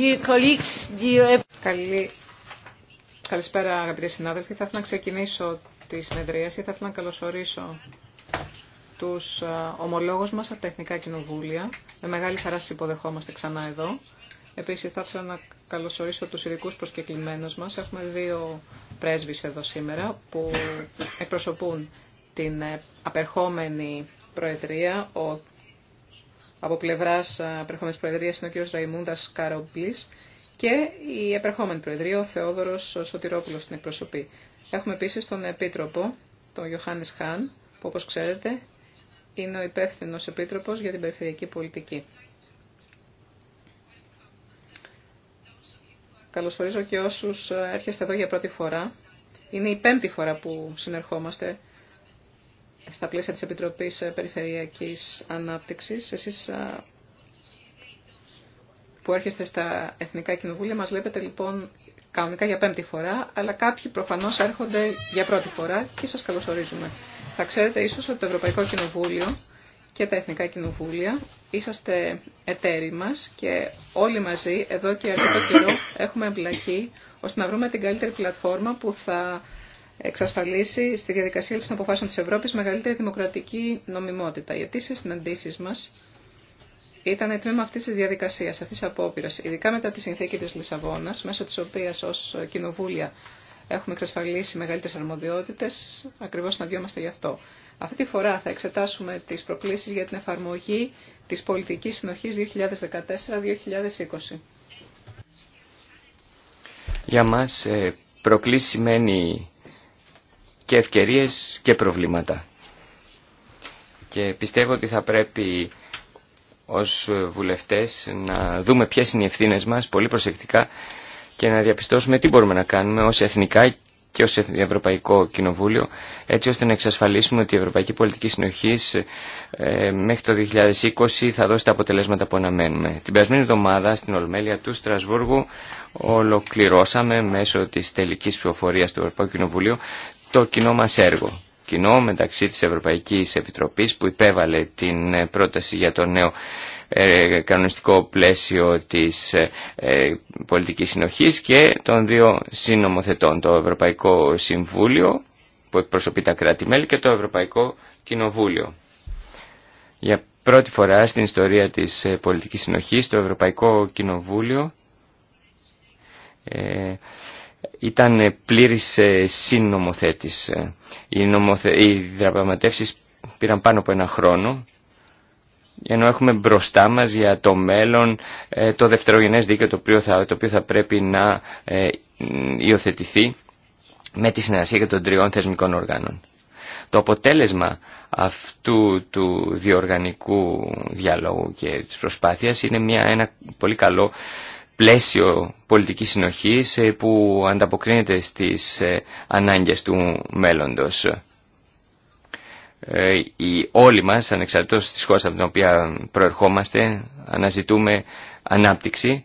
Dear colleagues, Καλησπέρα αγαπητοί συνάδελφοι. Θα ήθελα να ξεκινήσω τη συνεδρίαση. Θα ήθελα να καλωσορίσω τους ομολόγους μας από τα Εθνικά Κοινοβούλια. Με μεγάλη χαρά σας υποδεχόμαστε ξανά εδώ. Επίσης θα ήθελα να καλωσορίσω τους ειδικούς προσκεκλημένους μας. Έχουμε δύο πρέσβεις εδώ σήμερα που εκπροσωπούν την ε, απερχόμενη Προεδρία, ο από πλευρά απερχόμενη ε, Προεδρία είναι ο κ. Ραϊμούντα Καρομπλή και η επερχόμενη Προεδρία, ο Θεόδωρο Σωτηρόπουλο, την εκπροσωπεί. Έχουμε επίση τον Επίτροπο, τον Ιωάννη Χάν, που όπω ξέρετε είναι ο υπεύθυνο Επίτροπο για την Περιφερειακή Πολιτική. Καλωσορίζω και όσου ε, έρχεστε εδώ για πρώτη φορά. Είναι η πέμπτη φορά που συνερχόμαστε στα πλαίσια της Επιτροπής ε, Περιφερειακής Ανάπτυξης. Εσείς ε, που έρχεστε στα Εθνικά Κοινοβούλια μας βλέπετε λοιπόν κανονικά για πέμπτη φορά, αλλά κάποιοι προφανώς έρχονται για πρώτη φορά και σας καλωσορίζουμε. Θα ξέρετε ίσως ότι το Ευρωπαϊκό Κοινοβούλιο και τα Εθνικά Κοινοβούλια είσαστε εταίροι μας και όλοι μαζί εδώ και αρκετό καιρό έχουμε εμπλακεί ώστε να βρούμε την καλύτερη πλατφόρμα που θα εξασφαλίσει στη διαδικασία λήψη των αποφάσεων τη Ευρώπη μεγαλύτερη δημοκρατική νομιμότητα. Οι αιτήσει συναντήσει μα ήταν τμήμα αυτή τη διαδικασία, αυτή τη απόπειρα, ειδικά μετά τη συνθήκη τη Λισαβόνα, μέσω τη οποία ω κοινοβούλια έχουμε εξασφαλίσει μεγαλύτερε αρμοδιότητε, ακριβώ να γι' αυτό. Αυτή τη φορά θα εξετάσουμε τι προκλήσει για την εφαρμογή τη πολιτική συνοχή 2014-2020. Για μας ε, προκλήση σημαίνει και ευκαιρίες και προβλήματα. Και πιστεύω ότι θα πρέπει ως βουλευτές να δούμε ποιες είναι οι ευθύνε μας πολύ προσεκτικά και να διαπιστώσουμε τι μπορούμε να κάνουμε ως εθνικά και ως Ευρωπαϊκό Κοινοβούλιο έτσι ώστε να εξασφαλίσουμε ότι η Ευρωπαϊκή Πολιτική Συνοχή ε, μέχρι το 2020 θα δώσει τα αποτελέσματα που αναμένουμε. Την περασμένη εβδομάδα στην Ολμέλεια του Στρασβούργου ολοκληρώσαμε μέσω της τελικής ψηφοφορία του Ευρωπαϊκού Κοινοβουλίου το κοινό μας έργο. Κοινό μεταξύ της Ευρωπαϊκής Επιτροπής που υπέβαλε την ε, πρόταση για το νέο ε, κανονιστικό πλαίσιο της ε, πολιτικής συνοχής και των δύο συνομοθετών, το Ευρωπαϊκό Συμβούλιο που εκπροσωπεί τα κράτη-μέλη και το Ευρωπαϊκό Κοινοβούλιο. Για πρώτη φορά στην ιστορία της πολιτικής συνοχής, το Ευρωπαϊκό Κοινοβούλιο ήταν πλήρης ε, συνομοθέτης. Ε, οι, νομοθε... διαπραγματεύσεις πήραν πάνω από ένα χρόνο, ενώ έχουμε μπροστά μας για το μέλλον ε, το δευτερογενές δίκαιο το οποίο θα, το οποίο θα πρέπει να υιοθετηθεί με τη συνεργασία και των τριών θεσμικών οργάνων. Το αποτέλεσμα αυτού του διοργανικού διαλόγου και της προσπάθειας είναι μια, ένα πολύ καλό πλαίσιο πολιτικής συνοχής ε, που ανταποκρίνεται στις ε, ανάγκες του μέλλοντος. Ε, οι όλοι μας, ανεξαρτήτως της χώρας από την οποία προερχόμαστε, αναζητούμε ανάπτυξη,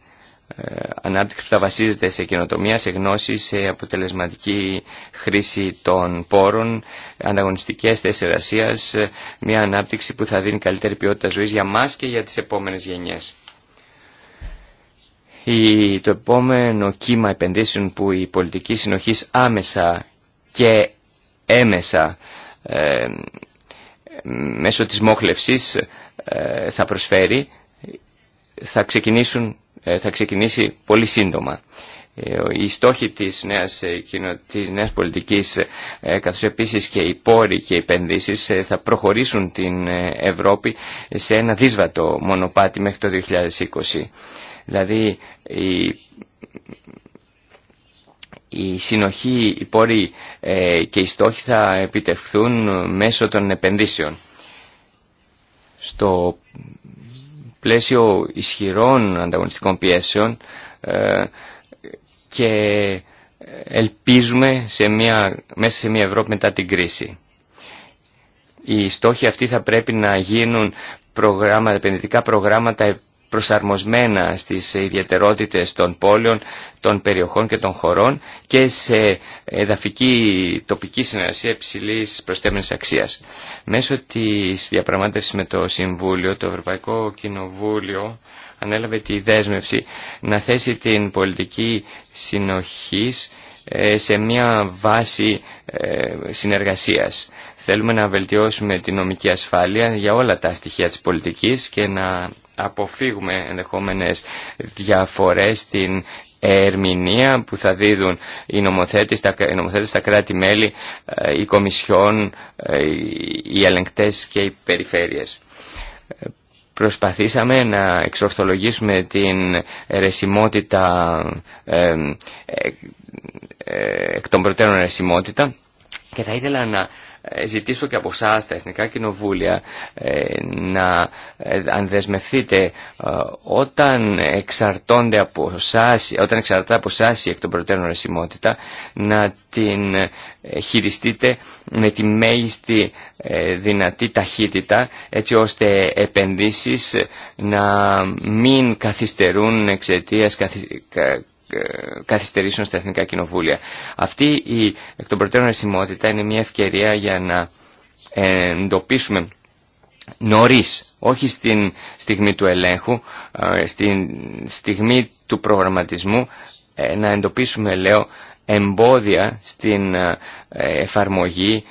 ανάπτυξη που θα βασίζεται σε καινοτομία, σε γνώση, σε αποτελεσματική χρήση των πόρων, ανταγωνιστικές θέσεις εργασίας, μια ανάπτυξη που θα δίνει καλύτερη ποιότητα ζωής για μας και για τις επόμενες γενιές. Η, το επόμενο κύμα επενδύσεων που η πολιτική συνοχής άμεσα και έμεσα ε, μέσω της μόχλευσης ε, θα προσφέρει θα, ξεκινήσουν, ε, θα ξεκινήσει πολύ σύντομα. Οι στόχοι της νέας, της νέας πολιτικής καθώς επίσης και οι πόροι και οι επενδύσεις θα προχωρήσουν την Ευρώπη σε ένα δύσβατο μονοπάτι μέχρι το 2020. Δηλαδή η, η συνοχή, οι πόροι ε, και οι στόχοι θα επιτευχθούν μέσω των επενδύσεων. Στο πλαίσιο ισχυρών ανταγωνιστικών πιέσεων ε, και ελπίζουμε σε μια, μέσα σε μια Ευρώπη μετά την κρίση. Οι στόχοι αυτοί θα πρέπει να γίνουν προγράμματα, επενδυτικά προγράμματα προσαρμοσμένα στις ιδιαιτερότητες των πόλεων, των περιοχών και των χωρών και σε εδαφική τοπική συνεργασία υψηλή προστέμενης αξίας. Μέσω της διαπραγμάτευσης με το Συμβούλιο, το Ευρωπαϊκό Κοινοβούλιο ανέλαβε τη δέσμευση να θέσει την πολιτική συνοχής ε, σε μια βάση ε, συνεργασίας. Θέλουμε να βελτιώσουμε την νομική ασφάλεια για όλα τα στοιχεία της πολιτικής και να αποφύγουμε ενδεχόμενες διαφορές στην ερμηνεία που θα δίδουν οι νομοθέτες, τα, οι νομοθέτες, τα κράτη-μέλη, ε, οι κομισιόν, ε, οι ελεγκτές και οι περιφέρειες. Προσπαθήσαμε να εξορθολογήσουμε την ερεσιμότητα, ε, εκ των προτέρων ερεσιμότητα και θα ήθελα να ε, ζητήσω και από εσά τα Εθνικά Κοινοβούλια ε, να ε, ανδεσμευθείτε όταν εξαρτώνται από όταν εξαρτάται από εσά η εκ των προτέρων ρεσιμότητα να την χειριστείτε με τη μέγιστη δυνατή ταχύτητα έτσι ώστε επενδύσεις να μην καθυστερούν εξαιτίας ε, καθυστερήσεων στα εθνικά κοινοβούλια. Αυτή η εκ των προτέρων αισιμότητα είναι μια ευκαιρία για να εντοπίσουμε νωρίς, όχι στην στιγμή του ελέγχου, ε, στην στιγμή του προγραμματισμού, ε, να εντοπίσουμε, λέω, εμπόδια στην εφαρμογή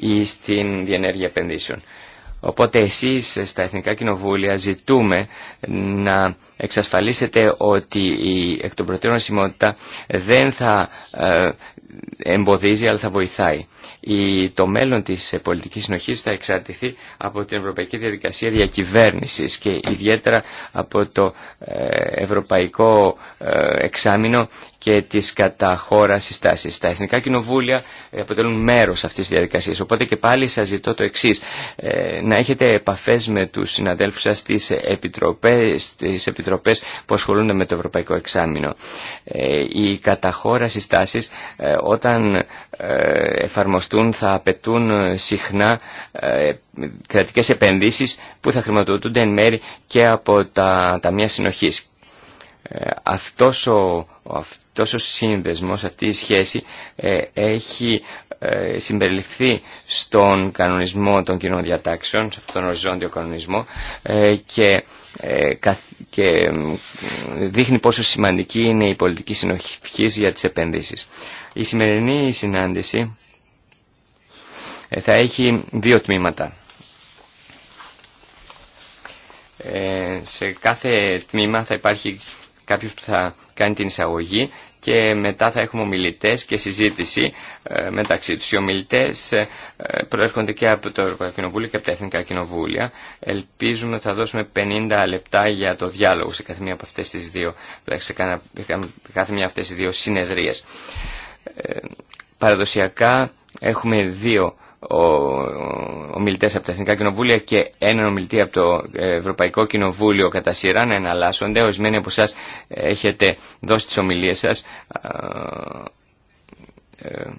ή στην διενέργεια επενδύσεων. Οπότε εσείς στα Εθνικά Κοινοβούλια ζητούμε να εξασφαλίσετε ότι η εκ των προτέρων δεν θα ε, εμποδίζει αλλά θα βοηθάει το μέλλον της ε, πολιτικής συνοχής θα εξαρτηθεί από την ευρωπαϊκή διαδικασία διακυβέρνησης και ιδιαίτερα από το ε, ευρωπαϊκό ε, εξάμεινο και τις καταχώρασης συστάσεις. Τα εθνικά κοινοβούλια αποτελούν μέρος αυτής της διαδικασίας. Οπότε και πάλι σας ζητώ το εξής, να έχετε επαφές με τους συναδέλφους σας στις επιτροπές, που ασχολούνται με το ευρωπαϊκό εξάμεινο. Η καταχώρα συστάσεις όταν εφαρμοστεί αυτούν θα απαιτούν ε, συχνά ε, κρατικές επενδύσεις που θα χρηματοδοτούνται εν μέρη και από τα ταμεία συνοχής. Ε, αυτός ο, αυτός ο σύνδεσμος, αυτή η σχέση έχει συμπεριληφθεί στον κανονισμό των κοινών διατάξεων, σε αυτόν τον οριζόντιο κανονισμό και, και δείχνει πόσο σημαντική είναι η πολιτική συνοχή για τις επενδύσεις. Η σημερινή συνάντηση ε, θα έχει δύο τμήματα. Ε, σε κάθε τμήμα θα υπάρχει κάποιος που θα κάνει την εισαγωγή και μετά θα έχουμε ομιλητές και συζήτηση ε, μεταξύ τους. Οι ομιλητές προέρχονται και από το Ευρωπαϊκό Κοινοβούλιο και από τα Εθνικά Κοινοβούλια. Ελπίζουμε ότι θα δώσουμε 50 λεπτά για το διάλογο σε κάθε μία από αυτές τις δύο, δηλαδή σε κάθε μία αυτές τις δύο συνεδρίες. Παραδοσιακά έχουμε δύο ομιλητέ από τα Εθνικά Κοινοβούλια και έναν ομιλητή από το Ευρωπαϊκό Κοινοβούλιο κατά σειρά να εναλλάσσονται. Ορισμένοι από εσά έχετε δώσει τις ομιλίες σα. Ε, ε,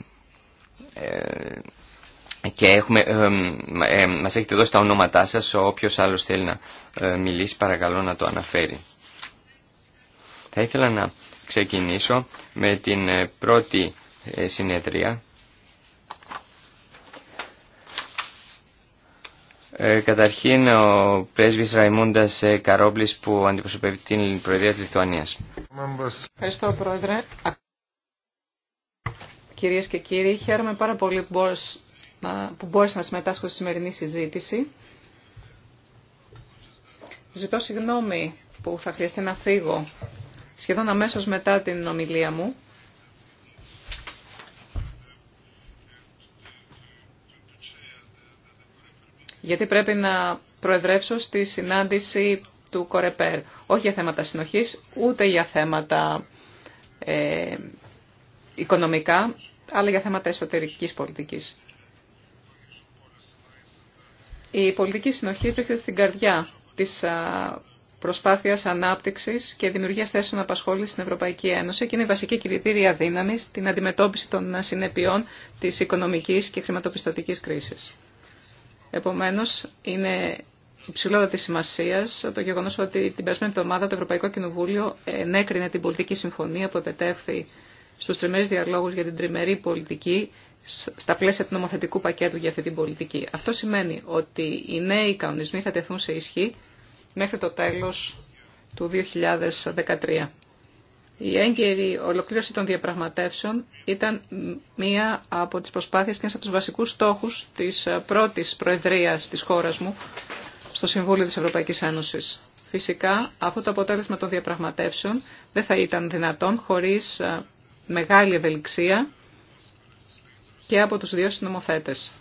ε, και έχουμε, μας έχετε δώσει τα ονόματά σας, όποιος άλλος θέλει να μιλήσει παρακαλώ να το αναφέρει. Θα ήθελα να ξεκινήσω με την πρώτη συνεδρία Ε, καταρχήν ο πρέσβης Ραϊμούντας ε, Καρόμπλης που αντιπροσωπεύει την Προεδρία της Λιθουανίας. Ευχαριστώ Πρόεδρε. Κυρίες και κύριοι, χαίρομαι πάρα πολύ που μπόρεσα να, να συμμετάσχω στη σημερινή συζήτηση. Ζητώ συγγνώμη που θα χρειαστεί να φύγω σχεδόν αμέσως μετά την ομιλία μου. γιατί πρέπει να προεδρεύσω στη συνάντηση του Κορεπέρ. Όχι για θέματα συνοχής, ούτε για θέματα ε, οικονομικά, αλλά για θέματα εσωτερικής πολιτικής. Η πολιτική συνοχή βρίσκεται στην καρδιά της προσπάθειας ανάπτυξης και δημιουργίας θέσεων απασχόλησης στην Ευρωπαϊκή Ένωση και είναι η βασική κριτήρια δύναμη στην αντιμετώπιση των συνεπειών της οικονομικής και χρηματοπιστωτικής κρίσης. Επομένως, είναι υψηλότατη σημασία το γεγονό ότι την περασμένη εβδομάδα το Ευρωπαϊκό Κοινοβούλιο ενέκρινε την πολιτική συμφωνία που επετέφθη στου τριμερεί διαλόγου για την τριμερή πολιτική στα πλαίσια του νομοθετικού πακέτου για αυτή την πολιτική. Αυτό σημαίνει ότι οι νέοι κανονισμοί θα τεθούν σε ισχύ μέχρι το τέλο του 2013. Η έγκαιρη ολοκλήρωση των διαπραγματεύσεων ήταν μία από τις προσπάθειες και ένας από τους βασικούς στόχους της πρώτης προεδρίας της χώρας μου στο Συμβούλιο της Ευρωπαϊκής Ένωσης. Φυσικά αυτό το αποτέλεσμα των διαπραγματεύσεων δεν θα ήταν δυνατόν χωρίς ε, μεγάλη ευελιξία και από τους δύο συνομοθέτες.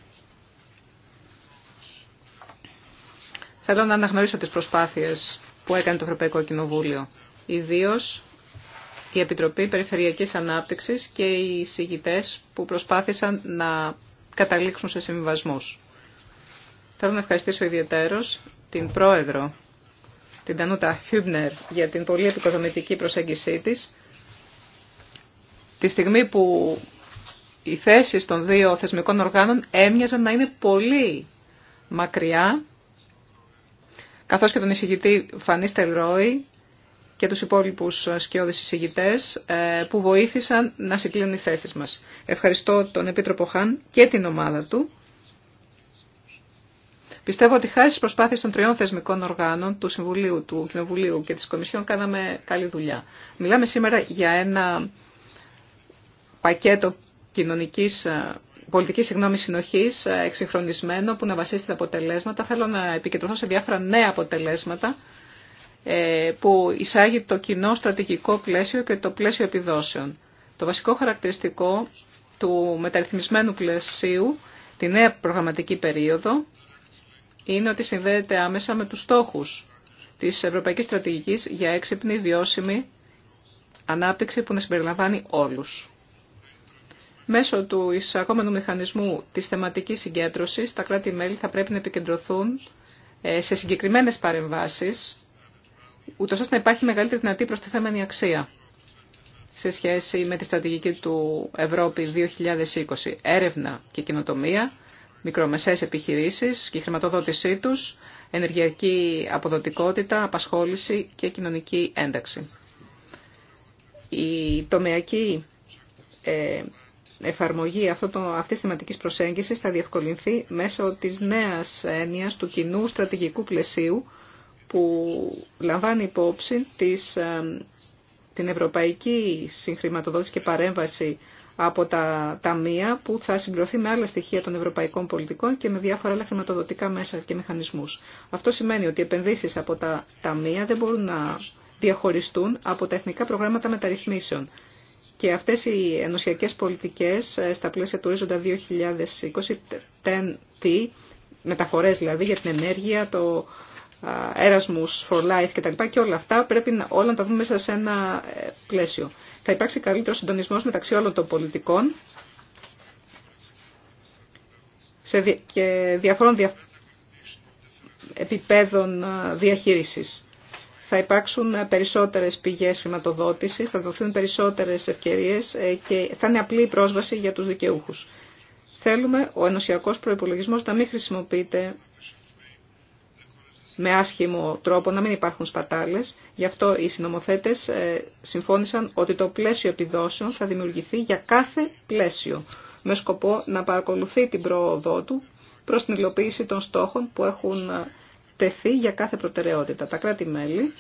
Θέλω να αναγνωρίσω τις προσπάθειες που έκανε το Ευρωπαϊκό Κοινοβούλιο, ιδίως η Επιτροπή Περιφερειακής Ανάπτυξης και οι συγητές που προσπάθησαν να καταλήξουν σε συμβιβασμούς. Θέλω να ευχαριστήσω ιδιαίτερος την Πρόεδρο, την Τανούτα Χιούμπνερ, για την πολύ επικοδομητική προσέγγισή της. Τη στιγμή που οι θέσει των δύο θεσμικών οργάνων έμοιαζαν να είναι πολύ μακριά, καθώς και τον εισηγητή Φανίστερ Ρόι και τους υπόλοιπους σκιώδες εισηγητές ε, που βοήθησαν να συγκλίνουν οι θέσεις μας. Ευχαριστώ τον Επίτροπο Χάν και την ομάδα του. Πιστεύω ότι χάρη στις προσπάθειες των τριών θεσμικών οργάνων, του Συμβουλίου, του Κοινοβουλίου και της Κομισιόν, κάναμε καλή δουλειά. Μιλάμε σήμερα για ένα πακέτο κοινωνικής ε, πολιτική συγγνώμη συνοχή, ε, εξυγχρονισμένο, που να βασίζεται αποτελέσματα. Θέλω να επικεντρωθώ σε διάφορα νέα αποτελέσματα ε, που εισάγει το κοινό στρατηγικό πλαίσιο και το πλαίσιο επιδόσεων. Το βασικό χαρακτηριστικό του μεταρρυθμισμένου πλαισίου, τη νέα προγραμματική περίοδο, είναι ότι συνδέεται άμεσα με τους στόχους της Ευρωπαϊκής Στρατηγικής για έξυπνη, βιώσιμη ανάπτυξη που να συμπεριλαμβάνει όλους. Μέσω του εισαγόμενου μηχανισμού της θεματικής συγκέντρωσης, τα κράτη-μέλη θα πρέπει να επικεντρωθούν ε, σε συγκεκριμένες παρεμβάσεις ούτως ώστε να υπάρχει μεγαλύτερη δυνατή προστιθέμενη αξία σε σχέση με τη στρατηγική του Ευρώπη 2020. Έρευνα και κοινοτομία, μικρομεσαίες επιχειρήσεις και η χρηματοδότησή τους, ενεργειακή αποδοτικότητα, απασχόληση και κοινωνική ένταξη. Η τομεακή ε, εφαρμογή αυτό το, αυτής της θεματικής προσέγγισης θα διευκολυνθεί μέσω της νέας έννοιας του κοινού στρατηγικού πλαισίου που λαμβάνει υπόψη της, ε, την ευρωπαϊκή συγχρηματοδότηση και παρέμβαση από τα ταμεία που θα συμπληρωθεί με άλλα στοιχεία των ευρωπαϊκών πολιτικών και με διάφορα άλλα χρηματοδοτικά μέσα και μηχανισμούς. Αυτό σημαίνει ότι οι επενδύσεις από τα ταμεία δεν μπορούν να διαχωριστούν από τα εθνικά προγράμματα μεταρρυθμίσεων. Και αυτές οι ενωσιακές πολιτικές ε, στα πλαίσια του ορίζοντα 2020, ten μεταφορές δηλαδή για την ενέργεια, το Erasmus for Life κτλ. Και όλα αυτά πρέπει να, όλα να τα δούμε μέσα σε ένα ε, πλαίσιο. Θα υπάρξει καλύτερο συντονισμό μεταξύ όλων των πολιτικών και διαφορών επιπέδων ε, διαχείρισης. Θα υπάρξουν ε, περισσότερες πηγές χρηματοδότησης, θα δοθούν περισσότερες ευκαιρίες και θα είναι απλή η πρόσβαση για τους δικαιούχους. Θέλουμε ο ενωσιακός προϋπολογισμός να μην χρησιμοποιείται με άσχημο τρόπο, να μην υπάρχουν σπατάλες. Γι' αυτό οι συνομοθέτες ε, συμφώνησαν ότι το πλαίσιο επιδόσεων θα δημιουργηθεί για κάθε πλαίσιο, με σκοπό να παρακολουθεί την πρόοδό του προς την υλοποίηση των στόχων που έχουν ε, τεθεί για κάθε προτεραιότητα. Τα κράτη-μέλη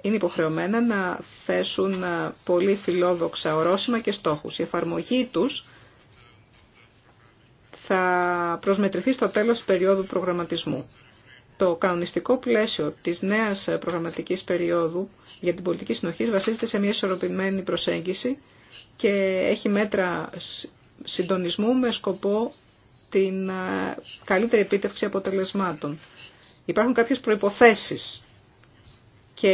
είναι υποχρεωμένα να θέσουν ε, πολύ φιλόδοξα ορόσημα και στόχους. Η εφαρμογή τους θα προσμετρηθεί στο τέλος της περίοδου προγραμματισμού. Το κανονιστικό πλαίσιο της νέας προγραμματικής περίοδου για την πολιτική συνοχή βασίζεται σε μια ισορροπημένη προσέγγιση και έχει μέτρα συντονισμού με σκοπό την ε, καλύτερη επίτευξη αποτελεσμάτων. Υπάρχουν κάποιες προϋποθέσεις και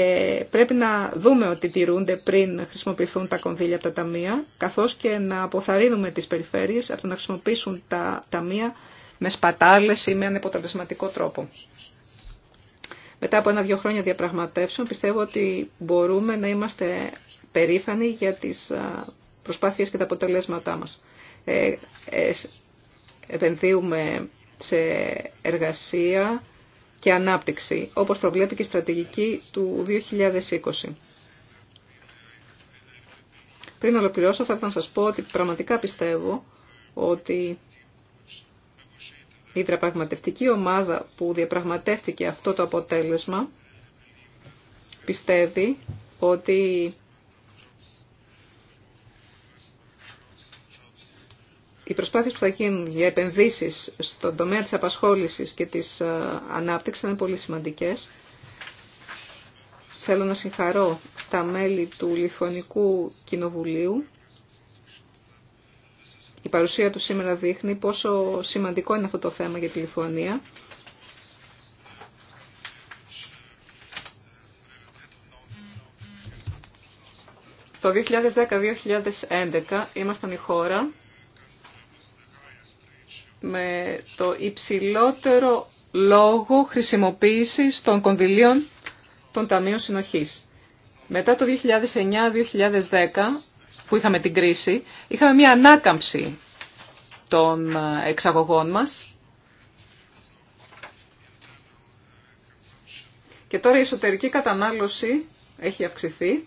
πρέπει να δούμε ότι τηρούνται πριν χρησιμοποιηθούν τα κονδύλια από τα ταμεία, καθώς και να αποθαρρύνουμε τις περιφέρειες από το να χρησιμοποιήσουν τα ταμεία με σπατάλες ή με ανεποτελεσματικό τρόπο. Μετά από ένα-δύο χρόνια διαπραγματεύσεων πιστεύω ότι μπορούμε να είμαστε περήφανοι για τις προσπάθειες και τα αποτελέσματά μας. Ε, ε, επενδύουμε σε εργασία και ανάπτυξη, όπως προβλέπει και η στρατηγική του 2020. Πριν ολοκληρώσω θα ήθελα να σας πω ότι πραγματικά πιστεύω ότι η διαπραγματευτική ομάδα που διαπραγματεύτηκε αυτό το αποτέλεσμα πιστεύει ότι οι προσπάθειες που θα γίνουν για επενδύσεις στον τομέα της απασχόλησης και της ε, ανάπτυξης θα είναι πολύ σημαντικές. Θέλω να συγχαρώ τα μέλη του Λιθουανικού Κοινοβουλίου η παρουσία του σήμερα δείχνει πόσο σημαντικό είναι αυτό το θέμα για τη Λιθουανία. Το 2010-2011 ήμασταν η χώρα με το υψηλότερο λόγο χρησιμοποίησης των κονδυλίων των Ταμείων Συνοχής. Μετά το 2009-2010 που είχαμε την κρίση, είχαμε μια ανάκαμψη των εξαγωγών μας. Και τώρα η εσωτερική κατανάλωση έχει αυξηθεί.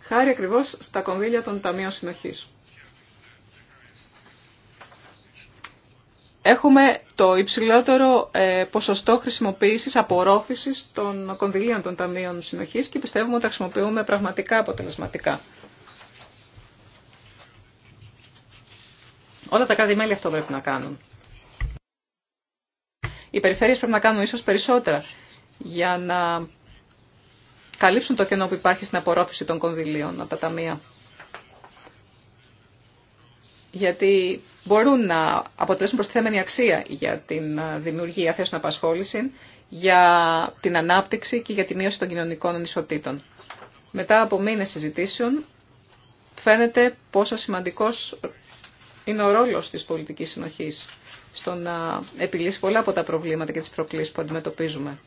Χάρη ακριβώς στα κονδύλια των Ταμείων Συνοχής. έχουμε το υψηλότερο ε, ποσοστό χρησιμοποίησης, απορρόφησης των κονδυλίων των ταμείων συνοχής και πιστεύουμε ότι τα χρησιμοποιούμε πραγματικά αποτελεσματικά. Όλα τα κράτη-μέλη αυτό πρέπει να κάνουν. Οι περιφέρειες πρέπει να κάνουν ίσως περισσότερα για να καλύψουν το κενό που υπάρχει στην απορρόφηση των κονδυλίων από τα ταμεία γιατί μπορούν να αποτελέσουν προστιθέμενη αξία για την ε, δημιουργία θέσεων απασχόληση, για την ανάπτυξη και για τη μείωση των κοινωνικών ανισοτήτων. Μετά από μήνες συζητήσεων φαίνεται πόσο σημαντικός είναι ο ρόλος της πολιτικής συνοχής στο να επιλύσει πολλά από τα προβλήματα και τις προκλήσεις που αντιμετωπίζουμε.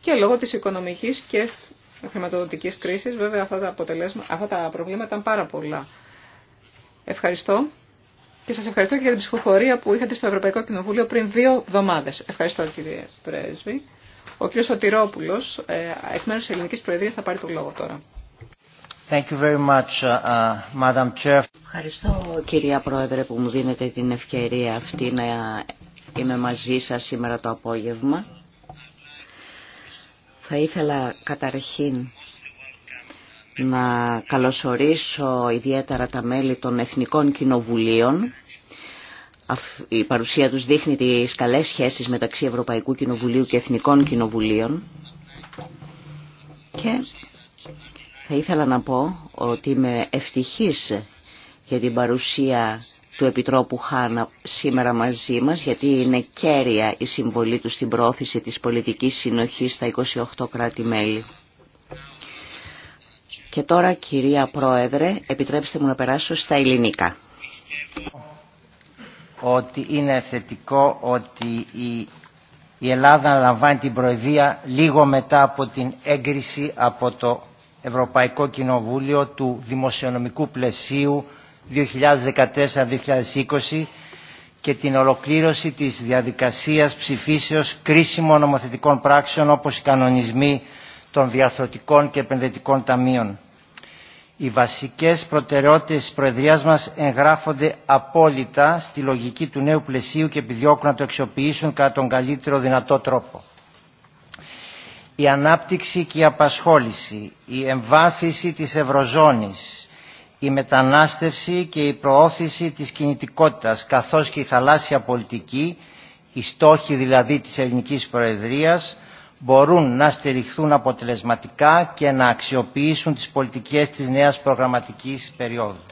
Και λόγω της οικονομικής και χρηματοδοτικής κρίσης. Βέβαια αυτά τα, αυτά τα προβλήματα ήταν πάρα πολλά. Ευχαριστώ. Και σας ευχαριστώ και για την ψηφοφορία που είχατε στο Ευρωπαϊκό Κοινοβούλιο πριν δύο εβδομάδες. Ευχαριστώ κύριε Πρέσβη. Ο κύριος Σωτηρόπουλος, ε, εκ μέρους της Ελληνικής Προεδρίας, θα πάρει το λόγο τώρα. Thank you very much, uh, Madam Chair. Ευχαριστώ κυρία Πρόεδρε που μου δίνετε την ευκαιρία αυτή να είμαι μαζί σας σήμερα το απόγευμα. Θα ήθελα καταρχήν να καλωσορίσω ιδιαίτερα τα μέλη των Εθνικών Κοινοβουλίων. Η παρουσία τους δείχνει τις καλές σχέσεις μεταξύ Ευρωπαϊκού Κοινοβουλίου και Εθνικών Κοινοβουλίων. Και θα ήθελα να πω ότι είμαι ευτυχής για την παρουσία του Επιτρόπου Χάνα σήμερα μαζί μας, γιατί είναι κέρια η συμβολή του στην πρόθεση της πολιτικής συνοχής στα 28 κράτη-μέλη. Και τώρα, κυρία Πρόεδρε, επιτρέψτε μου να περάσω στα ελληνικά. Ότι είναι θετικό ότι η, Ελλάδα λαμβάνει την προεδρία λίγο μετά από την έγκριση από το Ευρωπαϊκό Κοινοβούλιο του Δημοσιονομικού Πλαισίου 2014-2020 και την ολοκλήρωση της διαδικασίας ψηφίσεως κρίσιμων νομοθετικών πράξεων όπως οι κανονισμοί των διαρθρωτικών και επενδυτικών ταμείων. Οι βασικές προτεραιότητες της Προεδρίας μας εγγράφονται απόλυτα στη λογική του νέου πλαισίου και επιδιώκουν να το αξιοποιήσουν κατά τον καλύτερο δυνατό τρόπο. Η ανάπτυξη και η απασχόληση, η εμβάθυνση της Ευρωζώνης, η μετανάστευση και η προώθηση της κινητικότητας καθώς και η θαλάσσια πολιτική, οι στόχοι δηλαδή της ελληνικής προεδρίας μπορούν να στηριχθούν αποτελεσματικά και να αξιοποιήσουν τις πολιτικές της νέας προγραμματικής περίοδου.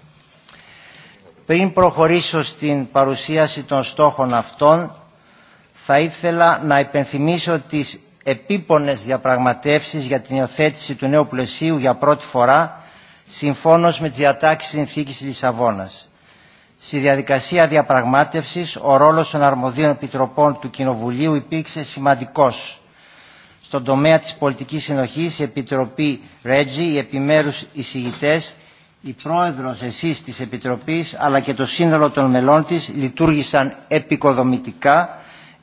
Πριν προχωρήσω στην παρουσίαση των στόχων αυτών, θα ήθελα να υπενθυμίσω τις επίπονες διαπραγματεύσεις για την υιοθέτηση του νέου πλαισίου για πρώτη φορά συμφώνως με τις διατάξεις συνθήκης Λισαβόνας. Στη διαδικασία διαπραγμάτευσης, ο ρόλος των αρμοδίων επιτροπών του Κοινοβουλίου υπήρξε σημαντικός. Στον τομέα της πολιτικής συνοχής, η Επιτροπή Ρέτζι, οι επιμέρους εισηγητές, η πρόεδρος εσείς της Επιτροπής, αλλά και το σύνολο των μελών της λειτουργήσαν επικοδομητικά,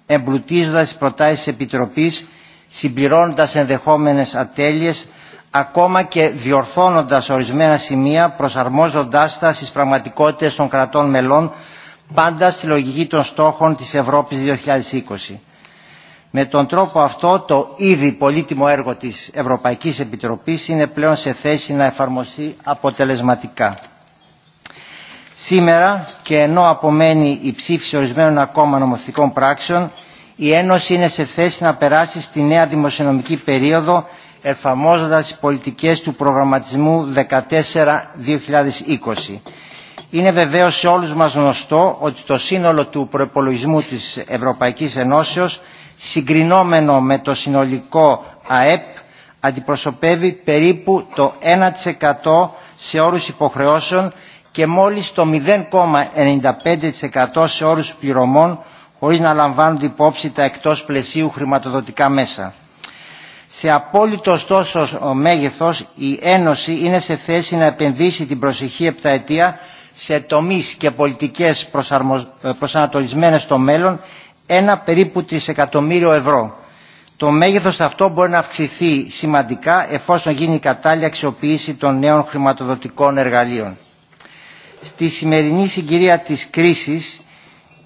εμπλουτίζοντας τις προτάσεις της Επιτροπής, συμπληρώνοντας ενδεχόμενες ατέλειες, ακόμα και διορθώνοντας ορισμένα σημεία προσαρμόζοντάς τα στις πραγματικότητες των κρατών μελών πάντα στη λογική των στόχων της Ευρώπης 2020. Με τον τρόπο αυτό το ήδη πολύτιμο έργο της Ευρωπαϊκής Επιτροπής είναι πλέον σε θέση να εφαρμοστεί αποτελεσματικά. Σήμερα και ενώ απομένει η ψήφιση ορισμένων ακόμα νομοθετικών πράξεων η Ένωση είναι σε θέση να περάσει στη νέα δημοσιονομική περίοδο εφαρμόζοντας τις πολιτικές του προγραμματισμού 14-2020. Είναι βεβαίως σε όλους μας γνωστό ότι το σύνολο του προπολογισμού της Ευρωπαϊκής Ενώσεως συγκρινόμενο με το συνολικό ΑΕΠ αντιπροσωπεύει περίπου το 1% σε όρους υποχρεώσεων και μόλις το 0,95% σε όρους πληρωμών χωρίς να λαμβάνουν υπόψη τα εκτός πλαισίου χρηματοδοτικά μέσα. Σε απόλυτο ωστόσο μέγεθος η Ένωση είναι σε θέση να επενδύσει την προσεχή επταετία σε τομείς και πολιτικές ε, προσανατολισμένες στο μέλλον ένα περίπου τρισεκατομμύριο ευρώ. Το μέγεθος αυτό μπορεί να αυξηθεί σημαντικά εφόσον γίνει η κατάλληλη αξιοποίηση των νέων χρηματοδοτικών εργαλείων. Στη σημερινή συγκυρία της κρίσης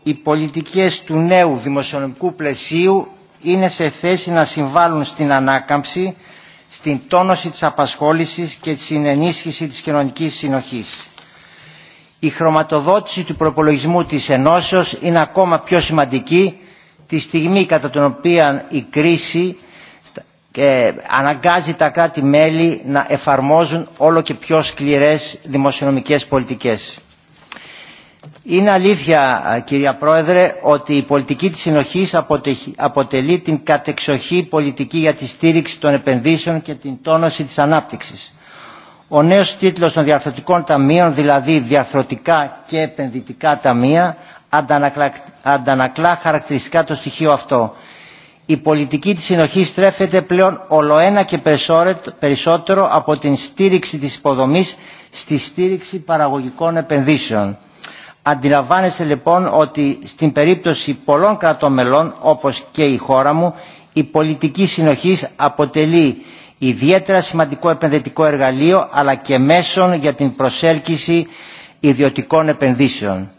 οι πολιτικές του νέου δημοσιονομικού πλαισίου είναι σε θέση να συμβάλλουν στην ανάκαμψη, στην τόνωση της απασχόλησης και στην ενίσχυση της κοινωνικής συνοχής. Η χρωματοδότηση του προπολογισμού της Ενώσεως είναι ακόμα πιο σημαντική τη στιγμή κατά την οποία η κρίση ε, αναγκάζει τα κράτη-μέλη να εφαρμόζουν όλο και πιο σκληρές δημοσιονομικές πολιτικές. Είναι αλήθεια κυρία Πρόεδρε ότι η πολιτική της συνοχής αποτελεί την κατεξοχή πολιτική για τη στήριξη των επενδύσεων και την τόνωση της ανάπτυξης. Ο νέος τίτλος των διαρθρωτικών ταμείων, δηλαδή διαρθρωτικά και επενδυτικά ταμεία, αντανακλά, αντανακλά χαρακτηριστικά το στοιχείο αυτό. Η πολιτική της συνοχής στρέφεται πλέον ολοένα και περισσότερο από την στήριξη της υποδομής στη στήριξη παραγωγικών επενδύσεων. Αντιλαμβάνεστε λοιπόν ότι στην περίπτωση πολλών κρατών μελών όπως και η χώρα μου η πολιτική συνοχής αποτελεί ιδιαίτερα σημαντικό επενδυτικό εργαλείο αλλά και μέσον για την προσέλκυση ιδιωτικών επενδύσεων.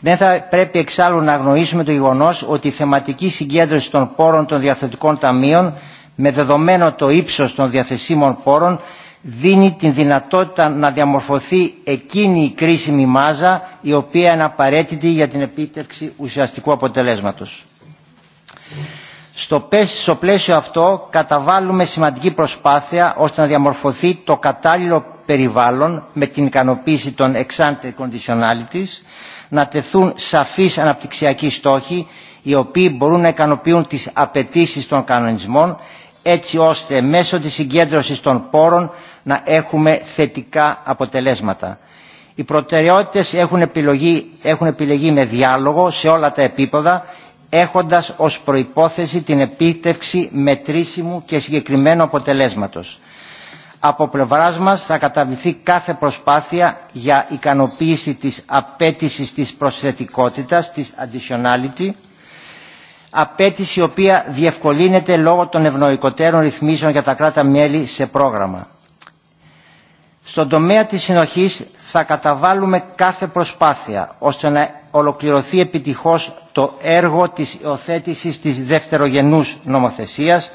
Δεν θα πρέπει εξάλλου να αγνοήσουμε το γεγονό ότι η θεματική συγκέντρωση των πόρων των διαθετικών ταμείων με δεδομένο το ύψος των διαθεσίμων πόρων δίνει την δυνατότητα να διαμορφωθεί εκείνη η κρίσιμη μάζα η οποία είναι απαραίτητη για την επίτευξη ουσιαστικού αποτελέσματος. Στο πλαίσιο αυτό καταβάλουμε σημαντική προσπάθεια ώστε να διαμορφωθεί το κατάλληλο περιβάλλον με την ικανοποίηση των εξάντε conditionalities, να τεθούν σαφείς αναπτυξιακοί στόχοι οι οποίοι μπορούν να ικανοποιούν τις απαιτήσει των κανονισμών έτσι ώστε μέσω της συγκέντρωσης των πόρων να έχουμε θετικά αποτελέσματα. Οι προτεραιότητες έχουν, επιλογή, έχουν επιλεγεί με διάλογο σε όλα τα επίπεδα, έχοντας ως προϋπόθεση την επίτευξη μετρήσιμου και συγκεκριμένου αποτελέσματος. Από πλευράς μας θα καταβληθεί κάθε προσπάθεια για ικανοποίηση της απέτησης της προσθετικότητας, της additionality, απέτηση η οποία διευκολύνεται λόγω των ευνοϊκότερων ρυθμίσεων για τα κράτα-μέλη σε πρόγραμμα. Στον τομέα της συνοχής θα καταβάλουμε κάθε προσπάθεια ώστε να ολοκληρωθεί επιτυχώς το έργο της υιοθέτηση της δευτερογενούς νομοθεσίας,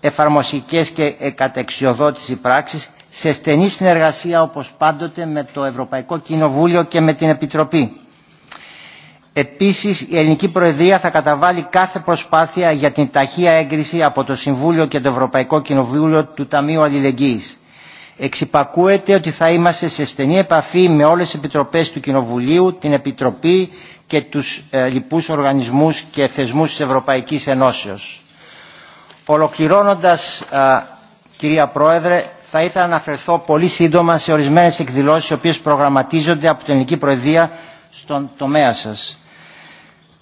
εφαρμοσικές και κατεξιοδότηση πράξης, σε στενή συνεργασία όπως πάντοτε με το Ευρωπαϊκό Κοινοβούλιο και με την Επιτροπή. Επίσης, η Ελληνική Προεδρία θα καταβάλει κάθε προσπάθεια για την ταχεία έγκριση από το Συμβούλιο και το Ευρωπαϊκό Κοινοβούλιο του Ταμείου Αλληλεγγύης εξυπακούεται ότι θα είμαστε σε στενή επαφή με όλες τις επιτροπές του Κοινοβουλίου, την Επιτροπή και τους ε, λοιπούς οργανισμούς και θεσμούς της Ευρωπαϊκής Ενώσεως. Ολοκληρώνοντας, ε, κυρία Πρόεδρε, θα ήθελα να αναφερθώ πολύ σύντομα σε ορισμένες εκδηλώσεις οι οποίες προγραμματίζονται από την Ελληνική Προεδρία στον τομέα σας.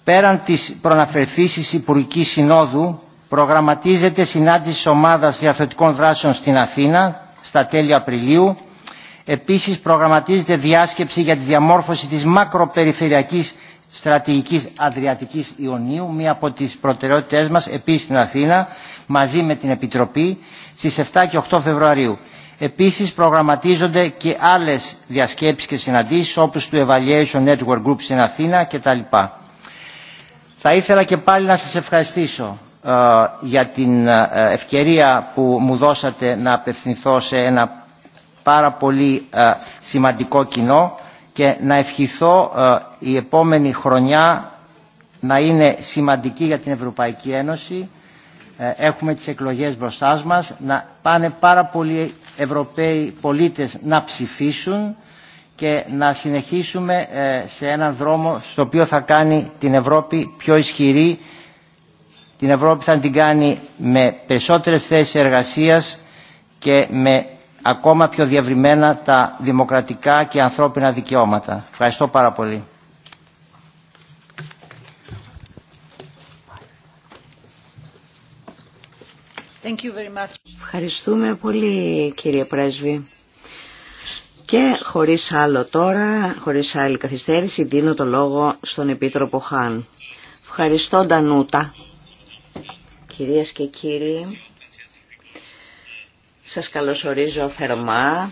Πέραν της προναφερθήσης Υπουργικής Συνόδου, προγραμματίζεται συνάντηση ομάδας διαθετικών δράσεων στην Αθήνα στα τέλη Απριλίου. Επίσης προγραμματίζεται διάσκεψη για τη διαμόρφωση της μακροπεριφερειακής στρατηγικής Αδριατικής Ιωνίου, μία από τις προτεραιότητές μας, επίσης στην Αθήνα, μαζί με την Επιτροπή, στις 7 και 8 Φεβρουαρίου. Επίσης προγραμματίζονται και άλλες διασκέψεις και συναντήσεις όπως του Evaluation Network Group στην Αθήνα κτλ. Θα ήθελα και πάλι να σας ευχαριστήσω ε, για την ε, ευκαιρία που μου δώσατε να απευθυνθώ σε ένα πάρα πολύ ε, σημαντικό κοινό και να ευχηθώ η επόμενη χρονιά να είναι σημαντική για την Ευρωπαϊκή Ένωση. Έχουμε τις εκλογές μπροστά μας, να πάνε πάρα πολλοί Ευρωπαίοι πολίτες να ψηφίσουν και να συνεχίσουμε σε έναν δρόμο στο οποίο θα κάνει την Ευρώπη πιο ισχυρή την Ευρώπη θα την κάνει με περισσότερες θέσεις εργασίας και με ακόμα πιο διαβριμένα τα δημοκρατικά και ανθρώπινα δικαιώματα. Ευχαριστώ πάρα πολύ. Thank you very Ευχαριστούμε πολύ κύριε Πρέσβη. Και χωρίς άλλο τώρα, χωρίς άλλη καθυστέρηση, δίνω το λόγο στον Επίτροπο Χάν. Ευχαριστώ Ντανούτα. Κυρίες και κύριοι, σας καλωσορίζω θερμά.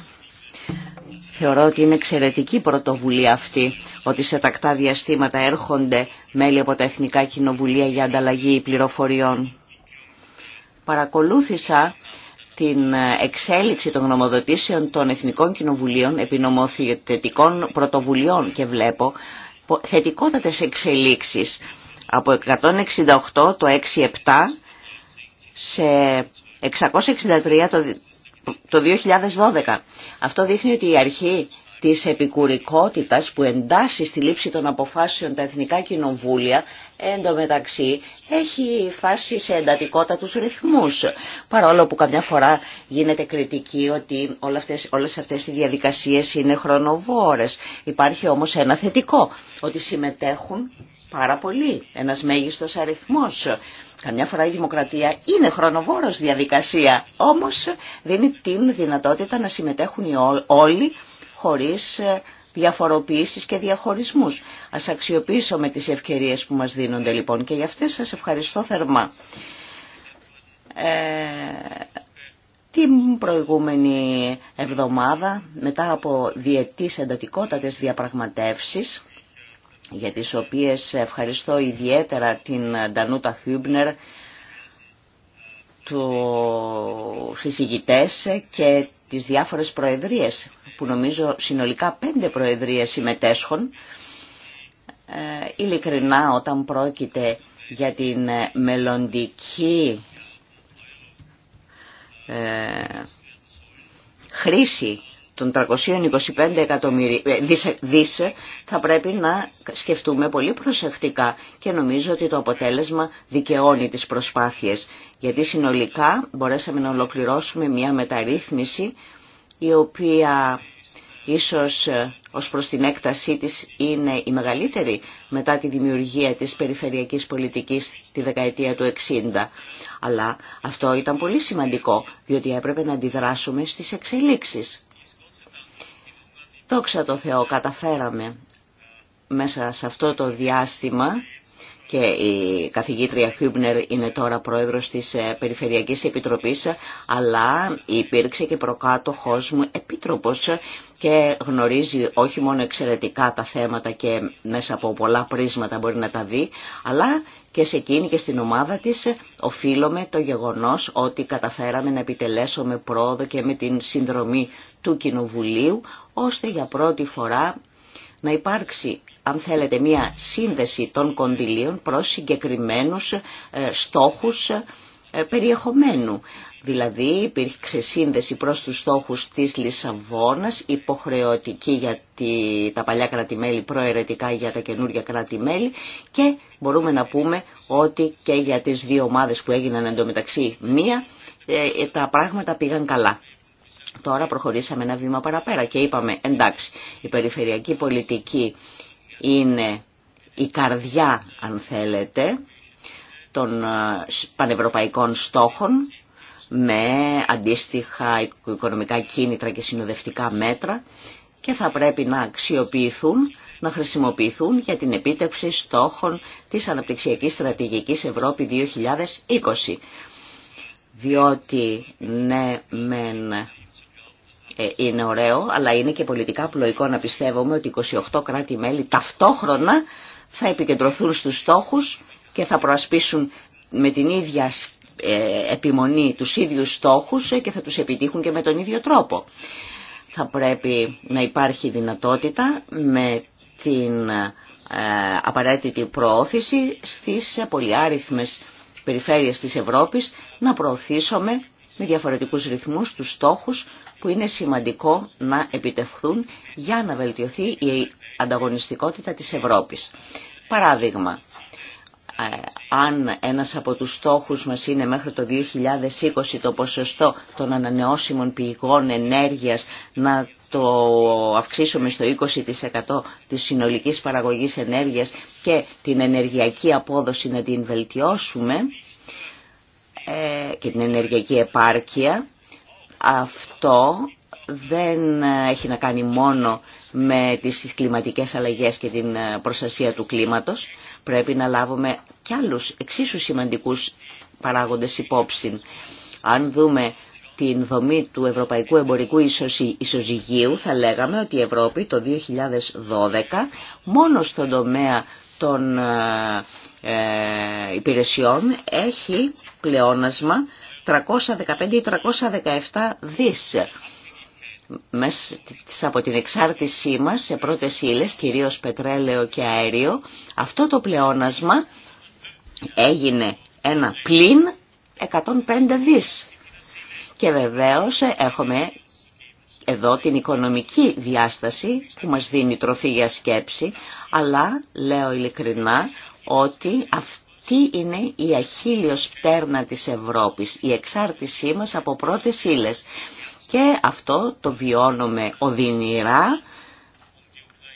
Θεωρώ ότι είναι εξαιρετική πρωτοβουλία αυτή, ότι σε τακτά διαστήματα έρχονται μέλη από τα Εθνικά Κοινοβουλία για ανταλλαγή πληροφοριών. Παρακολούθησα την εξέλιξη των γνωμοδοτήσεων των Εθνικών Κοινοβουλίων επί νομοθετικών πρωτοβουλειών και βλέπω θετικότατες εξελίξεις από 168 το 67 σε 663 το 2012. Αυτό δείχνει ότι η αρχή της επικουρικότητας που εντάσσει στη λήψη των αποφάσεων τα εθνικά κοινοβούλια εντωμεταξύ έχει φάσει σε εντατικότατους ρυθμούς παρόλο που καμιά φορά γίνεται κριτική ότι όλες αυτές, όλες αυτές οι διαδικασίες είναι χρονοβόρες υπάρχει όμως ένα θετικό ότι συμμετέχουν πάρα πολύ ένας μέγιστος αριθμός Καμιά φορά η δημοκρατία είναι χρονοβόρος διαδικασία, όμως δίνει την δυνατότητα να συμμετέχουν οι όλοι χωρίς ε, διαφοροποιήσεις και διαχωρισμούς. Ας αξιοποιήσουμε τις ευκαιρίες που μας δίνονται λοιπόν και για αυτές σας ευχαριστώ θερμά. Ε, την προηγούμενη εβδομάδα, μετά από διετής εντατικότατες διαπραγματεύσεις, για τις οποίες ευχαριστώ ιδιαίτερα την Ντανούτα Χιούμπνερ, του εισηγητές και τις διάφορες προεδρίες, που νομίζω συνολικά πέντε προεδρίες συμμετέσχουν. Ε, ειλικρινά όταν πρόκειται για την μελλοντική ε, χρήση των 325 εκατομμυρίων δίσε, θα πρέπει να σκεφτούμε πολύ προσεκτικά και νομίζω ότι το αποτέλεσμα δικαιώνει τις προσπάθειες. Γιατί συνολικά μπορέσαμε να ολοκληρώσουμε μια μεταρρύθμιση η οποία ίσως ε, ως προς την έκτασή της είναι η μεγαλύτερη μετά τη δημιουργία της περιφερειακής πολιτικής τη δεκαετία του 60. Αλλά αυτό ήταν πολύ σημαντικό, διότι έπρεπε να αντιδράσουμε στις εξελίξεις. Δόξα τω Θεώ, καταφέραμε μέσα σε αυτό το διάστημα και η καθηγήτρια Χιούμπνερ είναι τώρα πρόεδρος της ε, Περιφερειακής Επιτροπής, αλλά υπήρξε και προκάτοχός μου επίτροπος και γνωρίζει όχι μόνο εξαιρετικά τα θέματα και μέσα από πολλά πρίσματα μπορεί να τα δει, αλλά και σε εκείνη και στην ομάδα της οφείλουμε το γεγονός ότι καταφέραμε να επιτελέσουμε πρόοδο και με την συνδρομή του Κοινοβουλίου, ώστε για πρώτη φορά να υπάρξει, αν θέλετε, μία σύνδεση των κονδυλίων προς συγκεκριμένους ε, στόχους ε, περιεχομένου. Δηλαδή υπήρχε σύνδεση προς τους στόχους της Λισαβόνας, υποχρεωτική για τα παλιά προαιρετικά για τα καινούργια και μπορούμε να πούμε ότι και για τις δύο ομάδες που έγιναν εντωμεταξύ μία, ε, ε, τα πράγματα πήγαν καλά. Τώρα προχωρήσαμε ένα βήμα παραπέρα και είπαμε εντάξει, η περιφερειακή πολιτική είναι η καρδιά, αν θέλετε, των ε, πανευρωπαϊκών στόχων με αντίστοιχα οικονομικά κίνητρα και συνοδευτικά μέτρα και θα πρέπει να αξιοποιηθούν, να χρησιμοποιηθούν για την επίτευξη στόχων της Αναπτυξιακής Στρατηγικής Ευρώπη 2020. Διότι ναι μεν ε, είναι ωραίο, αλλά είναι και πολιτικά πλοϊκό να πιστεύουμε ότι 28 κράτη-μέλη ταυτόχρονα θα επικεντρωθούν στους στόχους και θα προασπίσουν με την ίδια ε, επιμονή τους ίδιους στόχους και θα τους επιτύχουν και με τον ίδιο τρόπο. Θα πρέπει να υπάρχει δυνατότητα με την ε, απαραίτητη προώθηση στις πολυάριθμες περιφέρειες της Ευρώπης να προωθήσουμε με διαφορετικούς ρυθμούς τους στόχους που είναι σημαντικό να επιτευχθούν για να βελτιωθεί η ανταγωνιστικότητα της Ευρώπης. Παράδειγμα, ε, αν ένας από τους στόχους μας είναι μέχρι το 2020 το ποσοστό των ανανεώσιμων πηγών ενέργειας να το αυξήσουμε στο 20% της συνολικής παραγωγής ενέργειας και την ενεργειακή απόδοση να την βελτιώσουμε ε, και την ενεργειακή επάρκεια, αυτό δεν έχει να κάνει μόνο με τις κλιματικές αλλαγές και την ε, προστασία του κλίματος, Πρέπει να λάβουμε κι άλλους εξίσου σημαντικούς παράγοντες υπόψη. Αν δούμε την δομή του Ευρωπαϊκού Εμπορικού Ισοζυγίου θα λέγαμε ότι η Ευρώπη το 2012 μόνο στον τομέα των ε, ε, υπηρεσιών έχει πλεόνασμα 315 ή 317 δις μέσα από την εξάρτησή μας σε πρώτες ύλες, κυρίως πετρέλαιο και αέριο, αυτό το πλεόνασμα έγινε ένα πλήν 105 δις. Και βεβαίως ε, έχουμε εδώ την οικονομική διάσταση που μας δίνει τροφή για σκέψη, αλλά λέω ειλικρινά ότι αυτή είναι η αχίλιος πτέρνα της Ευρώπης, η εξάρτησή μας από πρώτες ύλες. Και αυτό το βιώνουμε οδυνηρά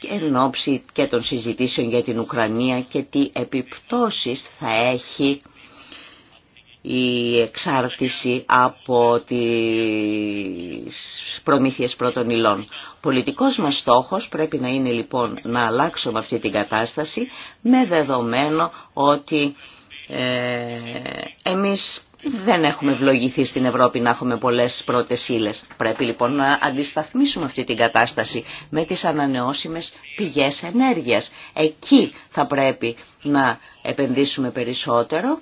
εν ώψη και των συζητήσεων για την Ουκρανία και τι επιπτώσεις θα έχει η εξάρτηση από τις προμήθειες πρώτων υλών. Πολιτικός μας στόχος πρέπει να είναι λοιπόν να αλλάξουμε αυτή την κατάσταση με δεδομένο ότι ε, εμείς δεν έχουμε ευλογηθεί στην Ευρώπη να έχουμε πολλές πρώτες ύλε. Πρέπει λοιπόν να αντισταθμίσουμε αυτή την κατάσταση με τις ανανεώσιμες πηγές ενέργειας. Εκεί θα πρέπει να επενδύσουμε περισσότερο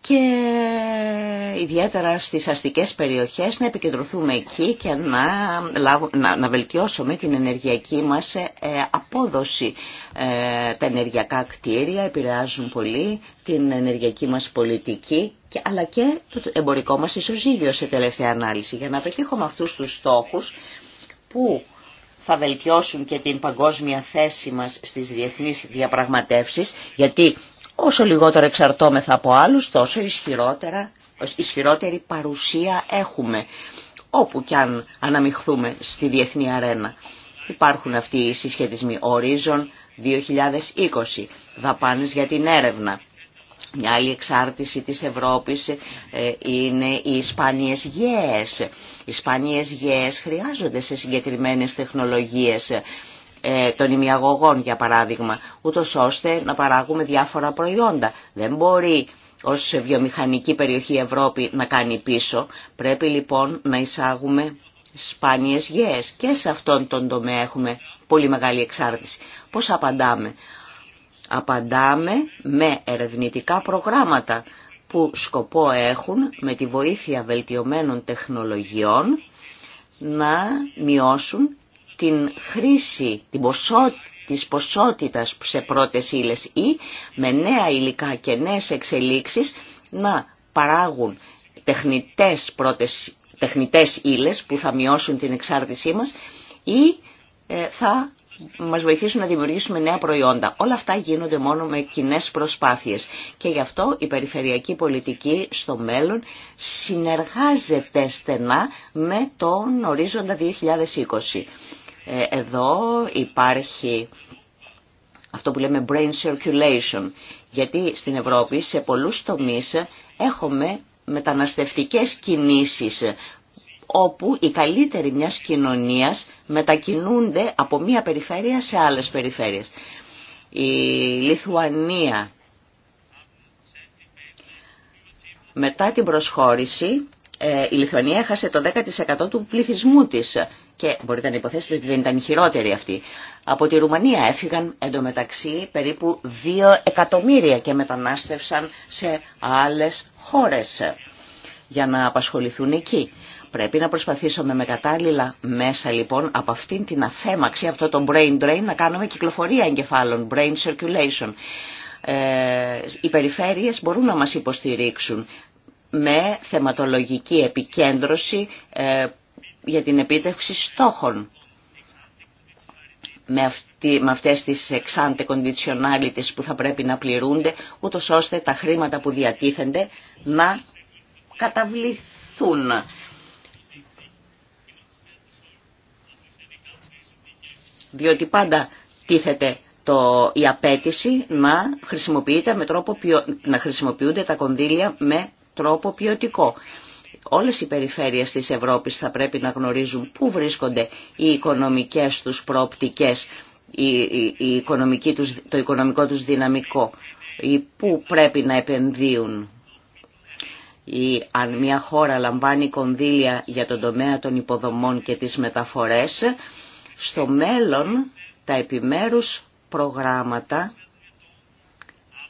και ιδιαίτερα στις αστικές περιοχές να επικεντρωθούμε εκεί και να, να, βελτιώσουμε την ενεργειακή μας ε, απόδοση. Ε, τα ενεργειακά κτίρια επηρεάζουν πολύ την ενεργειακή μας πολιτική και, αλλά και το εμπορικό μας ισοζύγιο σε τελευταία ανάλυση. Για να πετύχουμε αυτούς τους στόχους που θα βελτιώσουν και την παγκόσμια θέση μας στις διεθνείς διαπραγματεύσεις, γιατί Όσο λιγότερο εξαρτώμεθα από άλλους, τόσο ισχυρότερα, ισχυρότερη παρουσία έχουμε, όπου κι αν αναμειχθούμε στη διεθνή αρένα. Υπάρχουν αυτοί οι συσχετισμοί ορίζων 2020, δαπάνες για την έρευνα. Μια άλλη εξάρτηση της Ευρώπης ε, είναι οι σπάνιες γέες. Οι σπάνιες γέες χρειάζονται σε συγκεκριμένες τεχνολογίες ε, των ημιαγωγών για παράδειγμα, ούτω ώστε να παράγουμε διάφορα προϊόντα. Δεν μπορεί ως βιομηχανική περιοχή Ευρώπη να κάνει πίσω. Πρέπει λοιπόν να εισάγουμε σπάνιες γέες και σε αυτόν τον τομέα έχουμε πολύ μεγάλη εξάρτηση. Πώς απαντάμε. Απαντάμε με ερευνητικά προγράμματα που σκοπό έχουν με τη βοήθεια βελτιωμένων τεχνολογιών να μειώσουν την χρήση την ποσότητα, της ποσότητας σε πρώτες ύλες ή με νέα υλικά και νέες εξελίξεις να παράγουν τεχνητές, πρώτες, ύλες που θα μειώσουν την εξάρτησή μας ή ε, θα μας βοηθήσουν να δημιουργήσουμε νέα προϊόντα. Όλα αυτά γίνονται μόνο με κοινέ προσπάθειες και γι' αυτό η περιφερειακή πολιτική στο μέλλον συνεργάζεται στενά με τον ορίζοντα 2020. Ε, εδώ υπάρχει αυτό που λέμε brain circulation, γιατί στην Ευρώπη σε πολλούς τομείς έχουμε μεταναστευτικές κινήσεις όπου οι καλύτεροι μιας κοινωνίας μετακινούνται από μία περιφέρεια σε άλλες περιφέρειες. Η Λιθουανία μετά την προσχώρηση ε, η Λιθουανία έχασε το 10% του πληθυσμού της και μπορείτε να υποθέσετε ότι δεν ήταν χειρότεροι αυτοί. Από τη Ρουμανία έφυγαν εντωμεταξύ περίπου 2 εκατομμύρια και μετανάστευσαν σε άλλες χώρες για να απασχοληθούν εκεί. Πρέπει να προσπαθήσουμε με κατάλληλα μέσα λοιπόν από αυτήν την αφέμαξη, αυτό το brain drain, να κάνουμε κυκλοφορία εγκεφάλων, brain circulation. Ε, οι περιφέρειες μπορούν να μας υποστηρίξουν με θεματολογική επικέντρωση ε, για την επίτευξη στόχων. Με, αυτή, με αυτές τις εξάντε conditionalities που θα πρέπει να πληρούνται, ούτως ώστε τα χρήματα που διατίθενται να καταβληθούν. Διότι πάντα τίθεται το, η απέτηση να, χρησιμοποιείται με τρόπο να χρησιμοποιούνται τα κονδύλια με τρόπο ποιοτικό όλες οι περιφέρειες της Ευρώπης θα πρέπει να γνωρίζουν πού βρίσκονται οι οικονομικές τους προοπτικές, η, οικονομική τους, το οικονομικό τους δυναμικό ή πού πρέπει να επενδύουν. Ή αν μια χώρα λαμβάνει κονδύλια για τον τομέα των υποδομών και τις μεταφορές, στο μέλλον τα επιμέρους προγράμματα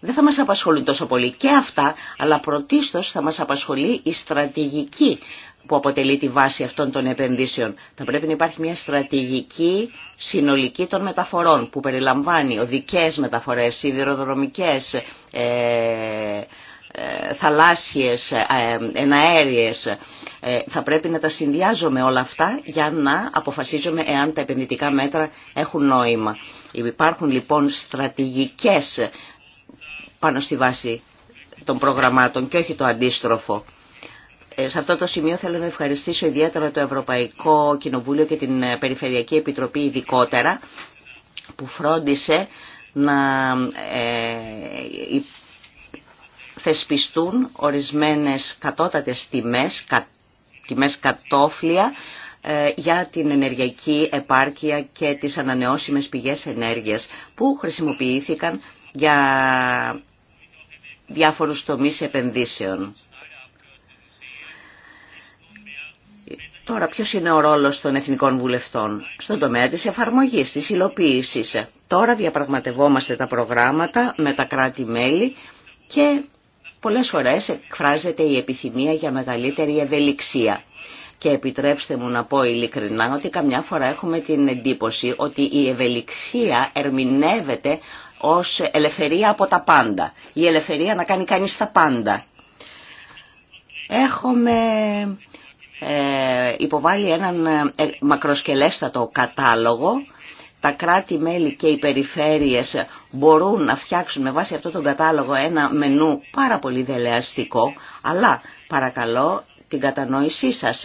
δεν θα μας απασχολούν τόσο πολύ και αυτά, αλλά πρωτίστως θα μας απασχολεί η στρατηγική που αποτελεί τη βάση αυτών των επενδύσεων. Θα πρέπει να υπάρχει μια στρατηγική συνολική των μεταφορών που περιλαμβάνει οδικές μεταφορές, σιδηροδρομικές, ε, ε, θαλάσσιες, ε, εναέριες. Ε, θα πρέπει να τα συνδυάζουμε όλα αυτά για να αποφασίζουμε εάν τα επενδυτικά μέτρα έχουν νόημα. Υπάρχουν λοιπόν στρατηγικές πάνω στη βάση των προγραμμάτων και όχι το αντίστροφο. Ε, σε αυτό το σημείο θέλω να ευχαριστήσω ιδιαίτερα το Ευρωπαϊκό Κοινοβούλιο και την ε, Περιφερειακή Επιτροπή ειδικότερα που φρόντισε να ε, θεσπιστούν ορισμένες κατώτατες τιμές, τιμές κατόφλια για την ενεργειακή επάρκεια και τις ανανεώσιμες πηγές ενέργειας που χρησιμοποιήθηκαν για διάφορους τομείς επενδύσεων. Τώρα, ποιος είναι ο ρόλος των εθνικών βουλευτών στον τομέα της εφαρμογής, της υλοποίησης. Τώρα διαπραγματευόμαστε τα προγράμματα με τα κράτη-μέλη και πολλές φορές εκφράζεται η επιθυμία για μεγαλύτερη ευελιξία. Και επιτρέψτε μου να πω ειλικρινά ότι καμιά φορά έχουμε την εντύπωση ότι η ευελιξία ερμηνεύεται ως ελευθερία από τα πάντα. Η ελευθερία να κάνει κανείς τα πάντα. Έχουμε ε, υποβάλει έναν ε, μακροσκελέστατο κατάλογο. Τα κράτη-μέλη και οι περιφέρειες μπορούν να φτιάξουν με βάση αυτό τον κατάλογο ένα μενού πάρα πολύ δελεαστικό, αλλά παρακαλώ την κατανόησή σας.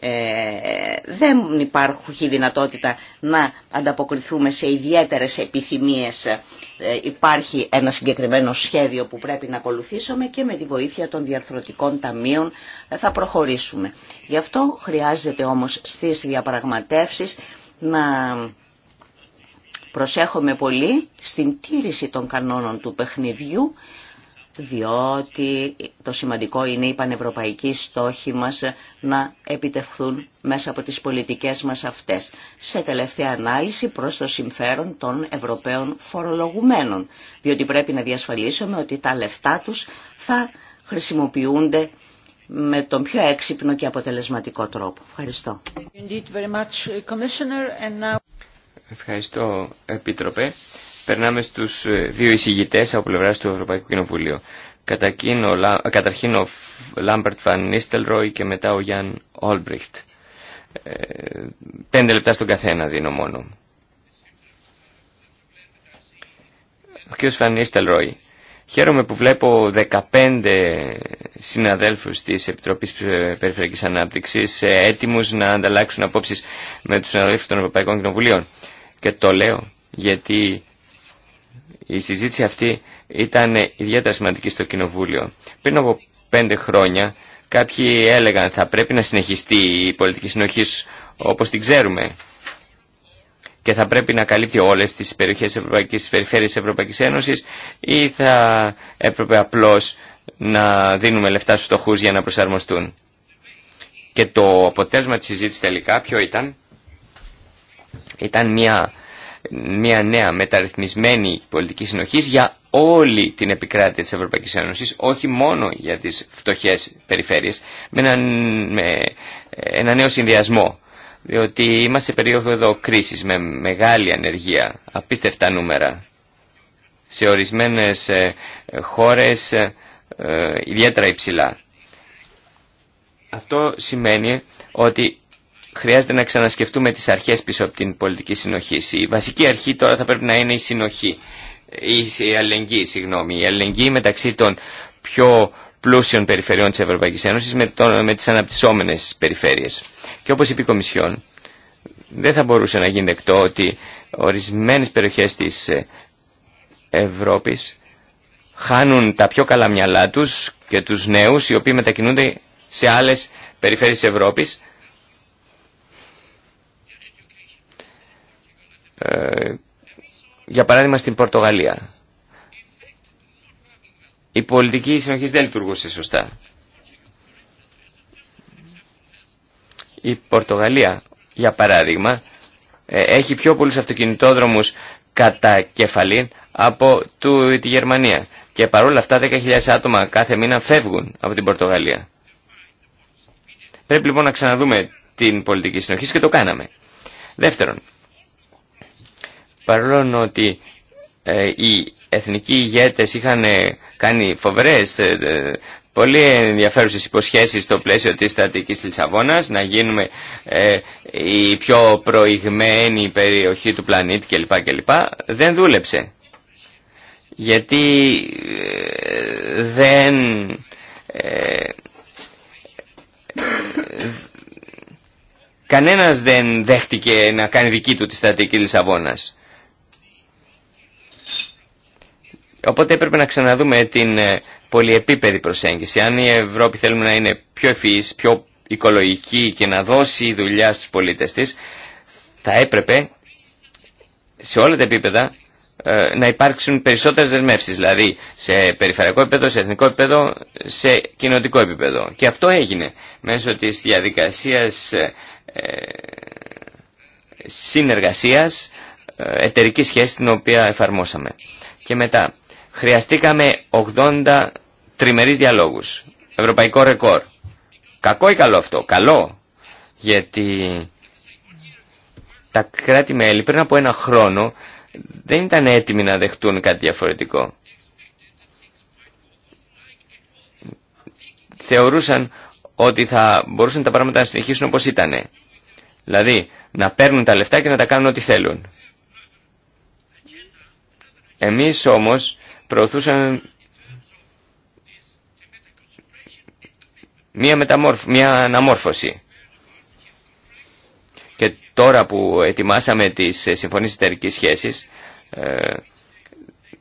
Ε, δεν υπάρχει δυνατότητα να ανταποκριθούμε σε ιδιαίτερες επιθυμίες. Ε, υπάρχει ένα συγκεκριμένο σχέδιο που πρέπει να ακολουθήσουμε και με τη βοήθεια των διαρθρωτικών ταμείων θα προχωρήσουμε. Γι' αυτό χρειάζεται όμως στις διαπραγματεύσεις να προσέχουμε πολύ στην τήρηση των κανόνων του παιχνιδιού διότι το σημαντικό είναι οι πανευρωπαϊκοί στόχοι μας να επιτευχθούν μέσα από τις πολιτικές μας αυτές. Σε τελευταία ανάλυση προς το συμφέρον των Ευρωπαίων φορολογουμένων, διότι πρέπει να διασφαλίσουμε ότι τα λεφτά τους θα χρησιμοποιούνται με τον πιο έξυπνο και αποτελεσματικό τρόπο. Ευχαριστώ. Ευχαριστώ, Επίτροπε. Περνάμε στους ε, δύο εισηγητές από πλευρά του Ευρωπαϊκού Κοινοβουλίου. Ε, καταρχήν ο Λάμπερτ Φανίστελροι Νίστελροι και μετά ο Γιάνν Όλμπριχτ. Ε, πέντε λεπτά στον καθένα δίνω μόνο. Ο κ. Βαν Νίστελροι. Χαίρομαι που βλέπω 15 συναδέλφους της Επιτροπής Περιφερειακής Ανάπτυξης έτοιμους να ανταλλάξουν απόψεις με τους συναδέλφους των Ευρωπαϊκών Κοινοβουλίων. Και το λέω γιατί η συζήτηση αυτή ήταν ιδιαίτερα σημαντική στο Κοινοβούλιο. Πριν από πέντε χρόνια κάποιοι έλεγαν θα πρέπει να συνεχιστεί η πολιτική συνοχή όπως την ξέρουμε και θα πρέπει να καλύπτει όλες τις περιοχές Ευρωπαϊκής, περιφέρειες Ευρωπαϊκής Ένωσης ή θα έπρεπε απλώς να δίνουμε λεφτά στους φτωχούς για να προσαρμοστούν. Και το αποτέλεσμα της συζήτησης τελικά ποιο ήταν. Ήταν μια μια νέα μεταρρυθμισμένη πολιτική συνοχής για όλη την επικράτεια της Ευρωπαϊκής Ένωσης, όχι μόνο για τις φτωχές περιφέρειες, με ένα, νέο συνδυασμό. Διότι είμαστε σε περίοδο εδώ κρίσης με μεγάλη ανεργία, απίστευτα νούμερα. Σε ορισμένες ε, χώρες ε, ε, ιδιαίτερα υψηλά. Αυτό σημαίνει ότι χρειάζεται να ξανασκεφτούμε τις αρχές πίσω από την πολιτική συνοχή. Η βασική αρχή τώρα θα πρέπει να είναι η συνοχή, η αλληλεγγύη, συγγνώμη, η αλληλεγγύη μεταξύ των πιο πλούσιων περιφερειών της Ευρωπαϊκής Ένωσης με, το, με τις αναπτυσσόμενες περιφέρειες. Και όπως είπε η Κομισιόν, δεν θα μπορούσε να γίνει δεκτό ότι ορισμένες περιοχές της ε, Ευρώπης χάνουν τα πιο καλά μυαλά τους και τους νέους οι οποίοι μετακινούνται σε άλλες περιφέρειες Ευρώπης Ε, για παράδειγμα στην Πορτογαλία. Η πολιτική συνοχή δεν λειτουργούσε σωστά. Η Πορτογαλία, για παράδειγμα, ε, έχει πιο πολλούς αυτοκινητόδρομους κατά κεφαλή από τη Γερμανία. Και παρόλα αυτά 10.000 άτομα κάθε μήνα φεύγουν από την Πορτογαλία. Πρέπει λοιπόν να ξαναδούμε την πολιτική συνοχή και το κάναμε. Δεύτερον, παρόλο ότι ε, οι εθνικοί ηγέτες είχαν ε, κάνει φοβερές, ε, πολύ ενδιαφέρουσες υποσχέσεις στο πλαίσιο της στρατηγικής Λισαβόνας, να γίνουμε η πιο προηγμένη περιοχή του πλανήτη κλπ. κλπ. Δεν δούλεψε. Γιατί δεν... Κανένας δεν δέχτηκε να κάνει δική του τη στρατηγική Λισαβόνας. Οπότε έπρεπε να ξαναδούμε την ε, πολυεπίπεδη προσέγγιση. Αν η Ευρώπη θέλουμε να είναι πιο ευφυής, πιο οικολογική και να δώσει δουλειά στους πολίτες της, θα έπρεπε σε όλα τα επίπεδα ε, να υπάρξουν περισσότερες δεσμεύσεις, δηλαδή σε περιφερειακό επίπεδο, σε εθνικό επίπεδο, σε κοινωτικό επίπεδο. Και αυτό έγινε μέσω της διαδικασίας ε, συνεργασίας, εταιρική σχέση την οποία εφαρμόσαμε. Και μετά, χρειαστήκαμε 80 τριμερείς διαλόγους. Ευρωπαϊκό ρεκόρ. Κακό ή καλό αυτό. Καλό. Γιατί τα κράτη-μέλη πριν από ένα χρόνο δεν ήταν έτοιμοι να δεχτούν κάτι διαφορετικό. Θεωρούσαν ότι θα μπορούσαν τα πράγματα να συνεχίσουν όπως ήταν. Δηλαδή, να παίρνουν τα λεφτά και να τα κάνουν ό,τι θέλουν. Εμείς όμως προωθούσαν μία, μεταμόρφ, αναμόρφωση. Και τώρα που ετοιμάσαμε τις συμφωνίες εταιρικής σχέσης, ε,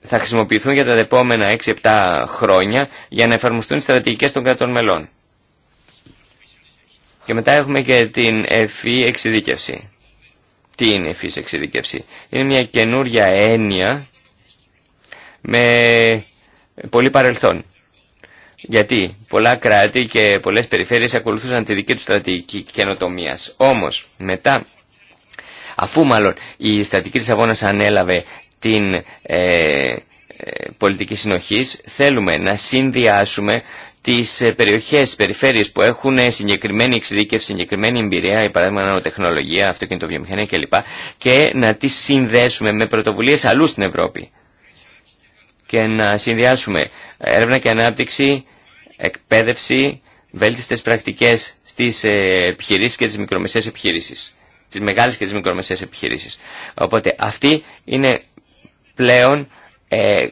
θα χρησιμοποιηθούν για τα επόμενα 6-7 χρόνια για να εφαρμοστούν στρατηγικές των κρατών μελών. Και μετά έχουμε και την ευφύ εξειδίκευση. Τι είναι εφής εξειδίκευση. Είναι μια καινούρια έννοια με πολύ παρελθόν. Γιατί πολλά κράτη και πολλές περιφέρειες ακολουθούσαν τη δική του στρατηγική καινοτομία. Όμως μετά, αφού μάλλον η στρατηγική της Αβώνας ανέλαβε την ε, ε, πολιτική συνοχής, θέλουμε να συνδυάσουμε τις ε, περιοχές, τις περιφέρειες που έχουν συγκεκριμένη εξειδίκευση, συγκεκριμένη εμπειρία, για παράδειγμα νανοτεχνολογία, αυτοκινητοβιομηχανία κλπ. και να τις συνδέσουμε με πρωτοβουλίες αλλού στην Ευρώπη και να συνδυάσουμε έρευνα και ανάπτυξη, εκπαίδευση, βέλτιστες πρακτικές στις ε, επιχειρήσεις και τις μικρομεσαίες επιχειρήσεις. Τις μεγάλες και τις μικρομεσαίες επιχειρήσεις. Οπότε αυτή είναι πλέον ε,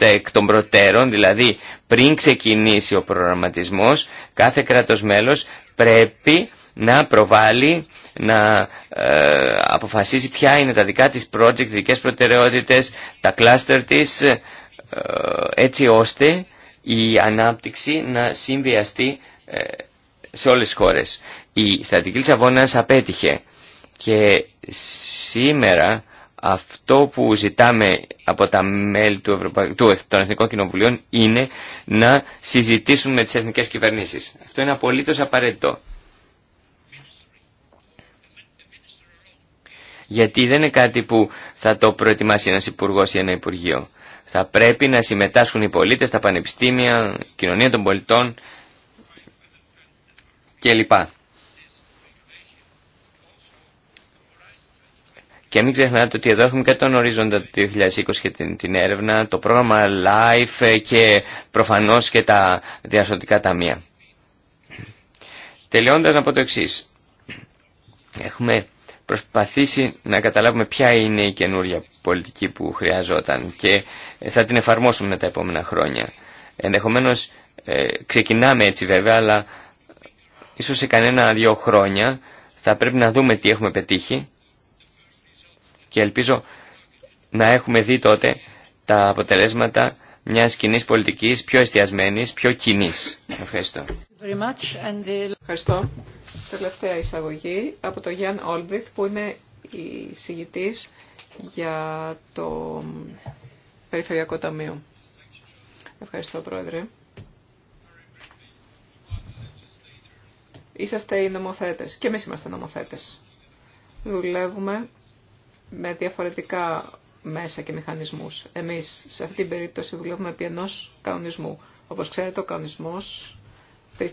εκ των προτέρων, δηλαδή πριν ξεκινήσει ο προγραμματισμός, κάθε κράτος μέλος πρέπει να προβάλλει, να ε, αποφασίσει ποια είναι τα δικά της project, δικές προτεραιότητες, τα κλάστερ της, ε, έτσι ώστε η ανάπτυξη να συνδυαστεί ε, σε όλες τις χώρες. Η στρατηγική Λισαβόνας απέτυχε και σήμερα αυτό που ζητάμε από τα μέλη του Ευρωπα... του... των Εθνικών Κοινοβουλίων είναι να συζητήσουμε τις εθνικές κυβερνήσεις. Αυτό είναι απολύτως απαραίτητο. Γιατί δεν είναι κάτι που θα το προετοιμάσει ένας υπουργός ή ένα υπουργείο. Θα πρέπει να συμμετάσχουν οι πολίτες, τα πανεπιστήμια, η κοινωνία των πολιτών κλπ. Και μην ξεχνάτε ότι εδώ έχουμε και τον ορίζοντα του 2020 και την, την έρευνα, το πρόγραμμα LIFE και προφανώς και τα διαρθρωτικά ταμεία. Τελειώντας να πω το εξή. Έχουμε προσπαθήσει να καταλάβουμε ποια είναι η καινούρια πολιτική που χρειαζόταν και θα την εφαρμόσουμε τα επόμενα χρόνια. Ενδεχομένως ε, ξεκινάμε έτσι βέβαια, αλλά ίσως σε κανένα-δύο χρόνια θα πρέπει να δούμε τι έχουμε πετύχει και ελπίζω να έχουμε δει τότε τα αποτελέσματα μια κοινή πολιτική πιο εστιασμένη, πιο κοινή. Ευχαριστώ. Ευχαριστώ. Τελευταία εισαγωγή από τον Γιάνν Ολβιτ, που είναι η συγητής για το Περιφερειακό Ταμείο. Ευχαριστώ Πρόεδρε. Είσαστε οι νομοθέτες και εμείς είμαστε νομοθέτες. Δουλεύουμε με διαφορετικά μέσα και μηχανισμούς. Εμείς σε αυτή την περίπτωση δουλεύουμε επί ενός κανονισμού. Όπως ξέρετε, ο κανονισμός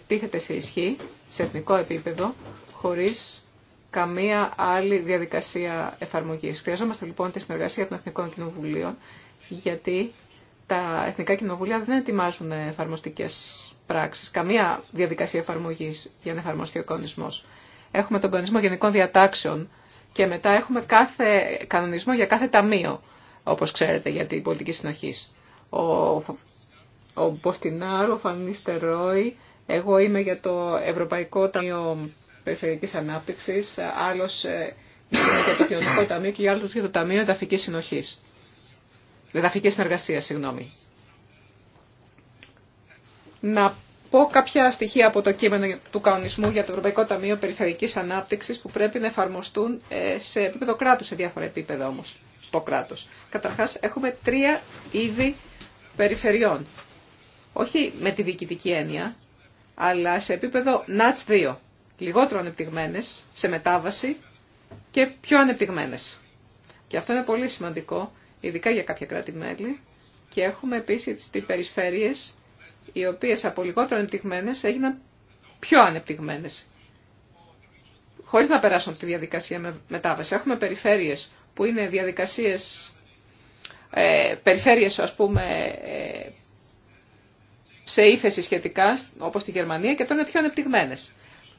τίθεται σε ισχύ, σε εθνικό επίπεδο, χωρίς καμία άλλη διαδικασία εφαρμογής. Χρειαζόμαστε λοιπόν τη συνεργασία των Εθνικών Κοινοβουλίων, γιατί τα Εθνικά Κοινοβουλία δεν ετοιμάζουν εφαρμοστικές πράξεις, καμία διαδικασία εφαρμογής για να εφαρμοστεί ο κανονισμός. Έχουμε τον κανονισμό γενικών διατάξεων και μετά έχουμε κάθε κανονισμό για κάθε ταμείο, όπως ξέρετε, για την πολιτική συνοχή. Ο, ο Μποστινάρο, ο Φανίστερόι, εγώ είμαι για το Ευρωπαϊκό Ταμείο Περιφερειακής Ανάπτυξης, άλλος ε, για το Κοινωνικό Ταμείο και άλλος για το Ταμείο Εδαφικής Συνοχής. Εδαφική συνεργασία, συγγνώμη. Να πω κάποια στοιχεία από το κείμενο του κανονισμού για το Ευρωπαϊκό Ταμείο Περιφερειακής ανάπτυξη που πρέπει να εφαρμοστούν ε, σε επίπεδο κράτου σε διάφορα επίπεδα όμω στο κράτο. Καταρχά έχουμε τρία είδη περιφερειών. Όχι με τη διοικητική έννοια, αλλά σε επίπεδο ΝΑΤΣ 2. Λιγότερο ανεπτυγμένε σε μετάβαση και πιο ανεπτυγμένε. Και αυτό είναι πολύ σημαντικό, ειδικά για κάποια κράτη-μέλη. Και έχουμε επίση τι περιφέρειες οι οποίες από λιγότερο ανεπτυγμένες έγιναν πιο ανεπτυγμένες, χωρίς να περάσουν τη διαδικασία με μετάβαση. Έχουμε περιφέρειες που είναι διαδικασίες, ε, περιφέρειες ας πούμε ε, σε ύφεση σχετικά, όπως τη Γερμανία, και τώρα είναι πιο ανεπτυγμένες.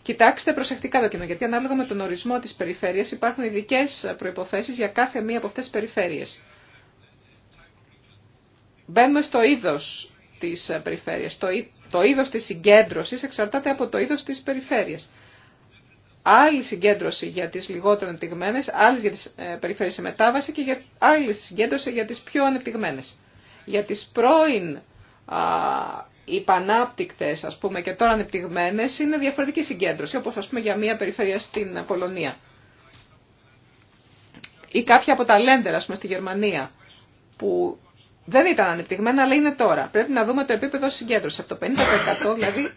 Κοιτάξτε προσεκτικά το κοινό, γιατί ανάλογα με τον ορισμό της περιφέρειας υπάρχουν ειδικέ προϋποθέσεις για κάθε μία από αυτές τις περιφέρειες. Μπαίνουμε στο είδος της ε, περιφέρειας. Το, το είδος της συγκέντρωσης εξαρτάται από το είδος της περιφέρειας. Άλλη συγκέντρωση για τις λιγότερο ανεπτυγμένες, άλλη για τις ε, περιφέρειες σε μετάβαση και για, άλλη συγκέντρωση για τις πιο ανεπτυγμένες. Για τις πρώην α, υπανάπτυκτες ας πούμε και τώρα ανεπτυγμένες είναι διαφορετική συγκέντρωση όπως ας πούμε για μια περιφέρεια στην Πολωνία ή κάποια από τα Λέντερ ας πούμε στη Γερμανία που δεν ήταν ανεπτυγμένα, αλλά είναι τώρα. Πρέπει να δούμε το επίπεδο συγκέντρωση. Από το 50% δηλαδή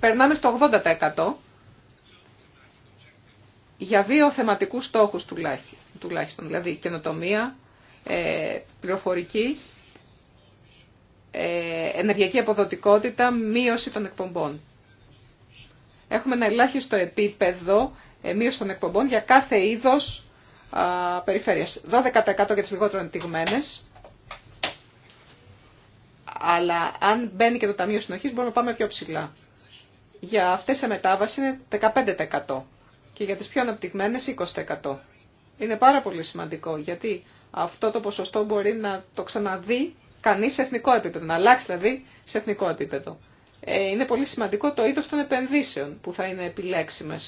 περνάμε στο 80% για δύο θεματικούς στόχους τουλάχιστον, δηλαδή καινοτομία, ε, πληροφορική, ε, ενεργειακή αποδοτικότητα, μείωση των εκπομπών. Έχουμε ένα ελάχιστο επίπεδο ε, μείωση των εκπομπών για κάθε είδος περιφέρειας. 12% για τις λιγότερο ανεπτυγμένες, αλλά αν μπαίνει και το Ταμείο συνοχή μπορούμε να πάμε πιο ψηλά. Για αυτές σε μετάβαση είναι 15% και για τις πιο αναπτυγμένες 20%. Είναι πάρα πολύ σημαντικό γιατί αυτό το ποσοστό μπορεί να το ξαναδεί κανείς σε εθνικό επίπεδο, να αλλάξει δηλαδή σε εθνικό επίπεδο. Ε, είναι πολύ σημαντικό το είδο των επενδύσεων που θα είναι επιλέξιμε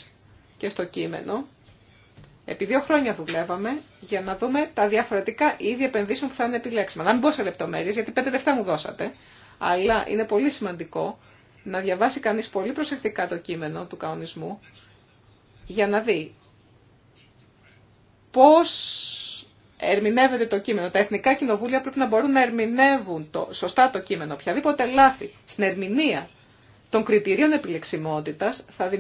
και στο κείμενο. Επί δύο χρόνια δουλεύαμε για να δούμε τα διαφορετικά είδη επενδύσεων που θα είναι επιλέξιμα. Να μην μπω σε λεπτομέρειε, γιατί πέντε λεφτά μου δώσατε. Αλλά είναι πολύ σημαντικό να διαβάσει κανείς πολύ προσεκτικά το κείμενο του κανονισμού για να δει πώς ερμηνεύεται το κείμενο. Τα εθνικά κοινοβούλια πρέπει να μπορούν να ερμηνεύουν το, σωστά το κείμενο. Οποιαδήποτε λάθη στην ερμηνεία των κριτηρίων επιλεξιμότητας θα,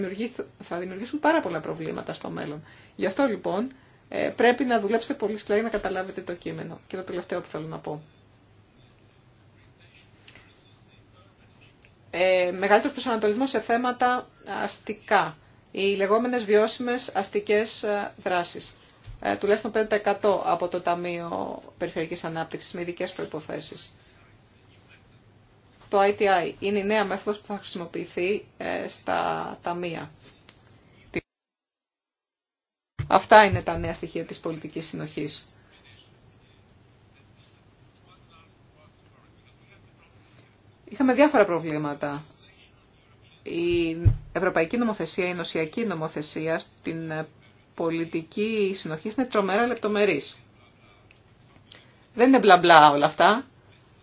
θα δημιουργήσουν πάρα πολλά προβλήματα στο μέλλον. Γι' αυτό λοιπόν ε, πρέπει να δουλέψετε πολύ σκληρά για να καταλάβετε το κείμενο. Και το τελευταίο που θέλω να πω. Ε, μεγαλύτερος προσανατολισμός σε θέματα αστικά. Οι λεγόμενες βιώσιμες αστικές ε, δράσεις. Ε, τουλάχιστον 5% από το Ταμείο Περιφερειακής Ανάπτυξης με ειδικέ προϋποθέσεις. Το ITI είναι η νέα μέθοδος που θα χρησιμοποιηθεί ε, στα ταμεία. Αυτά είναι τα νέα στοιχεία της πολιτικής συνοχής. Είχαμε διάφορα προβλήματα. Η ευρωπαϊκή νομοθεσία, η νοσιακή νομοθεσία στην ε, πολιτική συνοχή είναι τρομερά λεπτομερής. Δεν είναι μπλα μπλα όλα αυτά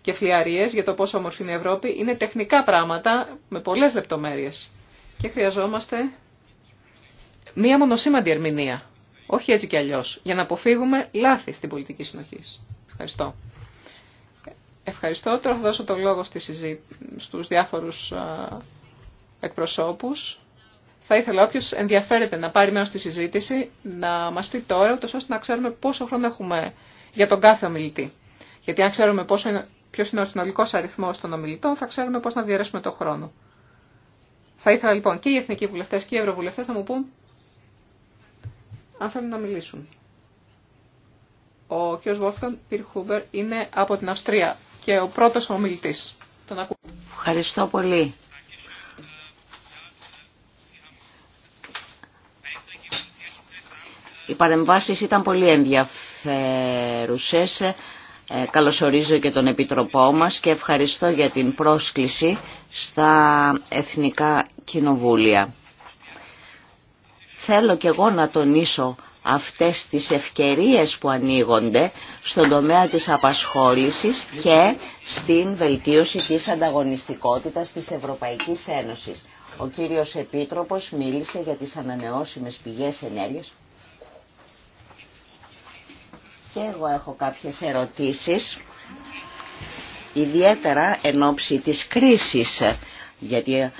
και φλιαρίες για το πόσο όμορφη είναι η Ευρώπη είναι τεχνικά πράγματα με πολλές λεπτομέρειες. Και χρειαζόμαστε μία μονοσήμαντη ερμηνεία. Όχι έτσι κι αλλιώ, Για να αποφύγουμε λάθη στην πολιτική συνοχή. Ευχαριστώ. Ευχαριστώ. Τώρα θα δώσω το λόγο στου διάφορου στους διάφορους εκπροσώπους. Θα ήθελα όποιος ενδιαφέρεται να πάρει μέρος στη συζήτηση να μας πει τώρα, ούτως ώστε να ξέρουμε πόσο χρόνο έχουμε για τον κάθε ομιλητή. Γιατί αν ξέρουμε πόσο Ποιος είναι ο συνολικό αριθμό των ομιλητών, θα ξέρουμε πώς να διαρρέσουμε το χρόνο. Θα ήθελα λοιπόν και οι εθνικοί βουλευτές και οι ευρωβουλευτές να μου πούν αν θέλουν να μιλήσουν. Ο κ. Βόλφκαν Χούμπερ, είναι από την Αυστρία και ο πρώτος ομιλητής. Τον Ευχαριστώ πολύ. Οι παρεμβάσεις ήταν πολύ ενδιαφέρουσες ε, καλωσορίζω και τον Επιτροπό μας και ευχαριστώ για την πρόσκληση στα Εθνικά Κοινοβούλια. Θέλω και εγώ να τονίσω αυτές τις ευκαιρίες που ανοίγονται στον τομέα της απασχόλησης και στην βελτίωση της ανταγωνιστικότητας της Ευρωπαϊκής Ένωσης. Ο κύριος Επίτροπος μίλησε για τις ανανεώσιμες πηγές ενέργειας και εγώ έχω κάποιες ερωτήσεις, ιδιαίτερα εν ώψη της κρίσης, γιατί ε,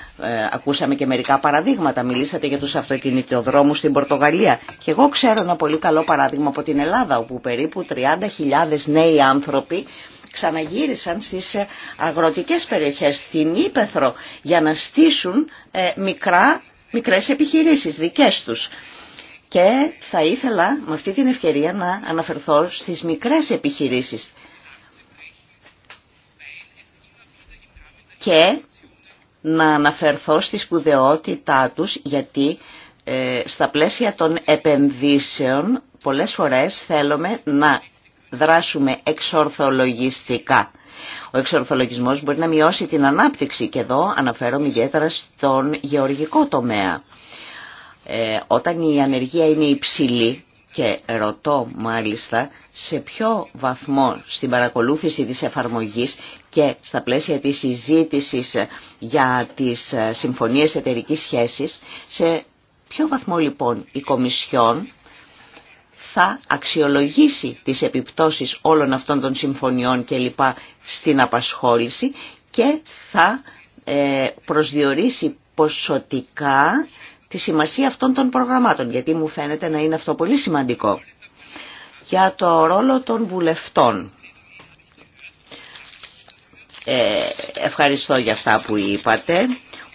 ακούσαμε και μερικά παραδείγματα. Μιλήσατε για τους αυτοκινητοδρόμους στην Πορτογαλία. Και εγώ ξέρω ένα πολύ καλό παράδειγμα από την Ελλάδα, όπου περίπου 30.000 νέοι άνθρωποι ξαναγύρισαν στις ε, αγροτικές περιοχές, στην Ήπεθρο, για να στήσουν ε, μικρά, μικρές επιχειρήσεις δικές τους. Και θα ήθελα με αυτή την ευκαιρία να αναφερθώ στις μικρές επιχειρήσεις. Και να αναφερθώ στη σπουδαιότητά τους γιατί ε, στα πλαίσια των επενδύσεων πολλές φορές θέλουμε να δράσουμε εξορθολογιστικά. Ο εξορθολογισμός μπορεί να μειώσει την ανάπτυξη και εδώ αναφέρομαι ιδιαίτερα στον γεωργικό τομέα. Ε, όταν η ανεργία είναι υψηλή και ρωτώ μάλιστα σε ποιο βαθμό στην παρακολούθηση της εφαρμογής και στα πλαίσια της συζήτηση ε, για τις ε, συμφωνίες εταιρικής σχέσης, σε ποιο βαθμό λοιπόν η Κομισιόν θα αξιολογήσει τις επιπτώσεις όλων αυτών των συμφωνιών και λοιπά στην απασχόληση και θα προσδιορίσει ποσοτικά τη σημασία αυτών των προγραμμάτων, γιατί μου φαίνεται να είναι αυτό πολύ σημαντικό. Για το ρόλο των βουλευτών. Ε, ευχαριστώ για αυτά που είπατε.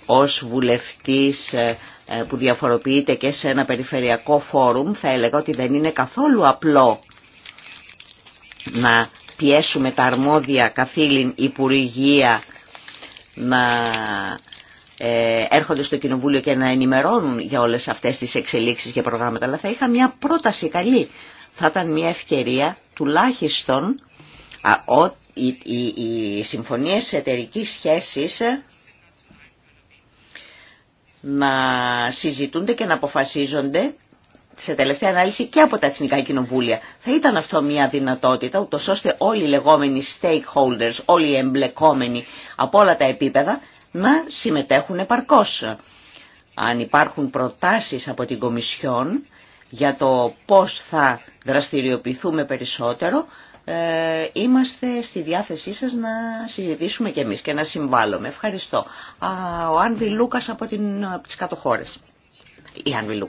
Ως βουλευτής ε, που διαφοροποιείται και σε ένα περιφερειακό φόρουμ, θα έλεγα ότι δεν είναι καθόλου απλό να πιέσουμε τα αρμόδια καθήλυν Υπουργεία να ε, έρχονται στο Κοινοβούλιο και να ενημερώνουν για όλες αυτές τις εξελίξεις και προγράμματα, αλλά θα είχα μια πρόταση καλή. Θα ήταν μια ευκαιρία τουλάχιστον οι συμφωνίες εταιρική σχέσης να συζητούνται και να αποφασίζονται σε τελευταία ανάλυση και από τα Εθνικά Κοινοβούλια. Θα ήταν αυτό μια δυνατότητα, ούτως ώστε όλοι οι λεγόμενοι stakeholders, όλοι οι εμπλεκόμενοι από όλα τα επίπεδα να συμμετέχουν επαρκώς. Αν υπάρχουν προτάσεις από την Κομισιόν για το πώς θα δραστηριοποιηθούμε περισσότερο, ε, είμαστε στη διάθεσή σας να συζητήσουμε και εμείς και να συμβάλλουμε. Ευχαριστώ. ο Άνδη Λούκας από, την, από τις κατοχώρες. Η Άννη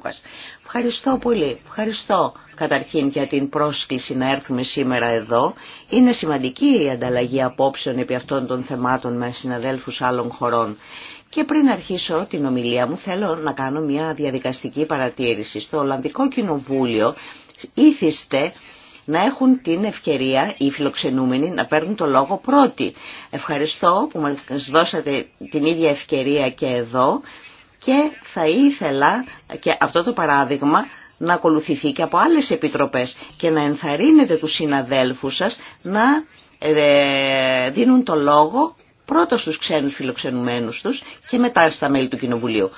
Ευχαριστώ πολύ. Ευχαριστώ καταρχήν για την πρόσκληση να έρθουμε σήμερα εδώ. Είναι σημαντική η ανταλλαγή απόψεων επί αυτών των θεμάτων με συναδέλφους άλλων χωρών. Και πριν αρχίσω την ομιλία μου θέλω να κάνω μια διαδικαστική παρατήρηση. Στο Ολλανδικό Κοινοβούλιο ήθιστε να έχουν την ευκαιρία οι φιλοξενούμενοι να παίρνουν το λόγο πρώτοι. Ευχαριστώ που μας δώσατε την ίδια ευκαιρία και εδώ και θα ήθελα και αυτό το παράδειγμα να ακολουθηθεί και από άλλες επιτροπές και να ενθαρρύνετε τους συναδέλφους σας να ε, δίνουν το λόγο πρώτα στους ξένους φιλοξενουμένους τους και μετά στα μέλη του Κοινοβουλίου.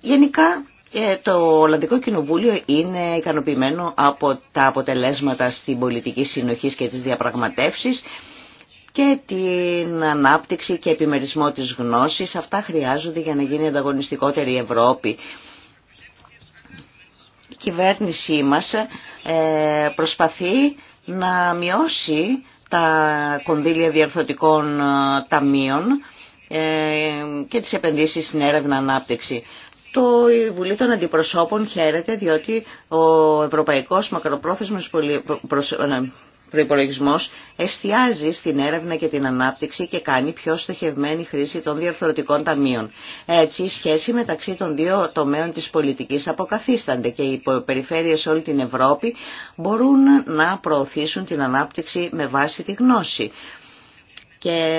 Γενικά ε, το Ολλανδικό Κοινοβούλιο είναι ικανοποιημένο από τα αποτελέσματα στην πολιτική συνοχή και τις διαπραγματεύσεις και την ανάπτυξη και επιμερισμό της γνώσης. Αυτά χρειάζονται για να γίνει ανταγωνιστικότερη η Ευρώπη. Η κυβέρνησή μας ε, προσπαθεί να μειώσει τα κονδύλια διαρθωτικών ε, ταμείων ε, και τις επενδύσεις στην έρευνα ανάπτυξη. Το η Βουλή των Αντιπροσώπων χαίρεται διότι ο Ευρωπαϊκός Μακροπρόθεσμος προπολογισμό εστιάζει στην έρευνα και την ανάπτυξη και κάνει πιο στοχευμένη χρήση των διαρθρωτικών ταμείων. Έτσι, η σχέση μεταξύ των δύο τομέων τη πολιτική αποκαθίστανται και οι περιφέρειες όλη την Ευρώπη μπορούν να προωθήσουν την ανάπτυξη με βάση τη γνώση και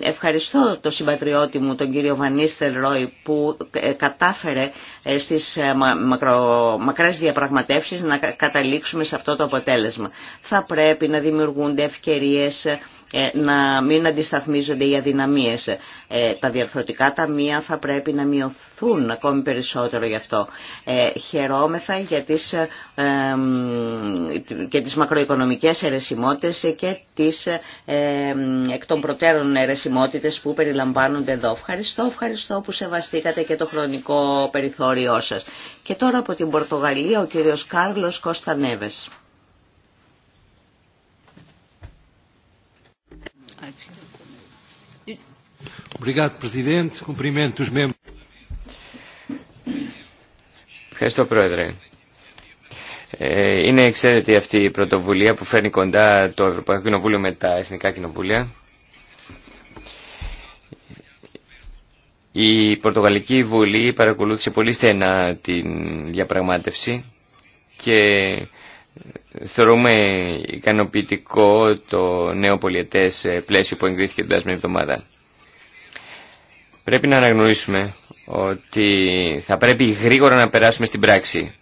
ευχαριστώ τον συμπατριώτη μου τον κύριο Βανίστερ Ρόι που ε, κατάφερε ε, στις ε, μακρο, μακρές διαπραγματεύσεις να καταλήξουμε σε αυτό το αποτέλεσμα. Θα πρέπει να δημιουργούνται ευκαιρίες ε, να μην αντισταθμίζονται οι αδυναμίες. Ε, τα διαρθρωτικά ταμεία θα πρέπει να μειωθούν ακόμη περισσότερο γι' αυτό. Ε, χαιρόμεθα για τις, και τις μακροοικονομικές αιρεσιμότητες και τις εκ των προτέρων αιρεσιμότητες που περιλαμβάνονται εδώ. Ευχαριστώ, ευχαριστώ που σεβαστήκατε και το χρονικό περιθώριό σας. Και τώρα από την Πορτογαλία ο κύριος Κάρλος Κωνστανέβες. Ευχαριστώ, Πρόεδρε. Ε, είναι εξαίρετη αυτή η πρωτοβουλία που φέρνει κοντά το Ευρωπαϊκό Κοινοβούλιο με τα Εθνικά Κοινοβούλια. Η Πορτογαλική Βουλή παρακολούθησε πολύ στενά την διαπραγμάτευση και θεωρούμε ικανοποιητικό το νέο πολιετές ε, πλαίσιο που εγκρίθηκε την περασμένη εβδομάδα. Πρέπει να αναγνωρίσουμε ότι θα πρέπει γρήγορα να περάσουμε στην πράξη,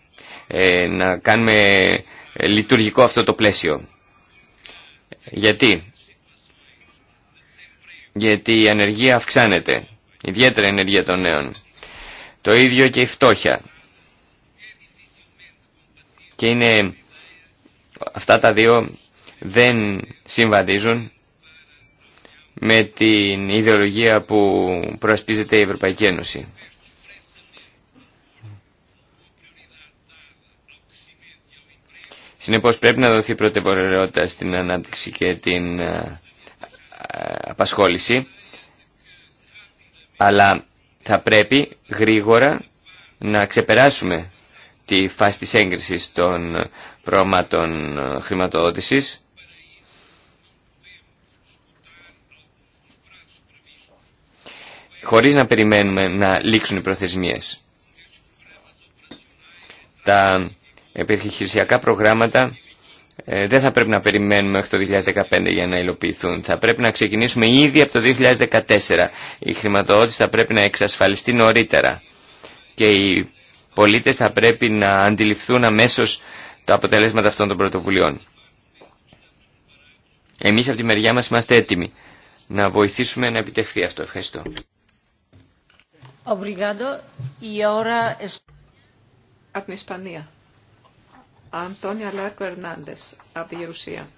ε, να κάνουμε ε, λειτουργικό αυτό το πλαίσιο. Γιατί? Γιατί η ανεργία αυξάνεται, ιδιαίτερα η ανεργία των νέων. Το ίδιο και η φτώχεια. Και είναι αυτά τα δύο δεν συμβαδίζουν με την ιδεολογία που προασπίζεται η Ευρωπαϊκή Ένωση. Συνεπώς πρέπει να δοθεί προτεραιότητα στην ανάπτυξη και την ε, απασχόληση, αλλά θα πρέπει γρήγορα να ξεπεράσουμε τη φάση της έγκρισης των προγραμμάτων ε, χρηματοδότησης χωρίς να περιμένουμε να λήξουν οι προθεσμίες. Τα επιχειρησιακά προγράμματα ε, δεν θα πρέπει να περιμένουμε μέχρι το 2015 για να υλοποιηθούν. Θα πρέπει να ξεκινήσουμε ήδη από το 2014. Η χρηματοδότηση θα πρέπει να εξασφαλιστεί νωρίτερα. Και οι πολίτες θα πρέπει να αντιληφθούν αμέσως τα αποτελέσματα αυτών των πρωτοβουλειών. Εμείς από τη μεριά μας είμαστε έτοιμοι να βοηθήσουμε να επιτευχθεί αυτό. Ευχαριστώ. Από Αντώνια Λάρκο από τη Γερουσία.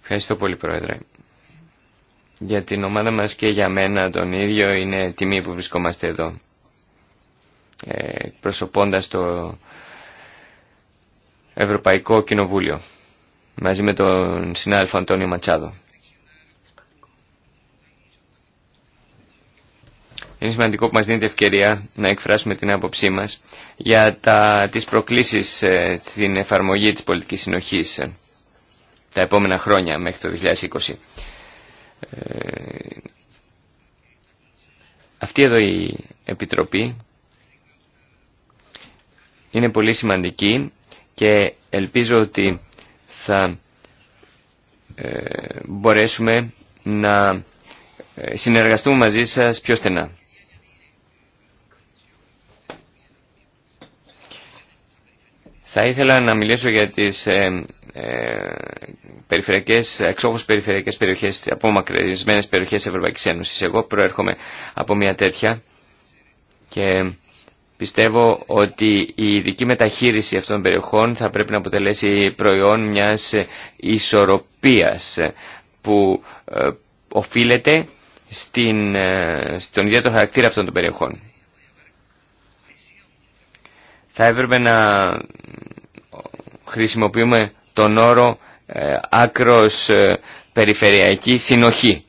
Ευχαριστώ πολύ, Πρόεδρε. Για την ομάδα μας και για μένα τον ίδιο είναι τιμή που βρισκόμαστε εδώ. Ε, το Ευρωπαϊκό Κοινοβούλιο. Μαζί με τον συνάδελφο Αντώνιο Ματσάδο. είναι σημαντικό που μας δίνετε ευκαιρία να εκφράσουμε την άποψή μας για τα, τις προκλήσεις ε, στην εφαρμογή της πολιτικής συνοχής ε, τα επόμενα χρόνια μέχρι το 2020. Ε, αυτή εδώ η Επιτροπή είναι πολύ σημαντική και ελπίζω ότι θα μπορέσουμε να συνεργαστούμε μαζί σας πιο στενά. Θα ήθελα να μιλήσω για τις ε, ε, περιφερειακές, εξόχως περιφερειακές περιοχές, απομακρυσμένες περιοχές Ευρωπαϊκής Ένωσης. Εγώ προέρχομαι από μια τέτοια και πιστεύω ότι η ειδική μεταχείριση αυτών των περιοχών θα πρέπει να αποτελέσει προϊόν μιας ισορροπίας που ε, οφείλεται στην, ε, στον ιδιαίτερο χαρακτήρα αυτών των περιοχών θα έπρεπε να χρησιμοποιούμε τον όρο ε, άκρος ε, περιφερειακή συνοχή.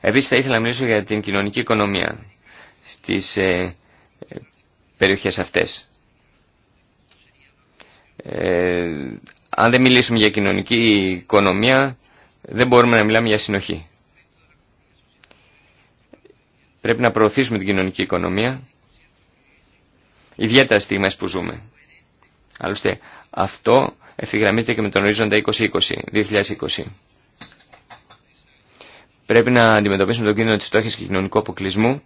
Επίσης θα ήθελα να μιλήσω για την κοινωνική οικονομία στις ε, περιοχές αυτές. Ε, αν δεν μιλήσουμε για κοινωνική οικονομία δεν μπορούμε να μιλάμε για συνοχή. Πρέπει να προωθήσουμε την κοινωνική οικονομία ιδιαίτερα στιγμές που ζούμε. Άλλωστε αυτό ευθυγραμμίζεται και με τον ορίζοντα 2020, 2020. Πρέπει να αντιμετωπίσουμε τον κίνδυνο της φτώχειας και κοινωνικού αποκλεισμού.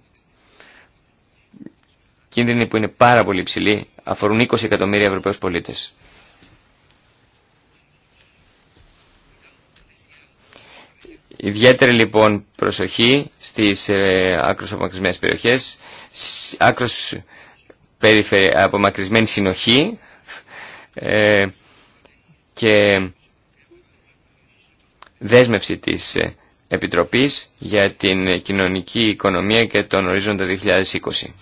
Κίνδυνοι που είναι πάρα πολύ υψηλοί αφορούν 20 εκατομμύρια Ευρωπαίους πολίτες. Ιδιαίτερη λοιπόν προσοχή στις ε, άκρως απομακρυσμένες περιοχές, άκρως απομακρυσμένη συνοχή ε, και δέσμευση της Επιτροπής για την κοινωνική οικονομία και τον ορίζοντα 2020.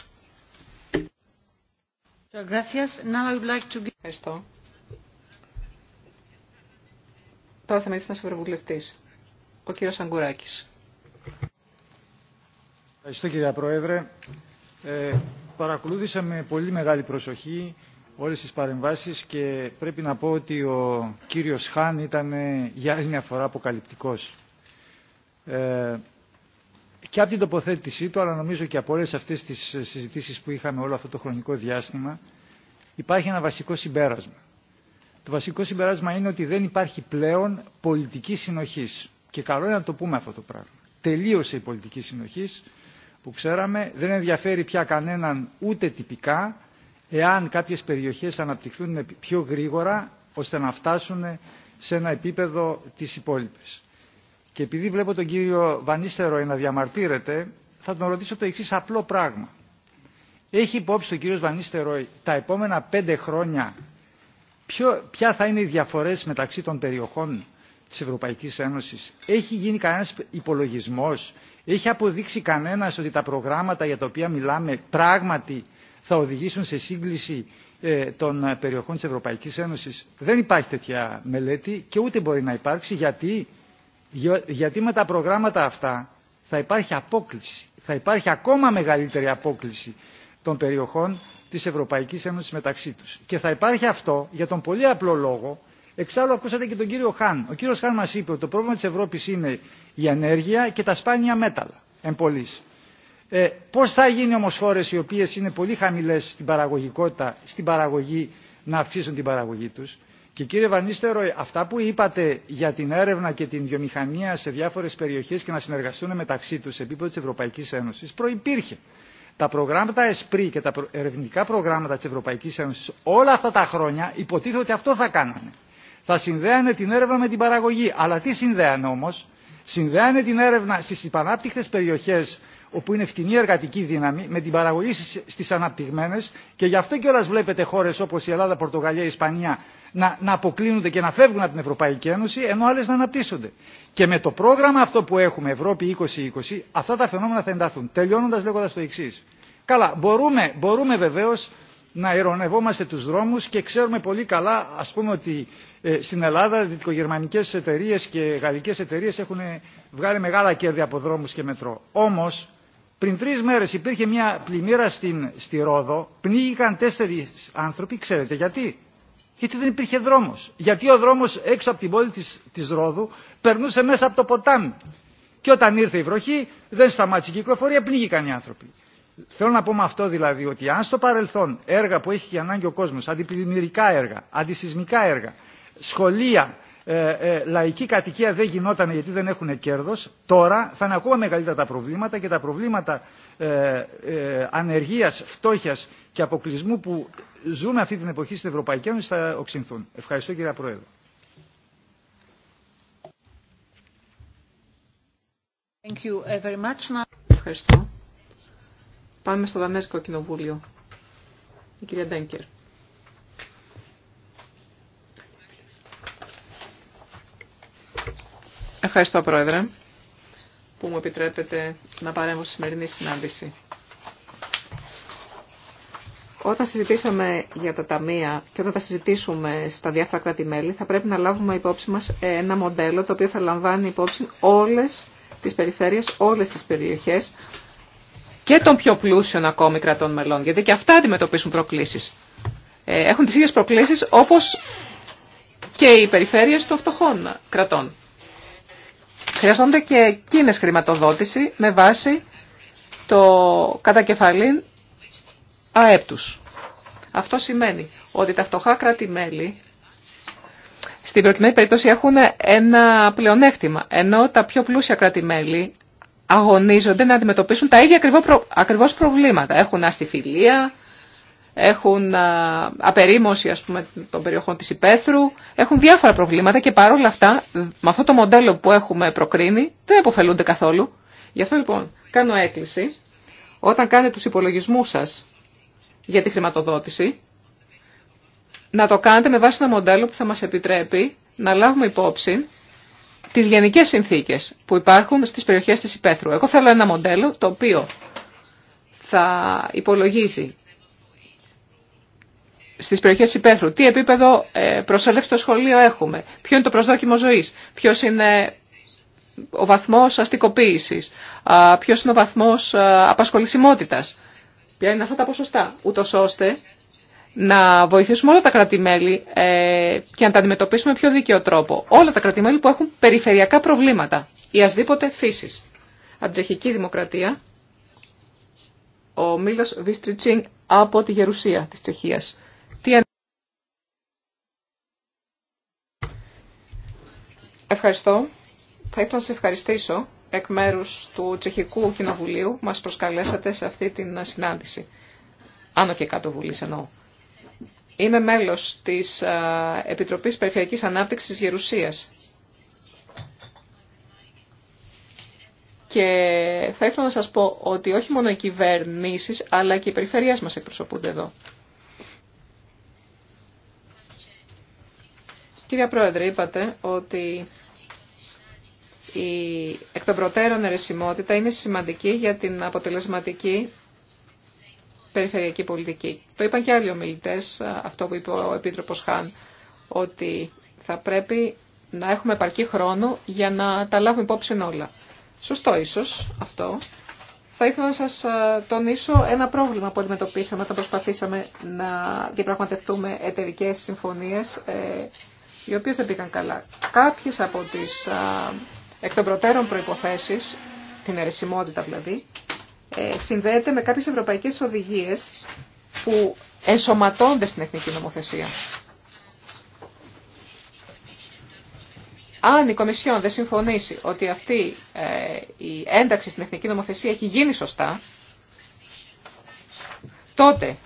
Ευχαριστώ. Τώρα θα μιλήσει ένα ευρωβουλευτή, ο κύριο Αγκουράκη. Ευχαριστώ κυρία Πρόεδρε. Ε, παρακολούθησα με πολύ μεγάλη προσοχή όλες τις παρεμβάσεις και πρέπει να πω ότι ο κύριος Χάν ήταν για άλλη μια φορά αποκαλυπτικός. Ε, και από την τοποθέτησή του, αλλά νομίζω και από όλες αυτές τις συζητήσεις που είχαμε όλο αυτό το χρονικό διάστημα, υπάρχει ένα βασικό συμπέρασμα. Το βασικό συμπεράσμα είναι ότι δεν υπάρχει πλέον πολιτική συνοχής. Και καλό είναι να το πούμε αυτό το πράγμα. Τελείωσε η πολιτική συνοχής που ξέραμε δεν ενδιαφέρει πια κανέναν ούτε τυπικά εάν κάποιες περιοχές αναπτυχθούν πιο γρήγορα ώστε να φτάσουν σε ένα επίπεδο τις υπόλοιπες. Και επειδή βλέπω τον κύριο Βανίστερο να διαμαρτύρεται, θα τον ρωτήσω το εξή απλό πράγμα. Έχει υπόψη ο κύριο Βανίστερο τα επόμενα πέντε χρόνια ποια θα είναι οι διαφορές μεταξύ των περιοχών της Ευρωπαϊκής Ένωσης. Έχει γίνει κανένας υπολογισμός, έχει αποδείξει κανένας ότι τα προγράμματα για τα οποία μιλάμε πράγματι θα οδηγήσουν σε σύγκληση ε, των ε, περιοχών της Ευρωπαϊκής Ένωσης. Δεν υπάρχει τέτοια μελέτη και ούτε μπορεί να υπάρξει γιατί, γιατί με τα προγράμματα αυτά θα υπάρχει απόκληση. Θα υπάρχει ακόμα μεγαλύτερη απόκληση των περιοχών της Ευρωπαϊκής Ένωσης μεταξύ τους. Και θα υπάρχει αυτό για τον πολύ απλό λόγο Εξάλλου ακούσατε και τον κύριο Χάν. Ο κύριος Χάν μας είπε ότι το πρόβλημα της Ευρώπης είναι η ανέργεια και τα σπάνια μέταλλα, εν ε, Πώς θα γίνει όμως χώρες οι οποίες είναι πολύ χαμηλές στην παραγωγικότητα, στην παραγωγή, να αυξήσουν την παραγωγή τους. Και κύριε Βανίστερο, ε, αυτά που είπατε για την έρευνα και την βιομηχανία σε διάφορες περιοχές και να συνεργαστούν μεταξύ τους σε επίπεδο της Ευρωπαϊκής Ένωσης προϋπήρχε. Τα προγράμματα ΕΣΠΡΙ και τα ερευνητικά προγράμματα της Ευρωπαϊκής Ένωσης όλα αυτά τα χρόνια υποτίθεται ότι αυτό θα κάνανε θα συνδέανε την έρευνα με την παραγωγή. Αλλά τι συνδέανε όμω. συνδέανε την έρευνα στι υπανάπτυχτε περιοχέ, όπου είναι φτηνή εργατική δύναμη, με την παραγωγή στι αναπτυγμένε και γι' αυτό κιόλα βλέπετε χώρε όπω η Ελλάδα, Πορτογαλία, η Ισπανία να, να αποκλίνονται και να φεύγουν από την Ευρωπαϊκή Ένωση, ενώ άλλε να αναπτύσσονται. Και με το πρόγραμμα αυτό που έχουμε, Ευρώπη 2020, αυτά τα φαινόμενα θα ενταθούν. Τελειώνοντα λέγοντα το εξή. Καλά, μπορούμε, μπορούμε βεβαίω να ειρωνευόμαστε τους δρόμους και ξέρουμε πολύ καλά ας πούμε ότι ε, στην Ελλάδα δυτικογερμανικές εταιρείες και γαλλικές εταιρείες έχουν ε, βγάλει μεγάλα κέρδη από δρόμους και μετρό. Όμως πριν τρει μέρες υπήρχε μια πλημμύρα στην, στη Ρόδο, πνίγηκαν τέσσερι άνθρωποι, ξέρετε γιατί. Γιατί δεν υπήρχε δρόμος. Γιατί ο δρόμος έξω από την πόλη της, Ρόδου περνούσε μέσα από το ποτάμι. Και όταν ήρθε η βροχή δεν σταμάτησε η κυκλοφορία, πνίγηκαν οι άνθρωποι. Θέλω να πω με αυτό δηλαδή ότι αν στο παρελθόν έργα που έχει και ανάγκη ο κόσμος, αντιπλημμυρικά έργα, αντισυσμικά έργα, σχολεία, ε, ε, λαϊκή κατοικία δεν γινόταν γιατί δεν έχουν κέρδος, τώρα θα είναι ακόμα μεγαλύτερα τα προβλήματα και τα προβλήματα ε, ε, ανεργίας, φτώχειας και αποκλεισμού που ζούμε αυτή την εποχή στην Ευρωπαϊκή Ένωση θα οξυνθούν. Ευχαριστώ κύριε Πρόεδρε. Thank you very much. Πάμε στο Δανέζικο Κοινοβούλιο. Η κυρία Ντέγκερ. Ευχαριστώ, Πρόεδρε, που μου επιτρέπετε να παρέμβω στη σημερινή συνάντηση. Όταν συζητήσαμε για τα ταμεία και όταν τα συζητήσουμε στα διάφορα κράτη-μέλη, θα πρέπει να λάβουμε υπόψη μας ένα μοντέλο το οποίο θα λαμβάνει υπόψη όλες τις περιφέρειες, όλες τις περιοχές, και των πιο πλούσιων ακόμη κρατών μελών, γιατί και αυτά αντιμετωπίσουν προκλήσεις. Ε, έχουν τι ίδιε προκλήσεις όπως και οι περιφέρειε των φτωχών κρατών. Χρειαζόνται και εκείνε χρηματοδότηση με βάση το κατακεφαλήν ΑΕΠ Αυτό σημαίνει ότι τα φτωχά κράτη-μέλη στην προκειμένη περίπτωση έχουν ένα πλεονέκτημα, ενώ τα πιο πλούσια κράτη-μέλη αγωνίζονται να αντιμετωπίσουν τα ίδια ακριβώς προβλήματα. Έχουν αστιφιλία, έχουν απερίμωση ας πούμε, των περιοχών της υπαίθρου, έχουν διάφορα προβλήματα και παρόλα αυτά με αυτό το μοντέλο που έχουμε προκρίνει δεν αποφελούνται καθόλου. Γι' αυτό λοιπόν κάνω έκκληση όταν κάνετε τους υπολογισμούς σας για τη χρηματοδότηση να το κάνετε με βάση ένα μοντέλο που θα μας επιτρέπει να λάβουμε υπόψη τις γενικέ συνθήκες που υπάρχουν στις περιοχές της υπαίθρου. Εγώ θέλω ένα μοντέλο το οποίο θα υπολογίζει στις περιοχές της υπαίθρου τι επίπεδο ε, προσέλευση στο σχολείο έχουμε, ποιο είναι το προσδόκιμο ζωής, ποιος είναι ο βαθμός αστικοποίησης, ποιος είναι ο βαθμός ε, απασχολησιμότητας. Ποια είναι αυτά τα ποσοστά, ούτω ώστε να βοηθήσουμε όλα τα κρατημέλη ε, και να τα αντιμετωπίσουμε πιο δίκαιο τρόπο. Όλα τα κρατημέλη που έχουν περιφερειακά προβλήματα ή ασδήποτε φύσης. Από την Τσεχική Δημοκρατία, ο Μίλος Βίστριτσινγκ από τη Γερουσία της Τσεχίας. Ευχαριστώ. Θα ήθελα να σας ευχαριστήσω εκ μέρους του Τσεχικού Κοινοβουλίου που μας προσκαλέσατε σε αυτή την συνάντηση. Άνω και κάτω βουλής εννοώ. Είμαι μέλος της Επιτροπής Περιφερειακής Ανάπτυξης Γερουσίας. Και θα ήθελα να σας πω ότι όχι μόνο οι κυβερνήσεις, αλλά και οι περιφερειές μας εκπροσωπούνται εδώ. Κύριε Πρόεδρε, είπατε ότι η εκ των προτέρων ερεσιμότητα είναι σημαντική για την αποτελεσματική περιφερειακή πολιτική. Το είπαν και άλλοι ομιλητέ, αυτό που είπε ο Επίτροπο Χάν, ότι θα πρέπει να έχουμε επαρκή χρόνο για να τα λάβουμε υπόψη όλα. Σωστό ίσω αυτό. Θα ήθελα να σας τονίσω ένα πρόβλημα που αντιμετωπίσαμε όταν προσπαθήσαμε να διαπραγματευτούμε εταιρικέ συμφωνίες ε, οι οποίες δεν πήγαν καλά. Κάποιε από τι εκ των προτέρων προποθέσει, την αιρεσιμότητα δηλαδή, ε, συνδέεται με κάποιες ευρωπαϊκές οδηγίες που ενσωματώνται στην εθνική νομοθεσία. Αν η Κομισιόν δεν συμφωνήσει ότι αυτή ε, η ένταξη στην εθνική νομοθεσία έχει γίνει σωστά, τότε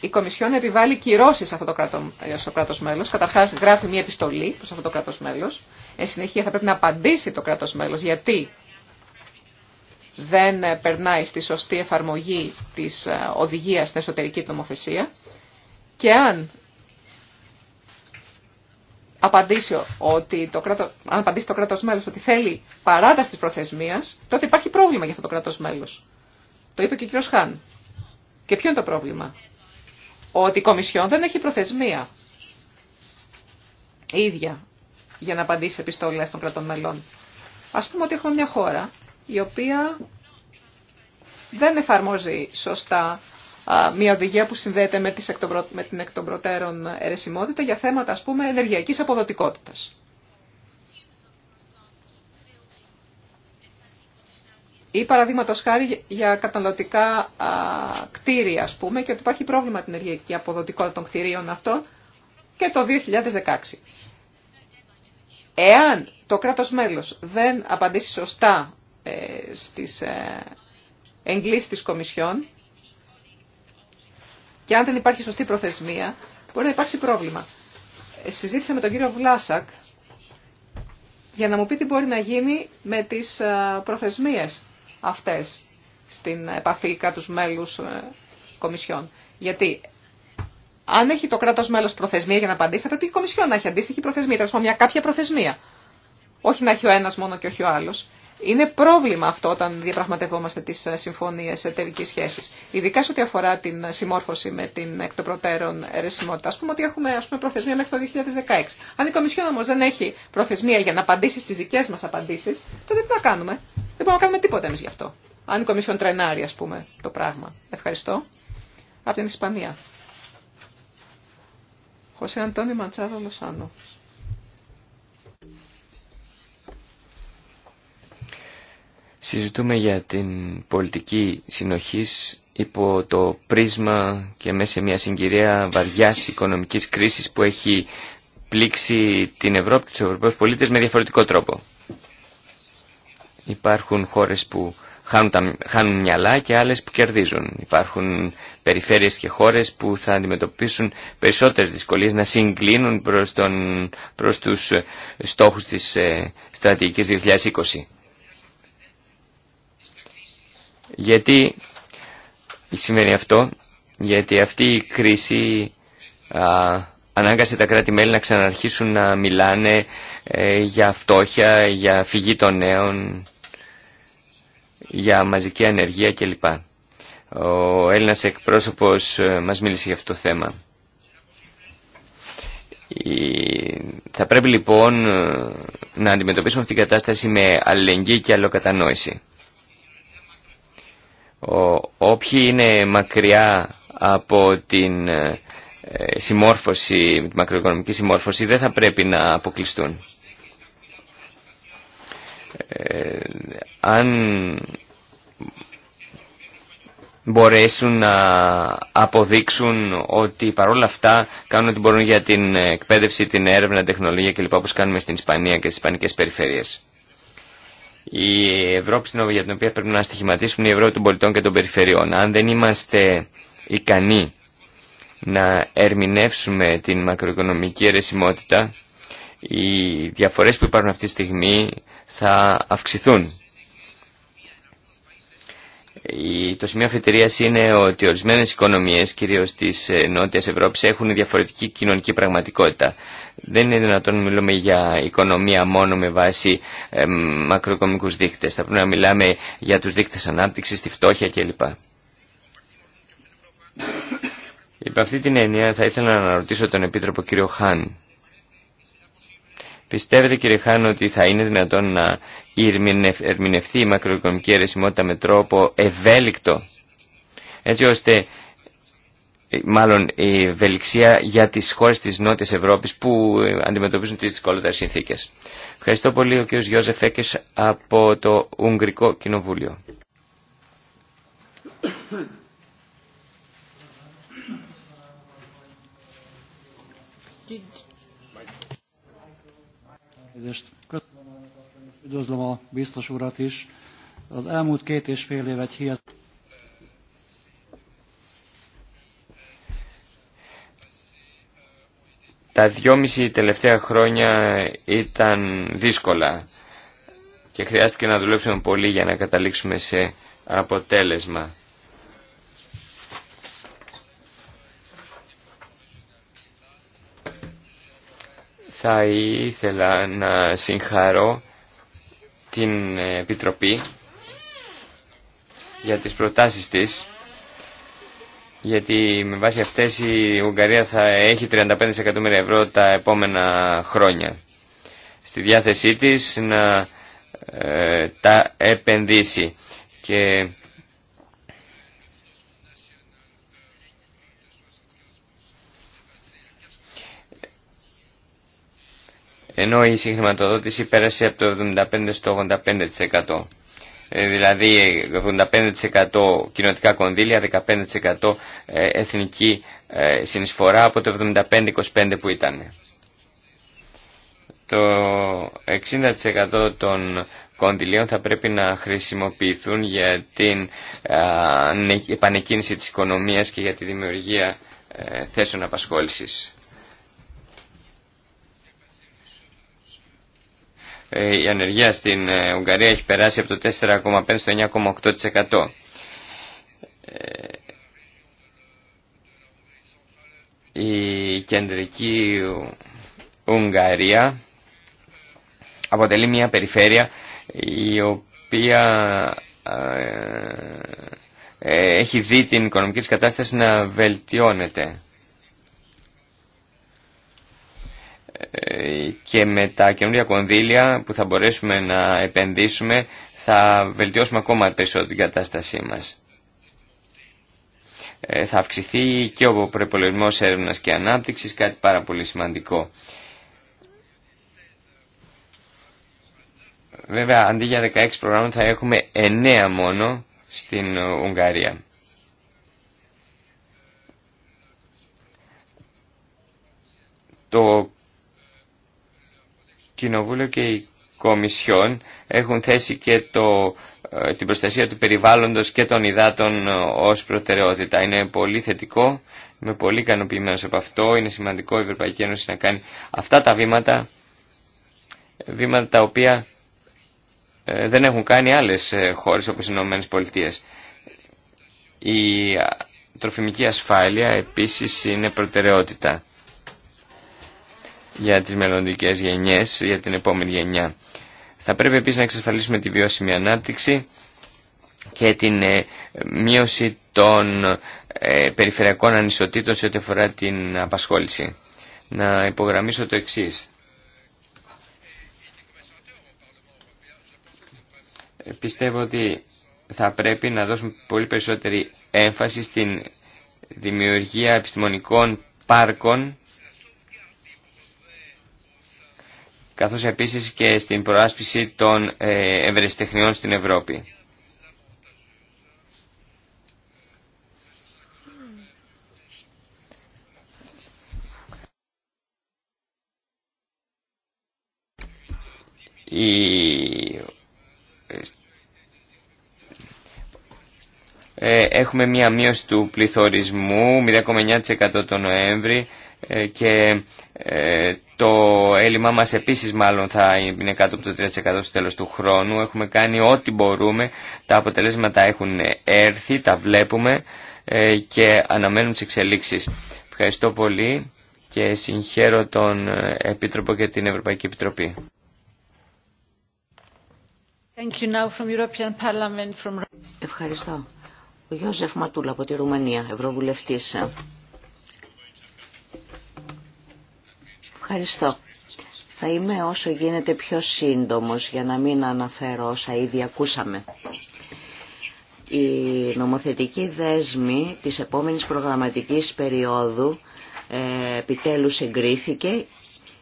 η Κομισιόν επιβάλλει κυρώσει σε αυτό το κράτο, ε, στο κράτο μέλο. Καταρχά, γράφει μια επιστολή προ αυτό το κράτο μέλο. Εν συνεχεία, θα πρέπει να απαντήσει το κράτο μέλο γιατί δεν περνάει στη σωστή εφαρμογή της ε, οδηγίας στην εσωτερική νομοθεσία και αν απαντήσει, ότι το κράτο, αν απαντήσει το κράτος μέλος ότι θέλει παράταση της προθεσμίας, τότε υπάρχει πρόβλημα για αυτό το κράτος μέλος. Το είπε και ο κ. Χάν. Και ποιο είναι το πρόβλημα. Ότι η Κομισιόν δεν έχει προθεσμία ίδια για να απαντήσει επιστολές των κρατών μελών. Ας πούμε ότι έχουμε μια χώρα η οποία δεν εφαρμόζει σωστά μια οδηγία που συνδέεται με, τις με την εκ των προτέρων αιρεσιμότητα για θέματα, ας πούμε, ενεργειακής αποδοτικότητας. Ή παραδείγματο χάρη για καταναλωτικά κτίρια, ας πούμε, και ότι υπάρχει πρόβλημα την ενεργειακή αποδοτικότητα των κτιρίων αυτών και το 2016. Εάν το κράτος μέλος δεν απαντήσει σωστά ε, στις ε, εγκλήσεις της Κομισιόν και αν δεν υπάρχει σωστή προθεσμία μπορεί να υπάρξει πρόβλημα. Ε, συζήτησα με τον κύριο Βλάσακ για να μου πει τι μπορεί να γίνει με τις προθεσμίες αυτές στην επαφή τους μέλους Κομισιόν. Γιατί αν έχει το κράτο μέλο προθεσμία για να απαντήσει, θα πρέπει η Κομισιόν να έχει αντίστοιχη προθεσμία, τέλο μια κάποια προθεσμία. Όχι να έχει ο ένα μόνο και όχι ο άλλο. Είναι πρόβλημα αυτό όταν διαπραγματευόμαστε τις ε, συμφωνίες εταιρική σχέσης. Ειδικά σε ό,τι αφορά την ε, συμμόρφωση με την εκ των προτέρων αιρεσιμότητα. Ας πούμε ότι έχουμε ας πούμε, προθεσμία μέχρι το 2016. Αν η Κομισιόν όμως δεν έχει προθεσμία για να απαντήσει στις δικές μας απαντήσεις, τότε τι να κάνουμε. Δεν μπορούμε να κάνουμε τίποτα εμείς γι' αυτό. Αν η Κομισιόν τρενάρει, ας πούμε, το πράγμα. Ευχαριστώ. Από την Ισπανία. Χωσέ Συζητούμε για την πολιτική συνοχής υπό το πρίσμα και μέσα σε μια συγκυρία βαριάς οικονομικής κρίσης που έχει πλήξει την Ευρώπη και τους Ευρωπαίους πολίτες με διαφορετικό τρόπο. Υπάρχουν χώρες που χάνουν, τα, μυαλά και άλλες που κερδίζουν. Υπάρχουν περιφέρειες και χώρες που θα αντιμετωπίσουν περισσότερες δυσκολίες να συγκλίνουν προς, τον, προς τους ε, στόχους της ε, στρατηγικής 2020. Γιατί σημαίνει αυτό, γιατί αυτή η κρίση ανάγκασε τα κράτη-μέλη να ξαναρχίσουν να μιλάνε ε, για φτώχεια, για φυγή των νέων, για μαζική ανεργία κλπ. Ο Έλληνας εκπρόσωπος ε, μας μίλησε για αυτό το θέμα. Θα πρέπει λοιπόν ε, να αντιμετωπίσουμε αυτή την κατάσταση με αλληλεγγύη και αλλοκατανόηση όποιοι είναι μακριά από την ε, συμμόρφωση, τη μακροοικονομική συμμόρφωση δεν θα πρέπει να αποκλειστούν. Ε, αν μπορέσουν να αποδείξουν ότι παρόλα αυτά κάνουν ό,τι μπορούν για την εκπαίδευση, την έρευνα, την τεχνολογία κλπ. όπως κάνουμε στην Ισπανία και στις ισπανικές περιφέρειες. Η Ευρώπη για την οποία πρέπει να στοιχηματίσουμε η Ευρώπη των πολιτών και των περιφερειών. Αν δεν είμαστε ικανοί να ερμηνεύσουμε την μακροοικονομική αιρεσιμότητα, οι διαφορές που υπάρχουν αυτή τη στιγμή θα αυξηθούν το σημείο αφετηρίας είναι ότι ορισμένες οικονομίες, κυρίως της ε, Νότιας Ευρώπης, έχουν διαφορετική κοινωνική πραγματικότητα. Δεν είναι δυνατόν να μιλούμε για οικονομία μόνο με βάση ε, μακροοικονομικούς δείκτες. Θα πρέπει να μιλάμε για τους δείκτες ανάπτυξης, τη φτώχεια κλπ. Υπ' αυτή την έννοια θα ήθελα να αναρωτήσω τον Επίτροπο κύριο Χάν. Πιστεύετε κύριε Χάν ότι θα είναι δυνατόν να ή ερμηνευτεί η μακροοικονομική αιρεσιμότητα με τρόπο ευέλικτο, έτσι ώστε ε, μάλλον η ευελιξία για τις χώρες της Νότιας Ευρώπης που ε, αντιμετωπίζουν τις δυσκολότερε συνθήκες. Ευχαριστώ πολύ ο κ. Γιώζεφ Έκες από το Ουγγρικό Κοινοβούλιο. Üdvözlöm a biztos Az Τα δυόμιση τελευταία χρόνια ήταν δύσκολα και χρειάστηκε να δουλέψουμε πολύ για να καταλήξουμε σε αποτέλεσμα. Θα ήθελα να συγχαρώ την Επιτροπή για τις προτάσεις της γιατί με βάση αυτές η Ουγγαρία θα έχει 35 εκατομμύρια ευρώ τα επόμενα χρόνια στη διάθεσή της να ε, τα επενδύσει και ενώ η συγχρηματοδότηση πέρασε από το 75% στο 85%. Ε, δηλαδή 75% κοινοτικά κονδύλια, 15% ε, εθνική ε, συνεισφορά από το 75-25 που ήταν. Το 60% των κονδυλίων θα πρέπει να χρησιμοποιηθούν για την επανεκκίνηση της οικονομίας και για τη δημιουργία θέσεων απασχόλησης. Ε, η ανεργία στην ε, Ουγγαρία έχει περάσει από το 4,5% στο 9,8%. Ε, η κεντρική Ουγγαρία αποτελεί μια περιφέρεια η οποία έχει δει την οικονομική κατάσταση να βελτιώνεται. και με τα καινούργια κονδύλια που θα μπορέσουμε να επενδύσουμε θα βελτιώσουμε ακόμα περισσότερο την κατάστασή μας. Ε, θα αυξηθεί και ο προπολογισμό έρευνα και ανάπτυξης, κάτι πάρα πολύ σημαντικό. Βέβαια, αντί για 16 προγράμματα θα έχουμε 9 μόνο στην Ουγγαρία. Το Κοινοβούλιο και η Κομισιόν έχουν θέσει και το, ε, την προστασία του περιβάλλοντος και των υδάτων ε, ως προτεραιότητα. Είναι πολύ θετικό, είμαι πολύ ικανοποιημένος από αυτό. Είναι σημαντικό η Ευρωπαϊκή Ένωση να κάνει αυτά τα βήματα, βήματα τα οποία ε, δεν έχουν κάνει άλλες χώρες όπως οι Ηνωμένες Πολιτείες. Η τροφιμική ασφάλεια επίσης είναι προτεραιότητα για τις μελλοντικέ γενιές, για την επόμενη γενιά. Θα πρέπει επίσης να εξασφαλίσουμε τη βιώσιμη ανάπτυξη και την ε, μείωση των ε, περιφερειακών ανισοτήτων σε ό,τι αφορά την απασχόληση. Να υπογραμμίσω το εξής. Πιστεύω ότι θα πρέπει να δώσουμε πολύ περισσότερη έμφαση στην δημιουργία επιστημονικών πάρκων καθώς επίσης και στην προάσπιση των ε, ευρεσιτεχνιών στην Ευρώπη. Ε, έχουμε μία μείωση του πληθωρισμού 0,9% τον Νοέμβρη ε, και ε, το έλλειμμα μας επίσης μάλλον θα είναι κάτω από το 3% στο τέλος του χρόνου. Έχουμε κάνει ό,τι μπορούμε, τα αποτελέσματα έχουν έρθει, τα βλέπουμε ε, και αναμένουν τις εξελίξεις. Ευχαριστώ πολύ και συγχαίρω τον Επίτροπο και την Ευρωπαϊκή Επιτροπή. Ευχαριστώ. Ο Γιώζεφ Ματούλα από τη Ρουμανία, Ευρωβουλευτής. Ευχαριστώ. Θα είμαι όσο γίνεται πιο σύντομος για να μην αναφέρω όσα ήδη ακούσαμε. Η νομοθετική δέσμη της επόμενης προγραμματικής περίοδου ε, επιτέλους εγκρίθηκε.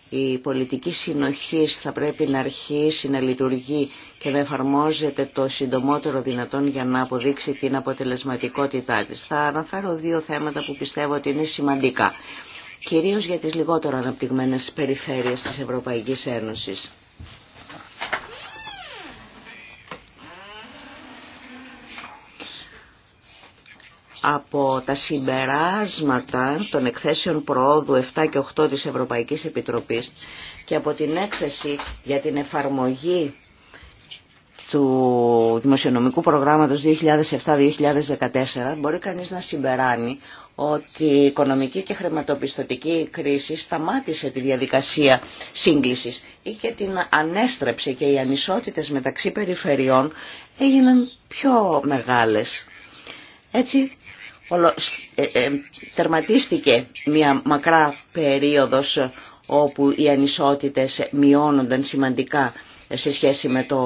Η πολιτική συνοχή θα πρέπει να αρχίσει να λειτουργεί και να εφαρμόζεται το συντομότερο δυνατόν για να αποδείξει την αποτελεσματικότητά της. Θα αναφέρω δύο θέματα που πιστεύω ότι είναι σημαντικά κυρίως για τις λιγότερο αναπτυγμένες περιφέρειες της Ευρωπαϊκής Ένωσης. από τα συμπεράσματα των εκθέσεων προόδου 7 και 8 της Ευρωπαϊκής Επιτροπής και από την έκθεση για την εφαρμογή του Δημοσιονομικού Προγράμματος 2007-2014 μπορεί κανείς να συμπεράνει ότι η οικονομική και χρηματοπιστωτική κρίση σταμάτησε τη διαδικασία σύγκλησης ή και την ανέστρεψε και οι ανισότητες μεταξύ περιφερειών έγιναν πιο μεγάλες. Έτσι ε, ε, τερματίστηκε μια μακρά περίοδος όπου οι ανισότητες μειώνονταν σημαντικά σε σχέση με το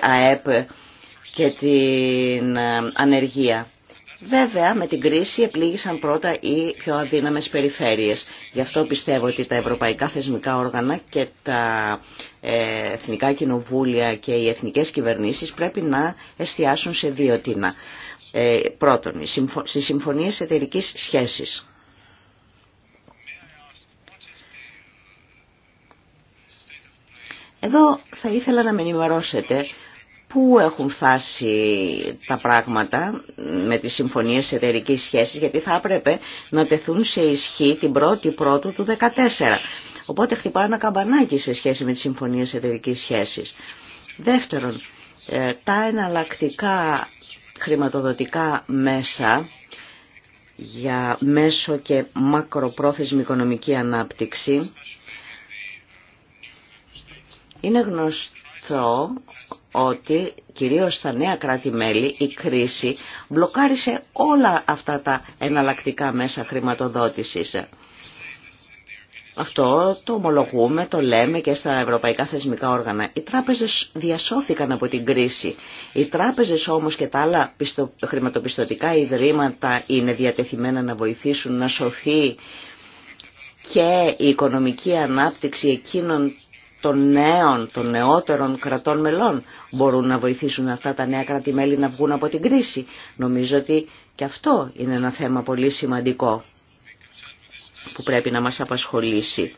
ΑΕΠ και την ε, ανεργία. Βέβαια με την κρίση επλήγησαν πρώτα οι πιο αδύναμες περιφέρειες. Γι' αυτό πιστεύω ότι τα ευρωπαϊκά θεσμικά όργανα και τα ε, εθνικά κοινοβούλια και οι εθνικές κυβερνήσεις πρέπει να εστιάσουν σε δύο τίνα. Ε, πρώτον, στις συμφωνίες εταιρικής σχέσης. Εδώ θα ήθελα να με ενημερώσετε Πού έχουν φτάσει τα πράγματα με τις συμφωνίες εταιρικής σχέσης, γιατί θα έπρεπε να τεθούν σε ισχύ την 1η Πρώτου του 2014. Οπότε χτυπάει ένα καμπανάκι σε σχέση με τις συμφωνίες εταιρικής σχέσης. Δεύτερον, ε, τα εναλλακτικά χρηματοδοτικά μέσα για μέσο και μακροπρόθεσμη οικονομική ανάπτυξη είναι γνωστό ότι κυρίως στα νέα κράτη-μέλη η κρίση μπλοκάρισε όλα αυτά τα εναλλακτικά μέσα χρηματοδότησης. Αυτό το ομολογούμε, το λέμε και στα ευρωπαϊκά θεσμικά όργανα. Οι τράπεζες διασώθηκαν από την κρίση. Οι τράπεζες όμως και τα άλλα χρηματοπιστωτικά ιδρύματα είναι διατεθειμένα να βοηθήσουν να σωθεί και η οικονομική ανάπτυξη εκείνων των νέων, των νεότερων κρατών μελών μπορούν να βοηθήσουν αυτά τα νέα κράτη-μέλη να βγουν από την κρίση. Νομίζω ότι και αυτό είναι ένα θέμα πολύ σημαντικό που πρέπει να μας απασχολήσει.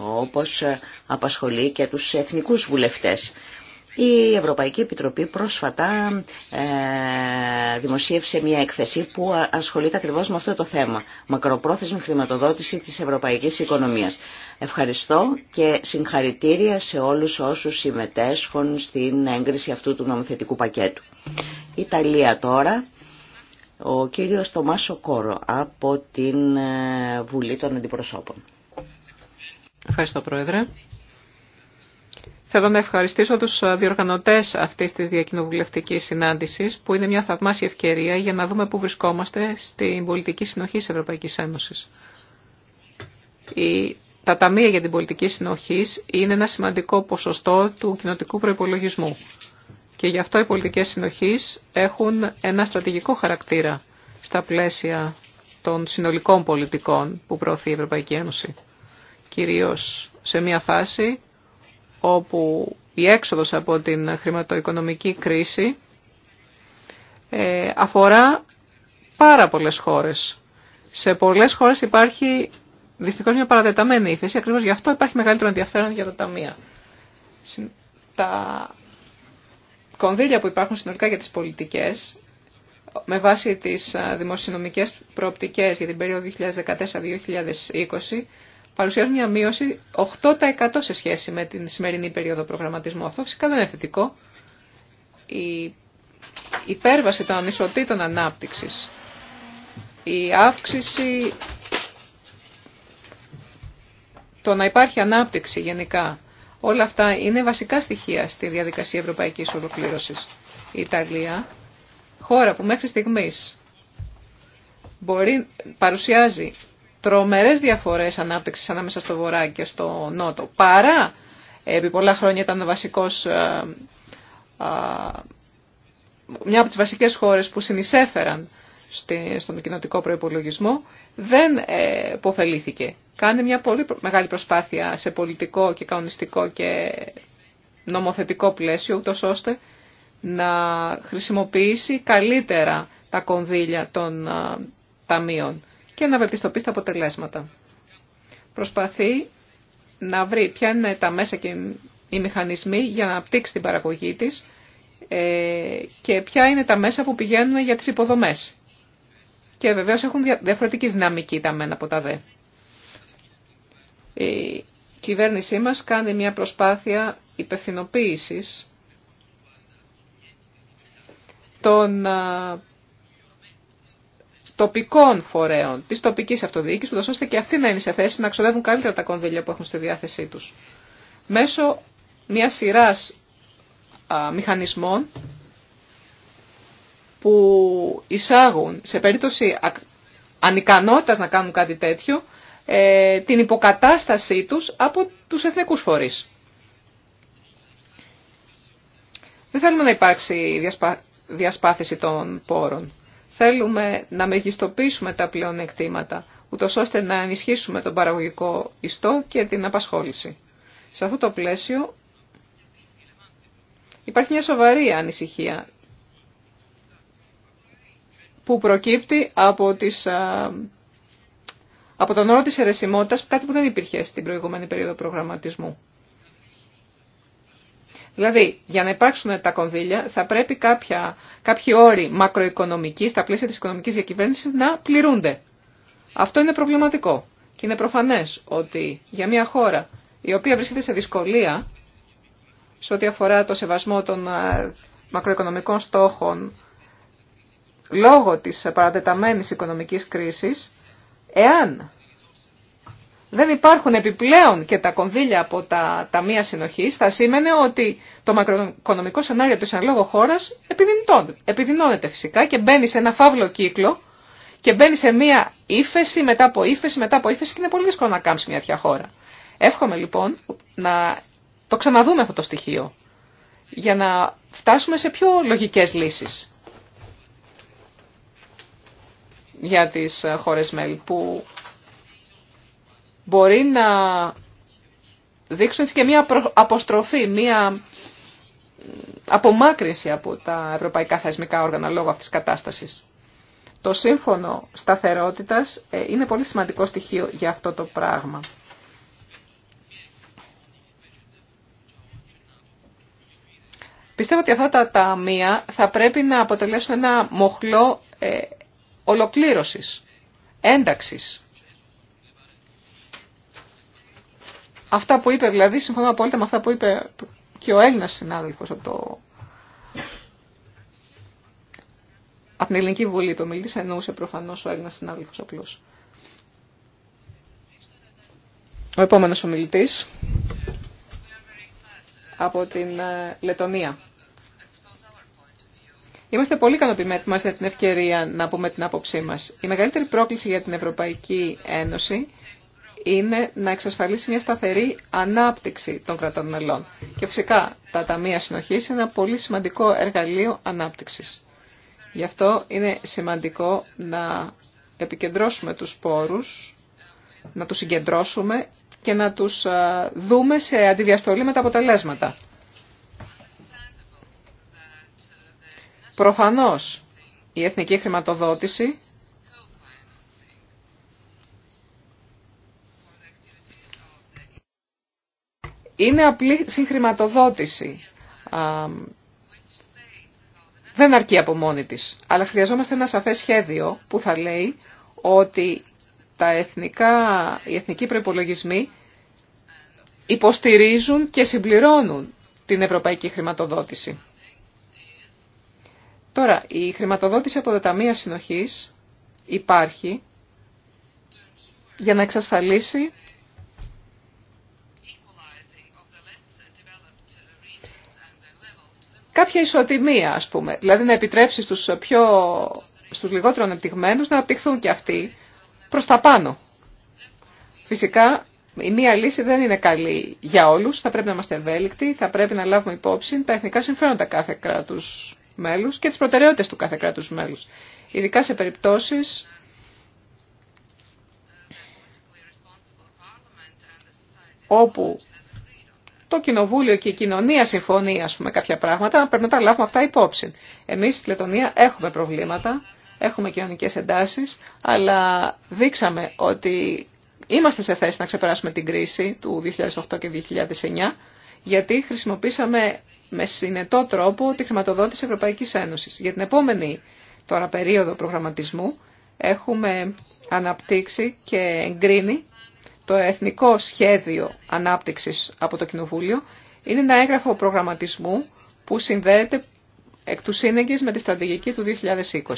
Όπως ε, απασχολεί και τους εθνικούς βουλευτές. Η Ευρωπαϊκή Επιτροπή πρόσφατα ε, δημοσίευσε μια έκθεση που ασχολείται ακριβώς με αυτό το θέμα. Μακροπρόθεσμη χρηματοδότηση της ευρωπαϊκής οικονομίας. Ευχαριστώ και συγχαρητήρια σε όλους όσους συμμετέσχουν στην έγκριση αυτού του νομοθετικού πακέτου. Ιταλία τώρα. Ο κύριος Τομάσο Κόρο από την ε, Βουλή των Αντιπροσώπων. Ευχαριστώ Πρόεδρε. Θέλω να ευχαριστήσω τους ε, διοργανωτές αυτής της διακοινοβουλευτικής συνάντησης, που είναι μια θαυμάσια ευκαιρία για να δούμε πού βρισκόμαστε στην πολιτική συνοχή της Ευρωπαϊκής Ένωσης. Η... Τα ταμεία για την πολιτική συνοχή είναι ένα σημαντικό ποσοστό του κοινοτικού προϋπολογισμού. Και γι' αυτό οι πολιτικές συνοχής έχουν ένα στρατηγικό χαρακτήρα στα πλαίσια των συνολικών πολιτικών που προωθεί η Ευρωπαϊκή Ένωση. Κυρίως σε μια φάση όπου η έξοδος από την χρηματοοικονομική κρίση ε, αφορά πάρα πολλές χώρες. Σε πολλές χώρες υπάρχει δυστυχώς μια παρατεταμένη ύφεση, ακριβώς γι' αυτό υπάρχει μεγαλύτερο ενδιαφέρον για τα ταμεία. Τα κονδύλια που υπάρχουν συνολικά για τις πολιτικές, με βάση τις δημοσιονομικές προοπτικές για την περίοδο 2014-2020, παρουσιάζουν μια μείωση 8% σε σχέση με την σημερινή περίοδο προγραμματισμού. Αυτό φυσικά δεν είναι θετικό. Η υπέρβαση των ανισοτήτων ανάπτυξης, η αύξηση το να υπάρχει ανάπτυξη γενικά, όλα αυτά είναι βασικά στοιχεία στη διαδικασία ευρωπαϊκής ολοκλήρωσης. Η Ιταλία, χώρα που μέχρι στιγμής μπορεί, παρουσιάζει τρομερές διαφορές ανάπτυξης ανάμεσα στο βορρά και στο νότο. Παρά επί πολλά χρόνια ήταν βασικός, ε, ε, μια από τις βασικές χώρες που συνεισέφεραν στον κοινοτικό προϋπολογισμό, δεν ε, υποφελήθηκε. Κάνει μια πολύ μεγάλη προσπάθεια σε πολιτικό και κανονιστικό και νομοθετικό πλαίσιο, ούτως ώστε να χρησιμοποιήσει καλύτερα τα κονδύλια των ταμείων και να βελτιστοποιήσει τα αποτελέσματα. Προσπαθεί να βρει ποια είναι τα μέσα και οι μηχανισμοί για να αναπτύξει την παραγωγή της ε, και ποια είναι τα μέσα που πηγαίνουν για τις υποδομές. Και βεβαίως έχουν διαφορετική δυναμική τα μένα από τα δε. Η κυβέρνησή μας κάνει μια προσπάθεια υπευθυνοποίησης των τοπικών φορέων, της τοπικής αυτοδιοίκησης, ώστε και αυτοί να είναι σε θέση να ξοδεύουν καλύτερα τα κονδύλια που έχουν στη διάθεσή τους. Μέσω μια σειρά μηχανισμών που εισάγουν σε περίπτωση ανικανότητας να κάνουν κάτι τέτοιο, ε, την υποκατάστασή τους από τους εθνικούς φορείς. Δεν θέλουμε να υπάρξει διασπάθηση των πόρων. Θέλουμε να μεγιστοποιήσουμε τα πλεονεκτήματα, ούτω ώστε να ενισχύσουμε τον παραγωγικό ιστό και την απασχόληση. Σε αυτό το πλαίσιο υπάρχει μια σοβαρή ανησυχία που προκύπτει από, τις, από τον όρο της αιρεσιμότητας, κάτι που δεν υπήρχε στην προηγούμενη περίοδο προγραμματισμού. Δηλαδή, για να υπάρξουν τα κονδύλια, θα πρέπει κάποια, κάποιοι όροι μακροοικονομικοί, στα πλαίσια της οικονομικής διακυβέρνησης, να πληρούνται. Αυτό είναι προβληματικό. Και είναι προφανές ότι για μια χώρα η οποία βρίσκεται σε δυσκολία σε ό,τι αφορά το σεβασμό των ε, μακροοικονομικών στόχων λόγω της παρατεταμένης οικονομικής κρίσης, εάν δεν υπάρχουν επιπλέον και τα κονδύλια από τα ταμεία συνοχή, θα σήμαινε ότι το μακροοικονομικό σενάριο του εν χωρας χώρα επιδεινώνεται φυσικά και μπαίνει σε ένα φαύλο κύκλο και μπαίνει σε μία ύφεση μετά από ύφεση μετά από ύφεση και είναι πολύ δύσκολο να κάμψει μια τέτοια χώρα. Εύχομαι λοιπόν να το ξαναδούμε αυτό το στοιχείο για να φτάσουμε σε πιο λογικές λύσεις για τις ε, χώρες μέλη που μπορεί να δείξουν και μία αποστροφή, μία απομάκρυνση από τα ευρωπαϊκά θεσμικά όργανα λόγω αυτής της κατάστασης. Το σύμφωνο σταθερότητας ε, είναι πολύ σημαντικό στοιχείο για αυτό το πράγμα. Πιστεύω ότι αυτά τα ταμεία θα πρέπει να αποτελέσουν ένα μοχλό ε, ολοκλήρωσης, ένταξης Αυτά που είπε δηλαδή, συμφωνώ απόλυτα με αυτά που είπε και ο Έλληνα συνάδελφο από, το... από την Ελληνική Βουλή. Το μιλητής εννοούσε προφανώ ο Έλληνα συνάδελφο απλώ. Ο επόμενος ομιλητής από την ε, Λετωνία. Είμαστε πολύ ικανοποιημένοι που την ευκαιρία να πούμε την άποψή μας. Η μεγαλύτερη πρόκληση για την Ευρωπαϊκή Ένωση είναι να εξασφαλίσει μια σταθερή ανάπτυξη των κρατών μελών. Και φυσικά τα ταμεία συνοχή είναι ένα πολύ σημαντικό εργαλείο ανάπτυξη. Γι' αυτό είναι σημαντικό να επικεντρώσουμε τους πόρους, να τους συγκεντρώσουμε και να τους δούμε σε αντιδιαστολή με τα αποτελέσματα. Προφανώς η εθνική χρηματοδότηση είναι απλή συγχρηματοδότηση. Δεν αρκεί από μόνη της, αλλά χρειαζόμαστε ένα σαφές σχέδιο που θα λέει ότι τα εθνικά, οι εθνικοί προϋπολογισμοί υποστηρίζουν και συμπληρώνουν την ευρωπαϊκή χρηματοδότηση. Τώρα, η χρηματοδότηση από τα Ταμεία Συνοχής υπάρχει για να εξασφαλίσει κάποια ισοτιμία, ας πούμε. Δηλαδή να επιτρέψει στους, πιο, στους λιγότερο ανεπτυγμένους να αναπτυχθούν και αυτοί προς τα πάνω. Φυσικά η μία λύση δεν είναι καλή για όλους, θα πρέπει να είμαστε ευέλικτοι, θα πρέπει να λάβουμε υπόψη τα εθνικά συμφέροντα κάθε κράτους μέλους και τις προτεραιότητες του κάθε κράτους μέλους. Ειδικά σε περιπτώσεις όπου το κοινοβούλιο και η κοινωνία συμφωνεί ας πούμε, κάποια πράγματα, πρέπει να τα λάβουμε αυτά υπόψη. Εμείς στη Λετωνία έχουμε προβλήματα, έχουμε κοινωνικέ εντάσεις, αλλά δείξαμε ότι είμαστε σε θέση να ξεπεράσουμε την κρίση του 2008 και 2009, γιατί χρησιμοποίησαμε με συνετό τρόπο τη χρηματοδότηση Ευρωπαϊκής Ένωσης. Για την επόμενη τώρα περίοδο προγραμματισμού έχουμε αναπτύξει και εγκρίνει το Εθνικό Σχέδιο Ανάπτυξης από το Κοινοβούλιο είναι ένα έγγραφο προγραμματισμού που συνδέεται εκ του σύνεγγυς με τη στρατηγική του 2020.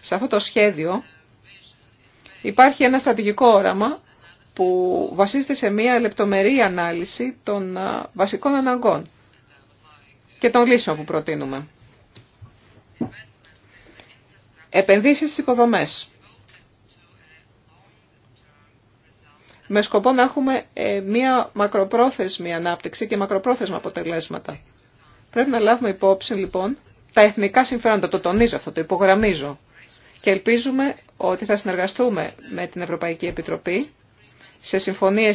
Σε αυτό το σχέδιο υπάρχει ένα στρατηγικό όραμα που βασίζεται σε μια λεπτομερή ανάλυση των βασικών αναγκών και των λύσεων που προτείνουμε. Επενδύσεις στις υποδομές. με σκοπό να έχουμε ε, μία μακροπρόθεσμη ανάπτυξη και μακροπρόθεσμα αποτελέσματα. Πρέπει να λάβουμε υπόψη λοιπόν τα εθνικά συμφέροντα, το τονίζω αυτό, το υπογραμμίζω. Και ελπίζουμε ότι θα συνεργαστούμε με την Ευρωπαϊκή Επιτροπή σε συμφωνίε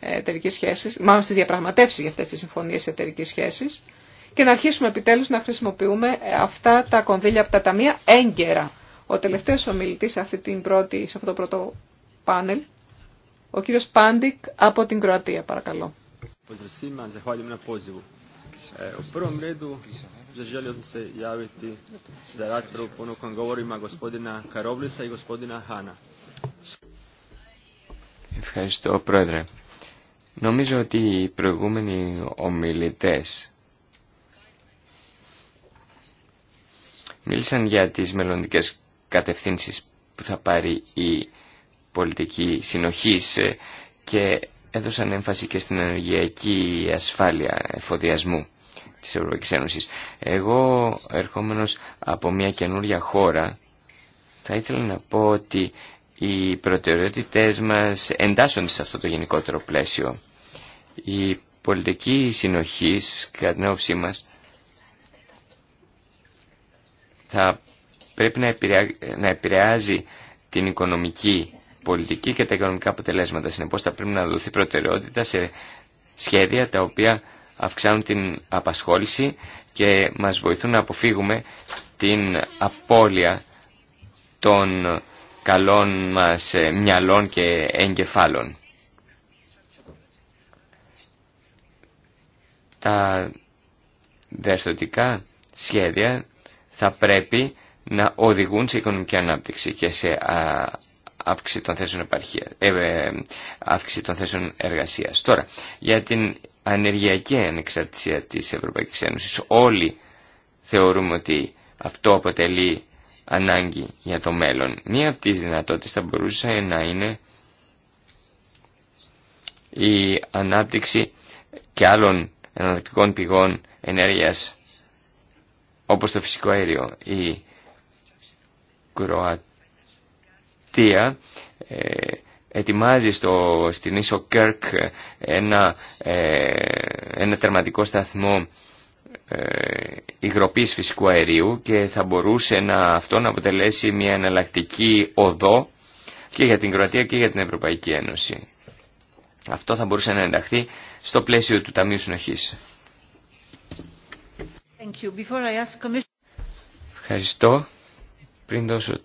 εταιρικέ σχέση, μάλλον στι διαπραγματεύσει για αυτέ τι συμφωνίε εταιρική σχέσει και να αρχίσουμε επιτέλου να χρησιμοποιούμε ε, αυτά τα κονδύλια από τα ταμεία έγκαιρα. Ο τελευταίο ομιλητή σε, σε αυτό το πρώτο πάνελ ο κύριος Πάντικ από την Κροατία, παρακαλώ. Ε, Ευχαριστώ πρόεδρε. Νομίζω ότι οι προηγούμενοι ομιλητές μίλησαν για τις μελλοντικές κατευθύνσεις που θα πάρει η πολιτική συνοχής ε, και έδωσαν έμφαση και στην ενεργειακή ασφάλεια εφοδιασμού της Ευρωπαϊκής Ένωσης. Εγώ, ερχόμενος από μια καινούρια χώρα, θα ήθελα να πω ότι οι προτεραιότητες μας εντάσσονται σε αυτό το γενικότερο πλαίσιο. Η πολιτική συνοχής, κατά την μας, θα πρέπει να επηρεάζει την οικονομική πολιτική και τα οικονομικά αποτελέσματα. Συνεπώς θα πρέπει να δοθεί προτεραιότητα σε σχέδια τα οποία αυξάνουν την απασχόληση και μας βοηθούν να αποφύγουμε την απώλεια των καλών μας μυαλών και εγκεφάλων. Τα διαρθρωτικά σχέδια θα πρέπει να οδηγούν σε οικονομική ανάπτυξη και σε αύξηση των θέσεων, επαρχία, ε, ε εργασίας. Τώρα, για την ανεργειακή ανεξαρτησία της Ευρωπαϊκής Ένωσης, όλοι θεωρούμε ότι αυτό αποτελεί ανάγκη για το μέλλον. Μία από τις δυνατότητες θα μπορούσε να είναι η ανάπτυξη και άλλων εναλλακτικών πηγών ενέργειας όπως το φυσικό αέριο. Η Κροατία ε, ετοιμάζει στο, στην Ίσο Κέρκ ένα, ε, ένα τερματικό σταθμό ε, φυσικού αερίου και θα μπορούσε να, αυτό να αποτελέσει μια εναλλακτική οδό και για την Κροατία και για την Ευρωπαϊκή Ένωση. Αυτό θα μπορούσε να ενταχθεί στο πλαίσιο του Ταμείου Συνοχής. Ευχαριστώ. Πριν δώσω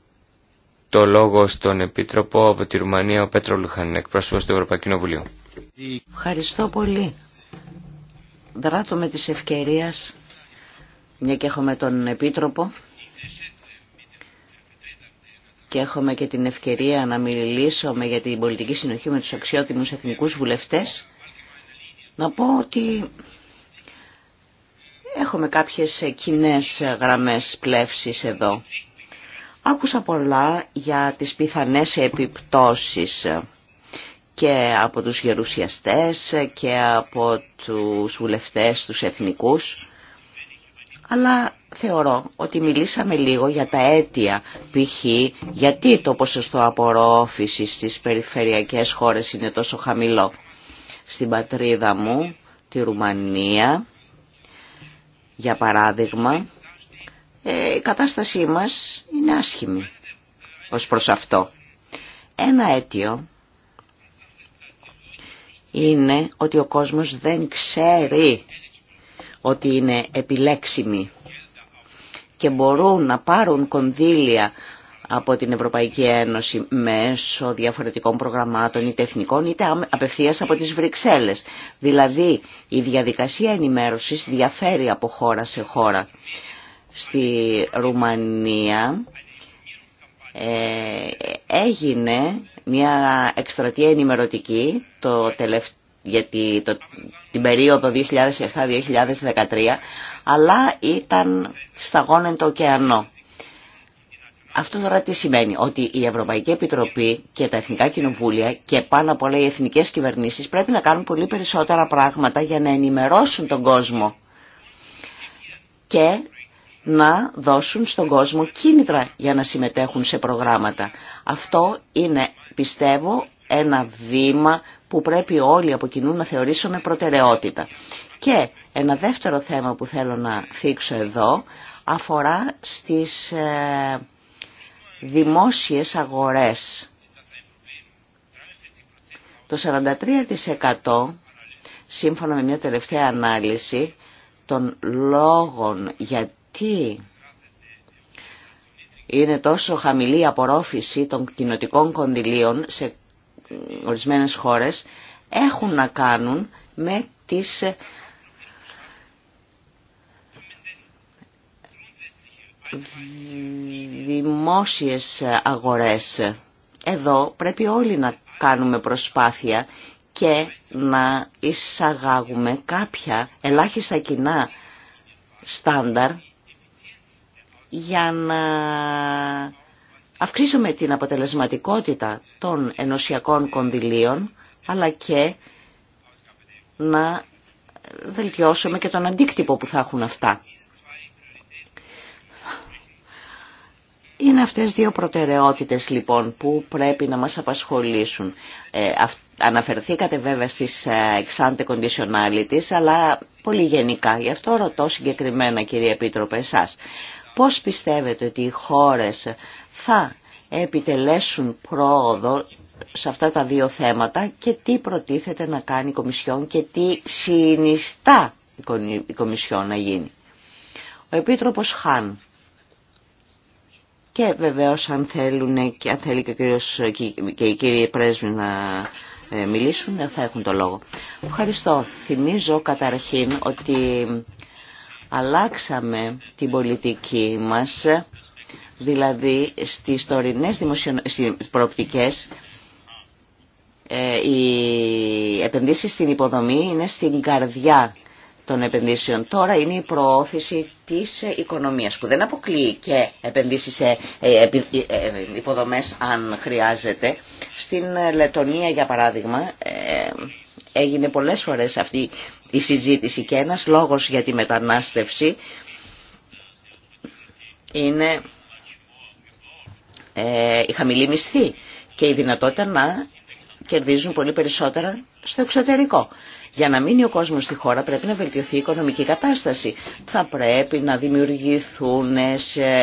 το λόγο στον Επίτροπο από τη Ρουμανία, ο Πέτρο Λουχανέκ, εκπρόσωπο του Ευρωπαϊκού Κοινοβουλίου. Ευχαριστώ πολύ. Δράτω με τις ευκαιρίες, μια και έχουμε τον Επίτροπο και έχουμε και την ευκαιρία να μιλήσουμε για την πολιτική συνοχή με τους αξιότιμους εθνικούς βουλευτές, να πω ότι έχουμε κάποιες κοινέ γραμμές πλεύσης εδώ Άκουσα πολλά για τις πιθανές επιπτώσεις και από τους γερουσιαστές και από τους βουλευτές τους εθνικούς αλλά θεωρώ ότι μιλήσαμε λίγο για τα αίτια π.χ. γιατί το ποσοστό απορρόφησης στις περιφερειακές χώρες είναι τόσο χαμηλό. Στην πατρίδα μου, τη Ρουμανία, για παράδειγμα, ε, η κατάστασή μας είναι άσχημη ως προς αυτό. Ένα αίτιο είναι ότι ο κόσμος δεν ξέρει ότι είναι επιλέξιμη και μπορούν να πάρουν κονδύλια από την Ευρωπαϊκή Ένωση μέσω διαφορετικών προγραμμάτων είτε εθνικών είτε απευθείας από τις Βρυξέλλες. Δηλαδή η διαδικασία ενημέρωσης διαφέρει από χώρα σε χώρα στη Ρουμανία ε, έγινε μια εκστρατεία ενημερωτική το γιατί το, την περίοδο 2007-2013, αλλά ήταν σταγόνεν το ωκεανό. Αυτό τώρα τι σημαίνει, ότι η Ευρωπαϊκή Επιτροπή και τα Εθνικά Κοινοβούλια και πάνω απ' όλα οι εθνικές κυβερνήσεις πρέπει να κάνουν πολύ περισσότερα πράγματα για να ενημερώσουν τον κόσμο και να δώσουν στον κόσμο κίνητρα για να συμμετέχουν σε προγράμματα. Αυτό είναι, πιστεύω, ένα βήμα που πρέπει όλοι από κοινού να θεωρήσουμε προτεραιότητα. Και ένα δεύτερο θέμα που θέλω να θίξω εδώ αφορά στις ε, δημόσιες αγορές. Το 43% σύμφωνα με μια τελευταία ανάλυση των λόγων για τι είναι τόσο χαμηλή η απορρόφηση των κοινοτικών κονδυλίων σε ορισμένες χώρες έχουν να κάνουν με τις ε, δημόσιες αγορές. Εδώ πρέπει όλοι να κάνουμε προσπάθεια και να εισαγάγουμε κάποια ελάχιστα κοινά στάνταρ για να αυξήσουμε την αποτελεσματικότητα των ενωσιακών κονδυλίων, αλλά και να βελτιώσουμε και τον αντίκτυπο που θα έχουν αυτά. Είναι αυτές δύο προτεραιότητες λοιπόν που πρέπει να μας απασχολήσουν. Ε, αναφερθήκατε βέβαια στις ε, εξάντε conditionalities, αλλά πολύ γενικά. Γι' αυτό ρωτώ συγκεκριμένα κύριε Επίτροπε εσάς. Πώς πιστεύετε ότι οι χώρες θα επιτελέσουν πρόοδο σε αυτά τα δύο θέματα και τι προτίθεται να κάνει η Κομισιόν και τι συνιστά η Κομισιόν να γίνει. Ο Επίτροπος Χάν και βεβαίως αν, θέλουν, αν θέλει και, ο κύριος, και οι κύριοι πρέσβοι να ε, μιλήσουν θα έχουν το λόγο. Ευχαριστώ. Θυμίζω καταρχήν ότι αλλάξαμε την πολιτική μας, δηλαδή στις τωρινές δημοσιο... προοπτικές ε, οι επενδύσεις στην υποδομή είναι στην καρδιά των επενδύσεων τώρα είναι η προώθηση της οικονομίας που δεν αποκλείει και επενδύσεις σε ε, ε, ε, υποδομές αν χρειάζεται. Στην Λετωνία για παράδειγμα έγινε πολλές φορές αυτή η συζήτηση και ένας λόγος για τη μετανάστευση είναι η χαμηλή μισθή και η δυνατότητα να κερδίζουν πολύ περισσότερα στο εξωτερικό. Για να μείνει ο κόσμος στη χώρα πρέπει να βελτιωθεί η οικονομική κατάσταση. Θα πρέπει να δημιουργηθούν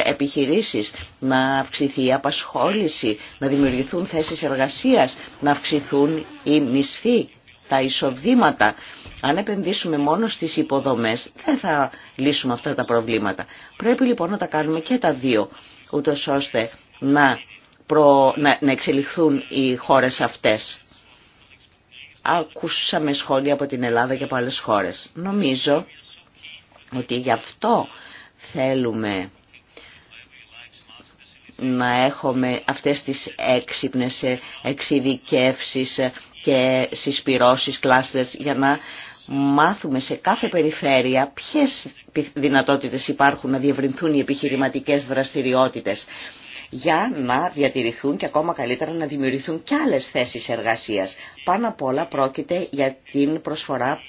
επιχειρήσεις, να αυξηθεί η απασχόληση, να δημιουργηθούν θέσεις εργασίας, να αυξηθούν οι μισθοί, τα εισοδήματα. Αν επενδύσουμε μόνο στις υποδομές δεν θα λύσουμε αυτά τα προβλήματα. Πρέπει λοιπόν να τα κάνουμε και τα δύο, ούτως ώστε να, να... εξελιχθούν οι χώρες αυτές ακούσαμε σχόλια από την Ελλάδα και από άλλες χώρες. Νομίζω ότι γι' αυτό θέλουμε να έχουμε αυτές τις έξυπνες εξειδικεύσεις και συσπυρώσεις, κλάστερς, για να μάθουμε σε κάθε περιφέρεια ποιες δυνατότητες υπάρχουν να διευρυνθούν οι επιχειρηματικές δραστηριότητες για να διατηρηθούν και ακόμα καλύτερα να δημιουργηθούν και άλλες θέσεις εργασίας. Πάνω απ' όλα πρόκειται για την προσφορά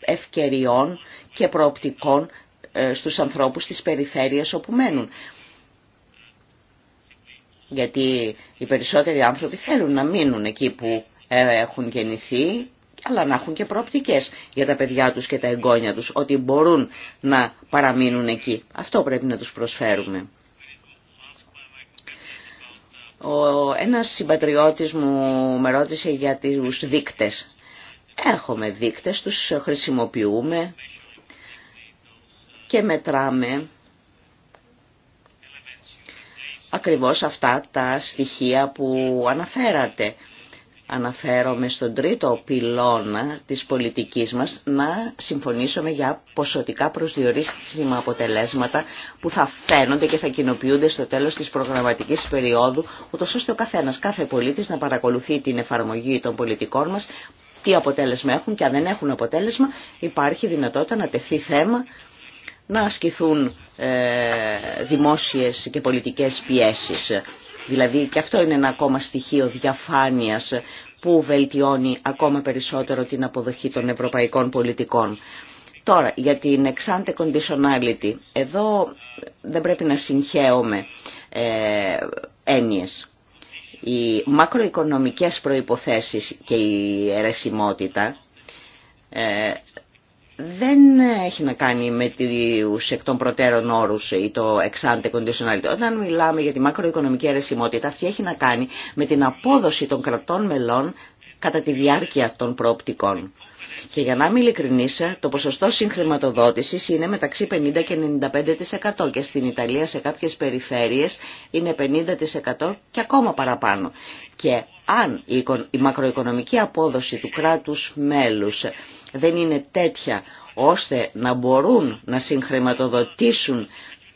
ευκαιριών και προοπτικών ε, στους ανθρώπους της περιφέρειας όπου μένουν. Γιατί οι περισσότεροι άνθρωποι θέλουν να μείνουν εκεί που ε, έχουν γεννηθεί, αλλά να έχουν και προοπτικές για τα παιδιά τους και τα εγγόνια τους, ότι μπορούν να παραμείνουν εκεί. Αυτό πρέπει να τους προσφέρουμε. Ο, ένας συμπατριώτης μου με ρώτησε για τους δείκτες. Έχουμε δείκτες, τους χρησιμοποιούμε και μετράμε ακριβώς αυτά τα στοιχεία που αναφέρατε αναφέρομαι στον τρίτο πυλώνα της πολιτικής μας να συμφωνήσουμε για ποσοτικά προσδιορίσιμα αποτελέσματα που θα φαίνονται και θα κοινοποιούνται στο τέλος της προγραμματικής περίοδου ούτως ώστε ο καθένας, κάθε πολίτης να παρακολουθεί την εφαρμογή των πολιτικών μας τι αποτέλεσμα έχουν και αν δεν έχουν αποτέλεσμα υπάρχει δυνατότητα να τεθεί θέμα να ασκηθούν ε, δημόσιες και πολιτικές πιέσεις. Δηλαδή και αυτό είναι ένα ακόμα στοιχείο διαφάνειας που βελτιώνει ακόμα περισσότερο την αποδοχή των ευρωπαϊκών πολιτικών. Τώρα, για την εξάντε conditionality, εδώ δεν πρέπει να συγχαίουμε ε, έννοιες. Οι μακροοικονομικές προϋποθέσεις και η αιρεσιμότητα ε, δεν έχει να κάνει με τους εκ των προτέρων όρους ή το εξάντε conditionality. Όταν μιλάμε για τη μακροοικονομική αιρεσιμότητα, αυτή έχει να κάνει με την απόδοση των κρατών μελών κατά τη διάρκεια των προοπτικών. Και για να είμαι ειλικρινής, το ποσοστό συγχρηματοδότησης είναι μεταξύ 50 και 95% και στην Ιταλία σε κάποιες περιφέρειες είναι 50% και ακόμα παραπάνω. Και αν η μακροοικονομική απόδοση του κράτους μέλους δεν είναι τέτοια ώστε να μπορούν να συγχρηματοδοτήσουν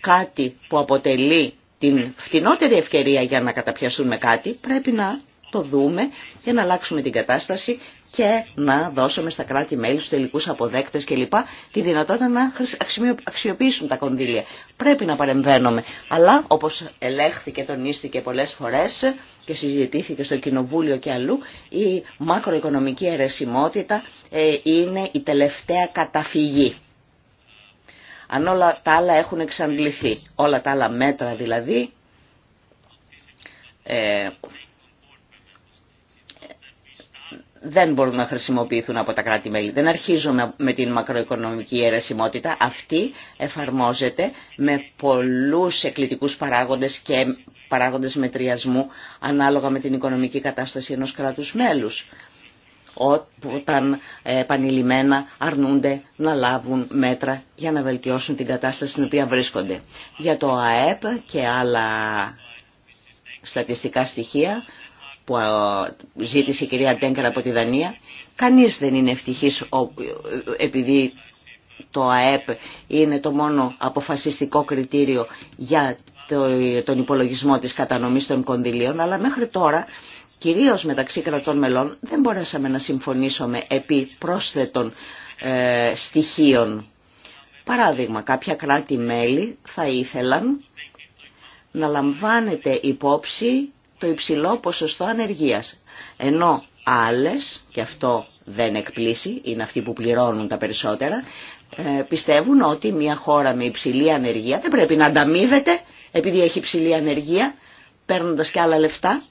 κάτι που αποτελεί την φτηνότερη ευκαιρία για να καταπιαστούν με κάτι, πρέπει να το δούμε και να αλλάξουμε την κατάσταση και να δώσουμε στα κράτη-μέλη, στους τελικούς αποδέκτες κλπ. τη δυνατότητα να αξιοποιήσουν τα κονδύλια. Πρέπει να παρεμβαίνουμε. Αλλά όπως ελέγχθηκε, τονίστηκε πολλές φορές και συζητήθηκε στο Κοινοβούλιο και αλλού, η μακροοικονομική αιρεσιμότητα ε, είναι η τελευταία καταφυγή. Αν όλα τα άλλα έχουν εξαντληθεί, όλα τα άλλα μέτρα δηλαδή, ε, δεν μπορούν να χρησιμοποιηθούν από τα κράτη-μέλη. Δεν αρχίζουμε με την μακροοικονομική αιρεσιμότητα. Αυτή εφαρμόζεται με πολλούς εκκλητικούς παράγοντες και παράγοντες μετριασμού ανάλογα με την οικονομική κατάσταση ενός κράτους μέλους όταν ε, επανειλημμένα αρνούνται να λάβουν μέτρα για να βελτιώσουν την κατάσταση στην οποία βρίσκονται. Για το ΑΕΠ και άλλα στατιστικά στοιχεία που ε, ζήτησε η κυρία Τέγκρα από τη Δανία. Κανείς δεν είναι ευτυχής επειδή το ΑΕΠ είναι το μόνο αποφασιστικό κριτήριο για τον υπολογισμό της κατανομής των κονδυλίων, αλλά μέχρι τώρα, κυρίως μεταξύ κρατών μελών, δεν μπορέσαμε να συμφωνήσουμε επί πρόσθετων ε, στοιχείων. Παράδειγμα, κάποια κράτη-μέλη θα ήθελαν να λαμβάνεται υπόψη το υψηλό ποσοστό ανεργίας. Ενώ άλλες, και αυτό δεν εκπλήσει, είναι αυτοί που πληρώνουν τα περισσότερα, ε, πιστεύουν ότι μια χώρα με υψηλή ανεργία δεν πρέπει να ανταμείβεται επειδή έχει υψηλή ανεργία, παίρνοντας και άλλα λεφτά.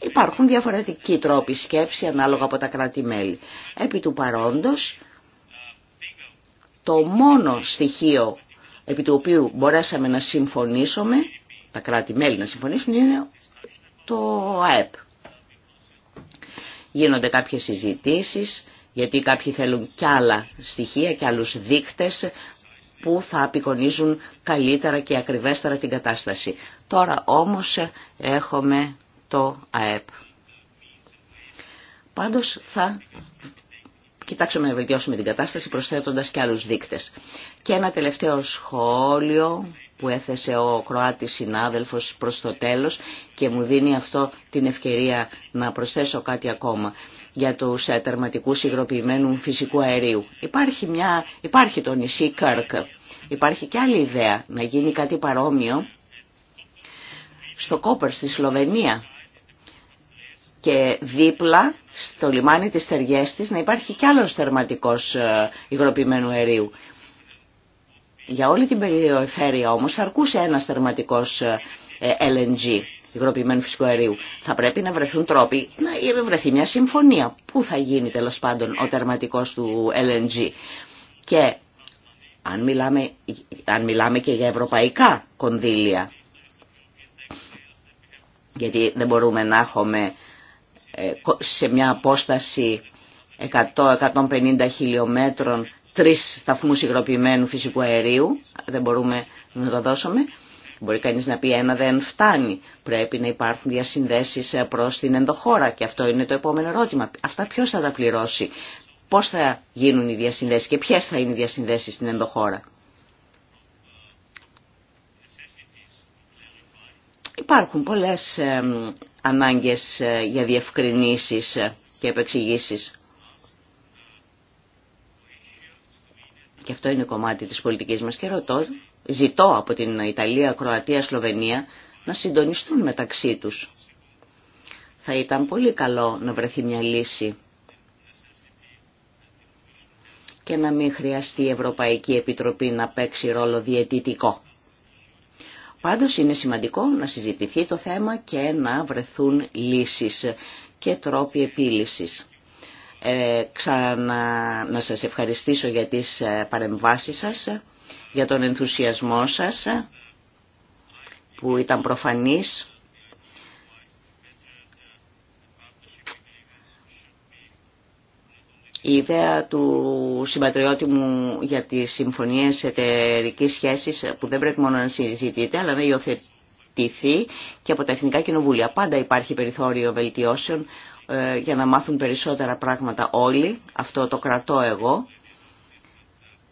Υπάρχουν διαφορετικοί τρόποι σκέψη ανάλογα από τα κράτη-μέλη. Επί του παρόντος, το μόνο στοιχείο επί του οποίου μπορέσαμε να συμφωνήσουμε, τα κράτη-μέλη να συμφωνήσουν, είναι το ΑΕΠ. Γίνονται κάποιες συζητήσεις, γιατί κάποιοι θέλουν κι άλλα στοιχεία και άλλους δείκτες που θα απεικονίζουν καλύτερα και ακριβέστερα την κατάσταση. Τώρα όμως έχουμε το ΑΕΠ. Πάντως θα κοιτάξουμε να βελτιώσουμε την κατάσταση προσθέτοντας και άλλους δείκτες. Και ένα τελευταίο σχόλιο που έθεσε ο Κροάτης συνάδελφος προς το τέλος και μου δίνει αυτό την ευκαιρία να προσθέσω κάτι ακόμα για τους ε, τερματικούς υγροποιημένου φυσικού αερίου. Υπάρχει, μια, υπάρχει το νησί Καρκ. Υπάρχει και άλλη ιδέα να γίνει κάτι παρόμοιο στο Κόπερ στη Σλοβενία και δίπλα στο λιμάνι της Τεργέστης να υπάρχει κι άλλος θερματικός ε, υγροποιημένου αερίου. Για όλη την περιφέρεια όμως αρκούσε ένας θερματικός ε, LNG, υγροποιημένου φυσικού Θα πρέπει να βρεθούν τρόποι να βρεθεί μια συμφωνία. Πού θα γίνει τέλο πάντων ο τερματικός του LNG. Και αν μιλάμε, αν μιλάμε και για ευρωπαϊκά κονδύλια, γιατί δεν μπορούμε να έχουμε ε, σε μια απόσταση 100-150 χιλιόμετρων Τρει σταθμού υγροποιημένου φυσικού αερίου, δεν μπορούμε να το δώσουμε. Μπορεί κανείς να πει ένα δεν φτάνει, πρέπει να υπάρχουν διασυνδέσεις προ την ενδοχώρα και αυτό είναι το επόμενο ερώτημα. Αυτά ποιο θα τα πληρώσει, πώς θα γίνουν οι διασυνδέσεις και ποιε θα είναι οι διασυνδέσεις στην ενδοχώρα. Υπάρχουν πολλές ανάγκες ε, για διευκρινήσεις και επεξηγήσεις. και αυτό είναι κομμάτι της πολιτικής μας και ρωτώ, ζητώ από την Ιταλία, Κροατία, Σλοβενία να συντονιστούν μεταξύ τους. Θα ήταν πολύ καλό να βρεθεί μια λύση και να μην χρειαστεί η Ευρωπαϊκή Επιτροπή να παίξει ρόλο διαιτητικό. Πάντως είναι σημαντικό να συζητηθεί το θέμα και να βρεθούν λύσεις και τρόποι επίλυσης ε, ξανα, να σας ευχαριστήσω για τις ε, παρεμβάσεις σας, για τον ενθουσιασμό σας που ήταν προφανής. Η ιδέα του συμπατριώτη μου για τις συμφωνίες εταιρική σχέσης που δεν πρέπει μόνο να συζητείται αλλά να υιοθετηθεί και από τα Εθνικά Κοινοβούλια. Πάντα υπάρχει περιθώριο βελτιώσεων ε, για να μάθουν περισσότερα πράγματα όλοι. Αυτό το κρατώ εγώ.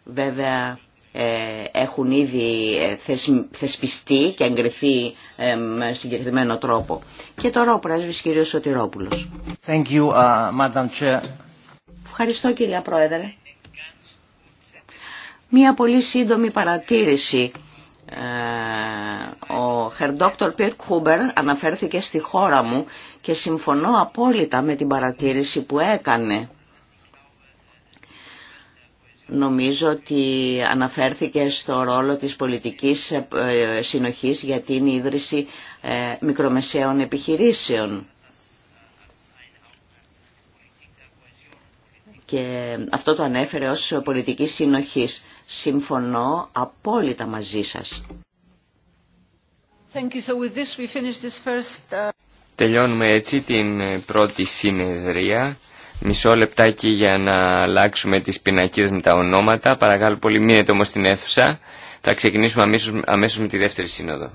Βέβαια ε, έχουν ήδη ε, θεσπιστεί και εγκριθεί με συγκεκριμένο τρόπο. Και τώρα ο πρέσβης κύριος Σωτηρόπουλος. Thank you, uh, Madam Chair. Ευχαριστώ κυρία Πρόεδρε. Μία πολύ σύντομη παρατήρηση ε, ο Χερντόκτορ Πιρ Κούμπερ αναφέρθηκε στη χώρα μου και συμφωνώ απόλυτα με την παρατήρηση που έκανε. Νομίζω ότι αναφέρθηκε στο ρόλο της πολιτικής ε, συνοχής για την ίδρυση ε, μικρομεσαίων επιχειρήσεων. Και αυτό το ανέφερε ως πολιτική συνοχής. Συμφωνώ απόλυτα μαζί σας. Thank you. So with this we finish this first... Uh, Τελειώνουμε έτσι την ε, πρώτη συνεδρία. Μισό λεπτάκι για να αλλάξουμε τις πινακίδες με τα ονόματα. Παρακαλώ πολύ μείνετε όμως στην αίθουσα. Θα ξεκινήσουμε αμέσως, αμέσως με τη δεύτερη σύνοδο.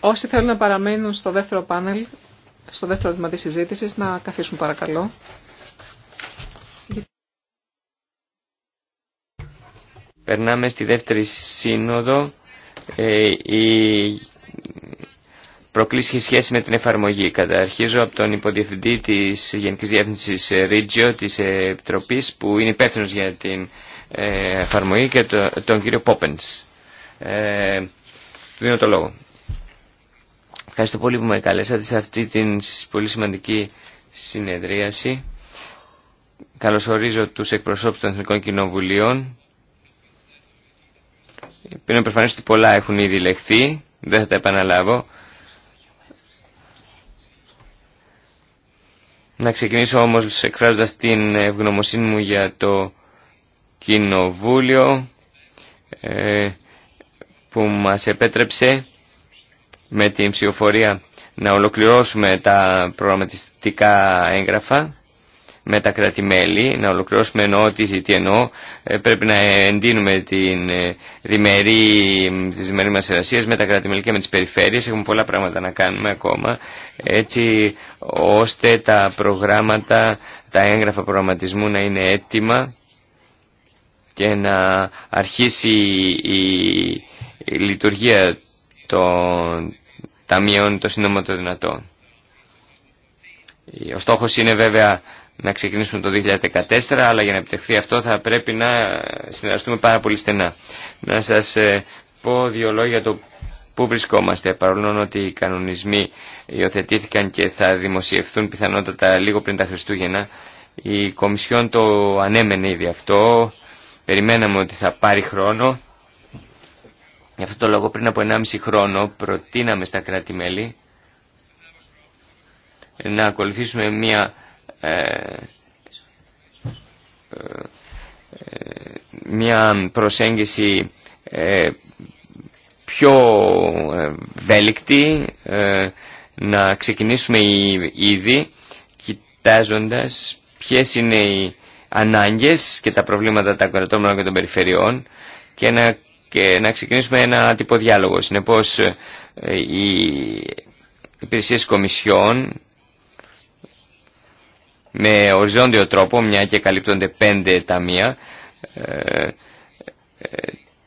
Όσοι θέλουν να παραμένουν στο δεύτερο πάνελ, στο δεύτερο τμήμα της συζήτησης, να καθίσουν παρακαλώ. Περνάμε στη δεύτερη σύνοδο. Ε, η προκλήσει σχέση με την εφαρμογή. Καταρχίζω από τον υποδιευθυντή της Γενικής Διεύθυνσης Ρίτζιο της Επιτροπής που είναι υπεύθυνο για την ε, εφαρμογή και τον κύριο Πόπενς του ε, δίνω το λόγο. Ευχαριστώ πολύ που με καλέσατε σε αυτή την πολύ σημαντική συνεδρίαση. Καλωσορίζω τους εκπροσώπους των Εθνικών Κοινοβουλίων. Είναι προφανές ότι πολλά έχουν ήδη λεχθεί, δεν θα τα επαναλάβω. Να ξεκινήσω όμως εκφράζοντας την ευγνωμοσύνη μου για το Κοινοβούλιο. Ε, που μας επέτρεψε με την ψηφοφορία να ολοκληρώσουμε τα προγραμματιστικά έγγραφα με τα κρατη να ολοκληρώσουμε εννοώ τι, τι εννοώ, ε, πρέπει να εντείνουμε την ε, διμερή, τις διμερή μας εργασίες με τα κρατη και με τις περιφέρειες, έχουμε πολλά πράγματα να κάνουμε ακόμα, έτσι ώστε τα προγράμματα, τα έγγραφα προγραμματισμού να είναι έτοιμα και να αρχίσει η η λειτουργία των ταμείων το σύντομα το δυνατό. Ο στόχος είναι βέβαια να ξεκινήσουμε το 2014, αλλά για να επιτευχθεί αυτό θα πρέπει να συνεργαστούμε πάρα πολύ στενά. Να σας ε, πω δύο λόγια το πού βρισκόμαστε, παρόλο ότι οι κανονισμοί υιοθετήθηκαν και θα δημοσιευθούν πιθανότατα λίγο πριν τα Χριστούγεννα. Η Κομισιόν το ανέμενε ήδη αυτό, περιμέναμε ότι θα πάρει χρόνο. Γι' αυτό το λόγο πριν από 1,5 χρόνο προτείναμε στα κράτη-μέλη να ακολουθήσουμε μια, ε, ε, μια προσέγγιση ε, πιο βέλικτη, να ξεκινήσουμε ήδη κοιτάζοντας ποιες είναι οι ανάγκες και τα προβλήματα των κρατών και των περιφερειών και να και να ξεκινήσουμε ένα τύπο διάλογο. Συνεπώς ε, οι Υπηρεσίε κομισιών με οριζόντιο τρόπο, μια και καλύπτονται πέντε ταμεία, ε, ε,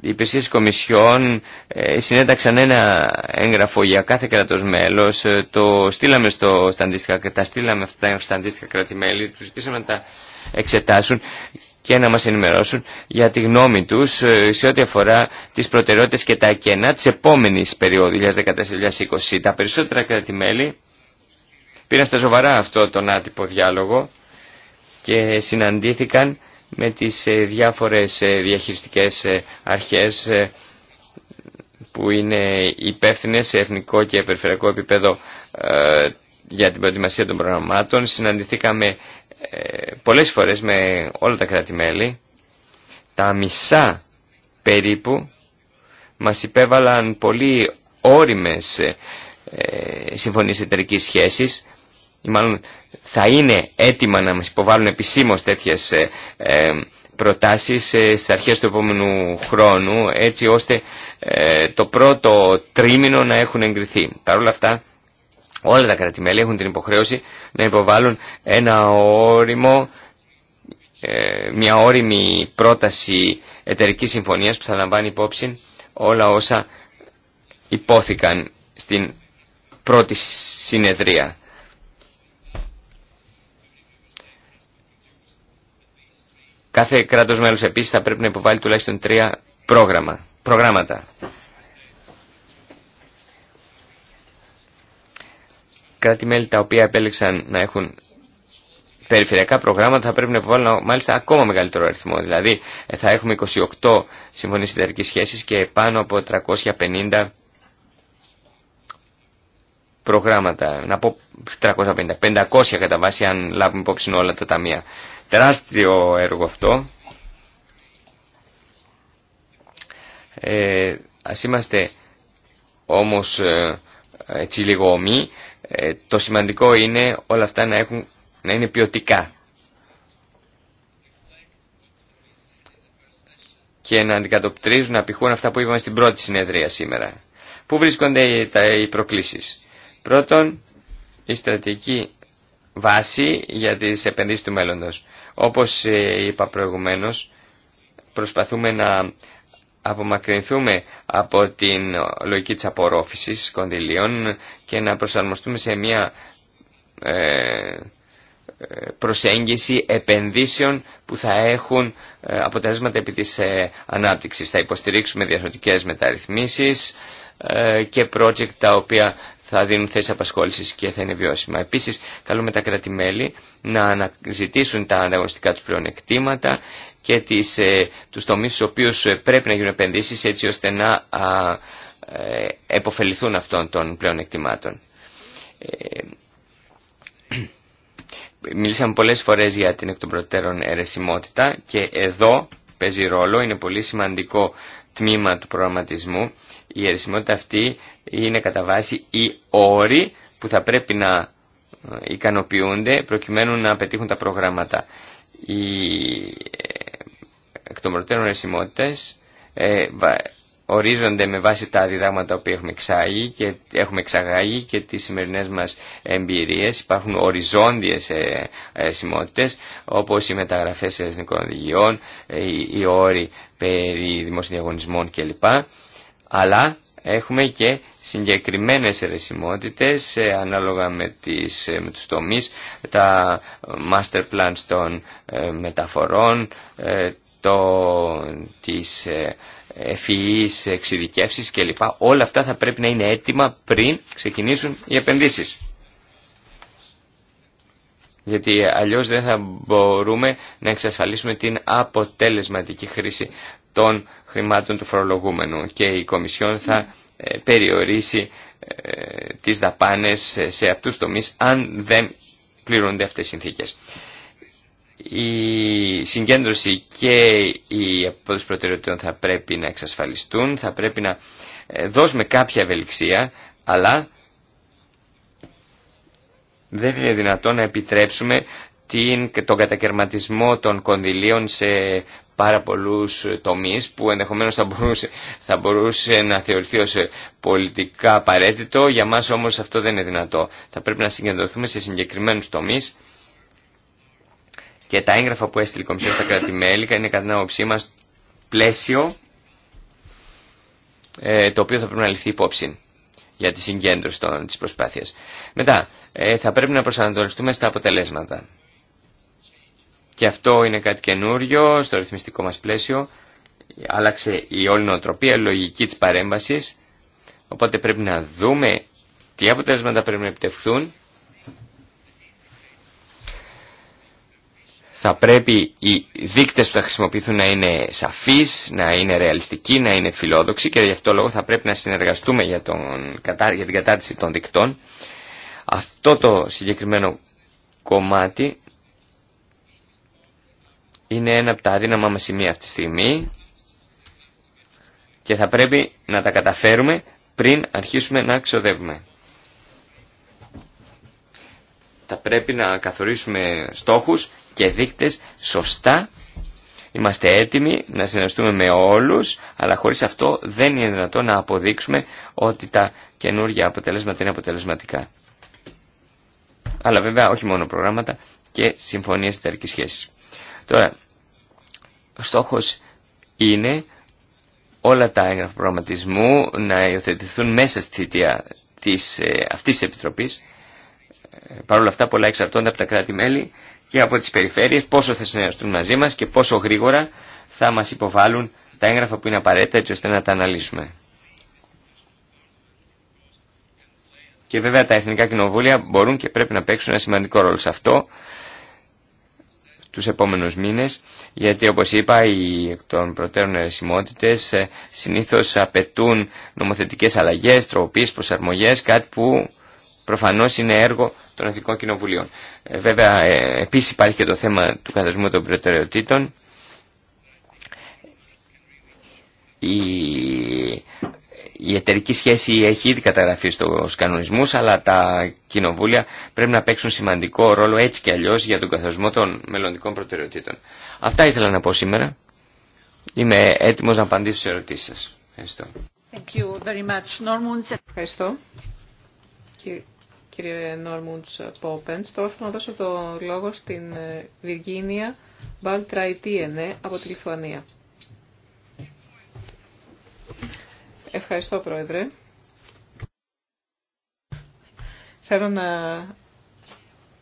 οι υπηρεσίε κομισιών συνέταξαν ένα έγγραφο για κάθε κράτος μέλος, το στείλαμε στο, στα αντίστοιχα, τα στείλαμε αυτά στα αντίστοιχα κράτη-μέλη, τους ζητήσαμε να τα εξετάσουν και να μας ενημερώσουν για τη γνώμη τους ε, σε ό,τι αφορά τις προτεραιότητες και τα κενά της επόμενης περίοδου 2014-2020. Τα περισσότερα κράτη-μέλη πήραν στα σοβαρά αυτό τον άτυπο διάλογο και συναντήθηκαν με τις ε, διάφορες ε, διαχειριστικές αρχές που είναι υπεύθυνε σε εθνικό και περιφερειακό επίπεδο για την προετοιμασία των προγραμμάτων. Συναντηθήκαμε ε, πολλές φορές με όλα τα κράτη-μέλη, τα μισά περίπου μας υπέβαλαν πολύ όριμες ε, συμφωνίες εταιρικής σχέσης ή μάλλον θα είναι έτοιμα να μας υποβάλουν επισήμως τέτοιες ε, ε, προτάσεις ε, αρχές του επόμενου χρόνου έτσι ώστε το πρώτο τρίμηνο να έχουν εγκριθεί. Παρ' όλα αυτά Όλα τα κρατημέλη έχουν την υποχρέωση να υποβάλουν ένα όριμο, ε, μια όριμη πρόταση εταιρικής συμφωνίας που θα λαμβάνει υπόψη όλα όσα υπόθηκαν στην πρώτη συνεδρία. Κάθε κράτος μέλος επίσης θα πρέπει να υποβάλει τουλάχιστον τρία πρόγραμμα, προγράμματα. κράτη-μέλη τα οποία επέλεξαν να έχουν περιφερειακά προγράμματα θα πρέπει να υποβάλουν μάλιστα ακόμα μεγαλύτερο αριθμό. Δηλαδή ε, θα έχουμε 28 συμφωνίες συνταρικής σχέσης και πάνω από 350 προγράμματα. Να πω 350, 500 κατά βάση αν λάβουμε υπόψη όλα τα ταμεία. Τεράστιο έργο αυτό. Ε, ας είμαστε όμως ε, έτσι λίγο ομοί. Ε, το σημαντικό είναι όλα αυτά να, έχουν, να είναι ποιοτικά και να αντικατοπτρίζουν, να πηχούν αυτά που είπαμε στην πρώτη συνεδρία σήμερα. Πού βρίσκονται τα, οι προκλήσεις. Πρώτον, η στρατηγική βάση για τις επενδύσεις του μέλλοντος. Όπως ε, είπα προηγουμένως, προσπαθούμε να απομακρυνθούμε από την λογική της απορρόφησης κονδυλίων και να προσαρμοστούμε σε μια ε, προσέγγιση επενδύσεων που θα έχουν ε, αποτελέσματα επί της ε, ανάπτυξης. Θα υποστηρίξουμε διαχρονικές μεταρρυθμίσεις και project τα οποία θα δίνουν θέση απασχόλησης και θα είναι βιώσιμα. Επίσης, καλούμε τα κράτη-μέλη να αναζητήσουν τα ανταγωνιστικά τους πλεονεκτήματα και τις, ε, τους τομείς στους οποίους ε, πρέπει να γίνουν επενδύσεις έτσι ώστε να α, ε, αυτών των πλέον εκτιμάτων. Ε, μιλήσαμε πολλές φορές για την εκ των προτέρων αιρεσιμότητα και εδώ παίζει ρόλο, είναι πολύ σημαντικό τμήμα του προγραμματισμού. Η αιρεσιμότητα αυτή είναι κατά βάση οι όροι που θα πρέπει να ε, ικανοποιούνται προκειμένου να πετύχουν τα προγράμματα. Η εκ των προτέρων ερεσιμότητες ε, ορίζονται με βάση τα διδάγματα που έχουμε εξάγει και έχουμε εξαγάγει και τις σημερινές μας εμπειρίες. Υπάρχουν οριζόντιες ερεσιμότητες όπως οι μεταγραφές εθνικών οδηγιών, ε, οι, οι όροι περί δημοσιοδιαγωνισμών κλπ. Αλλά έχουμε και συγκεκριμένες ερεσιμότητες ε, ανάλογα με, τις, ε, με τους τομείς, τα master plans των μεταφορών, το, τις ευφυείς εξειδικεύσεις κλπ. Όλα αυτά θα πρέπει να είναι έτοιμα πριν ξεκινήσουν οι επενδύσεις. Γιατί αλλιώς δεν θα μπορούμε να εξασφαλίσουμε την αποτελεσματική χρήση των χρημάτων του φορολογούμενου και η Κομισιόν θα ε, περιορίσει ε, τις δαπάνες σε αυτούς τομείς αν δεν πληρούνται αυτές οι συνθήκες η συγκέντρωση και η απόδοση προτεραιοτήτων θα πρέπει να εξασφαλιστούν, θα πρέπει να ε, δώσουμε κάποια ευελιξία, αλλά δεν είναι δυνατόν να επιτρέψουμε την, τον κατακαιρματισμό των κονδυλίων σε πάρα πολλούς τομείς που ενδεχομένως θα μπορούσε, να θεωρηθεί ως πολιτικά απαραίτητο, για μας όμως αυτό δεν είναι δυνατό. Θα πρέπει να συγκεντρωθούμε σε συγκεκριμένους τομείς και τα έγγραφα που έστειλε η Κομισιόν στα κρατη είναι κατά την άποψή μα πλαίσιο ε, το οποίο θα πρέπει να ληφθεί υπόψη για τη συγκέντρωση των, της προσπάθειας. Μετά, ε, θα πρέπει να προσανατολιστούμε στα αποτελέσματα. Και αυτό είναι κάτι καινούριο στο ρυθμιστικό μας πλαίσιο. Άλλαξε η όλη νοοτροπία, η λογική τη παρέμβασης. Οπότε πρέπει να δούμε τι αποτελέσματα πρέπει να επιτευχθούν Θα πρέπει οι δείκτες που θα χρησιμοποιηθούν να είναι σαφείς, να είναι ρεαλιστικοί, να είναι φιλόδοξοι και γι' αυτό λόγο θα πρέπει να συνεργαστούμε για, τον, για την κατάρτιση των δικτών. Αυτό το συγκεκριμένο κομμάτι είναι ένα από τα αδύναμα μας σημεία αυτή τη στιγμή και θα πρέπει να τα καταφέρουμε πριν αρχίσουμε να ξοδεύουμε. Θα πρέπει να καθορίσουμε στόχους και δείκτες σωστά. Είμαστε έτοιμοι να συνεργαστούμε με όλους, αλλά χωρίς αυτό δεν είναι δυνατό να αποδείξουμε ότι τα καινούργια αποτελέσματα είναι αποτελεσματικά. Αλλά βέβαια όχι μόνο προγράμματα και συμφωνίες εταιρικής σχέσης. Τώρα, ο στόχος είναι όλα τα έγγραφα προγραμματισμού να υιοθετηθούν μέσα στη θητεία της, ε, αυτής της Επιτροπής ε, παρ' όλα αυτά πολλά εξαρτώνται από τα κράτη-μέλη και από τις περιφέρειες πόσο θα συνεργαστούν μαζί μας και πόσο γρήγορα θα μας υποβάλουν τα έγγραφα που είναι απαραίτητα έτσι ώστε να τα αναλύσουμε. Και βέβαια τα εθνικά κοινοβούλια μπορούν και πρέπει να παίξουν ένα σημαντικό ρόλο σε αυτό τους επόμενους μήνες, γιατί όπως είπα οι εκ των προτέρων ερεσιμότητες ε, συνήθως απαιτούν νομοθετικές αλλαγές, τροποποίησεις, προσαρμογές, κάτι που προφανώς είναι έργο των Εθνικών Κοινοβουλίων. Ε, βέβαια, ε, επίσης υπάρχει και το θέμα του καθεσμού των προτεραιοτήτων. Η, η εταιρική σχέση έχει ήδη καταγραφεί στους κανονισμούς, αλλά τα κοινοβούλια πρέπει να παίξουν σημαντικό ρόλο έτσι και αλλιώς για τον καθεσμό των μελλοντικών προτεραιοτήτων. Αυτά ήθελα να πω σήμερα. Είμαι έτοιμος να απαντήσω σε ερωτήσεις σας. Ευχαριστώ. Thank you very much. Ευχαριστώ κύριε Νόρμουντς Πόπενς. Τώρα θα δώσω το λόγο στην ε, Βιργίνια Μπαλτραϊτίενε από τη Λιθουανία. Ευχαριστώ, Πρόεδρε. Θέλω να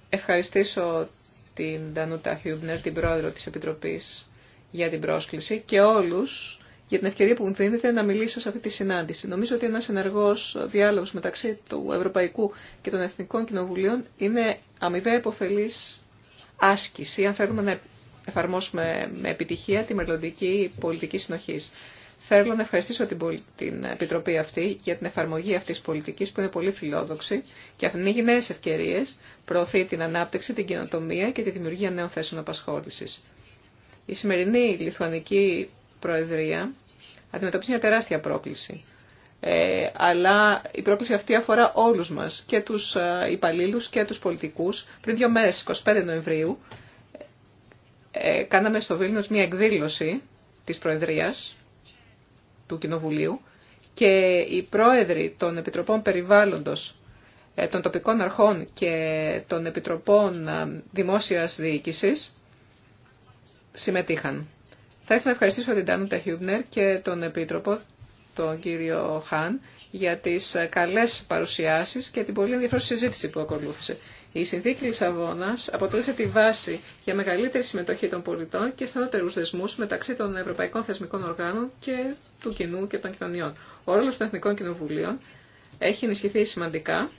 ευχαριστήσω την Ντανούτα Χιούμπνερ, την Πρόεδρο της Επιτροπής, για την πρόσκληση και όλους για την ευκαιρία που μου δίνετε να μιλήσω σε αυτή τη συνάντηση. Νομίζω ότι ένα ενεργός διάλογο μεταξύ του Ευρωπαϊκού και των Εθνικών Κοινοβουλίων είναι αμοιβαία υποφελή άσκηση, αν θέλουμε να εφαρμόσουμε με επιτυχία τη μελλοντική πολιτική συνοχή. Θέλω να ευχαριστήσω την, Επιτροπή αυτή για την εφαρμογή αυτή τη πολιτική που είναι πολύ φιλόδοξη και ανοίγει νέε ευκαιρίε, προωθεί την ανάπτυξη, την κοινοτομία και τη δημιουργία νέων θέσεων απασχόληση. Η σημερινή λιθουανική Προεδρία αντιμετωπίζει μια τεράστια πρόκληση. Ε, αλλά η πρόκληση αυτή αφορά όλους μας, και τους ε, υπαλλήλου και τους πολιτικούς. Πριν δύο μέρες, 25 Νοεμβρίου, ε, κάναμε στο Βίλνος μια εκδήλωση της Προεδρίας του Κοινοβουλίου και οι πρόεδροι των Επιτροπών Περιβάλλοντος, ε, των τοπικών αρχών και των Επιτροπών ε, Δημόσιας Διοίκησης συμμετείχαν. Θα ήθελα να ευχαριστήσω την Τάνουτα Χιούμπνερ και τον Επίτροπο, τον κύριο Χάν, για τι καλέ παρουσιάσει και την πολύ ενδιαφέρουσα συζήτηση που ακολούθησε. Η συνθήκη Λισαβόνα αποτέλεσε τη βάση για μεγαλύτερη συμμετοχή των πολιτών και στενότερου δεσμού μεταξύ των ευρωπαϊκών θεσμικών οργάνων και του κοινού και των κοινωνιών. Ο ρόλο των Εθνικών Κοινοβουλίων έχει ενισχυθεί σημαντικά.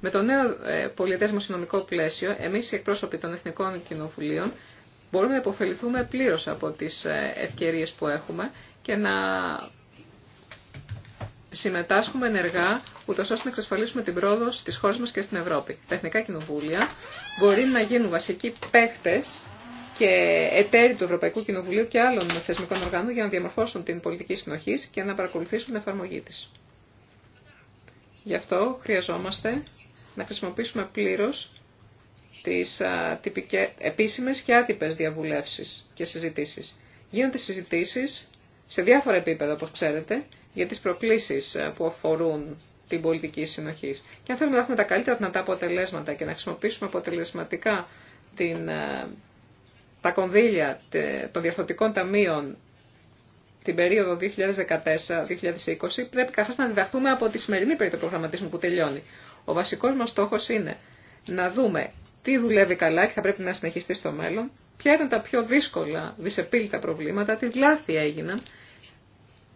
Με το νέο ε, πολιτεύσιμο πλαίσιο, εμεί οι εκπρόσωποι των Εθνικών Κοινοβουλίων μπορούμε να υποφεληθούμε πλήρως από τις ε, ευκαιρίες που έχουμε και να συμμετάσχουμε ενεργά, ούτως ώστε να εξασφαλίσουμε την πρόοδο στις χώρες μας και στην Ευρώπη. Τα εθνικά κοινοβούλια μπορεί να γίνουν βασικοί παίχτες και εταίροι του Ευρωπαϊκού Κοινοβουλίου και άλλων θεσμικών οργάνων για να διαμορφώσουν την πολιτική συνοχή και να παρακολουθήσουν την εφαρμογή τη. Γι' αυτό χρειαζόμαστε να χρησιμοποιήσουμε πλήρω τις τυπικές, επίσημες και άτυπες διαβουλεύσεις και συζητήσεις. Γίνονται συζητήσεις σε διάφορα επίπεδα, όπως ξέρετε, για τις προκλήσεις που αφορούν την πολιτική συνοχή. Και αν θέλουμε να έχουμε τα καλύτερα δυνατά αποτελέσματα και να χρησιμοποιήσουμε αποτελεσματικά την, τα κονδύλια των διαφορετικών ταμείων την περίοδο 2014-2020, πρέπει καθώς να διδαχτούμε από τη σημερινή περίοδο προγραμματισμού που τελειώνει. Ο βασικός μας στόχος είναι να δούμε τι δουλεύει καλά και θα πρέπει να συνεχιστεί στο μέλλον, ποια ήταν τα πιο δύσκολα, δυσεπίλητα προβλήματα, τι λάθη έγιναν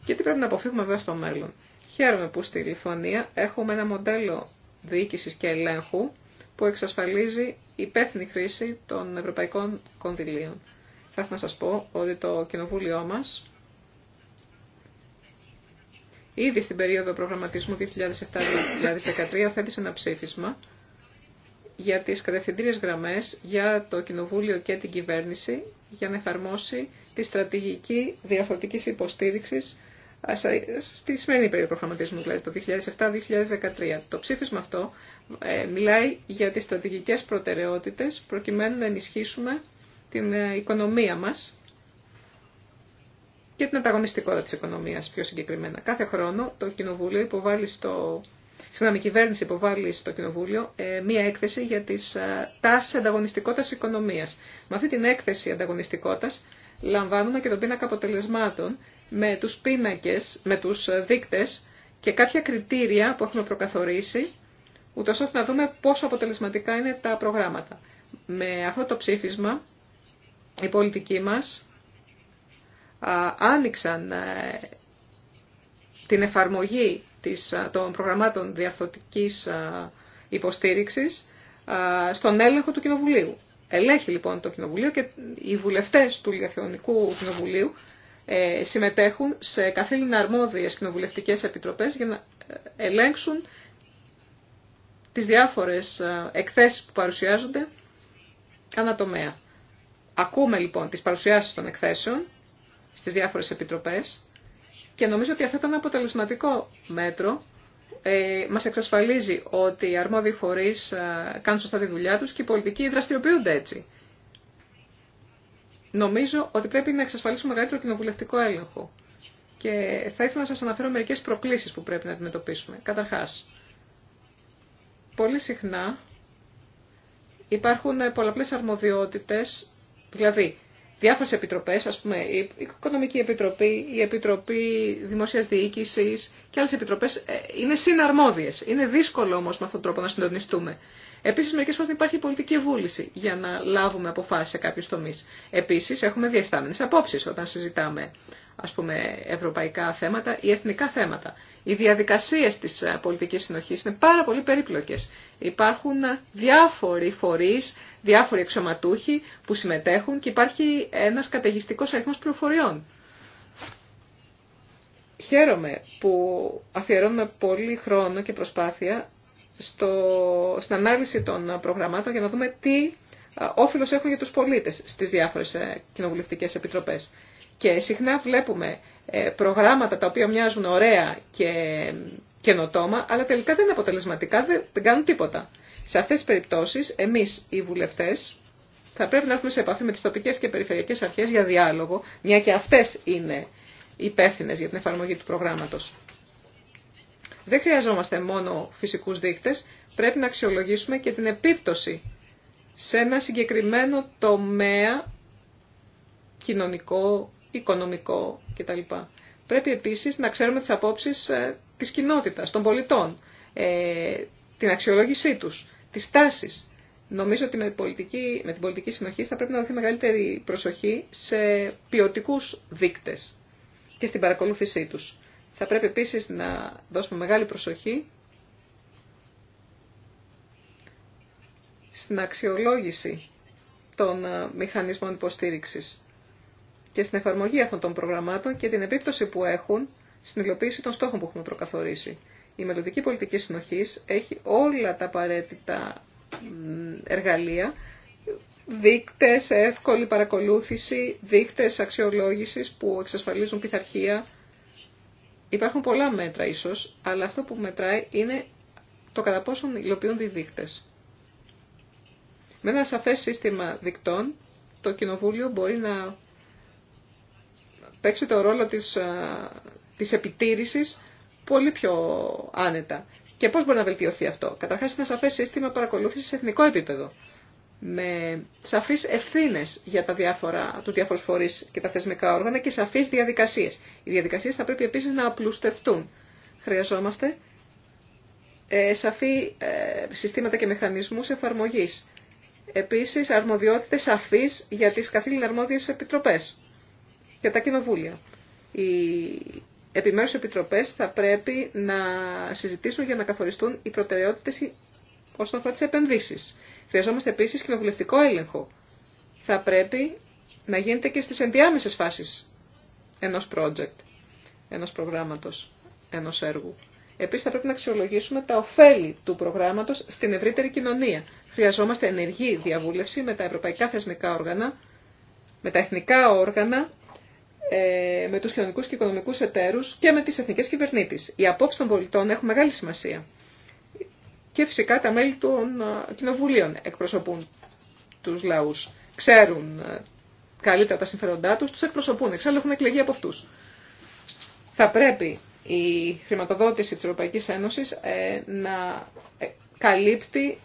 και τι πρέπει να αποφύγουμε βέβαια στο μέλλον. Χαίρομαι που στη Λιθουανία έχουμε ένα μοντέλο διοίκηση και ελέγχου που εξασφαλίζει υπεύθυνη χρήση των ευρωπαϊκών κονδυλίων. Θα ήθελα να σας πω ότι το κοινοβούλιο μας ήδη στην περίοδο προγραμματισμού 2007-2013 θέτησε ένα ψήφισμα για τις κατευθυντήριες γραμμές για το Κοινοβούλιο και την Κυβέρνηση για να εφαρμόσει τη στρατηγική διαφορετική υποστήριξης στη σημερινή περίοδο προγραμματισμού, δηλαδή το 2007-2013. Το ψήφισμα αυτό ε, μιλάει για τις στρατηγικές προτεραιότητες προκειμένου να ενισχύσουμε την ε, οικονομία μας και την ανταγωνιστικότητα της οικονομίας πιο συγκεκριμένα. Κάθε χρόνο το Κοινοβούλιο υποβάλλει στο συγγνώμη, η κυβέρνηση υποβάλλει στο Κοινοβούλιο ε, μία έκθεση για τις ε, τάσεις ανταγωνιστικότητας οικονομίας. Με αυτή την έκθεση ανταγωνιστικότητας λαμβάνουμε και τον πίνακα αποτελεσμάτων με τους πίνακες, με τους ε, δείκτες και κάποια κριτήρια που έχουμε προκαθορίσει, ούτως ώστε να δούμε πόσο αποτελεσματικά είναι τα προγράμματα. Με αυτό το ψήφισμα η πολιτική μας άνοιξαν ε, την εφαρμογή της, των προγραμμάτων διαρθωτικής υποστήριξης στον έλεγχο του Κοινοβουλίου. Ελέγχει λοιπόν το Κοινοβουλίο και οι βουλευτές του Λιγαθιονικού Κοινοβουλίου ε, συμμετέχουν σε καθήλυνα αρμόδιες κοινοβουλευτικές επιτροπές για να ε, ελέγξουν τις διάφορες εκθέσεις που παρουσιάζονται ανατομέα. Ακούμε λοιπόν τις παρουσιάσεις των εκθέσεων στις διάφορες επιτροπές και νομίζω ότι αυτό ήταν αποτελεσματικό μέτρο. Ε, μας εξασφαλίζει ότι οι αρμόδιοι φορείς ε, κάνουν σωστά τη δουλειά τους και οι πολιτικοί δραστηριοποιούνται έτσι. Νομίζω ότι πρέπει να εξασφαλίσουμε μεγαλύτερο κοινοβουλευτικό έλεγχο. Και θα ήθελα να σας αναφέρω μερικές προκλήσεις που πρέπει να αντιμετωπίσουμε. Καταρχάς, πολύ συχνά υπάρχουν ε, πολλαπλές αρμοδιότητες, δηλαδή Διάφορε επιτροπές, α πούμε η Οικονομική Επιτροπή, η Επιτροπή Δημοσίας Διοίκησης και άλλες επιτροπές ε, είναι συναρμόδιες. Είναι δύσκολο όμως με αυτόν τον τρόπο να συντονιστούμε. Επίση, μερικέ φορέ δεν υπάρχει πολιτική βούληση για να λάβουμε αποφάσει σε κάποιου τομεί. Επίση, έχουμε διαστάμενε απόψει όταν συζητάμε ας πούμε, ευρωπαϊκά θέματα ή εθνικά θέματα. Οι διαδικασίες της ε, πολιτικής συνοχής είναι πάρα πολύ περίπλοκες. Υπάρχουν διάφοροι φορείς, διάφοροι εξωματούχοι που συμμετέχουν και υπάρχει ένας καταιγιστικός αριθμός πληροφοριών. Χαίρομαι που αφιερώνουμε πολύ χρόνο και προσπάθεια στο, στην ανάλυση των προγραμμάτων για να δούμε τι ε, όφελο έχουν για τους πολίτες στις διάφορες ε, κοινοβουλευτικές επιτροπές. Και συχνά βλέπουμε ε, προγράμματα τα οποία μοιάζουν ωραία και καινοτόμα, αλλά τελικά δεν είναι αποτελεσματικά, δεν κάνουν τίποτα. Σε αυτές τις περιπτώσεις, εμείς οι βουλευτές θα πρέπει να έρθουμε σε επαφή με τις τοπικές και περιφερειακές αρχές για διάλογο, μια και αυτές είναι υπεύθυνε για την εφαρμογή του προγράμματος. Δεν χρειαζόμαστε μόνο φυσικούς δείκτες, πρέπει να αξιολογήσουμε και την επίπτωση σε ένα συγκεκριμένο τομέα κοινωνικό οικονομικό κτλ. Πρέπει επίσης να ξέρουμε τις απόψεις ε, της κοινότητας, των πολιτών, ε, την αξιολόγησή τους, τις τάσεις. Νομίζω ότι με, με την πολιτική συνοχή θα πρέπει να δοθεί μεγαλύτερη προσοχή σε ποιοτικού δείκτες και στην παρακολούθησή τους. Θα πρέπει επίσης να δώσουμε μεγάλη προσοχή στην αξιολόγηση των ε, μηχανισμών υποστήριξης και στην εφαρμογή αυτών των προγραμμάτων και την επίπτωση που έχουν στην υλοποίηση των στόχων που έχουμε προκαθορίσει. Η μελλοντική πολιτική συνοχή έχει όλα τα απαραίτητα εργαλεία, δείκτε εύκολη παρακολούθηση, δείκτε αξιολόγηση που εξασφαλίζουν πειθαρχία. Υπάρχουν πολλά μέτρα ίσως, αλλά αυτό που μετράει είναι το κατά πόσον υλοποιούνται οι δείκτε. Με ένα σαφέ σύστημα δικτών, το Κοινοβούλιο μπορεί να παίξει το ρόλο της, ε, της επιτήρησης πολύ πιο άνετα. Και πώς μπορεί να βελτιωθεί αυτό. Καταρχάς ένα σαφές σύστημα παρακολούθησης σε εθνικό επίπεδο. Με σαφείς ευθύνε για τα διάφορα, του διάφορους φορείς και τα θεσμικά όργανα και σαφείς διαδικασίες. Οι διαδικασίες θα πρέπει επίσης να απλουστευτούν. Χρειαζόμαστε ε, σαφή ε, συστήματα και μηχανισμούς εφαρμογής. Επίσης αρμοδιότητες σαφείς για τις καθήλυνα αρμόδιες επιτροπές για τα κοινοβούλια. Οι επιμέρους επιτροπές θα πρέπει να συζητήσουν για να καθοριστούν οι προτεραιότητες όσον αφορά τι επενδύσεις. Χρειαζόμαστε επίσης κοινοβουλευτικό έλεγχο. Θα πρέπει να γίνεται και στις ενδιάμεσες φάσεις ενός project, ενός προγράμματος, ενός έργου. Επίσης θα πρέπει να αξιολογήσουμε τα ωφέλη του προγράμματος στην ευρύτερη κοινωνία. Χρειαζόμαστε ενεργή διαβούλευση με τα ευρωπαϊκά θεσμικά όργανα, με τα εθνικά όργανα ε, με τους κοινωνικούς και οικονομικούς εταίρους και με τις εθνικές κυβερνήτες. Οι απόψεις των πολιτών έχουν μεγάλη σημασία. Και φυσικά τα μέλη των ε, κοινοβουλίων εκπροσωπούν τους λαούς. Ξέρουν ε, καλύτερα τα συμφέροντά τους, τους εκπροσωπούν, εξάλλου έχουν εκλεγεί από αυτούς. Θα πρέπει η χρηματοδότηση της Ευρωπαϊκής Ένωσης να καλύπτει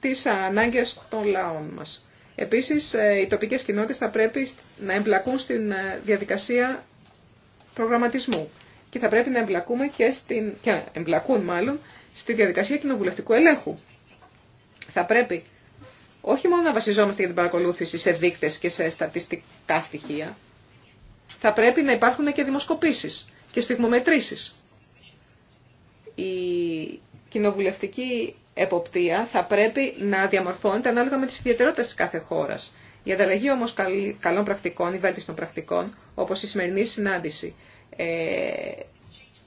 τις ανάγκες των λαών μας. Επίσης, ε, οι τοπικές κοινότητες θα πρέπει να εμπλακούν στην ε, διαδικασία προγραμματισμού και θα πρέπει να εμπλακούμε και, στην, και εμπλακούν μάλλον στη διαδικασία κοινοβουλευτικού ελέγχου. Θα πρέπει όχι μόνο να βασιζόμαστε για την παρακολούθηση σε δείκτες και σε στατιστικά στοιχεία, θα πρέπει να υπάρχουν και δημοσκοπήσεις και σφιγμομετρήσεις. Η κοινοβουλευτική εποπτεία θα πρέπει να διαμορφώνεται ανάλογα με τις ιδιαιτερότητες της κάθε χώρας. Η ανταλλαγή όμως καλών πρακτικών ή βέλτιστων πρακτικών, όπως η σημερινή συνάντηση, ε,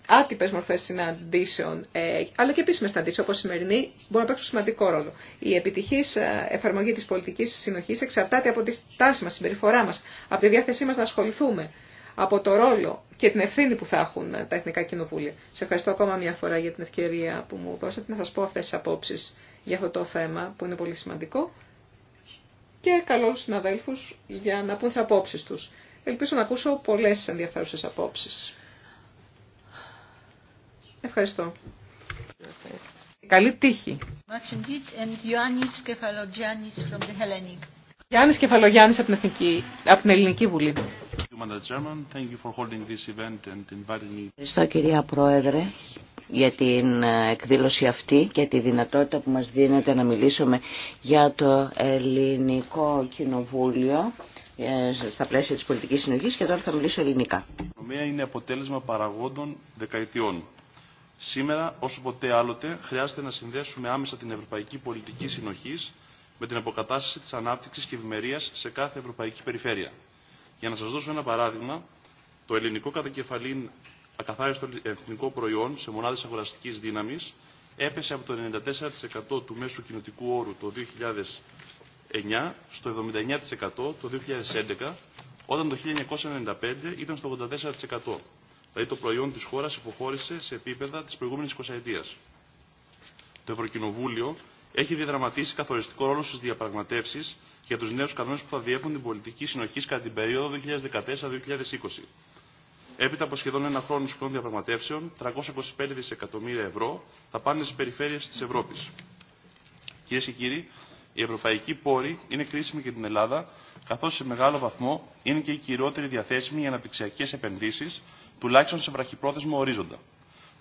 άτυπες μορφές συναντήσεων, ε, αλλά και επίσημες συναντήσεις όπως η σημερινή, μπορούν να παίξουν σημαντικό ρόλο. Η σημερινη μπορεί να παιξουν σημαντικο εφαρμογή της πολιτικής συνοχής εξαρτάται από τη στάση μας, συμπεριφορά μας, από τη διάθεσή μας να ασχοληθούμε από το ρόλο και την ευθύνη που θα έχουν τα Εθνικά Κοινοβούλια. Σε ευχαριστώ ακόμα μια φορά για την ευκαιρία που μου δώσατε να σας πω αυτές τις απόψεις για αυτό το θέμα που είναι πολύ σημαντικό και καλώ τους συναδέλφους για να πούν τις απόψεις τους. Ελπίζω να ακούσω πολλές ενδιαφέρουσες απόψεις. Ευχαριστώ. Καλή τύχη. Γιάννης Κεφαλογιάννης την, Εθνική, από την Ελληνική Βουλή. Ευχαριστώ κυρία Πρόεδρε για την ε, εκδήλωση αυτή και τη δυνατότητα που μας δίνεται να μιλήσουμε για το Ελληνικό Κοινοβούλιο ε, στα πλαίσια της πολιτικής συνοχής και τώρα θα μιλήσω ελληνικά. Η οικονομία είναι αποτέλεσμα παραγόντων δεκαετιών. Σήμερα, όσο ποτέ άλλοτε, χρειάζεται να συνδέσουμε άμεσα την ευρωπαϊκή πολιτική συνοχής με την αποκατάσταση της ανάπτυξης και ευημερίας σε κάθε ευρωπαϊκή περιφέρεια. Για να σας δώσω ένα παράδειγμα, το ελληνικό κατακεφαλήν ακαθάριστο εθνικό προϊόν σε μονάδες αγοραστικής δύναμης έπεσε από το 94% του μέσου κοινοτικού όρου το 2009 στο 79% το 2011, όταν το 1995 ήταν στο 84%. Δηλαδή το προϊόν της χώρας υποχώρησε σε επίπεδα της προηγούμενης 20 Το Ευρωκοινοβούλιο έχει διαδραματίσει καθοριστικό ρόλο στις διαπραγματεύσεις για του νέου κανόνε που θα διέπουν την πολιτική συνοχή κατά την περίοδο 2014-2020. Έπειτα από σχεδόν ένα χρόνο σκληρών διαπραγματεύσεων, 325 δισεκατομμύρια ευρώ θα πάνε στι περιφέρειε τη Ευρώπη. Κυρίε και κύριοι, η ευρωπαϊκή πόρη είναι κρίσιμη για την Ελλάδα, καθώ σε μεγάλο βαθμό είναι και η κυριότερη διαθέσιμη για αναπτυξιακέ επενδύσει, τουλάχιστον σε βραχυπρόθεσμο ορίζοντα.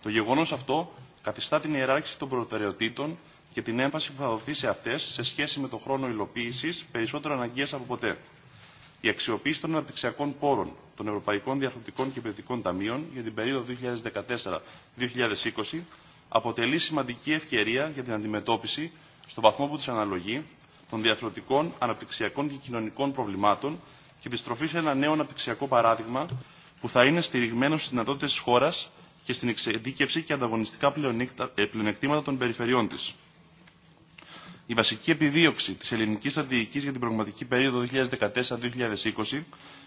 Το γεγονό αυτό καθιστά την ιεράρχηση των προτεραιοτήτων και την έμφαση που θα δοθεί σε αυτέ σε σχέση με τον χρόνο υλοποίηση περισσότερο αναγκαίε από ποτέ. Η αξιοποίηση των αναπτυξιακών πόρων των Ευρωπαϊκών Διαρθρωτικών και Επενδυτικών Ταμείων για την περίοδο 2014-2020 αποτελεί σημαντική ευκαιρία για την αντιμετώπιση, στον βαθμό που τη αναλογεί, των διαθροτικών, αναπτυξιακών και κοινωνικών προβλημάτων και τη στροφή σε ένα νέο αναπτυξιακό παράδειγμα που θα είναι στηριγμένο στι δυνατότητε τη χώρα και στην εξειδίκευση και ανταγωνιστικά ε, πλεονεκτήματα των περιφερειών η βασική επιδίωξη της ελληνικής στρατηγικής για την πραγματική περίοδο 2014-2020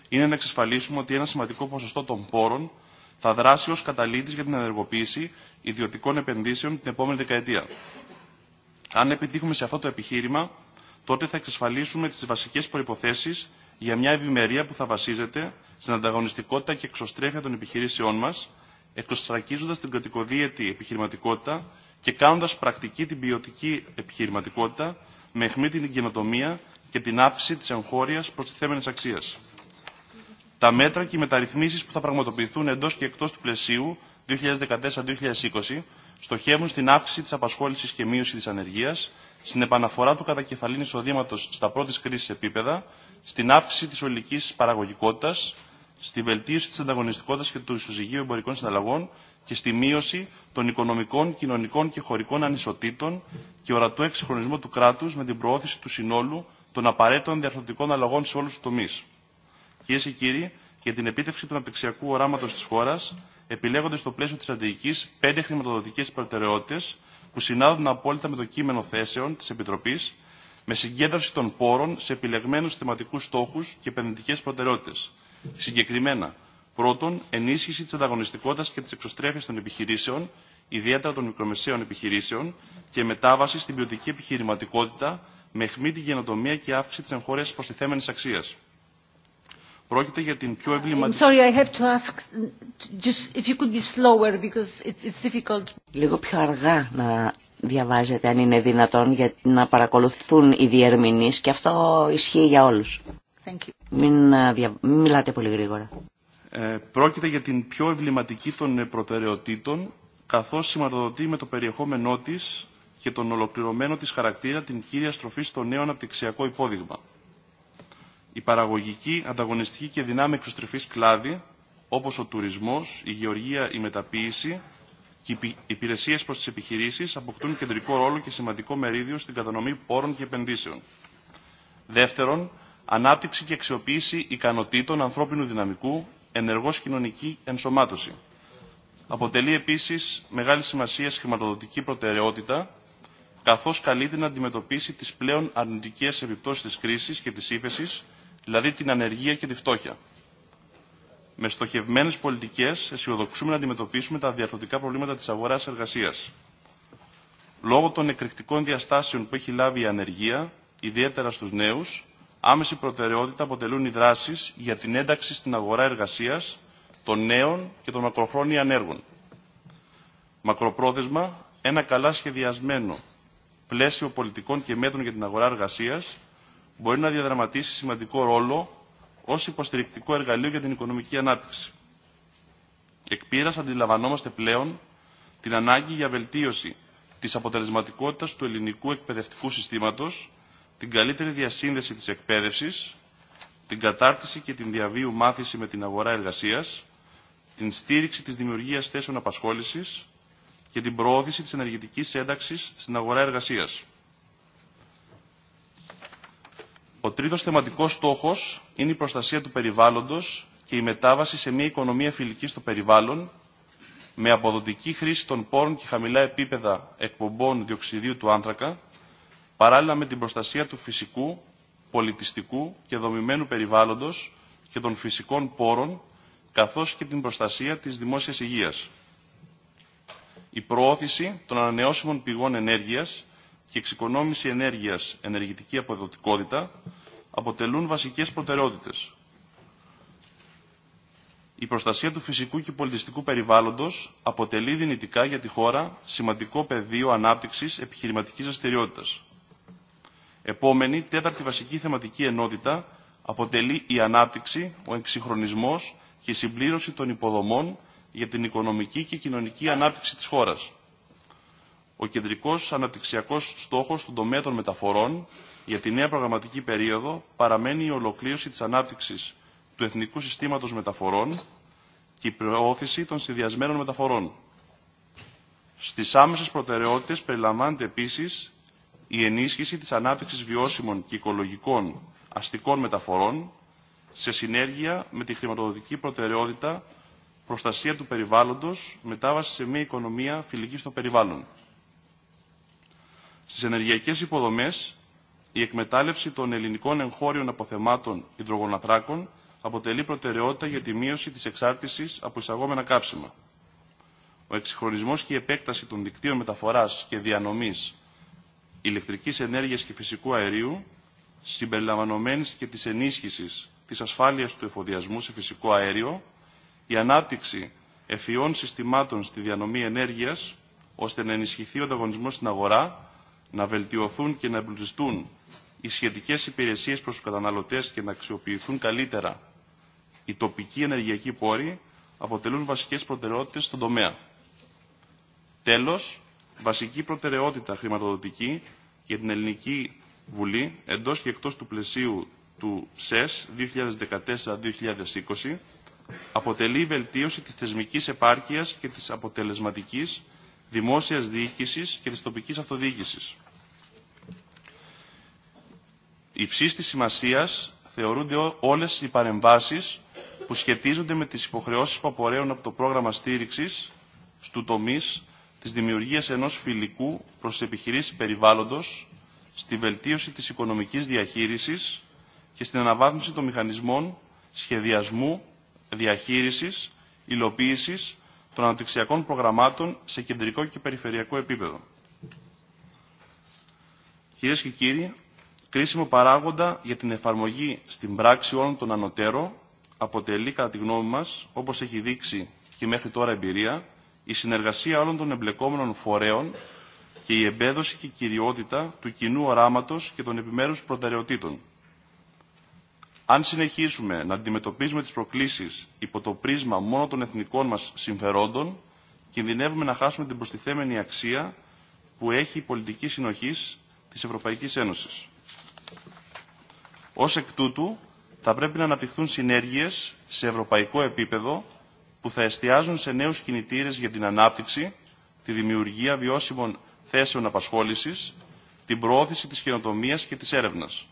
είναι να εξασφαλίσουμε ότι ένα σημαντικό ποσοστό των πόρων θα δράσει ως καταλήτης για την ενεργοποίηση ιδιωτικών επενδύσεων την επόμενη δεκαετία. Αν επιτύχουμε σε αυτό το επιχείρημα, τότε θα εξασφαλίσουμε τις βασικές προϋποθέσεις για μια ευημερία που θα βασίζεται στην ανταγωνιστικότητα και εξωστρέφεια των επιχειρήσεών μας, εκτοστρακίζοντα την κρατικοδίαιτη επιχειρηματικότητα και κάνοντας πρακτική την ποιοτική επιχειρηματικότητα με αιχμή την καινοτομία και την αύξηση της εγχώριας θέμενες αξίας. Τα μέτρα και οι μεταρρυθμίσεις που θα πραγματοποιηθούν εντός και εκτός του πλαισίου 2014-2020 στοχεύουν στην αύξηση της απασχόλησης και μείωση της ανεργίας, στην επαναφορά του κατακεφαλήν εισοδήματος στα πρώτης κρίσης επίπεδα, στην αύξηση της ολικής παραγωγικότητας, στη βελτίωση της ανταγωνιστικότητας και του ισοζυγίου εμπορικών συναλλαγών και στη μείωση των οικονομικών, κοινωνικών και χωρικών ανισοτήτων και ορατού εξυγχρονισμού του κράτους με την προώθηση του συνόλου των απαραίτητων διαρθρωτικών αλλαγών σε όλους τους τομείς. Κυρίε και κύριοι, για την επίτευξη του αναπτυξιακού οράματος της χώρας, επιλέγονται στο πλαίσιο της στρατηγικής πέντε χρηματοδοτικές προτεραιότητες που συνάδουν απόλυτα με το κείμενο θέσεων της Επιτροπής, με συγκέντρωση των πόρων σε επιλεγμένους θεματικούς στόχους και επενδυτικές προτεραιότητες Συγκεκριμένα, πρώτον, ενίσχυση τη ανταγωνιστικότητα και τη εξωστρέφεια των επιχειρήσεων, ιδιαίτερα των μικρομεσαίων επιχειρήσεων, και μετάβαση στην ποιοτική επιχειρηματικότητα με αιχμή την καινοτομία και αύξηση τη εγχώρια προστιθέμενη αξία. Πρόκειται για την πιο εμβληματική. Λίγο πιο αργά να διαβάζετε αν είναι δυνατόν για να παρακολουθούν οι διερμηνείς και αυτό ισχύει για όλους. Thank you. Ε, μην μιλάτε πολύ γρήγορα. Ε, πρόκειται για την πιο εμβληματική των ε, προτεραιοτήτων, καθώς σηματοδοτεί με το περιεχόμενό της και τον ολοκληρωμένο της χαρακτήρα την κύρια στροφή στο νέο αναπτυξιακό υπόδειγμα. Η παραγωγική, ανταγωνιστική και δυνάμει εξωστρεφή κλάδη, όπως ο τουρισμός, η γεωργία, η μεταποίηση και οι υπηρεσίες προς τις επιχειρήσεις αποκτούν κεντρικό ρόλο και σημαντικό μερίδιο στην κατανομή πόρων και επενδύσεων. Δεύτερον, ανάπτυξη και αξιοποίηση ικανοτήτων ανθρώπινου δυναμικού, ενεργώς κοινωνική ενσωμάτωση. Αποτελεί επίσης μεγάλη σημασία σχηματοδοτική προτεραιότητα, καθώς καλείται να αντιμετωπίσει τις πλέον αρνητικές επιπτώσεις της κρίσης και της ύφεσης, δηλαδή την ανεργία και τη φτώχεια. Με στοχευμένε πολιτικέ αισιοδοξούμε να αντιμετωπίσουμε τα διαρθρωτικά προβλήματα τη αγορά-εργασία. Λόγω των εκρηκτικών διαστάσεων που έχει λάβει η ανεργία, ιδιαίτερα στου νέου, άμεση προτεραιότητα αποτελούν οι δράσεις για την ένταξη στην αγορά εργασίας των νέων και των μακροχρόνια ανέργων. Μακροπρόθεσμα, ένα καλά σχεδιασμένο πλαίσιο πολιτικών και μέτρων για την αγορά εργασίας μπορεί να διαδραματίσει σημαντικό ρόλο ως υποστηρικτικό εργαλείο για την οικονομική ανάπτυξη. Εκ πείρας αντιλαμβανόμαστε πλέον την ανάγκη για βελτίωση της αποτελεσματικότητας του ελληνικού εκπαιδευτικού συστήματος την καλύτερη διασύνδεση της εκπαίδευσης, την κατάρτιση και την διαβίου μάθηση με την αγορά εργασίας, την στήριξη της δημιουργίας θέσεων απασχόλησης και την προώθηση της ενεργητικής ένταξης στην αγορά εργασίας. Ο τρίτος θεματικός στόχος είναι η προστασία του περιβάλλοντος και η μετάβαση σε μια οικονομία φιλική στο περιβάλλον με αποδοτική χρήση των πόρων και χαμηλά επίπεδα εκπομπών διοξιδίου του άνθρακα, παράλληλα με την προστασία του φυσικού, πολιτιστικού και δομημένου περιβάλλοντος και των φυσικών πόρων, καθώς και την προστασία της δημόσιας υγείας. Η προώθηση των ανανεώσιμων πηγών ενέργειας και εξοικονόμηση ενέργειας ενεργητική αποδοτικότητα αποτελούν βασικές προτεραιότητες. Η προστασία του φυσικού και πολιτιστικού περιβάλλοντος αποτελεί δυνητικά για τη χώρα σημαντικό πεδίο ανάπτυξης επιχειρηματικής δραστηριότητα. Επόμενη, τέταρτη βασική θεματική ενότητα αποτελεί η ανάπτυξη, ο εξυγχρονισμός και η συμπλήρωση των υποδομών για την οικονομική και κοινωνική ανάπτυξη της χώρας. Ο κεντρικός αναπτυξιακός στόχος στον τομέα των μεταφορών για τη νέα προγραμματική περίοδο παραμένει η ολοκλήρωση της ανάπτυξης του Εθνικού Συστήματος Μεταφορών και η προώθηση των συνδυασμένων μεταφορών. Στις άμεσες προτεραιότητες περιλαμβάνεται επίσης η ενίσχυση της ανάπτυξης βιώσιμων και οικολογικών αστικών μεταφορών σε συνέργεια με τη χρηματοδοτική προτεραιότητα προστασία του περιβάλλοντος, μετάβαση σε μια οικονομία φιλική στο περιβάλλον. Στις ενεργειακές υποδομές, η εκμετάλλευση των ελληνικών εγχώριων αποθεμάτων υδρογοναθράκων αποτελεί προτεραιότητα για τη μείωση της εξάρτησης από εισαγόμενα κάψιμα. Ο εξυγχρονισμός και η επέκταση των δικτύων μεταφοράς και διανομής ηλεκτρικής ενέργειας και φυσικού αερίου, συμπεριλαμβανομένης και της ενίσχυσης της ασφάλειας του εφοδιασμού σε φυσικό αέριο, η ανάπτυξη ευφυών συστημάτων στη διανομή ενέργειας, ώστε να ενισχυθεί ο ανταγωνισμός στην αγορά, να βελτιωθούν και να εμπλουτιστούν οι σχετικές υπηρεσίες προς τους καταναλωτές και να αξιοποιηθούν καλύτερα οι τοπικοί ενεργειακοί πόροι αποτελούν βασικές προτεραιότητες στον τομέα. Τέλος, βασική προτεραιότητα χρηματοδοτική για την Ελληνική Βουλή εντός και εκτός του πλαισίου του ΣΕΣ 2014-2020 αποτελεί η βελτίωση της θεσμικής επάρκειας και της αποτελεσματικής δημόσιας διοίκησης και της τοπικής αυτοδιοίκησης. Υψής της σημασίας θεωρούνται όλες οι παρεμβάσεις που σχετίζονται με τις υποχρεώσεις που απορρέουν από το πρόγραμμα στήριξης στου τομείς της δημιουργίας ενός φιλικού προς επιχειρήσεις περιβάλλοντος, στη βελτίωση της οικονομικής διαχείρισης και στην αναβάθμιση των μηχανισμών σχεδιασμού, διαχείρισης, υλοποίησης των αναπτυξιακών προγραμμάτων σε κεντρικό και περιφερειακό επίπεδο. Κύριε και κύριοι, κρίσιμο παράγοντα για την εφαρμογή στην πράξη όλων των ανωτέρων αποτελεί, κατά τη γνώμη μας, όπως έχει δείξει και μέχρι τώρα εμπειρία, η συνεργασία όλων των εμπλεκόμενων φορέων και η εμπέδωση και κυριότητα του κοινού οράματος και των επιμέρους προτεραιοτήτων. Αν συνεχίσουμε να αντιμετωπίζουμε τις προκλήσεις υπό το πρίσμα μόνο των εθνικών μας συμφερόντων, κινδυνεύουμε να χάσουμε την προστιθέμενη αξία που έχει η πολιτική συνοχής της Ευρωπαϊκής Ένωσης. Ως εκ τούτου, θα πρέπει να αναπτυχθούν συνέργειες σε ευρωπαϊκό επίπεδο που θα εστιάζουν σε νέους κινητήρες για την ανάπτυξη, τη δημιουργία βιώσιμων θέσεων απασχόλησης, την προώθηση της καινοτομίας και της έρευνας.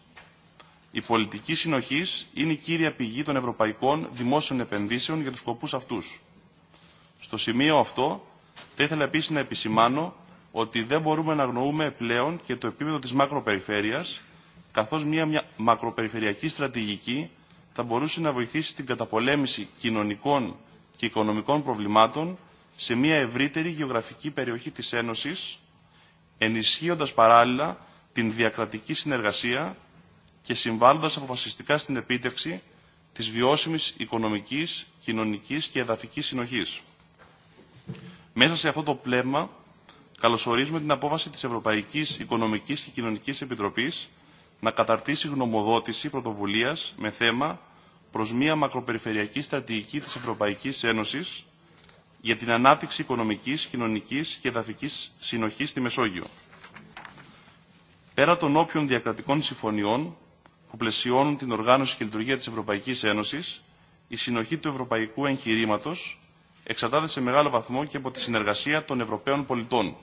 Η πολιτική συνοχή είναι η κύρια πηγή των ευρωπαϊκών δημόσιων επενδύσεων για τους σκοπούς αυτούς. Στο σημείο αυτό, θα ήθελα επίση να επισημάνω ότι δεν μπορούμε να αγνοούμε πλέον και το επίπεδο της μακροπεριφέρειας, καθώς μια, μια μακροπεριφερειακή στρατηγική θα μπορούσε να βοηθήσει την καταπολέμηση κοινωνικών και οικονομικών προβλημάτων σε μια ευρύτερη γεωγραφική περιοχή της Ένωσης, ενισχύοντας παράλληλα την διακρατική συνεργασία και συμβάλλοντας αποφασιστικά στην επίτευξη της βιώσιμης οικονομικής, κοινωνικής και εδαφικής συνοχής. Μέσα σε αυτό το πλέγμα καλωσορίζουμε την απόφαση της Ευρωπαϊκής Οικονομικής και Κοινωνικής Επιτροπής να καταρτήσει γνωμοδότηση πρωτοβουλίας με θέμα προς μια μακροπεριφερειακή στρατηγική της Ευρωπαϊκής Ένωσης για την ανάπτυξη οικονομικής, κοινωνικής και εδαφικής συνοχής στη Μεσόγειο. Πέρα των όποιων διακρατικών συμφωνιών που πλαισιώνουν την οργάνωση και λειτουργία της Ευρωπαϊκής Ένωσης, η συνοχή του ευρωπαϊκού εγχειρήματο εξαρτάται σε μεγάλο βαθμό και από τη συνεργασία των Ευρωπαίων πολιτών.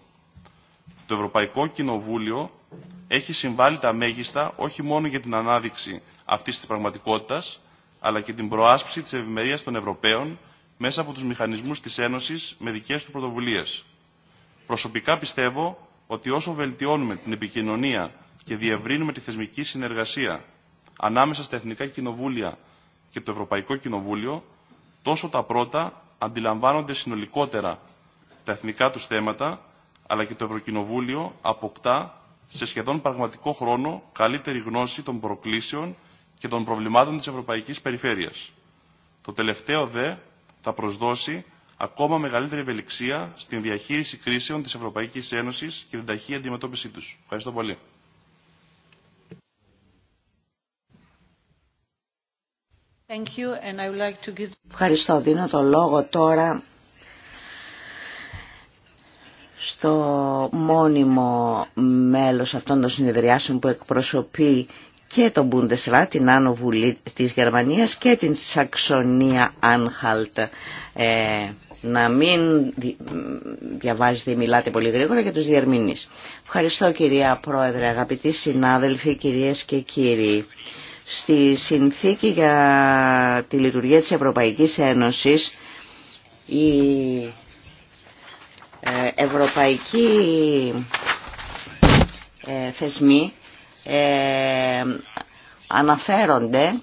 Το Ευρωπαϊκό Κοινοβούλιο έχει συμβάλει τα μέγιστα όχι μόνο για την ανάδειξη αυτής της πραγματικότητας, αλλά και την προάσπιση της ευημερία των Ευρωπαίων μέσα από τους μηχανισμούς της Ένωσης με δικές του πρωτοβουλίες. Προσωπικά πιστεύω ότι όσο βελτιώνουμε την επικοινωνία και διευρύνουμε τη θεσμική συνεργασία ανάμεσα στα Εθνικά Κοινοβούλια και το Ευρωπαϊκό Κοινοβούλιο, τόσο τα πρώτα αντιλαμβάνονται συνολικότερα τα εθνικά του θέματα, αλλά και το Ευρωκοινοβούλιο αποκτά σε σχεδόν πραγματικό χρόνο καλύτερη γνώση των προκλήσεων και των προβλημάτων της ευρωπαϊκής περιφέρειας. Το τελευταίο δε θα προσδώσει ακόμα μεγαλύτερη ευελιξία στην διαχείριση κρίσεων της Ευρωπαϊκής Ένωσης και την ταχεία αντιμετώπιση τους. Ευχαριστώ πολύ. Ευχαριστώ. Δίνω το λόγο τώρα στο μόνιμο μέλος αυτών των συνεδριάσεων που εκπροσωπεί και τον Bundesrat, την Άνω Βουλή της Γερμανίας και την Σαξονία Άνχαλτ. Ε, να μην διαβάζετε ή μιλάτε πολύ γρήγορα για τους διερμηνείς. Ευχαριστώ κυρία Πρόεδρε, αγαπητοί συνάδελφοι, κυρίες και κύριοι. Στη συνθήκη για τη λειτουργία της Ευρωπαϊκής Ένωσης η ε, ευρωπαϊκή ε, θεσμοί ε, αναφέρονται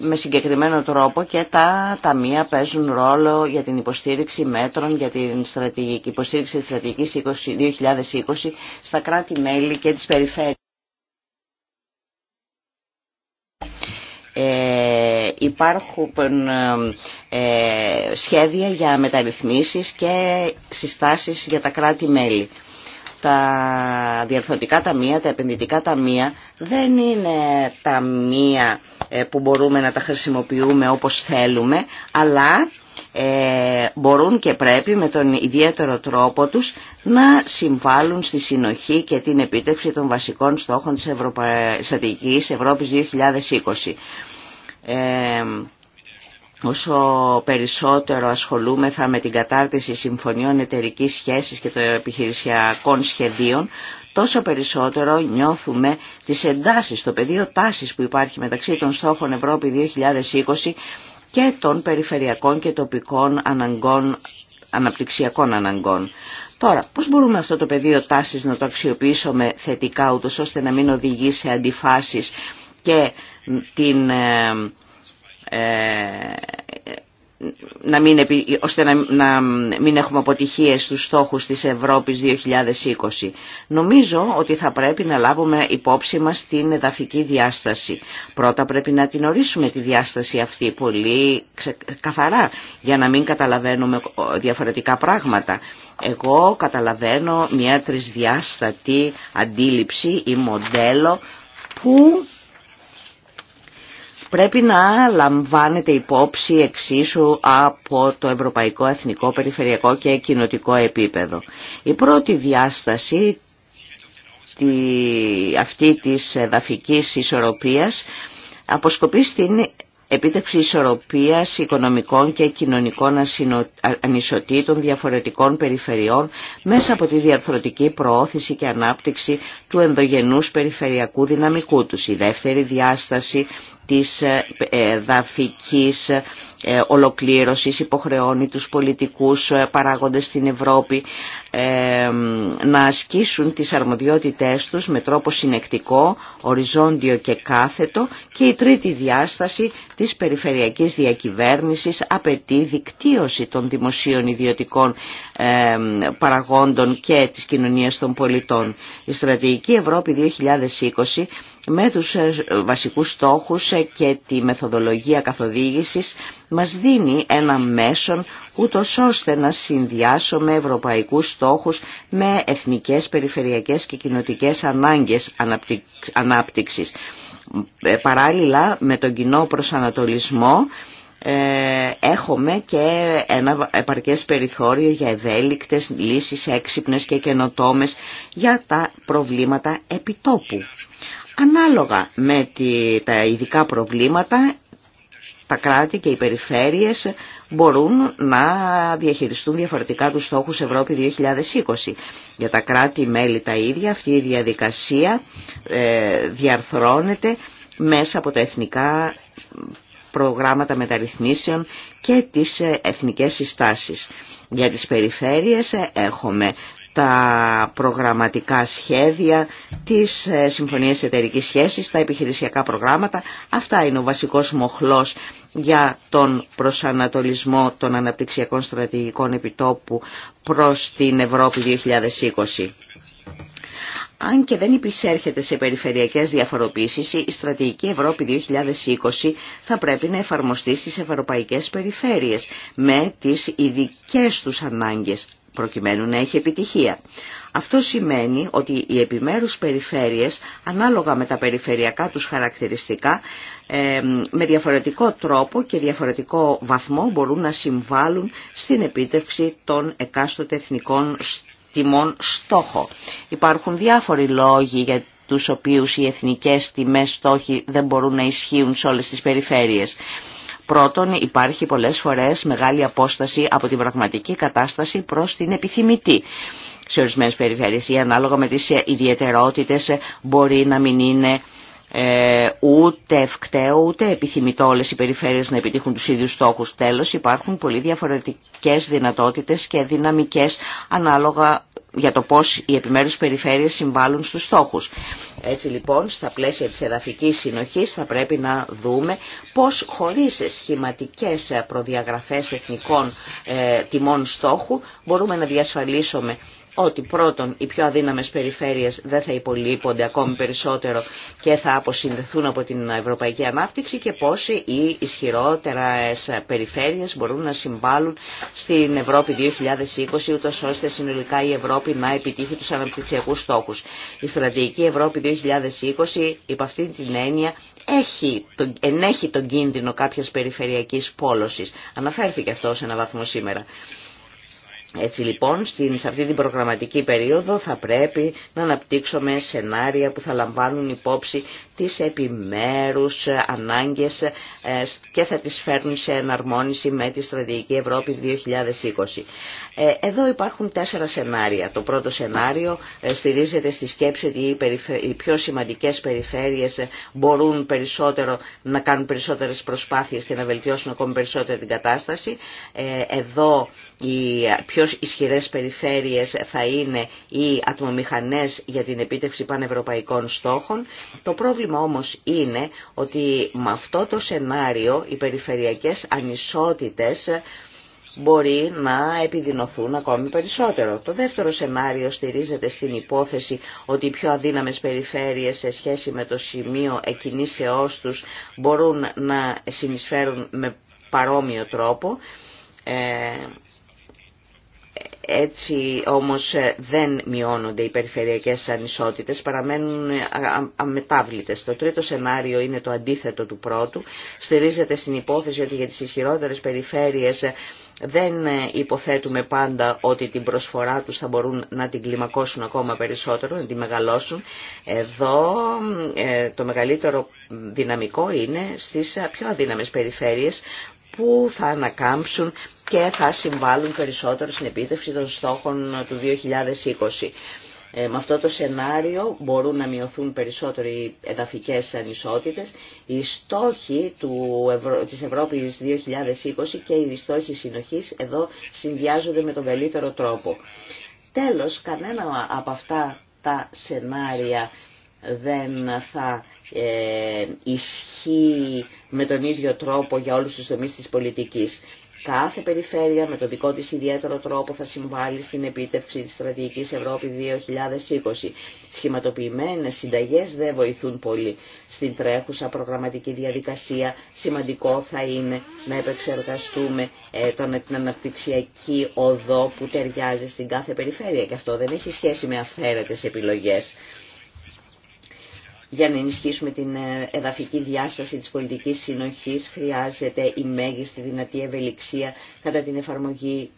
με συγκεκριμένο τρόπο και τα ταμεία παίζουν ρόλο για την υποστήριξη μέτρων, για την στρατηγική, υποστήριξη της στρατηγικής 2020 στα κράτη-μέλη και τις περιφέρειες. Ε, υπάρχουν ε, ε, σχέδια για μεταρρυθμίσεις και συστάσεις για τα κράτη-μέλη τα διαρθωτικά ταμεία, τα επενδυτικά ταμεία δεν είναι ταμεία ε, που μπορούμε να τα χρησιμοποιούμε όπως θέλουμε, αλλά ε, μπορούν και πρέπει με τον ιδιαίτερο τρόπο τους να συμβάλλουν στη συνοχή και την επίτευξη των βασικών στόχων της Ευρωπα... Ευρώπης 2020. Όσο περισσότερο ασχολούμεθα με την κατάρτιση συμφωνιών εταιρικής σχέσης και των επιχειρησιακών σχεδίων, τόσο περισσότερο νιώθουμε τις εντάσεις, το πεδίο τάσης που υπάρχει μεταξύ των στόχων Ευρώπη 2020 και των περιφερειακών και τοπικών αναγκών, αναπτυξιακών αναγκών. Τώρα, πώς μπορούμε αυτό το πεδίο τάσης να το αξιοποιήσουμε θετικά, ούτως ώστε να μην οδηγεί σε αντιφάσεις και την ε, ε, να μην, ώστε να, να μην έχουμε αποτυχίες στους στόχους της Ευρώπης 2020. Νομίζω ότι θα πρέπει να λάβουμε υπόψη μας την εδαφική διάσταση. Πρώτα πρέπει να την ορίσουμε τη διάσταση αυτή πολύ καθαρά για να μην καταλαβαίνουμε διαφορετικά πράγματα. Εγώ καταλαβαίνω μια τρισδιάστατη αντίληψη ή μοντέλο που πρέπει να λαμβάνεται υπόψη εξίσου από το ευρωπαϊκό, εθνικό, περιφερειακό και κοινοτικό επίπεδο. Η πρώτη διάσταση αυτή της εδαφικής ισορροπίας αποσκοπεί στην επίτευξη ισορροπίας οικονομικών και κοινωνικών ανισοτήτων διαφορετικών περιφερειών μέσα από τη διαρθρωτική προώθηση και ανάπτυξη του ενδογενούς περιφερειακού δυναμικού τους. Η δεύτερη διάσταση της ε, ε, δαφικής ε, ολοκλήρωσης, υποχρεώνει τους πολιτικούς παράγοντες στην Ευρώπη να ασκήσουν τις αρμοδιότητές τους με τρόπο συνεκτικό, οριζόντιο και κάθετο και η τρίτη διάσταση της περιφερειακής διακυβέρνησης απαιτεί δικτύωση των δημοσίων ιδιωτικών παραγόντων και της κοινωνίας των πολιτών. Η Στρατηγική Ευρώπη 2020 με τους ε, βασικούς στόχους ε, και τη μεθοδολογία καθοδήγησης μας δίνει ένα μέσον ούτω ώστε να συνδυάσουμε ευρωπαϊκούς στόχους με εθνικές, περιφερειακές και κοινοτικές ανάγκες ανάπτυξης. Ε, παράλληλα με τον κοινό προσανατολισμό έχουμε και ένα επαρκές περιθώριο για ευέλικτες λύσεις έξυπνες και καινοτόμες για τα προβλήματα επιτόπου. Ανάλογα με τα ειδικά προβλήματα, τα κράτη και οι περιφέρειες μπορούν να διαχειριστούν διαφορετικά τους στόχους Ευρώπη 2020. Για τα κράτη-μέλη τα ίδια αυτή η διαδικασία ε, διαρθρώνεται μέσα από τα εθνικά προγράμματα μεταρρυθμίσεων και τις ε, εθνικές συστάσεις. Για τις περιφέρειες ε, έχουμε τα προγραμματικά σχέδια, τις ε, συμφωνίες εταιρικής σχέσης, τα επιχειρησιακά προγράμματα. Αυτά είναι ο βασικός μοχλός για τον προσανατολισμό των αναπτυξιακών στρατηγικών επιτόπου προς την Ευρώπη 2020. Αν και δεν υπησέρχεται σε περιφερειακές διαφοροποίησεις, η στρατηγική Ευρώπη 2020 θα πρέπει να εφαρμοστεί στις ευρωπαϊκές περιφέρειες με τις ειδικέ τους ανάγκες προκειμένου να έχει επιτυχία. Αυτό σημαίνει ότι οι επιμέρους περιφέρειες, ανάλογα με τα περιφερειακά τους χαρακτηριστικά, ε, με διαφορετικό τρόπο και διαφορετικό βαθμό μπορούν να συμβάλλουν στην επίτευξη των εκάστοτε εθνικών τιμών στόχο. Υπάρχουν διάφοροι λόγοι για τους οποίους οι εθνικές τιμές στόχοι δεν μπορούν να ισχύουν σε όλες τις περιφέρειες. Πρώτον, υπάρχει πολλές φορές μεγάλη απόσταση από την πραγματική κατάσταση προς την επιθυμητή. Σε ορισμένες περιφέρειες ή ανάλογα με τις ιδιαιτερότητες μπορεί να μην είναι ε, ούτε ευκταίο ούτε επιθυμητό όλες οι περιφέρειες να επιτύχουν τους ίδιους στόχους. Τέλος υπάρχουν πολύ διαφορετικές δυνατότητε και δυναμικές ανάλογα για το πώς οι επιμέρους περιφέρειες συμβάλλουν στους στόχους. Έτσι λοιπόν, στα πλαίσια της εδαφικής συνοχής θα πρέπει να δούμε πώς χωρίς σχηματικές προδιαγραφές εθνικών ε, τιμών στόχου μπορούμε να διασφαλίσουμε ότι πρώτον οι πιο αδύναμες περιφέρειες δεν θα υπολείπονται ακόμη περισσότερο και θα αποσυνδεθούν από την ευρωπαϊκή ανάπτυξη και πόσοι οι ισχυρότερες περιφέρειες μπορούν να συμβάλλουν στην Ευρώπη 2020 ούτως ώστε συνολικά η Ευρώπη να επιτύχει τους αναπτυξιακούς στόχους. Η στρατηγική Ευρώπη 2020 υπ' αυτή την έννοια έχει, ενέχει τον κίνδυνο κάποιας περιφερειακής πόλωσης. Αναφέρθηκε αυτό σε ένα βαθμό σήμερα. Έτσι λοιπόν, σε αυτή την προγραμματική περίοδο θα πρέπει να αναπτύξουμε σενάρια που θα λαμβάνουν υπόψη τις επιμέρους ανάγκες ε, και θα τις φέρνουν σε εναρμόνιση με τη Στρατηγική Ευρώπη 2020. Ε, εδώ υπάρχουν τέσσερα σενάρια. Το πρώτο σενάριο ε, στηρίζεται στη σκέψη ότι οι πιο σημαντικές περιφέρειες μπορούν περισσότερο να κάνουν περισσότερες προσπάθειες και να βελτιώσουν ακόμη περισσότερο την κατάσταση. Εδώ οι πιο ισχυρές περιφέρειες θα είναι οι ατμομηχανές για την επίτευξη πανευρωπαϊκών στόχων. Το πρόβλημα όμως είναι ότι με αυτό το σενάριο οι περιφερειακές ανισότητες μπορεί να επιδεινωθούν ακόμη περισσότερο. Το δεύτερο σενάριο στηρίζεται στην υπόθεση ότι οι πιο αδύναμες περιφέρειες σε σχέση με το σημείο εκκινήσεώς τους μπορούν να συνεισφέρουν με παρόμοιο τρόπο. Ε, έτσι όμως ε, δεν μειώνονται οι περιφερειακές ανισότητες, παραμένουν ε, αμετάβλητες. Το τρίτο σενάριο είναι το αντίθετο του πρώτου. Στηρίζεται στην υπόθεση ότι για τις ισχυρότερες περιφέρειες ε, δεν υποθέτουμε πάντα ότι την προσφορά τους θα μπορούν να την κλιμακώσουν ακόμα περισσότερο, να την μεγαλώσουν. Εδώ το μεγαλύτερο δυναμικό είναι στις πιο αδύναμες περιφέρειες που θα ανακάμψουν και θα συμβάλλουν περισσότερο στην επίτευξη των στόχων του 2020. Ε, με αυτό το σενάριο μπορούν να μειωθούν περισσότερο οι εδαφικές ανισότητες, οι στόχοι του Ευρω... της Ευρώπης 2020 και οι στόχοι συνοχής εδώ συνδυάζονται με τον καλύτερο τρόπο. Τέλος, κανένα από αυτά τα σενάρια δεν θα ε, ισχύει με τον ίδιο τρόπο για όλους τους τομείς της πολιτικής. Κάθε περιφέρεια με το δικό της ιδιαίτερο τρόπο θα συμβάλλει στην επίτευξη της στρατηγικής Ευρώπη 2020. Σχηματοποιημένες συνταγές δεν βοηθούν πολύ. Στην τρέχουσα προγραμματική διαδικασία σημαντικό θα είναι να επεξεργαστούμε ε, τον, την αναπτυξιακή οδό που ταιριάζει στην κάθε περιφέρεια και αυτό δεν έχει σχέση με αφαίρετες επιλογές. Για να ενισχύσουμε την ε, εδαφική διάσταση της πολιτικής συνοχής χρειάζεται η μέγιστη δυνατή ευελιξία κατά την εφαρμογή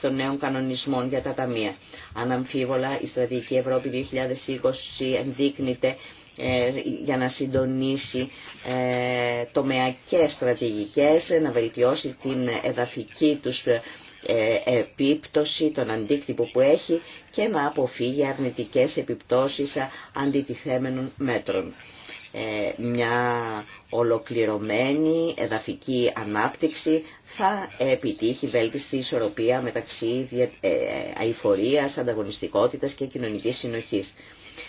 των νέων κανονισμών για τα ταμεία. Αναμφίβολα η Στρατηγική Ευρώπη 2020 ενδείκνυται ε, για να συντονίσει ε, τομεακές στρατηγικές, να βελτιώσει την εδαφική τους ε, επίπτωση, τον αντίκτυπο που έχει και να αποφύγει αρνητικές επιπτώσεις αντιτιθέμενων μέτρων. Ε, μια ολοκληρωμένη εδαφική ανάπτυξη θα επιτύχει βέλτιστη ισορροπία μεταξύ ε, αηφορίας, ανταγωνιστικότητας και κοινωνικής συνοχής.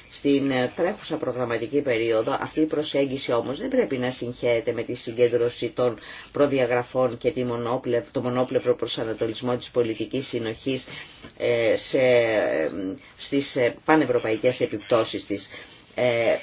Στην ε, τρέχουσα προγραμματική περίοδο αυτή η προσέγγιση όμως δεν πρέπει να συγχαίεται με τη συγκέντρωση των προδιαγραφών και τη το μονόπλευρο προσανατολισμό της πολιτικής συνοχής ε, σε, ε, στις πανευρωπαϊκές επιπτώσεις της.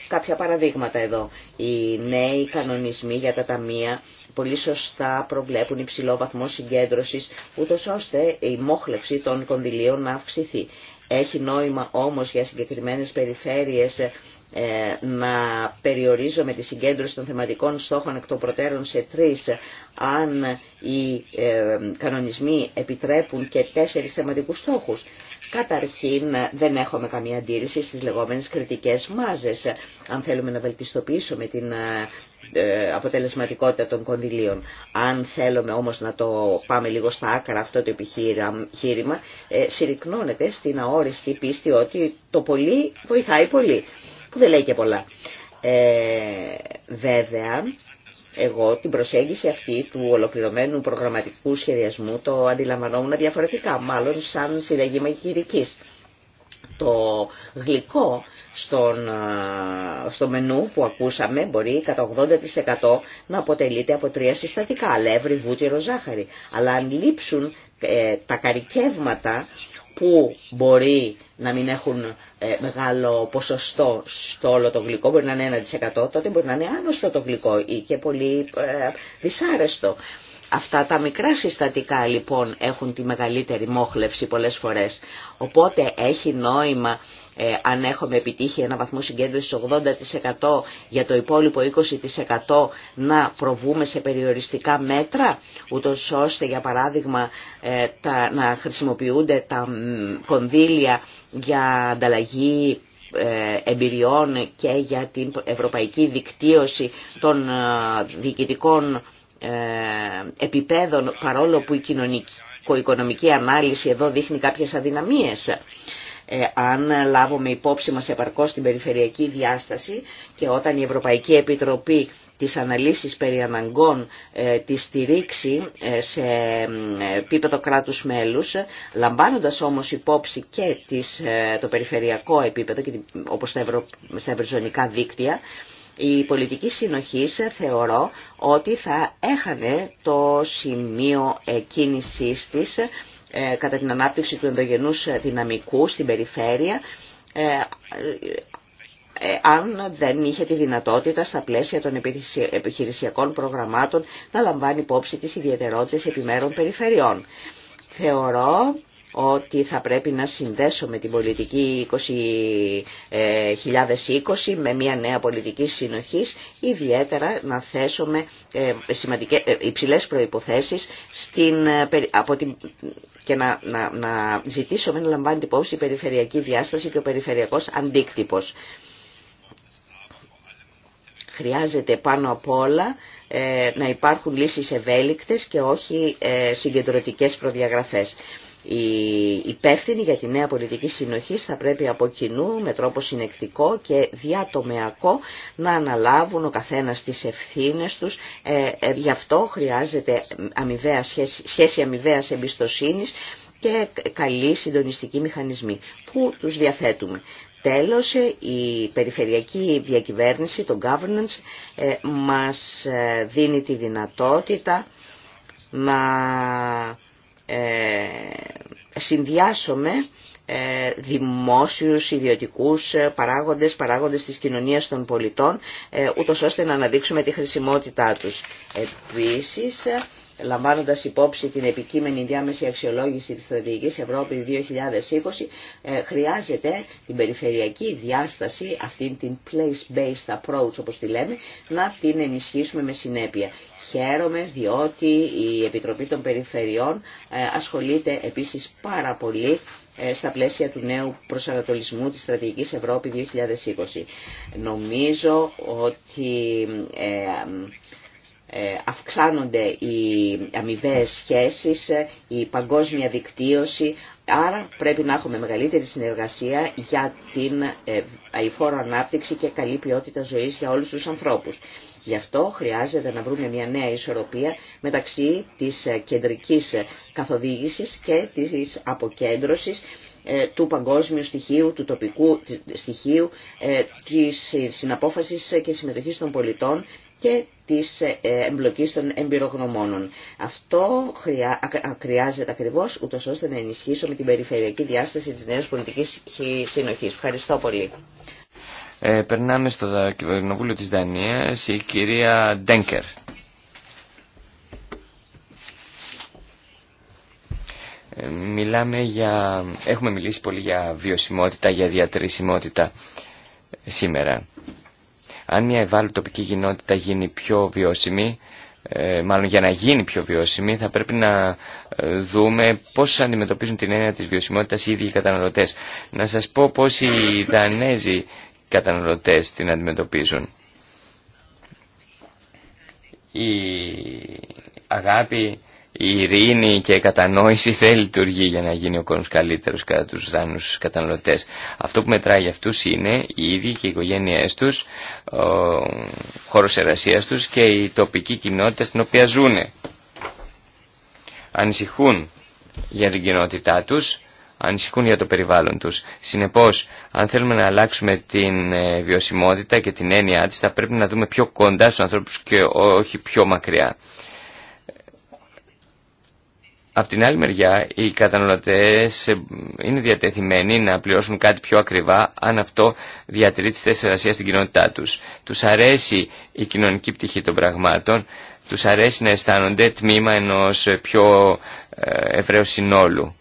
κάποια παραδείγματα εδώ. Οι νέοι κανονισμοί για τα ταμεία πολύ σωστά προβλέπουν υψηλό βαθμό συγκέντρωσης, ούτως ώστε η μόχλευση των κονδυλίων να αυξηθεί. Έχει νόημα όμως για συγκεκριμένες περιφέρειες ε, να περιορίζομαι τη συγκέντρωση των θεματικών στόχων εκ των προτέρων σε τρεις, αν οι ε, κανονισμοί επιτρέπουν και τέσσερις θεματικούς στόχους. Καταρχήν δεν έχουμε καμία αντίρρηση στις λεγόμενες κριτικές μάζες, αν θέλουμε να βελτιστοποιήσουμε την ε, αποτελεσματικότητα των κονδυλίων. Αν θέλουμε όμως να το πάμε λίγο στα άκρα αυτό το επιχείρημα, συρρυκνώνεται στην αόριστη πίστη ότι το πολύ βοηθάει πολύ που δεν λέει και πολλά. Ε, βέβαια, εγώ την προσέγγιση αυτή του ολοκληρωμένου προγραμματικού σχεδιασμού το αντιλαμβανόμουν διαφορετικά, μάλλον σαν συνταγή μαγειρικής. Το γλυκό στον, στο μενού που ακούσαμε μπορεί κατά 80% να αποτελείται από τρία συστατικά, αλεύρι, βούτυρο, ζάχαρη. Αλλά αν λείψουν ε, τα καρικεύματα που μπορεί να μην έχουν ε, μεγάλο ποσοστό στο όλο το γλυκό, μπορεί να είναι 1%, τότε μπορεί να είναι άνοστο το γλυκό ή και πολύ ε, δυσάρεστο. Αυτά τα μικρά συστατικά λοιπόν έχουν τη μεγαλύτερη μόχλευση πολλές φορές. Οπότε έχει νόημα ε, αν έχουμε επιτύχει ένα βαθμό συγκέντρωσης 80% για το υπόλοιπο 20% να προβούμε σε περιοριστικά μέτρα, ούτω ώστε για παράδειγμα ε, τα, να χρησιμοποιούνται τα κονδύλια για ανταλλαγή ε, εμπειριών και για την ευρωπαϊκή δικτύωση των διοικητικών ε, επιπέδων παρόλο που η κοινωνικο-οικονομική ανάλυση εδώ δείχνει κάποιες αδυναμίες. Ε, αν λάβουμε υπόψη μας επαρκώς την περιφερειακή διάσταση και όταν η Ευρωπαϊκή Επιτροπή της αναλύσεις περί αναγκών ε, τη στηρίξει ε, σε επίπεδο κράτους μέλους, λαμβάνοντας όμως υπόψη και τις, το περιφερειακό επίπεδο και, όπως στα, στα ευρυζωνικά δίκτυα, η πολιτική συνοχή ε, θεωρώ ότι θα έχανε το σημείο κίνησής της ε, κατά την ανάπτυξη του ενδογενούς δυναμικού στην περιφέρεια ε, αν δεν είχε τη δυνατότητα στα πλαίσια των επιχειρησιακών προγραμμάτων να λαμβάνει υπόψη τις ιδιαιτερότητες επιμέρων περιφερειών. Θεωρώ ότι θα πρέπει να συνδέσουμε την πολιτική 2020 ε, με μια νέα πολιτική συνοχής, ιδιαίτερα να θέσουμε ε, σημαντικές, ε, υψηλές προϋποθέσεις στην, από την, και να, να, να ζητήσουμε να λαμβάνει την υπόψη η περιφερειακή διάσταση και ο περιφερειακός αντίκτυπος. Χρειάζεται πάνω απ' όλα να υπάρχουν λύσεις ευέλικτες και όχι συγκεντρωτικές προδιαγραφές. Οι υπεύθυνοι για τη νέα πολιτική συνοχή θα πρέπει από κοινού με τρόπο συνεκτικό και διατομεακό να αναλάβουν ο καθένας τις ευθύνες τους. Ε, ε γι' αυτό χρειάζεται αμοιβαία σχέση, σχέση αμοιβαίας εμπιστοσύνης και καλή συντονιστική μηχανισμή που τους διαθέτουμε. Τέλος, ε, η περιφερειακή διακυβέρνηση, το governance, ε, μας δίνει τη δυνατότητα να ε, συνδυάσουμε ε, δημόσιους, ιδιωτικούς ε, παράγοντες, παράγοντες της κοινωνίας των πολιτών, ούτως ώστε να αναδείξουμε τη χρησιμότητά τους. Επίσης, λαμβάνοντας υπόψη την επικείμενη διάμεση αξιολόγηση της Στρατηγικής Ευρώπη 2020, χρειάζεται την περιφερειακή διάσταση, αυτήν την place-based approach όπως τη λέμε, να την ενισχύσουμε με συνέπεια. Χαίρομαι διότι η Επιτροπή των Περιφερειών ε, ασχολείται επίσης πάρα πολύ ε, στα πλαίσια του νέου προσανατολισμού της Στρατηγικής Ευρώπη 2020. Νομίζω ότι ε, αυξάνονται οι αμοιβαίες σχέσεις, η παγκόσμια δικτύωση Άρα πρέπει να έχουμε μεγαλύτερη συνεργασία για την ε, αηφόρο ανάπτυξη και καλή ποιότητα ζωής για όλους τους ανθρώπους. Γι' αυτό χρειάζεται να βρούμε μια νέα ισορροπία μεταξύ της ε, κεντρικής ε, καθοδήγησης και της αποκέντρωσης του παγκόσμιου στοιχείου, του τοπικού στοιχείου, της συναπόφασης και συμμετοχής των πολιτών και της ε, εμπλοκής των εμπειρογνωμόνων. Αυτό χρειάζεται ακριβώς, ούτως ώστε να ενισχύσουμε την περιφερειακή διάσταση της νέας πολιτικής συνοχής. Ευχαριστώ πολύ. Ε, περνάμε στο κυβερνοβούλιο της Δανίας, η κυρία Ντέγκερ. Ε, μιλάμε για... Έχουμε μιλήσει πολύ για βιωσιμότητα, για διατρισιμότητα σήμερα. Αν μια ευάλωτη τοπική κοινότητα γίνει πιο βιώσιμη, ε, μάλλον για να γίνει πιο βιώσιμη, θα πρέπει να ε, δούμε πώς αντιμετωπίζουν την έννοια της βιωσιμότητας οι ίδιοι καταναλωτές. Να σας πω πώς οι Δανέζοι καταναλωτές την αντιμετωπίζουν. Η αγάπη η ειρήνη και η κατανόηση δεν λειτουργεί για να γίνει ο κόσμος καλύτερος κατά τους δάνους καταναλωτέ. Αυτό που μετράει για αυτούς είναι οι ίδιοι και οι οικογένειές τους, ο χώρος εργασίας τους και η τοπική κοινότητα στην οποία ζούνε. Ανησυχούν για την κοινότητά τους, ανησυχούν για το περιβάλλον τους. Συνεπώς, αν θέλουμε να αλλάξουμε την ε, βιωσιμότητα και την έννοια της, θα πρέπει να δούμε πιο κοντά στους ανθρώπους και όχι πιο μακριά. Απ' την άλλη μεριά, οι καταναλωτές ε, είναι διατεθειμένοι να πληρώσουν κάτι πιο ακριβά αν αυτό διατηρεί τις θέσεις στην κοινότητά τους. Τους αρέσει η κοινωνική πτυχή των πραγμάτων, τους αρέσει να αισθάνονται τμήμα ενός ε, πιο ε, ευρέως συνόλου.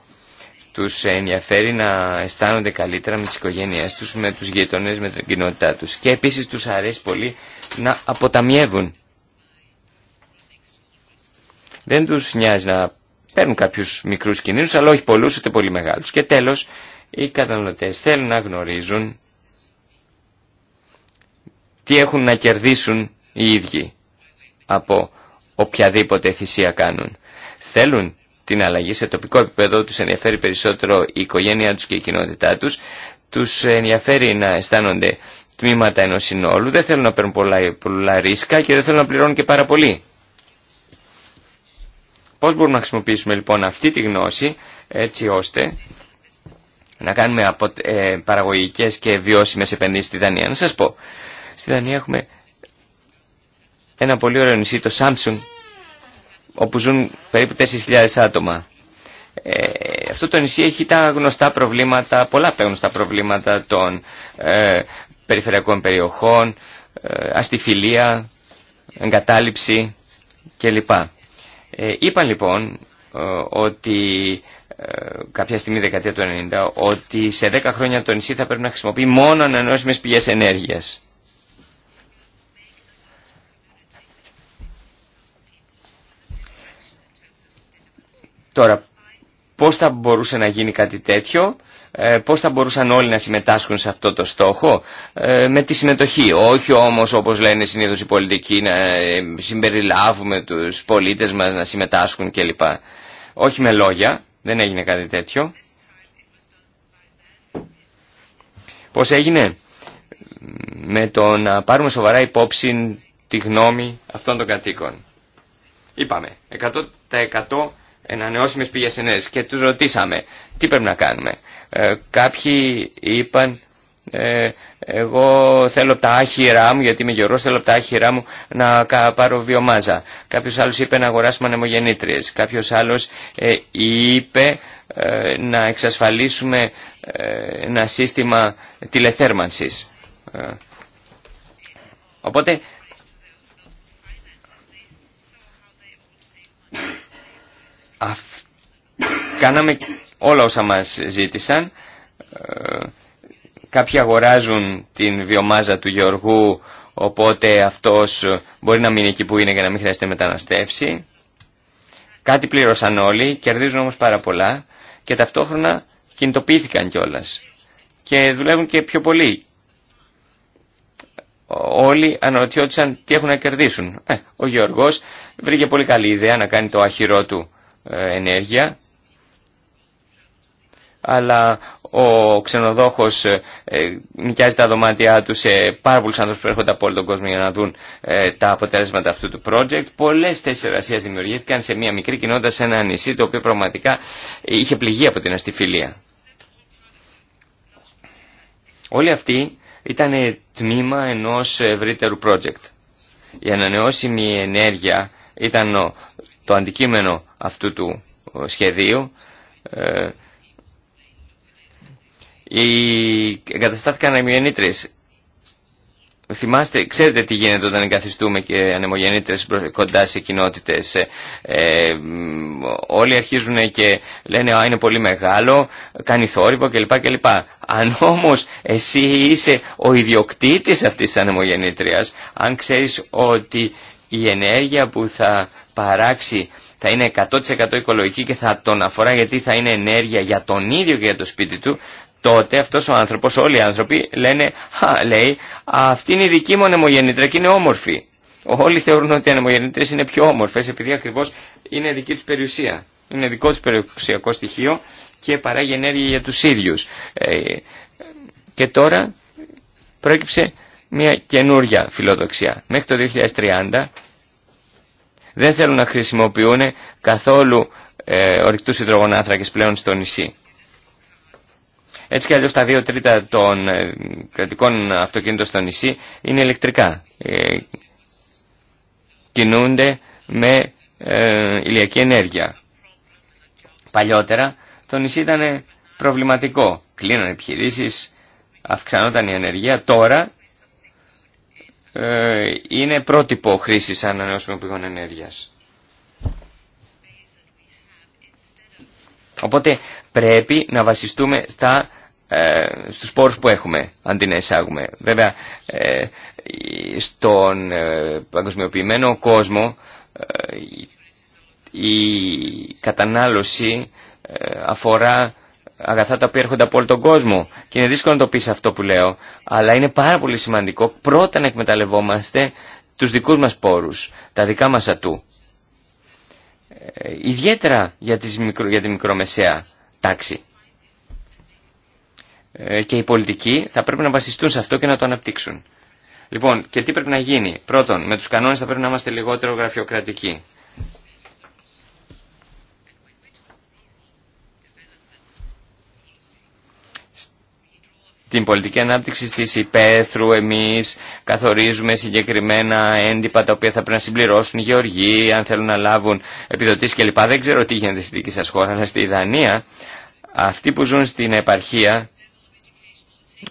Τους ενδιαφέρει να αισθάνονται καλύτερα με τις οικογένειές τους, με τους γείτονες, με την κοινότητά τους. Και επίσης τους αρέσει πολύ να αποταμιεύουν. Δεν τους νοιάζει να Παίρνουν κάποιους μικρούς κινδύνους, αλλά όχι πολλούς ούτε πολύ μεγάλους. Και τέλος, οι καταναλωτέ θέλουν να γνωρίζουν τι έχουν να κερδίσουν οι ίδιοι από οποιαδήποτε θυσία κάνουν. Θέλουν την αλλαγή σε τοπικό επίπεδο, τους ενδιαφέρει περισσότερο η οικογένειά τους και η κοινότητά τους, τους ενδιαφέρει να αισθάνονται τμήματα ενός συνόλου, δεν θέλουν να παίρνουν πολλά, πολλά ρίσκα και δεν θέλουν να πληρώνουν και πάρα πολύ. Πώς μπορούμε να χρησιμοποιήσουμε λοιπόν αυτή τη γνώση έτσι ώστε να κάνουμε απο, ε, παραγωγικές και βιώσιμες επενδύσεις στη Δανία. Να σας πω, στη Δανία έχουμε ένα πολύ ωραίο νησί, το Samsung, όπου ζουν περίπου 4.000 άτομα. Ε, αυτό το νησί έχει τα γνωστά προβλήματα, πολλά από τα γνωστά προβλήματα των ε, περιφερειακών περιοχών, ε, αστιφιλία, εγκατάλειψη κλπ. Ε, είπαν λοιπόν ε, ότι ε, κάποια στιγμή δεκαετία του 90 ότι σε 10 χρόνια το νησί θα πρέπει να χρησιμοποιεί μόνο ανανεώσιμες πηγές ενέργειας. Τώρα, πώς θα μπορούσε να γίνει κάτι τέτοιο ε, πώς θα μπορούσαν όλοι να συμμετάσχουν σε αυτό το στόχο ε, με τη συμμετοχή. Όχι όμως όπως λένε συνήθως οι πολιτικοί να ε, συμπεριλάβουμε τους πολίτες μας να συμμετάσχουν κλπ. Όχι με λόγια, δεν έγινε κάτι τέτοιο. Πώς έγινε με το να πάρουμε σοβαρά υπόψη τη γνώμη αυτών των κατοίκων. Είπαμε, 100% ανανεώσιμες πηγές ενέργειας και τους ρωτήσαμε τι πρέπει να κάνουμε. Ε, κάποιοι είπαν ε, εγώ θέλω από τα άχυρά μου, γιατί είμαι γερός, θέλω τα άχυρά μου να πάρω βιομάζα. Κάποιος άλλος είπε να αγοράσουμε ανεμογεννήτριες. Κάποιος άλλος ε, είπε να εξασφαλίσουμε ένα σύστημα τηλεθέρμανσης. Οπότε κάναμε όλα όσα μας ζήτησαν. Ε, κάποιοι αγοράζουν την βιομάζα του Γεωργού, οπότε αυτός μπορεί να μείνει εκεί που είναι για να μην χρειάζεται μεταναστεύσει. Κάτι πλήρωσαν όλοι, κερδίζουν όμως πάρα πολλά και ταυτόχρονα κινητοποιήθηκαν κιόλα. Και δουλεύουν και πιο πολύ. Όλοι αναρωτιόντουσαν τι έχουν να κερδίσουν. Ε, ο Γεωργός βρήκε πολύ καλή ιδέα να κάνει το αχυρό του ε, ενέργεια αλλά ο ξενοδόχος ε, ε, νοικιάζει τα δωμάτια του σε πάρα πολλούς άνθρωπους που έρχονται από όλο τον κόσμο για να δουν ε, τα αποτελέσματα αυτού του project. Πολλές θέσεις εργασία δημιουργήθηκαν σε μια μικρή κοινότητα σε ένα νησί το οποίο πραγματικά είχε πληγεί από την αστιφιλία. Όλοι αυτοί ήταν τμήμα ενός ευρύτερου project. Η ανανεώσιμη ενέργεια ήταν το αντικείμενο αυτού του σχεδίου οι... εγκαταστάθηκαν ανεμογεννήτρε. Θυμάστε, ξέρετε τι γίνεται όταν εγκαθιστούμε και ανεμογεννήτρε κοντά σε κοινότητε. Ε, ε όλοι αρχίζουν και λένε «Α, είναι πολύ μεγάλο, κάνει θόρυβο κλπ. κλπ». Αν όμω εσύ είσαι ο ιδιοκτήτη αυτή τη ανεμογεννήτρια, αν ξέρει ότι η ενέργεια που θα παράξει θα είναι 100% οικολογική και θα τον αφορά γιατί θα είναι ενέργεια για τον ίδιο και για το σπίτι του, τότε αυτός ο άνθρωπος, όλοι οι άνθρωποι λένε «Χα, λέει, αυτή είναι η δική μου ανεμογεννήτρια και είναι όμορφη». Όλοι θεωρούν ότι οι ανεμογεννήτρες είναι πιο όμορφες επειδή ακριβώς είναι δική τους περιουσία. Είναι δικό τους περιουσιακό στοιχείο και παράγει ενέργεια για τους ίδιους. Ε, και τώρα πρόκειψε μια καινούρια φιλοδοξία. Μέχρι το 2030 δεν θέλουν να χρησιμοποιούν καθόλου ε, ορυκτούς υδρογονάνθρακες πλέον στο νησί. Έτσι κι αλλιώς τα δύο τρίτα των ε, κρατικών αυτοκίνητων στο νησί είναι ηλεκτρικά. Ε, κινούνται με ε, ηλιακή ενέργεια. Παλιότερα το νησί ήταν προβληματικό. Κλείνανε επιχειρήσει, αυξανόταν η ενέργεια. Τώρα είναι πρότυπο χρήσης ανανεώσιμων πηγών ενέργειας. Οπότε πρέπει να βασιστούμε στα ε, στους πόρους που έχουμε αντί να εισάγουμε. Βέβαια, ε, στον ε, παγκοσμιοποιημένο κόσμο η κατανάλωση αφορά αγαθά τα οποία έρχονται από όλο τον κόσμο και είναι δύσκολο να το πεις αυτό που λέω αλλά είναι πάρα πολύ σημαντικό πρώτα να εκμεταλλευόμαστε τους δικούς μας πόρους, τα δικά μας ατού ιδιαίτερα για, τις, για τη μικρομεσαία τάξη ε, και οι πολιτικοί θα πρέπει να βασιστούν σε αυτό και να το αναπτύξουν. Λοιπόν, και τι πρέπει να γίνει. Πρώτον, με τους κανόνες θα πρέπει να είμαστε λιγότερο γραφειοκρατικοί. Την πολιτική ανάπτυξη της υπαίθρου εμείς καθορίζουμε συγκεκριμένα έντυπα τα οποία θα πρέπει να συμπληρώσουν οι γεωργοί, αν θέλουν να λάβουν επιδοτήσεις κλπ. Δεν ξέρω τι γίνεται στη δική σας χώρα, αλλά στη Ιδανία... αυτοί που ζουν στην επαρχία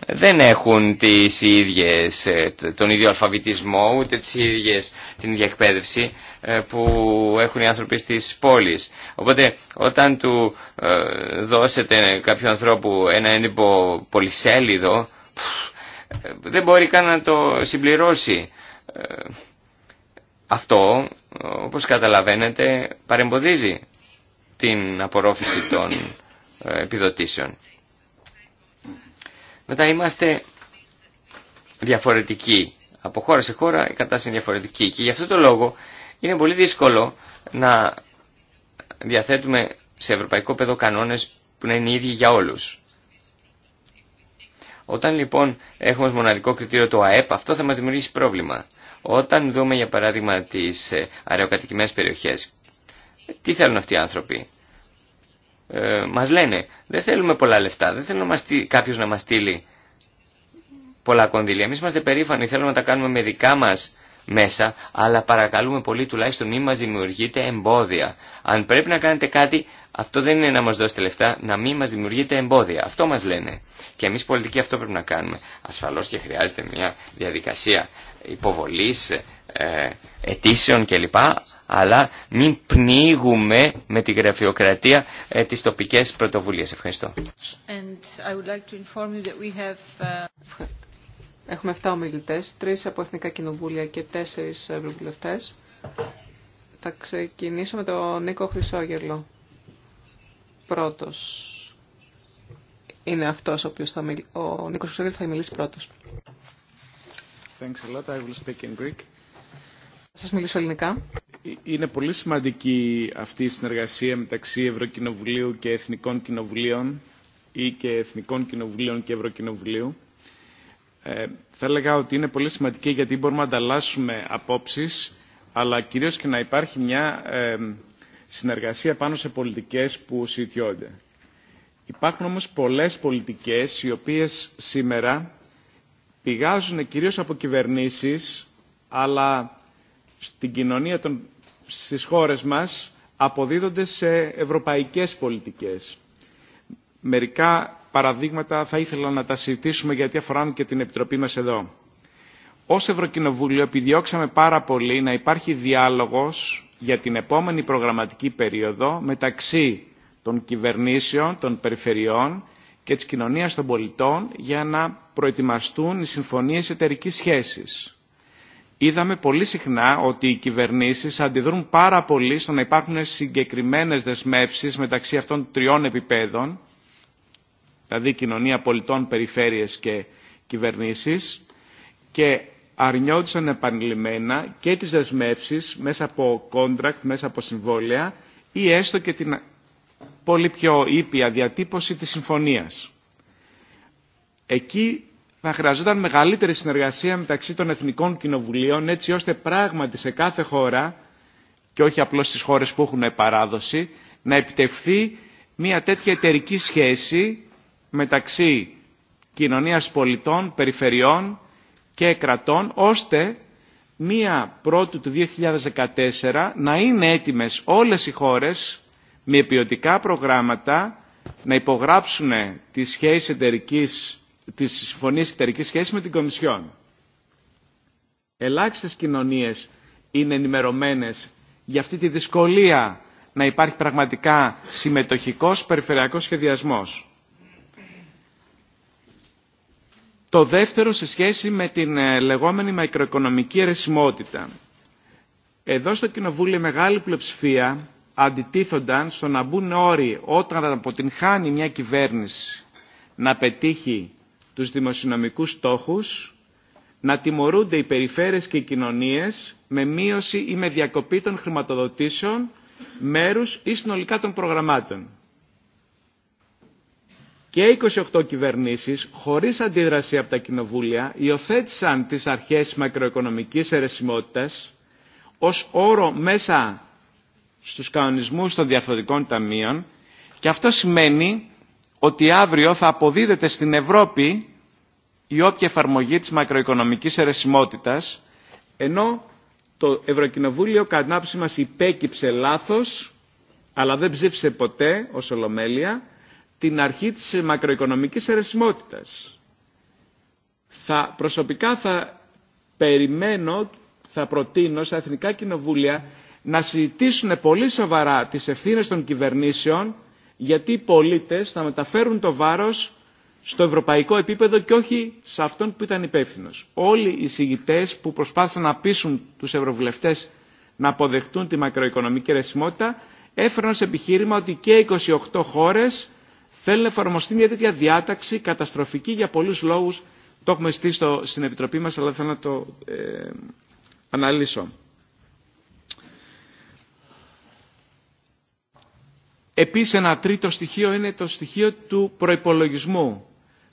δεν έχουν τις ίδιες, ε, τον ίδιο αλφαβητισμό ούτε τις ίδιες, την ίδια εκπαίδευση ε, που έχουν οι άνθρωποι στις πόλεις. Οπότε όταν του ε, δώσετε κάποιον ανθρώπου ένα έντυπο πολυσέλιδο δεν μπορεί καν να το συμπληρώσει. Αυτό όπως καταλαβαίνετε παρεμποδίζει την απορρόφηση των επιδοτήσεων. Μετά είμαστε διαφορετικοί. Από χώρα σε χώρα η κατάσταση είναι διαφορετική. Και γι' αυτό το λόγο είναι πολύ δύσκολο να διαθέτουμε σε ευρωπαϊκό πεδίο κανόνες που να είναι οι ίδιοι για όλους. Όταν λοιπόν έχουμε ως μοναδικό κριτήριο το ΑΕΠ, αυτό θα μας δημιουργήσει πρόβλημα. Όταν δούμε για παράδειγμα τις ε, αεροκατοικημένες περιοχές, τι θέλουν αυτοί οι άνθρωποι. Ε, μας λένε δεν θέλουμε πολλά λεφτά, δεν θέλουμε κάποιος να μας στείλει πολλά κονδύλια. Εμείς είμαστε περήφανοι, θέλουμε να τα κάνουμε με δικά μας μέσα, αλλά παρακαλούμε πολύ τουλάχιστον μην μας δημιουργείτε εμπόδια. Αν πρέπει να κάνετε κάτι, αυτό δεν είναι να μας δώσετε λεφτά, να μην μας δημιουργείτε εμπόδια. Αυτό μας λένε. Και εμείς πολιτικοί αυτό πρέπει να κάνουμε. Ασφαλώς και χρειάζεται μια διαδικασία υποβολής, ε, αιτήσεων κλπ. Αλλά μην πνίγουμε με τη γραφειοκρατία ε, τις τοπικές πρωτοβουλίες. Ευχαριστώ. Uh, Έχουμε 7 ομιλητέ, 3 από Εθνικά Κοινοβούλια και 4 ευρωβουλευτέ. Θα ξεκινήσω με τον Νίκο Χρυσόγελο. Πρώτος είναι αυτός ο οποίος θα μιλήσει. ο Νίκος Χρυσόγελο θα μιλήσει πρώτος. Thanks a lot. I will σας μιλήσω ελληνικά. Ε, είναι πολύ σημαντική αυτή η συνεργασία μεταξύ Ευρωκοινοβουλίου και Εθνικών Κοινοβουλίων ή και Εθνικών Κοινοβουλίων και Ευρωκοινοβουλίου. Ε, θα έλεγα ότι είναι πολύ σημαντική γιατί μπορούμε να ανταλλάσσουμε απόψεις αλλά κυρίως και να υπάρχει μια συνεργασία πάνω σε πολιτικές που συζητιώνται. Υπάρχουν όμως πολλές πολιτικές οι οποίες σήμερα πηγάζουν κυρίως από κυβερνήσεις αλλά στην κοινωνία των, στις χώρες μας αποδίδονται σε ευρωπαϊκές πολιτικές. Μερικά παραδείγματα θα ήθελα να τα συζητήσουμε γιατί αφορά και την Επιτροπή μας εδώ. Ως Ευρωκοινοβούλιο επιδιώξαμε πάρα πολύ να υπάρχει διάλογος για την επόμενη προγραμματική περίοδο μεταξύ των κυβερνήσεων, των περιφερειών και της κοινωνίας των πολιτών για να προετοιμαστούν οι συμφωνίες εταιρικής σχέσης είδαμε πολύ συχνά ότι οι κυβερνήσεις αντιδρούν πάρα πολύ στο να υπάρχουν συγκεκριμένες δεσμεύσεις μεταξύ αυτών τριών επιπέδων, δηλαδή κοινωνία πολιτών, περιφέρειες και κυβερνήσεις, και αρνιόντουσαν επανειλημμένα και τις δεσμεύσεις μέσα από contract, μέσα από συμβόλαια ή έστω και την πολύ πιο ήπια διατύπωση της συμφωνίας. Εκεί να χρειαζόταν μεγαλύτερη συνεργασία μεταξύ των εθνικών κοινοβουλίων έτσι ώστε πράγματι σε κάθε χώρα και όχι απλώς στις χώρες που έχουν παράδοση να επιτευχθεί μια τέτοια εταιρική σχέση μεταξύ κοινωνίας πολιτών, περιφερειών και κρατών ώστε μία πρώτου του 2014 να είναι έτοιμες όλες οι χώρες με ποιοτικά προγράμματα να υπογράψουν τις σχέσεις εταιρικής Τη συμφωνία εταιρική σχέση με την Κομισιόν. Ελάχιστες κοινωνίες είναι ενημερωμένε για αυτή τη δυσκολία να υπάρχει πραγματικά συμμετοχικός περιφερειακός σχεδιασμό. Το δεύτερο σε σχέση με την ε, λεγόμενη μακροοικονομική αιρεσιμότητα. Εδώ στο Κοινοβούλιο μεγάλη πλειοψηφία αντιτίθονταν στο να μπουν όροι όταν αποτυγχάνει μια κυβέρνηση να πετύχει τους δημοσιονομικούς στόχους να τιμωρούνται οι περιφέρειες και οι κοινωνίες με μείωση ή με διακοπή των χρηματοδοτήσεων, μέρους ή συνολικά των προγραμμάτων. Και 28 κυβερνήσεις, χωρίς αντίδραση από τα κοινοβούλια, υιοθέτησαν τις αρχές μακροοικονομικής αιρεσιμότητας ως όρο μέσα στους κανονισμούς των διαφορετικών ταμείων και αυτό σημαίνει ότι αύριο θα αποδίδεται στην Ευρώπη η όποια εφαρμογή της μακροοικονομικής αιρεσιμότητας, ενώ το Ευρωκοινοβούλιο κατά μας υπέκυψε λάθος, αλλά δεν ψήφισε ποτέ ως Ολομέλεια, την αρχή της μακροοικονομικής αιρεσιμότητας. Θα, προσωπικά θα περιμένω, θα προτείνω στα Εθνικά Κοινοβούλια να συζητήσουν πολύ σοβαρά τις ευθύνες των κυβερνήσεων γιατί οι πολίτες θα μεταφέρουν το βάρος στο ευρωπαϊκό επίπεδο και όχι σε αυτόν που ήταν υπεύθυνο. Όλοι οι συγητές που προσπάθησαν να πείσουν τους ευρωβουλευτές να αποδεχτούν τη μακροοικονομική ρεσιμότητα έφεραν ως επιχείρημα ότι και 28 χώρες θέλουν να εφαρμοστεί μια τέτοια διάταξη καταστροφική για πολλούς λόγους. Το έχουμε στήσει στην Επιτροπή μας, αλλά θέλω να το ε, αναλύσω. Επίσης ένα τρίτο στοιχείο είναι το στοιχείο του προϋπολογισμού.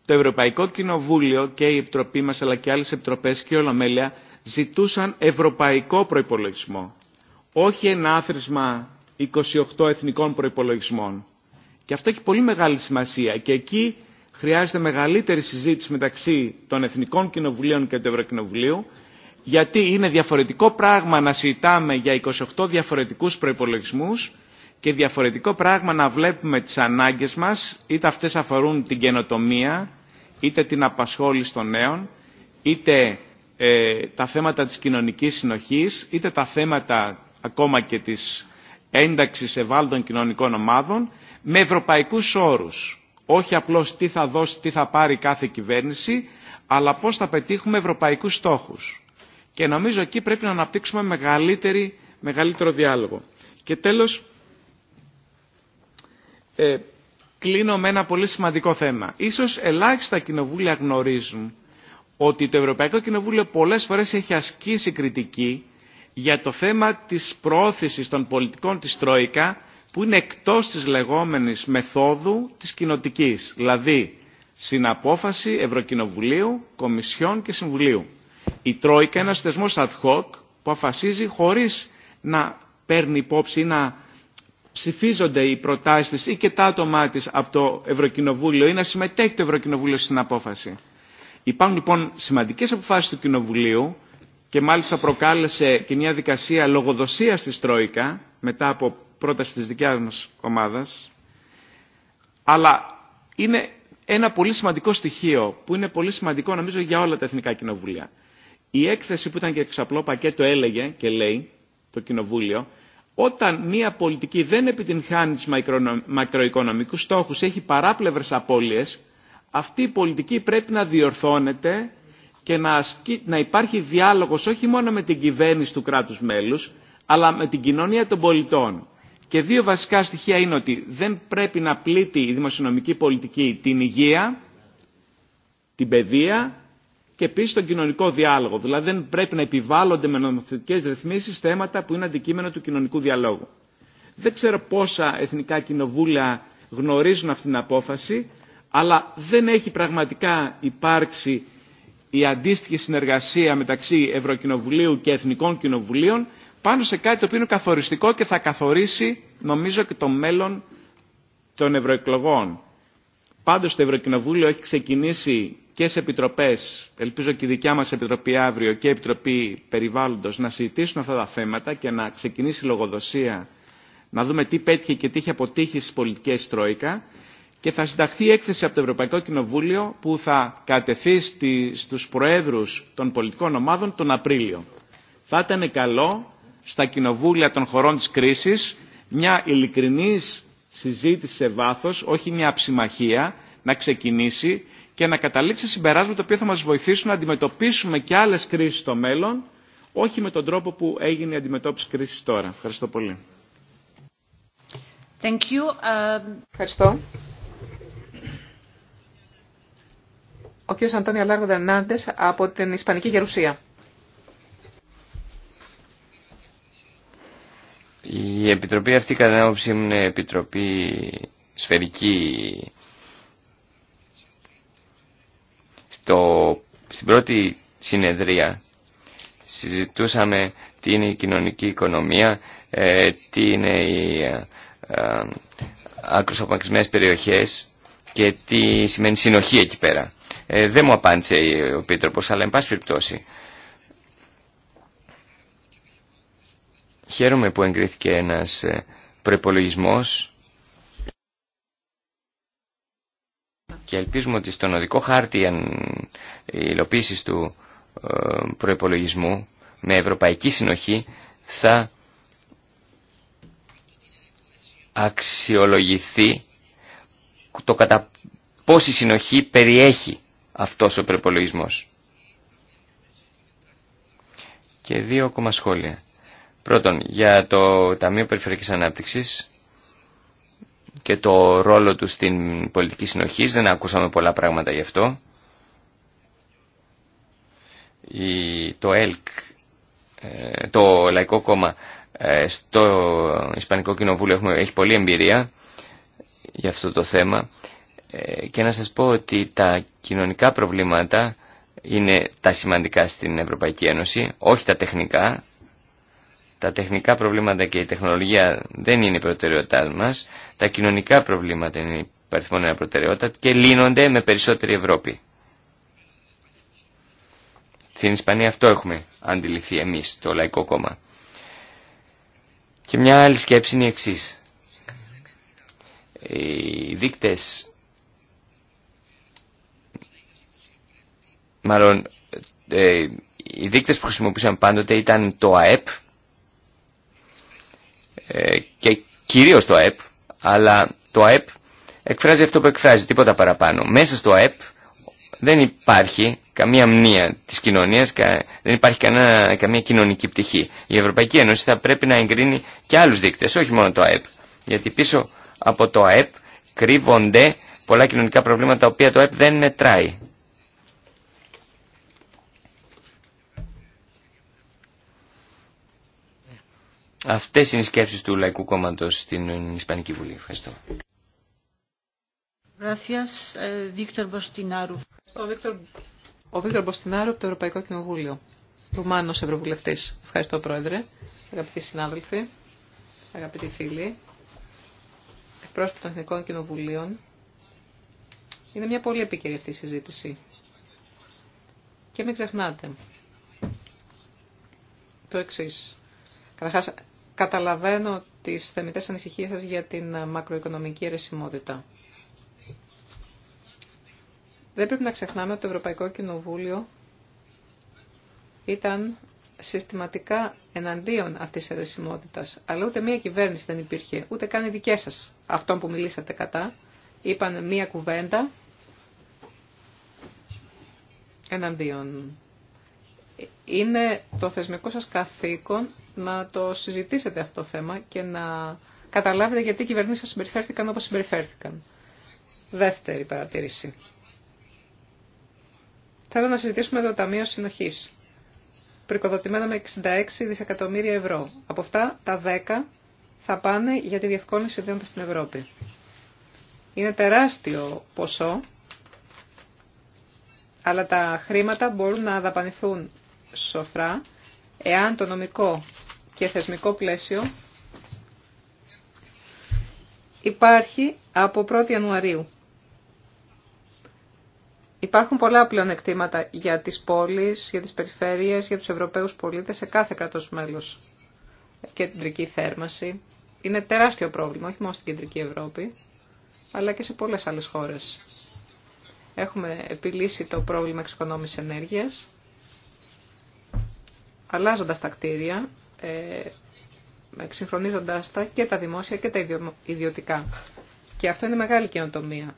Το Ευρωπαϊκό Κοινοβούλιο και η Επιτροπή μας αλλά και άλλες επιτροπές και όλα Ολομέλεια ζητούσαν ευρωπαϊκό προϋπολογισμό. Όχι ένα άθροισμα 28 εθνικών προϋπολογισμών. Και αυτό έχει πολύ μεγάλη σημασία και εκεί χρειάζεται μεγαλύτερη συζήτηση μεταξύ των Εθνικών Κοινοβουλίων και του Ευρωκοινοβουλίου γιατί είναι διαφορετικό πράγμα να συζητάμε για 28 διαφορετικούς προϋπολογισμούς και διαφορετικό πράγμα να βλέπουμε τις ανάγκες μας, είτε αυτές αφορούν την καινοτομία, είτε την απασχόληση των νέων, είτε ε, τα θέματα της κοινωνικής συνοχής, είτε τα θέματα ακόμα και της ένταξης ευάλωτων κοινωνικών ομάδων, με ευρωπαϊκούς όρους. Όχι απλώς τι θα δώσει, τι θα πάρει κάθε κυβέρνηση, αλλά πώς θα πετύχουμε ευρωπαϊκούς στόχους. Και νομίζω εκεί πρέπει να αναπτύξουμε μεγαλύτερο διάλογο. Και τέλος, ε, κλείνω με ένα πολύ σημαντικό θέμα. Ίσως ελάχιστα κοινοβούλια γνωρίζουν ότι το Ευρωπαϊκό Κοινοβούλιο πολλές φορές έχει ασκήσει κριτική για το θέμα της προώθησης των πολιτικών της Τρόικα που είναι εκτός της λεγόμενης μεθόδου της κοινοτική, δηλαδή συναπόφαση Ευρωκοινοβουλίου, Κομισιών και Συμβουλίου. Η Τρόικα είναι ένας θεσμός ad hoc που αφασίζει χωρίς να παίρνει υπόψη ή να ψηφίζονται οι προτάσεις της ή και τα άτομά της από το Ευρωκοινοβούλιο ή να συμμετέχει το Ευρωκοινοβούλιο στην απόφαση. Υπάρχουν λοιπόν σημαντικές αποφάσεις του Κοινοβουλίου και μάλιστα προκάλεσε και μια δικασία λογοδοσία της Τρόικα μετά από πρόταση της δικιάς μας ομάδας. Αλλά είναι ένα πολύ σημαντικό στοιχείο που είναι πολύ σημαντικό νομίζω για όλα τα Εθνικά Κοινοβούλια. Η έκθεση που ήταν και εξαπλό πακέτο έλεγε και λέει το Κοινοβούλιο όταν μια πολιτική δεν επιτυγχάνει τους μακροοικονομικούς στόχους, έχει παράπλευρες απώλειες, αυτή η πολιτική πρέπει να διορθώνεται και να, να υπάρχει διάλογος όχι μόνο με την κυβέρνηση του κράτους μέλους, αλλά με την κοινωνία των πολιτών. Και δύο βασικά στοιχεία είναι ότι δεν πρέπει να πλήττει η δημοσιονομική πολιτική την υγεία, την παιδεία και επίση τον κοινωνικό διάλογο. Δηλαδή δεν πρέπει να επιβάλλονται με νομοθετικέ ρυθμίσει θέματα που είναι αντικείμενο του κοινωνικού διαλόγου. Δεν ξέρω πόσα εθνικά κοινοβούλια γνωρίζουν αυτή την απόφαση, αλλά δεν έχει πραγματικά υπάρξει η αντίστοιχη συνεργασία μεταξύ Ευρωκοινοβουλίου και Εθνικών Κοινοβουλίων πάνω σε κάτι το οποίο είναι καθοριστικό και θα καθορίσει νομίζω και το μέλλον των ευρωεκλογών. Πάντως το Ευρωκοινοβούλιο έχει ξεκινήσει κοινοβουλευτικές επιτροπές, ελπίζω και η δικιά μας Επιτροπή αύριο και η Επιτροπή Περιβάλλοντος, να συζητήσουν αυτά τα θέματα και να ξεκινήσει η λογοδοσία, να δούμε τι πέτυχε και τι είχε αποτύχει στις πολιτικές Τρόικα και θα συνταχθεί έκθεση από το Ευρωπαϊκό Κοινοβούλιο που θα κατεθεί στους προέδρους των πολιτικών ομάδων τον Απρίλιο. Θα ήταν καλό στα κοινοβούλια των χωρών της κρίσης μια ειλικρινής συζήτηση σε βάθο, όχι μια αψημαχία, να ξεκινήσει και να καταλήξει συμπεράσματα που θα μας βοηθήσουν να αντιμετωπίσουμε και άλλες κρίσεις στο μέλλον, όχι με τον τρόπο που έγινε η αντιμετώπιση κρίσης τώρα. Ευχαριστώ πολύ. Thank you. Um, Ευχαριστώ. Ο κ. Αντώνιο Λάργο Δενάντες από την Ισπανική Γερουσία. Η επιτροπή αυτή κατά την άποψή μου είναι επιτροπή σφαιρική το στην πρώτη συνεδρία συζητούσαμε τι είναι η κοινωνική οικονομία, ε, τι είναι οι ε, ε, περιοχές και τι σημαίνει συνοχή εκεί πέρα. Δεν μου απάντησε ο Πίτροπος, αλλά εν πάση περιπτώσει. Χαίρομαι που εγκρίθηκε ένας προϋπολογισμός και ελπίζουμε ότι στον οδικό χάρτη υλοποίηση του ε, προϋπολογισμού με ευρωπαϊκή συνοχή θα αξιολογηθεί το κατά πόση συνοχή περιέχει αυτός ο προϋπολογισμός. Και δύο ακόμα σχόλια. Πρώτον, για το Ταμείο Περιφερειακής Ανάπτυξης και το ρόλο του στην πολιτική συνοχή. Δεν ακούσαμε πολλά πράγματα γι' αυτό. Η, το ΕΛΚ, ε, το Λαϊκό Κόμμα ε, στο Ισπανικό Κοινοβούλιο έχουμε, έχει πολλή εμπειρία για αυτό το θέμα ε, και να σας πω ότι τα κοινωνικά προβλήματα είναι τα σημαντικά στην Ευρωπαϊκή Ένωση, όχι τα τεχνικά, τα τεχνικά προβλήματα και η τεχνολογία δεν είναι η προτεραιότητά μας. Τα κοινωνικά προβλήματα είναι η προτεραιότητα και λύνονται με περισσότερη Ευρώπη. Στην Ισπανία αυτό έχουμε αντιληφθεί εμείς, το Λαϊκό Κόμμα. Και μια άλλη σκέψη είναι η εξής. Οι δείκτες, μάλλον ε, οι δείκτες που χρησιμοποιούσαν πάντοτε ήταν το ΑΕΠ, ε, και κυρίως το ΑΕΠ, αλλά το ΑΕΠ εκφράζει αυτό που εκφράζει, τίποτα παραπάνω. Μέσα στο ΑΕΠ δεν υπάρχει καμία μνήμα της κοινωνίας, δεν υπάρχει καμία κοινωνική πτυχή. Η Ευρωπαϊκή Ένωση θα πρέπει να εγκρίνει και άλλους δείκτες, όχι μόνο το ΑΕΠ. Γιατί πίσω από το ΑΕΠ κρύβονται πολλά κοινωνικά προβλήματα τα οποία το ΑΕΠ δεν μετράει. Αυτές είναι οι σκέψεις του Λαϊκού Κόμματος στην Ισπανική Βουλή. Ευχαριστώ. Ε, Ο Βίκτορ Μποστινάρου από το Ευρωπαϊκό Κοινοβούλιο. Ρουμάνο Ευρωβουλευτή. Ευχαριστώ, Πρόεδρε. Αγαπητοί συνάδελφοι, αγαπητοί φίλοι, εκπρόσωποι των Εθνικών Κοινοβουλίων. Είναι μια πολύ επίκαιρη αυτή η συζήτηση. Και μην ξεχνάτε το εξή. Καταρχά, Καταλαβαίνω τις θεμητές ανησυχίες σας για την ε, μακροοικονομική αιρεσιμότητα. Δεν πρέπει να ξεχνάμε ότι το Ευρωπαϊκό Κοινοβούλιο ήταν συστηματικά εναντίον αυτής της αιρεσιμότητας. Αλλά ούτε μία κυβέρνηση δεν υπήρχε, ούτε καν οι δικές σας, αυτών που μιλήσατε κατά. Είπαν μία κουβέντα εναντίον είναι το θεσμικό σας καθήκον να το συζητήσετε αυτό το θέμα και να καταλάβετε γιατί οι κυβερνήσεις σας συμπεριφέρθηκαν όπως συμπεριφέρθηκαν. Δεύτερη παρατήρηση. Θέλω να συζητήσουμε το Ταμείο Συνοχής, πρικοδοτημένα με 66 δισεκατομμύρια ευρώ. Από αυτά τα 10 θα πάνε για τη διευκόλυνση ιδιώντας στην Ευρώπη. Είναι τεράστιο ποσό, αλλά τα χρήματα μπορούν να δαπανηθούν σοφρά εάν το νομικό και θεσμικό πλαίσιο υπάρχει από 1η Ιανουαρίου. Υπάρχουν πολλά πλεονεκτήματα για τις πόλεις, για τις περιφέρειες, για τους Ευρωπαίους πολίτες σε κάθε κράτος μέλος. Και την κεντρική θέρμαση. Είναι τεράστιο πρόβλημα, όχι μόνο στην κεντρική Ευρώπη, αλλά και σε πολλές άλλες χώρες. Έχουμε επιλύσει το πρόβλημα εξοικονόμησης ενέργειας αλλάζοντας τα κτίρια, ε, εξυγχρονίζοντας τα και τα δημόσια και τα ιδιωτικά. Και αυτό είναι μεγάλη καινοτομία.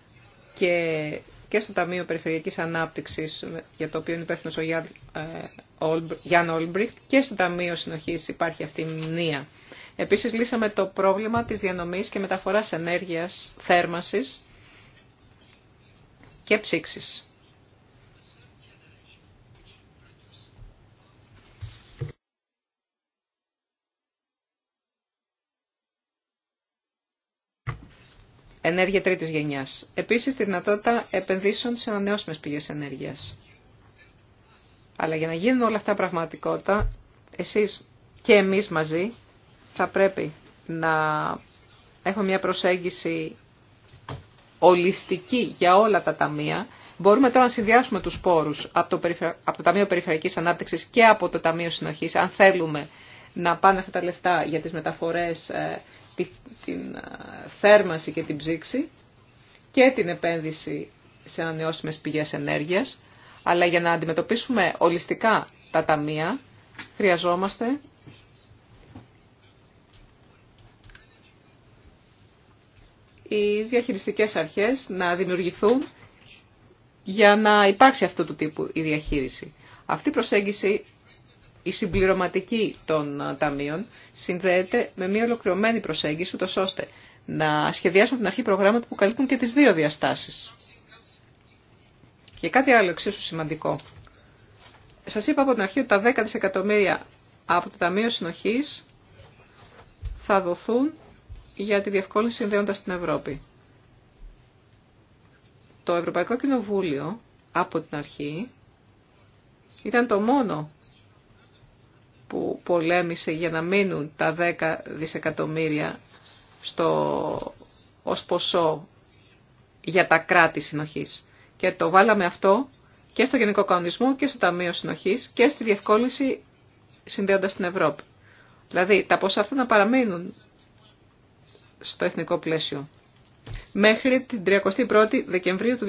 Και, και στο Ταμείο Περιφερειακής Ανάπτυξης, για το οποίο είναι υπεύθυνος ο Γιάνν ε, Όλμπριχτ, και στο Ταμείο Συνοχής υπάρχει αυτή η μνήμα. Επίσης λύσαμε το πρόβλημα της διανομής και μεταφοράς ενέργειας, θέρμασης και ψήξης. ενέργεια τρίτης γενιάς. Επίσης, τη δυνατότητα επενδύσεων σε ανανεώσιμες πηγές ενέργειας. Αλλά για να γίνουν όλα αυτά πραγματικότητα, εσείς και εμείς μαζί θα πρέπει να έχουμε μια προσέγγιση ολιστική για όλα τα ταμεία. Μπορούμε τώρα να συνδυάσουμε τους πόρους από το, από το Ταμείο Περιφερειακής Ανάπτυξης και από το Ταμείο Συνοχής, αν θέλουμε να πάνε αυτά τα λεφτά για τις μεταφορές, ε, την θέρμανση και την ψήξη και την επένδυση σε ανανεώσιμες πηγές ενέργειας, αλλά για να αντιμετωπίσουμε ολιστικά τα ταμεία χρειαζόμαστε οι διαχειριστικές αρχές να δημιουργηθούν για να υπάρξει αυτού του τύπου η διαχείριση. Αυτή η προσέγγιση η συμπληρωματική των ε, ταμείων συνδέεται με μια ολοκληρωμένη προσέγγιση, ούτως ώστε να σχεδιάσουμε την αρχή προγράμματα που καλύπτουν και τις δύο διαστάσεις. Και κάτι άλλο εξίσου σημαντικό. Σας είπα από την αρχή ότι τα 10 δισεκατομμύρια από το Ταμείο Συνοχής θα δοθούν για τη διευκόλυνση συνδέοντας στην Ευρώπη. Το Ευρωπαϊκό Κοινοβούλιο από την αρχή ήταν το μόνο που πολέμησε για να μείνουν τα 10 δισεκατομμύρια στο, ως ποσό για τα κράτη συνοχής. Και το βάλαμε αυτό και στο Γενικό Κανονισμό και στο Ταμείο Συνοχής και στη διευκόλυνση συνδέοντας την Ευρώπη. Δηλαδή τα ποσά αυτά να παραμείνουν στο εθνικό πλαίσιο μέχρι την 31η Δεκεμβρίου του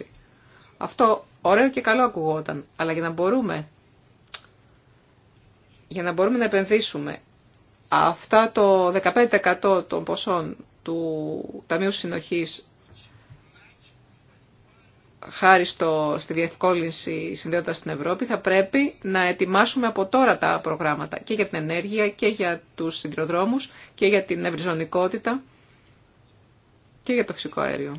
2016. Αυτό ωραίο και καλό ακουγόταν, αλλά για να μπορούμε για να μπορούμε να επενδύσουμε αυτά το 15% των ποσών του Ταμείου Συνοχής χάρη στο, στη διευκόλυνση συνδέοντας την Ευρώπη, θα πρέπει να ετοιμάσουμε από τώρα τα προγράμματα και για την ενέργεια και για τους συντροδρόμους και για την ευρυζωνικότητα και για το φυσικό αέριο.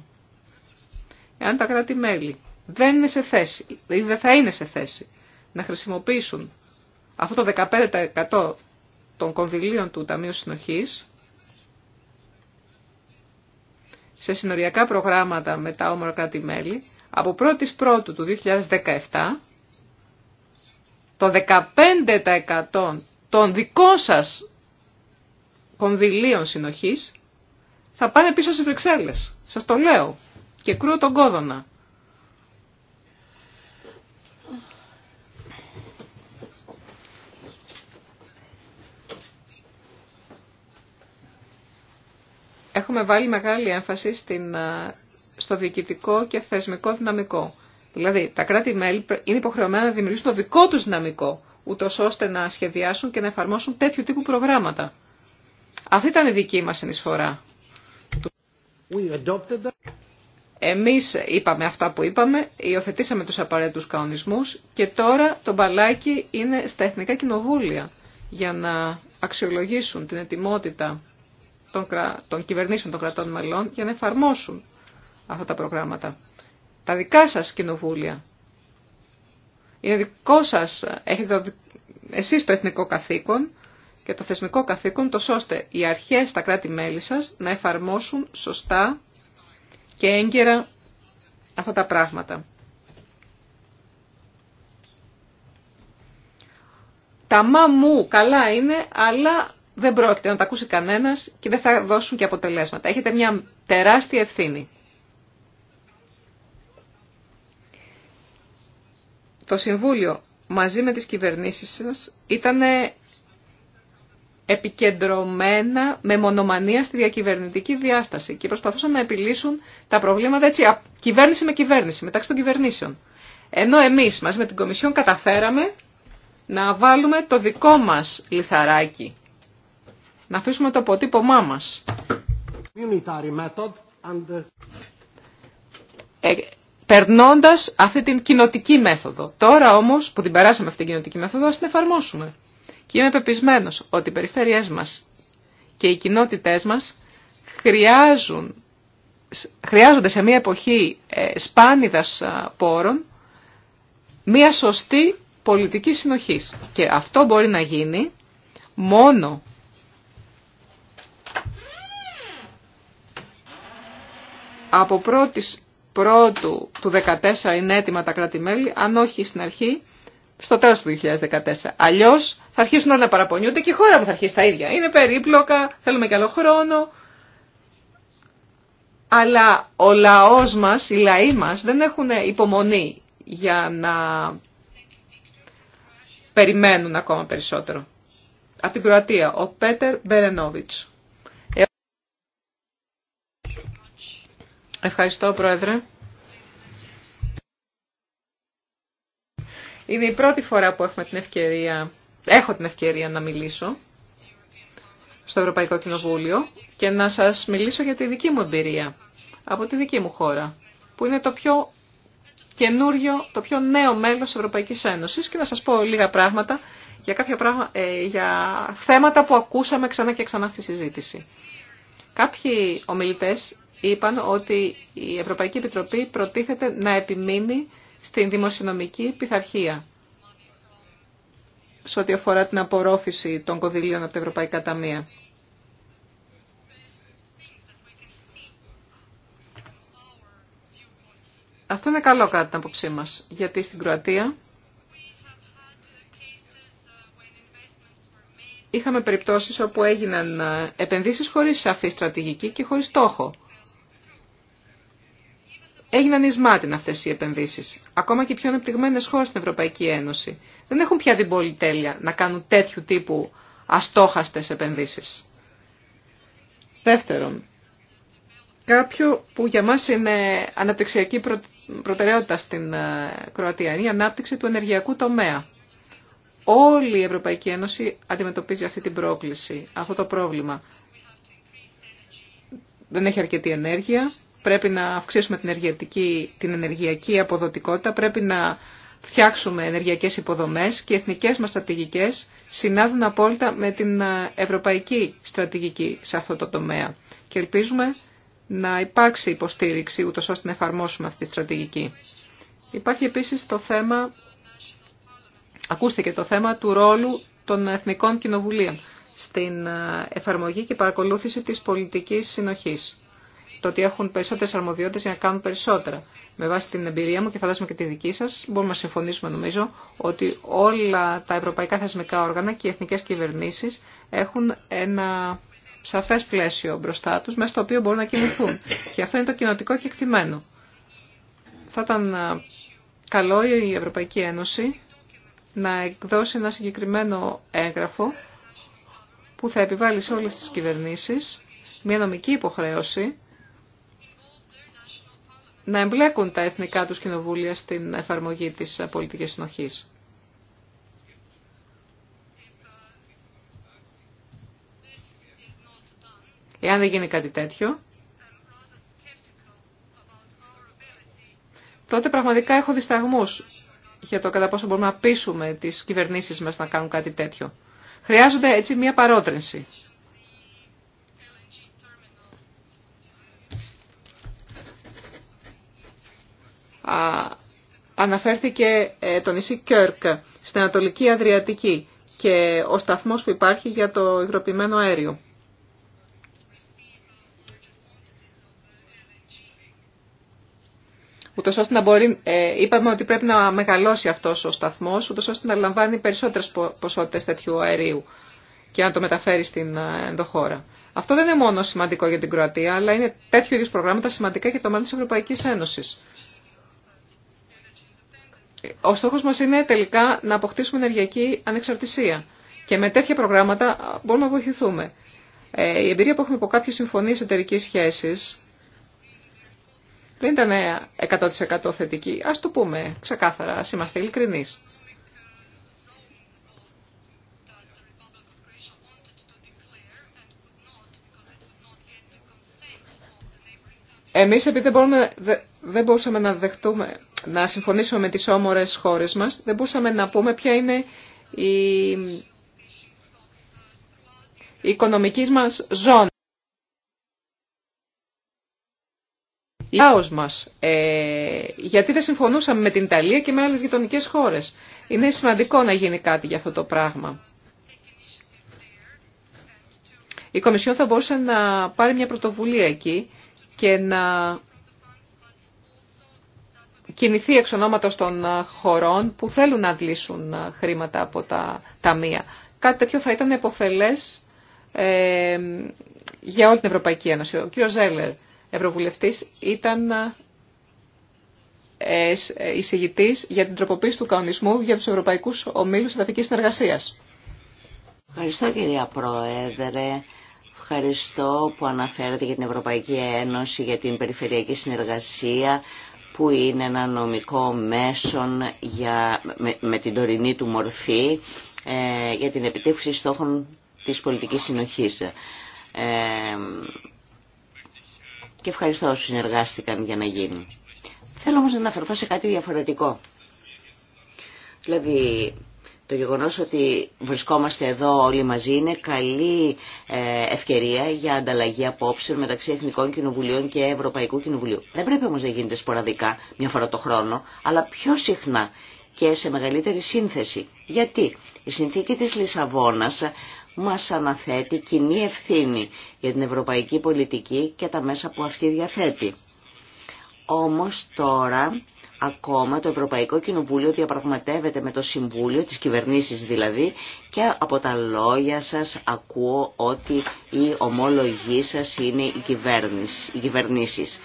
Εάν τα κράτη-μέλη δεν είναι σε θέση ή δεν θα είναι σε θέση να χρησιμοποιήσουν αυτό το 15% των κονδυλίων του Ταμείου Συνοχής σε συνοριακά προγράμματα με τα όμορα κράτη-μέλη, από 1η Πρώτου του 2017, το 15% των δικών σας κονδυλίων συνοχής θα πάνε πίσω στις Βρυξέλλες. Σας το λέω και κρούω τον κόδωνα. έχουμε βάλει μεγάλη έμφαση στην, στο διοικητικό και θεσμικό δυναμικό. Δηλαδή, τα κράτη-μέλη είναι υποχρεωμένα να δημιουργήσουν το δικό τους δυναμικό, ούτω ώστε να σχεδιάσουν και να εφαρμόσουν τέτοιου τύπου προγράμματα. Αυτή ήταν η δική μας συνεισφορά. Εμείς είπαμε αυτά που είπαμε, υιοθετήσαμε τους απαραίτητους κανονισμούς και τώρα το μπαλάκι είναι στα εθνικά κοινοβούλια για να αξιολογήσουν την ετοιμότητα των, των κυβερνήσεων των κρατών μελών για να εφαρμόσουν αυτά τα προγράμματα. Τα δικά σας κοινοβούλια. Είναι δικό σας, έχετε το, εσείς το εθνικό καθήκον και το θεσμικό καθήκον, το ώστε οι αρχές στα κράτη-μέλη σας να εφαρμόσουν σωστά και έγκαιρα αυτά τα πράγματα. Τα μα μου καλά είναι, αλλά δεν πρόκειται να τα ακούσει κανένα και δεν θα δώσουν και αποτελέσματα. Έχετε μια τεράστια ευθύνη. Το Συμβούλιο μαζί με τις κυβερνήσεις σας ήταν επικεντρωμένα με μονομανία στη διακυβερνητική διάσταση και προσπαθούσαν να επιλύσουν τα προβλήματα έτσι, κυβέρνηση με κυβέρνηση, μεταξύ των κυβερνήσεων. Ενώ εμείς μαζί με την Κομισιόν καταφέραμε να βάλουμε το δικό μας λιθαράκι να αφήσουμε το αποτύπωμά μας. Ε, περνώντας αυτή την κοινοτική μέθοδο. Τώρα όμως που την περάσαμε αυτή την κοινοτική μέθοδο, ας την εφαρμόσουμε. Και είμαι πεπισμένος ότι οι περιφέρειές μας και οι κοινότητές μας χρειάζονται σε μια εποχή ε, σπάνιδας πόρων μια σωστή πολιτική συνοχής. Και αυτό μπορεί να γίνει μόνο από πρώτης πρώτου του 2014 είναι έτοιμα τα κράτη-μέλη, αν όχι στην αρχή, στο τέλος του 2014. Αλλιώς θα αρχίσουν όλα να παραπονιούνται και η χώρα που θα αρχίσει τα ίδια. Είναι περίπλοκα, θέλουμε και άλλο χρόνο. Αλλά ο λαός μας, οι λαοί μας δεν έχουν υπομονή για να περιμένουν ακόμα περισσότερο. Από την Κροατία, ο Πέτερ Μπερενόβιτς. Ευχαριστώ, Πρόεδρε. Είναι η πρώτη φορά που έχουμε την ευκαιρία, έχω την ευκαιρία να μιλήσω στο Ευρωπαϊκό Κοινοβούλιο και να σας μιλήσω για τη δική μου εμπειρία από τη δική μου χώρα, που είναι το πιο καινούριο, το πιο νέο μέλος της Ευρωπαϊκής Ένωσης και να σας πω λίγα πράγματα για, κάποια ε, για θέματα που ακούσαμε ξανά και ξανά στη συζήτηση. Κάποιοι ομιλητές είπαν ότι η Ευρωπαϊκή Επιτροπή προτίθεται να επιμείνει στην δημοσιονομική πειθαρχία σε ό,τι αφορά την απορρόφηση των κονδυλίων από τα Ευρωπαϊκά Ταμεία. Αυτό είναι καλό κατά την απόψή μας, γιατί στην Κροατία είχαμε περιπτώσεις όπου έγιναν επενδύσεις χωρίς σαφή στρατηγική και χωρίς στόχο έγιναν εισμάτιν αυτέ οι επενδύσεις. Ακόμα και οι πιο ανεπτυγμένε χώρε στην Ευρωπαϊκή Ένωση δεν έχουν πια την πολυτέλεια να κάνουν τέτοιου τύπου αστόχαστες επενδύσεις. Δεύτερον, κάποιο που για μας είναι αναπτυξιακή προτεραιότητα στην ε, Κροατία είναι η ανάπτυξη του ενεργειακού τομέα. Όλη η Ευρωπαϊκή Ένωση αντιμετωπίζει αυτή την πρόκληση, αυτό το πρόβλημα. Δεν έχει αρκετή ενέργεια, πρέπει να αυξήσουμε την, ενεργειακή, την ενεργειακή αποδοτικότητα, πρέπει να φτιάξουμε ενεργειακές υποδομές και οι εθνικές μας στρατηγικές συνάδουν απόλυτα με την ε, ευρωπαϊκή στρατηγική σε αυτό το τομέα. Και ελπίζουμε να υπάρξει υποστήριξη ούτως ώστε να εφαρμόσουμε αυτή τη στρατηγική. Υπάρχει επίσης το θέμα, ακούστηκε το θέμα του ρόλου των εθνικών κοινοβουλίων στην ε, εφαρμογή και παρακολούθηση της πολιτικής συνοχής το ότι έχουν περισσότερε αρμοδιότητε για να κάνουν περισσότερα. Με βάση την εμπειρία μου και φαντάζομαι και τη δική σα, μπορούμε να συμφωνήσουμε νομίζω ότι όλα τα ευρωπαϊκά θεσμικά όργανα και οι εθνικέ κυβερνήσει έχουν ένα σαφέ πλαίσιο μπροστά του, μέσα στο οποίο μπορούν να κινηθούν. Και αυτό είναι το κοινοτικό κεκτημένο. Θα ήταν καλό η Ευρωπαϊκή Ένωση να εκδώσει ένα συγκεκριμένο έγγραφο που θα επιβάλλει σε όλες τις κυβερνήσεις μια νομική υποχρέωση να εμπλέκουν τα εθνικά τους κοινοβούλια στην εφαρμογή της πολιτικής συνοχής. Εάν δεν γίνει κάτι τέτοιο, τότε πραγματικά έχω δισταγμούς για το κατά πόσο μπορούμε να πείσουμε τις κυβερνήσεις μας να κάνουν κάτι τέτοιο. Χρειάζονται έτσι μια παρότρινση. αναφέρθηκε ε, το νησί Κιόρκ στην Ανατολική Αδριατική και ο σταθμός που υπάρχει για το υγροποιημένο αέριο. Ούτως να ε, είπαμε ότι πρέπει να μεγαλώσει αυτός ο σταθμός, ούτως ώστε να λαμβάνει περισσότερες ποσότητες τέτοιου αερίου και να το μεταφέρει στην ε, ενδοχώρα. Αυτό δεν είναι μόνο σημαντικό για την Κροατία, αλλά είναι τέτοιου είδου προγράμματα σημαντικά για το μέλλον τη Ευρωπαϊκή Ένωση ο στόχο μας είναι τελικά να αποκτήσουμε ενεργειακή ανεξαρτησία. Και με τέτοια προγράμματα μπορούμε να βοηθηθούμε. Ε, η εμπειρία που έχουμε από κάποιε συμφωνίε εταιρική σχέση δεν ήταν 100% θετική. Ας το πούμε ξεκάθαρα, α είμαστε ειλικρινεί. Εμείς επειδή μπορούμε, δεν μπορούσαμε να δεχτούμε να συμφωνήσουμε με τις όμορες χώρες μας, δεν μπορούσαμε να πούμε ποια είναι η, οικονομική μας ζώνη. λαός μας, ε, γιατί δεν συμφωνούσαμε με την Ιταλία και με άλλες γειτονικέ χώρες. Είναι σημαντικό να γίνει κάτι για αυτό το πράγμα. Η Κομισιόν θα μπορούσε να πάρει μια πρωτοβουλία εκεί και να κινηθεί εξ ονόματος των ε, χωρών που θέλουν να αντλήσουν ε, χρήματα από τα ταμεία. Κάτι τέτοιο θα ήταν εποφελές ε, για όλη την Ευρωπαϊκή Ένωση. Ο κ. Ζέλερ, Ευρωβουλευτής, ήταν εισηγητής για την τροποποίηση του κανονισμού για τους Ευρωπαϊκούς Ομίλους Ενταφικής Συνεργασίας. Ευχαριστώ κυρία Πρόεδρε. Ευχαριστώ που αναφέρατε για την Ευρωπαϊκή Ένωση, για την περιφερειακή συνεργασία που είναι ένα νομικό μέσον για, με, την τωρινή του μορφή ε, για την επιτεύξη στόχων της πολιτικής συνοχής. Ε, και ευχαριστώ όσους συνεργάστηκαν για να γίνει. Θέλω όμως να αναφερθώ σε κάτι διαφορετικό. Δηλαδή, το γεγονός ότι βρισκόμαστε εδώ όλοι μαζί είναι καλή ε, ευκαιρία για ανταλλαγή απόψεων μεταξύ Εθνικών Κοινοβουλίων και Ευρωπαϊκού Κοινοβουλίου. Δεν πρέπει όμως να γίνεται σποραδικά μια φορά το χρόνο, αλλά πιο συχνά και σε μεγαλύτερη σύνθεση. Γιατί η συνθήκη της Λισαβόνας μας αναθέτει κοινή ευθύνη για την ευρωπαϊκή πολιτική και τα μέσα που αυτή διαθέτει. Όμως τώρα Ακόμα το Ευρωπαϊκό Κοινοβούλιο διαπραγματεύεται με το Συμβούλιο, τις κυβερνήσεις δηλαδή, και από τα λόγια σας ακούω ότι η ομολογή σας είναι η κυβέρνηση, οι κυβερνήσεις.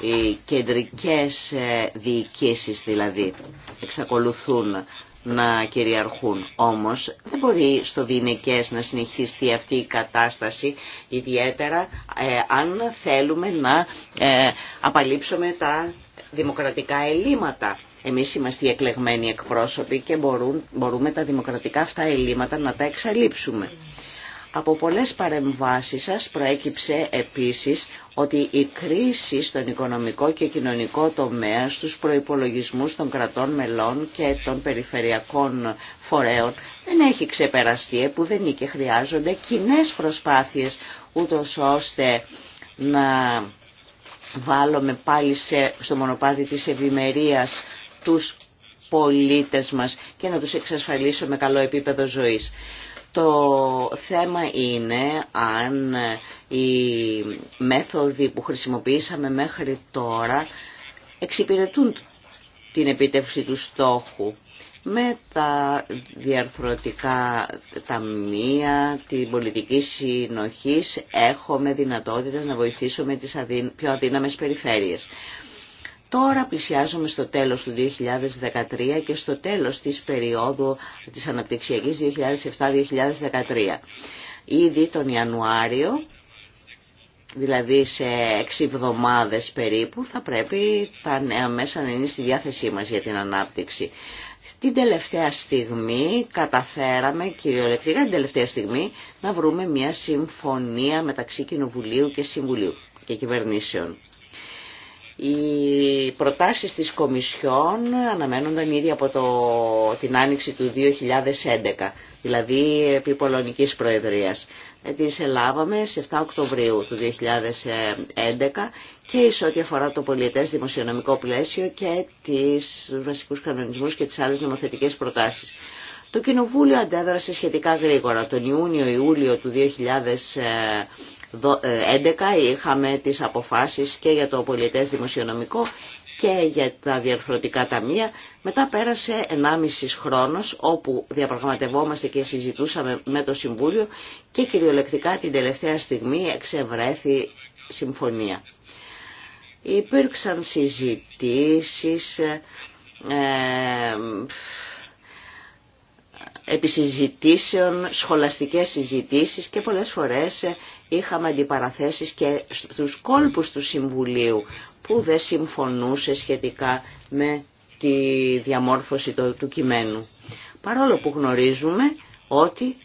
Οι κεντρικές ε, διοικήσεις δηλαδή εξακολουθούν να κυριαρχούν. Όμως δεν μπορεί στο Δινεκές να συνεχίσει αυτή η κατάσταση ιδιαίτερα ε, αν θέλουμε να ε, απαλείψουμε τα δημοκρατικά ελλείμματα. Εμείς είμαστε οι εκλεγμένοι εκπρόσωποι και μπορούμε τα δημοκρατικά αυτά ελλείμματα να τα εξαλείψουμε. Από πολλές παρεμβάσεις σας προέκυψε επίσης ότι η κρίση στον οικονομικό και κοινωνικό τομέα, στους προϋπολογισμούς των κρατών μελών και των περιφερειακών φορέων δεν έχει ξεπεραστεί, που δεν και χρειάζονται κοινέ προσπάθειες ούτως ώστε να βάλουμε πάλι σε, στο μονοπάτι της ευημερία τους πολίτες μας και να τους εξασφαλίσουμε καλό επίπεδο ζωής. Το θέμα είναι αν οι μέθοδοι που χρησιμοποιήσαμε μέχρι τώρα εξυπηρετούν την επίτευξη του στόχου με τα διαρθρωτικά ταμεία, την πολιτική συνοχής έχουμε δυνατότητα να βοηθήσουμε τις πιο αδύναμες περιφέρειες. Τώρα πλησιάζουμε στο τέλος του 2013 και στο τέλος της περίοδου της αναπτυξιακής 2007-2013. Ήδη τον Ιανουάριο, δηλαδή σε 6 εβδομάδες περίπου, θα πρέπει τα νέα μέσα να είναι στη διάθεσή μας για την ανάπτυξη. Στην τελευταία στιγμή καταφέραμε, κυριολεκτικά την τελευταία στιγμή, να βρούμε μια συμφωνία μεταξύ Κοινοβουλίου και Συμβουλίου και κυβερνήσεων. Οι προτάσεις της Κομισιόν αναμένονταν ήδη από το, την άνοιξη του 2011, δηλαδή επί Πολωνικής Προεδρίας. Ε, τις ελάβαμε σε 7 Οκτωβρίου του 2011 και σε ό,τι αφορά το Πολιτέ δημοσιονομικό πλαίσιο και τις βασικούς κανονισμούς και τις άλλες νομοθετικές προτάσεις. Το Κοινοβούλιο αντέδρασε σχετικά γρήγορα. Τον Ιούνιο-Ιούλιο του 2011 ε, είχαμε τις αποφάσεις και για το πολιετές δημοσιονομικό και για τα διαρθρωτικά ταμεία. Μετά πέρασε 1,5 χρόνος όπου διαπραγματευόμαστε και συζητούσαμε με το Συμβούλιο και κυριολεκτικά την τελευταία στιγμή εξευρέθη συμφωνία. Υπήρξαν συζητήσεις, ε, επισυζητήσεων, σχολαστικές συζητήσεις και πολλές φορές ε, είχαμε αντιπαραθέσεις και στους κόλπους του Συμβουλίου που δεν συμφωνούσε σχετικά με τη διαμόρφωση του κειμένου. Παρόλο που γνωρίζουμε ότι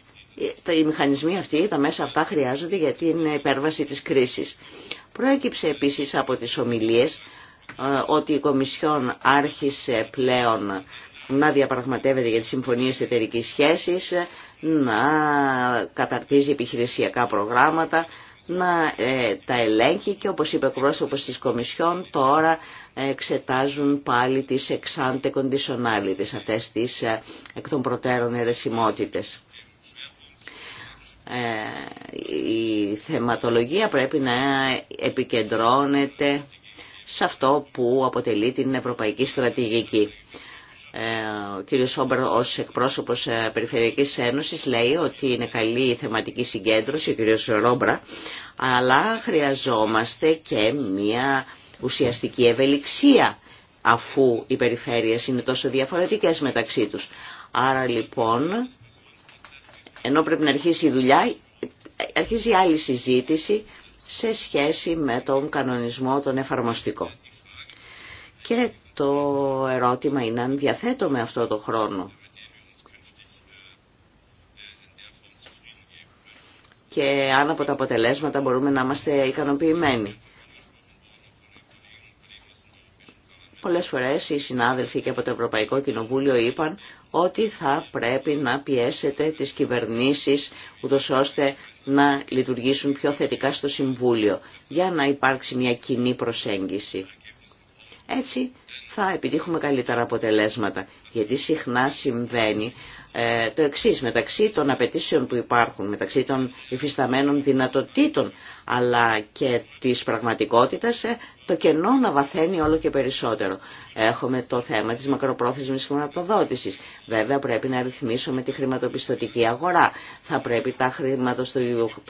ε, οι μηχανισμοί αυτοί, τα μέσα αυτά χρειάζονται για την υπέρβαση της κρίσης. Προέκυψε επίσης από τις ομιλίες ε, ότι η Κομισιόν άρχισε πλέον να διαπραγματεύεται για τις συμφωνίες εταιρικής σχέσης, να καταρτίζει επιχειρησιακά προγράμματα, να ε, τα ελέγχει και όπως είπε πρόσωπος της Κομισιόν τώρα εξετάζουν πάλι τις εξάντε κοντισονάλιτες αυτές τις ε, εκ των προτέρων ερεσιμότητες. Ε, η θεματολογία πρέπει να επικεντρώνεται σε αυτό που αποτελεί την ευρωπαϊκή στρατηγική. Ε, ο κ. Σόμπερ ως εκπρόσωπος ε, Περιφερειακής Ένωσης λέει ότι είναι καλή η θεματική συγκέντρωση, ο κ. Ρόμπρα, αλλά χρειαζόμαστε και μια ουσιαστική ευελιξία αφού οι περιφέρειες είναι τόσο διαφορετικές μεταξύ τους. Άρα λοιπόν ενώ πρέπει να αρχίσει η δουλειά, αρχίζει άλλη συζήτηση σε σχέση με τον κανονισμό τον εφαρμοστικό. Και το ερώτημα είναι αν διαθέτουμε αυτό το χρόνο και αν από τα αποτελέσματα μπορούμε να είμαστε ικανοποιημένοι. Πολλές φορές οι συνάδελφοι και από το Ευρωπαϊκό Κοινοβούλιο είπαν ότι θα πρέπει να πιέσετε τις κυβερνήσεις ούτως ώστε να λειτουργήσουν πιο θετικά στο Συμβούλιο για να υπάρξει μια κοινή προσέγγιση. Έτσι θα επιτύχουμε καλύτερα αποτελέσματα, γιατί συχνά συμβαίνει ε, το εξής μεταξύ των απαιτήσεων που υπάρχουν, μεταξύ των υφισταμένων δυνατοτήτων αλλά και της πραγματικότητας ε, το κενό να βαθαίνει όλο και περισσότερο. Έχουμε το θέμα της μακροπρόθεσμης χρηματοδότησης. Βέβαια πρέπει να ρυθμίσουμε τη χρηματοπιστωτική αγορά. Θα πρέπει τα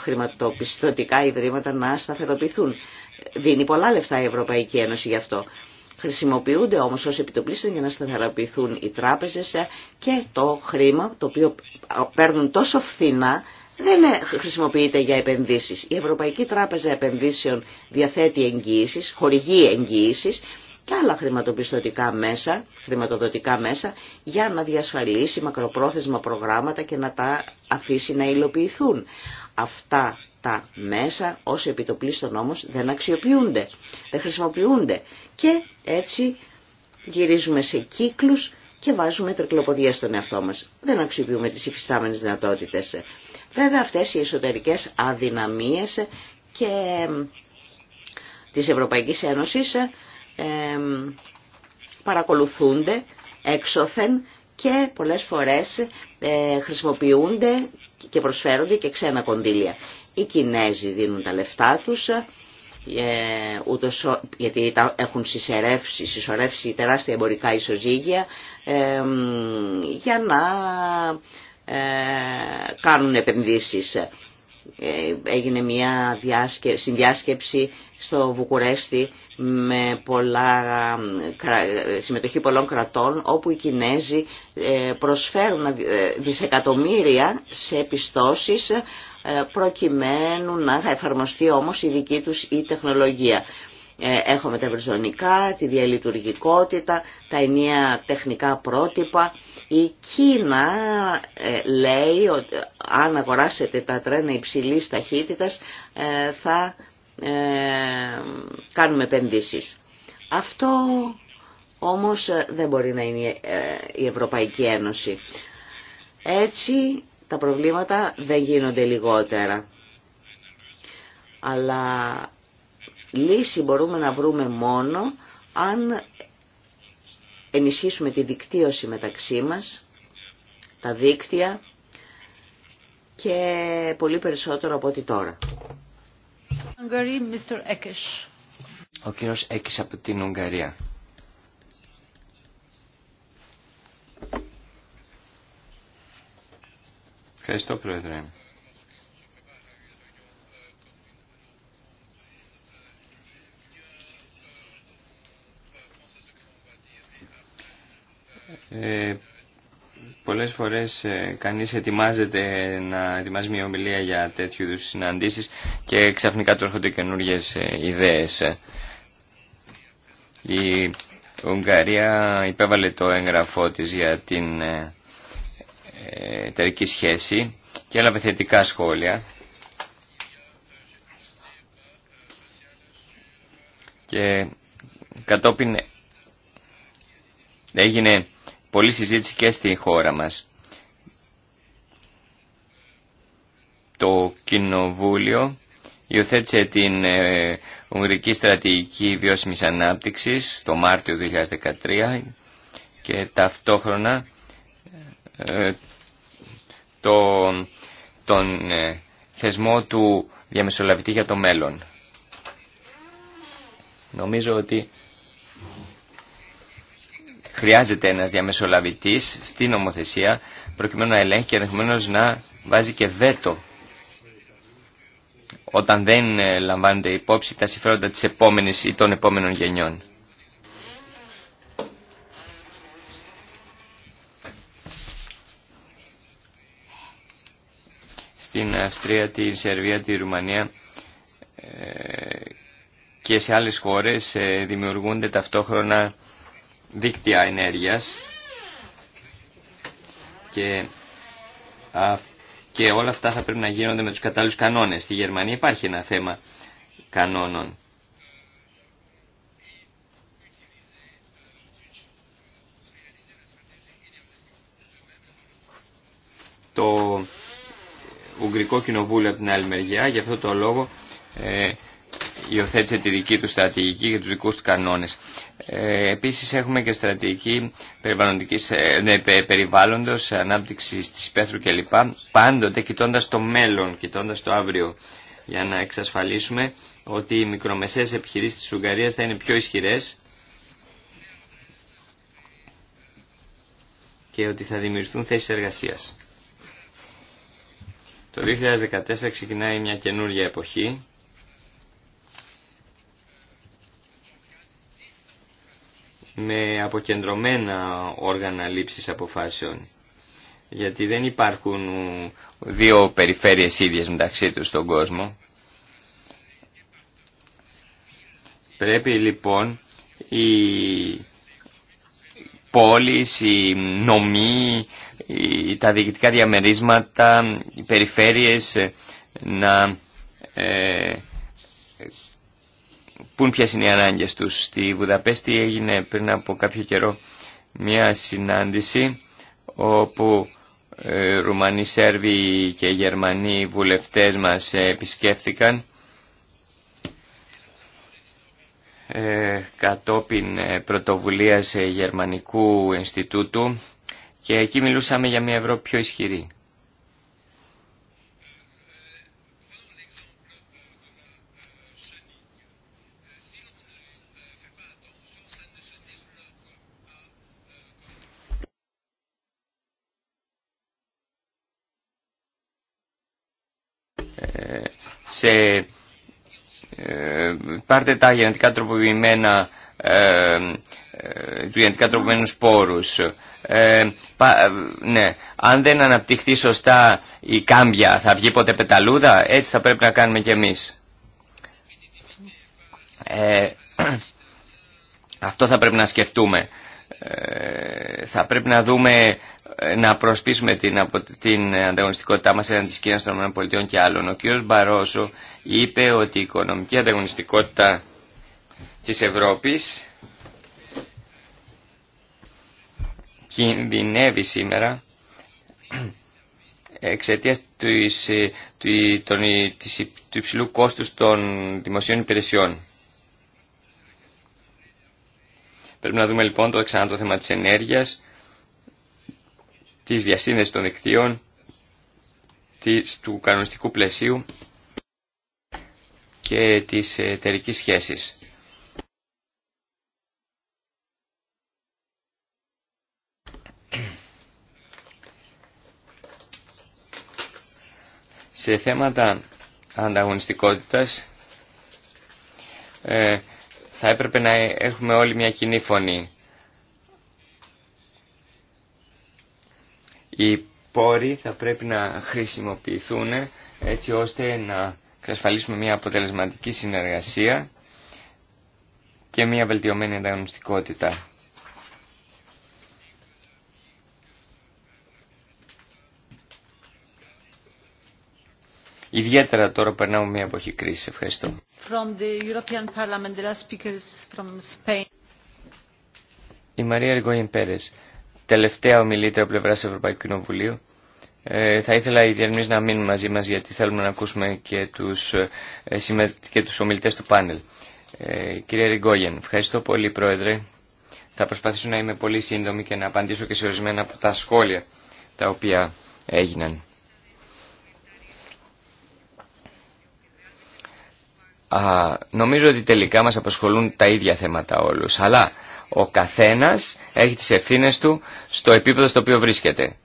χρηματοπιστωτικά ιδρύματα να σταθεροποιηθούν. Δίνει πολλά λεφτά η Ευρωπαϊκή Ένωση γι' αυτό. Χρησιμοποιούνται όμως ως επιτοπλίστων για να σταθεροποιηθούν οι τράπεζες και το χρήμα το οποίο παίρνουν τόσο φθηνά δεν ε, χρησιμοποιείται για επενδύσεις. Η Ευρωπαϊκή Τράπεζα Επενδύσεων διαθέτει εγγύησεις, χορηγεί εγγύησεις και άλλα χρηματοπιστωτικά μέσα, χρηματοδοτικά μέσα για να διασφαλίσει μακροπρόθεσμα προγράμματα και να τα αφήσει να υλοποιηθούν. Αυτά τα μέσα ως επιτοπλίστων όμως δεν αξιοποιούνται, δεν χρησιμοποιούνται και έτσι γυρίζουμε σε κύκλους και βάζουμε τρικλοποδία στον εαυτό μας. Δεν αξιοποιούμε τις υφιστάμενες δυνατότητες. Βέβαια αυτές οι εσωτερικές αδυναμίες και της Ευρωπαϊκής Ένωσης παρακολουθούνται έξωθεν και πολλές φορές ε, χρησιμοποιούνται και προσφέρονται και ξένα κονδύλια. Οι Κινέζοι δίνουν τα λεφτά τους, ε, ούτως, γιατί έχουν συσσωρεύσει, συσσωρεύσει τεράστια εμπορικά ισοζύγια για να ε, κάνουν επενδύσεις. Ε, έγινε μια συνδιάσκεψη στο Βουκουρέστι με πολλά, συμμετοχή πολλών κρατών όπου οι Κινέζοι ε, προσφέρουν δισεκατομμύρια σε επιστώσεις προκειμένου να εφαρμοστεί όμως η δική τους η τεχνολογία. Ε, έχουμε τα ευρυζωνικά, τη διαλειτουργικότητα, τα ενιαία τεχνικά πρότυπα. Η Κίνα ε, λέει ότι αν αγοράσετε τα τρένα υψηλής ταχύτητας ε, θα κάνουμε επενδύσεις. Αυτό όμως δεν μπορεί να είναι η Ευρωπαϊκή Ένωση. Έτσι τα προβλήματα δεν γίνονται λιγότερα. Αλλά Λύση μπορούμε να βρούμε μόνο αν ενισχύσουμε τη δικτύωση μεταξύ μας, τα δίκτυα και πολύ περισσότερο από ό,τι τώρα. Ο κύριος Έκης από την Ουγγαρία. Ευχαριστώ, Πρόεδρε. Ε, πολλές φορές ε, κανείς ετοιμάζεται να ετοιμάζει μια ομιλία για τέτοιου είδους συναντήσεις και ξαφνικά του έρχονται καινούριε ε, ιδέες. Η Ουγγαρία υπέβαλε το έγγραφό της για την ε, εταιρική σχέση και έλαβε θετικά σχόλια. Και κατόπιν έγινε πολλή συζήτηση και στη χώρα μας. Το Κοινοβούλιο υιοθέτησε την ε, Ουγγρική Στρατηγική Βιώσιμης Ανάπτυξης το Μάρτιο 2013 και ταυτόχρονα ε, τον ε, θεσμό του διαμεσολαβητή για το μέλλον. Νομίζω ότι χρειάζεται ένας διαμεσολαβητής στην νομοθεσία προκειμένου να ελέγχει και ενδεχομένω να βάζει και βέτο όταν δεν ε, λαμβάνονται υπόψη τα συμφέροντα της επόμενης ή των επόμενων γενιών. Στην Αυστρία, τη Σερβία, τη Ρουμανία ε, και σε άλλες χώρες ε, δημιουργούνται ταυτόχρονα δίκτυα ενέργειας και, όλα αυτά θα πρέπει να γίνονται με τους κατάλληλους κανόνες. Στη Γερμανία υπάρχει ένα θέμα κανόνων. Το Ουγγρικό Κοινοβούλιο από την άλλη μεριά για αυτό το λόγο ε, υιοθέτησε τη δική του στρατηγική και τους δικούς του κανόνες. Ε, επίσης έχουμε και στρατηγική περιβαλλοντικής, ε, ναι, περιβάλλοντος, ανάπτυξης της υπαίθρου κλπ. Πάντοτε κοιτώντας το μέλλον, κοιτώντας το αύριο για να εξασφαλίσουμε ότι οι μικρομεσαίες επιχειρήσεις της Ουγγαρίας θα είναι πιο ισχυρές και ότι θα δημιουργηθούν θέσεις εργασίας. Το 2014 ξεκινάει μια καινούργια εποχή με αποκεντρωμένα όργανα λήψης αποφάσεων. Γιατί δεν υπάρχουν δύο περιφέρειες ίδιες μεταξύ τους στον κόσμο. Πρέπει λοιπόν οι πόλεις, οι νομοί, τα διοικητικά διαμερίσματα, οι περιφέρειες να ε, πούν ποιες είναι οι ανάγκες τους. Στη Βουδαπέστη έγινε πριν από κάποιο καιρό μια συνάντηση όπου ε, Ρουμανοί, Σέρβοι και Γερμανοί βουλευτές μας επισκέφθηκαν ε, κατόπιν ε, πρωτοβουλίας Γερμανικού Ινστιτούτου και εκεί μιλούσαμε για μια Ευρώπη πιο ισχυρή. σε ε, πάρτε τα γενετικά τροποποιημένα ε, ε του γενετικά τροποποιημένου σπόρους. Ε, ναι. Αν δεν αναπτυχθεί σωστά η κάμπια θα βγει ποτέ πεταλούδα, έτσι θα πρέπει να κάνουμε και εμείς. αυτό θα πρέπει να σκεφτούμε. Ε, θα πρέπει να δούμε ε, να προσπίσουμε την, από, ανταγωνιστικότητά μας έναντι της Κίνας των ΗΠΑ και άλλων. Ο κ. Μπαρόσο είπε ότι η οικονομική ανταγωνιστικότητα της Ευρώπης κινδυνεύει σήμερα εξαιτίας ε, του, του, του υψηλού κόστου των δημοσίων υπηρεσιών. Πρέπει να δούμε λοιπόν το ξανά το θέμα της ενέργειας, της διασύνδεσης των δικτύων, του κανονιστικού πλαισίου και της εταιρικής σχέσης. Σε θέματα ανταγωνιστικότητας, ε, θα έπρεπε να έχουμε όλοι μια κοινή φωνή. Οι πόροι θα πρέπει να χρησιμοποιηθούν έτσι ώστε να εξασφαλίσουμε μια αποτελεσματική συνεργασία και μια βελτιωμένη ανταγωνιστικότητα. Ιδιαίτερα τώρα περνάω μια εποχή κρίση. Ευχαριστώ. From the European Parliament, the last speakers from Spain. Η Μαρία Ριγόιν Πέρες, τελευταία ομιλήτρια πλευρά Ευρωπαϊκού Κοινοβουλίου. Ε, θα ήθελα οι διερμηνείς να μείνουν μαζί μας γιατί θέλουμε να ακούσουμε και τους, ε, τους ομιλητές του πάνελ. Ε, κύριε Ριγκόγεν, ευχαριστώ πολύ Πρόεδρε. Θα προσπαθήσω να είμαι πολύ σύντομη και να απαντήσω και σε ορισμένα από τα σχόλια τα οποία έγιναν. Α, νομίζω ότι τελικά μας απασχολούν τα ίδια θέματα όλους, αλλά ο καθένας έχει τις ευθύνες του στο επίπεδο στο οποίο βρίσκεται.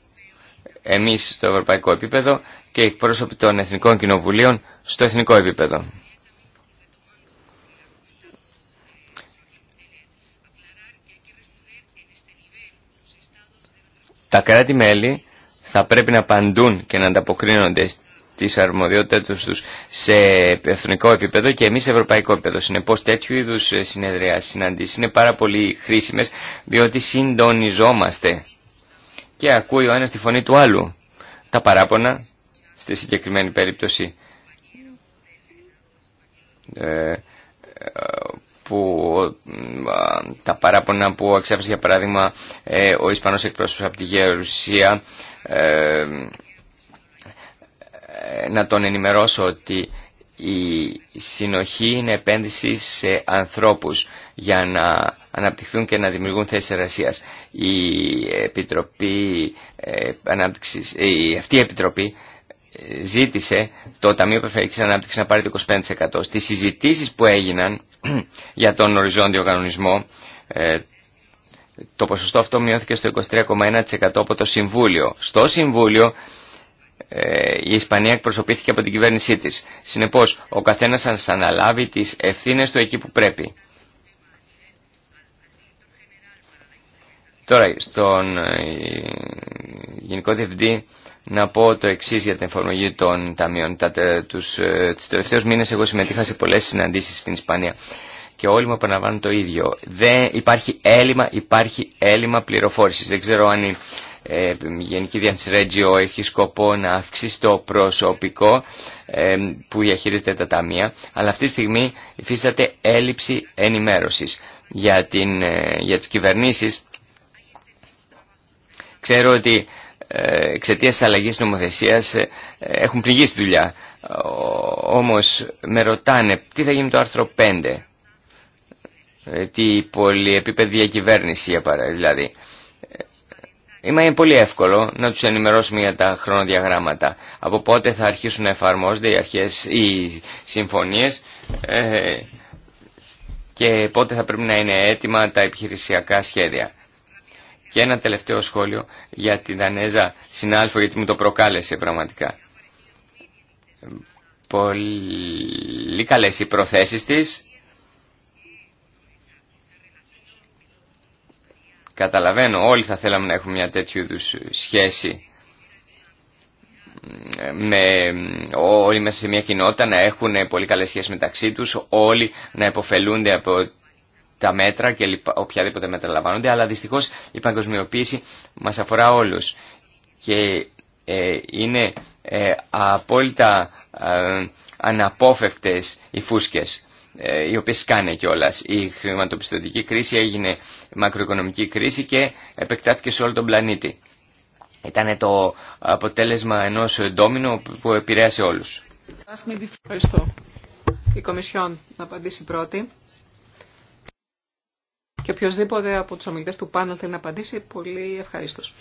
Εμείς στο ευρωπαϊκό επίπεδο και οι εκπρόσωποι των εθνικών κοινοβουλίων στο εθνικό επίπεδο. Τα κράτη-μέλη θα πρέπει να απαντούν και να ανταποκρίνονται τις αρμοδιότητες τους σε εθνικό επίπεδο και εμείς σε ευρωπαϊκό επίπεδο. Συνεπώς τέτοιου είδους ε, συνεδρία συναντήσεις είναι πάρα πολύ χρήσιμες διότι συντονιζόμαστε και ακούει ο ένας τη φωνή του άλλου. Τα παράπονα στη συγκεκριμένη περίπτωση ε, που ε, τα παράπονα που εξέφερε για παράδειγμα ο Ισπανός εκπρόσωπος από τη Γερουσία να τον ενημερώσω ότι η συνοχή είναι επένδυση σε ανθρώπους για να αναπτυχθούν και να δημιουργούν θέσεις εργασίας. Η Επιτροπή, ε, ανάπτυξης, ε, η αυτή η Επιτροπή ε, ζήτησε το Ταμείο Περιφερειακής Ανάπτυξης να πάρει το 25%. Στις συζητήσεις που έγιναν για τον οριζόντιο κανονισμό το ποσοστό αυτό μειώθηκε στο 23,1% από το Συμβούλιο. Στο Συμβούλιο ε, η Ισπανία εκπροσωπήθηκε από την κυβέρνησή της. Συνεπώς, ο καθένας θα αναλάβει τις ευθύνες του εκεί που πρέπει. Τώρα, στον ε, Γενικό Διευθυντή να πω το εξής για την εφαρμογή των ταμείων. Τα, τους, ε, τους τελευταίους μήνες εγώ συμμετείχα σε πολλές συναντήσεις στην Ισπανία και όλοι μου επαναλαμβάνουν το ίδιο. Δεν υπάρχει έλλειμμα, υπάρχει έλλειμμα πληροφόρησης. Δεν ξέρω αν ε, η Γενική Διάθεση Regio έχει σκοπό να αυξήσει το προσωπικό ε, που διαχειρίζεται τα ταμεία, αλλά αυτή τη στιγμή υφίσταται έλλειψη ενημέρωσης για, την, ε, για τις κυβερνήσεις. Ξέρω ότι εξαιτία τη αλλαγή νομοθεσία έχουν πληγεί τη δουλειά. Όμω με ρωτάνε τι θα γίνει με το άρθρο 5. Τι πολυεπίπεδη διακυβέρνηση, δηλαδή είναι πολύ εύκολο να τους ενημερώσουμε για τα χρονοδιαγράμματα. Από πότε θα αρχίσουν να εφαρμόζονται οι, αρχές, οι συμφωνίες ε, και πότε θα πρέπει να είναι έτοιμα τα επιχειρησιακά σχέδια. Και ένα τελευταίο σχόλιο για την Δανέζα συνάλφο γιατί μου το προκάλεσε πραγματικά. Πολύ καλές οι προθέσεις της, Καταλαβαίνω, όλοι θα θέλαμε να έχουμε μια τέτοιου είδου σχέση με, όλοι μέσα σε μια κοινότητα να έχουν πολύ καλές σχέσεις μεταξύ τους, όλοι να υποφελούνται από τα μέτρα και οποιαδήποτε μέτρα λαμβάνονται, αλλά δυστυχώς η παγκοσμιοποίηση μας αφορά όλους και ε, είναι ε, απόλυτα ε, αναπόφευκτες οι φούσκες. Ε, οι οποίες σκάνε κιόλα. Η χρηματοπιστωτική κρίση έγινε μακροοικονομική κρίση και επεκτάθηκε σε όλο τον πλανήτη. Ήταν το αποτέλεσμα ενός ντόμινο που επηρέασε όλους. Ευχαριστώ. Η Κομισιόν να απαντήσει πρώτη. Και οποιοδήποτε από τους ομιλητές του πάνελ θέλει να απαντήσει, πολύ ευχαρίστως.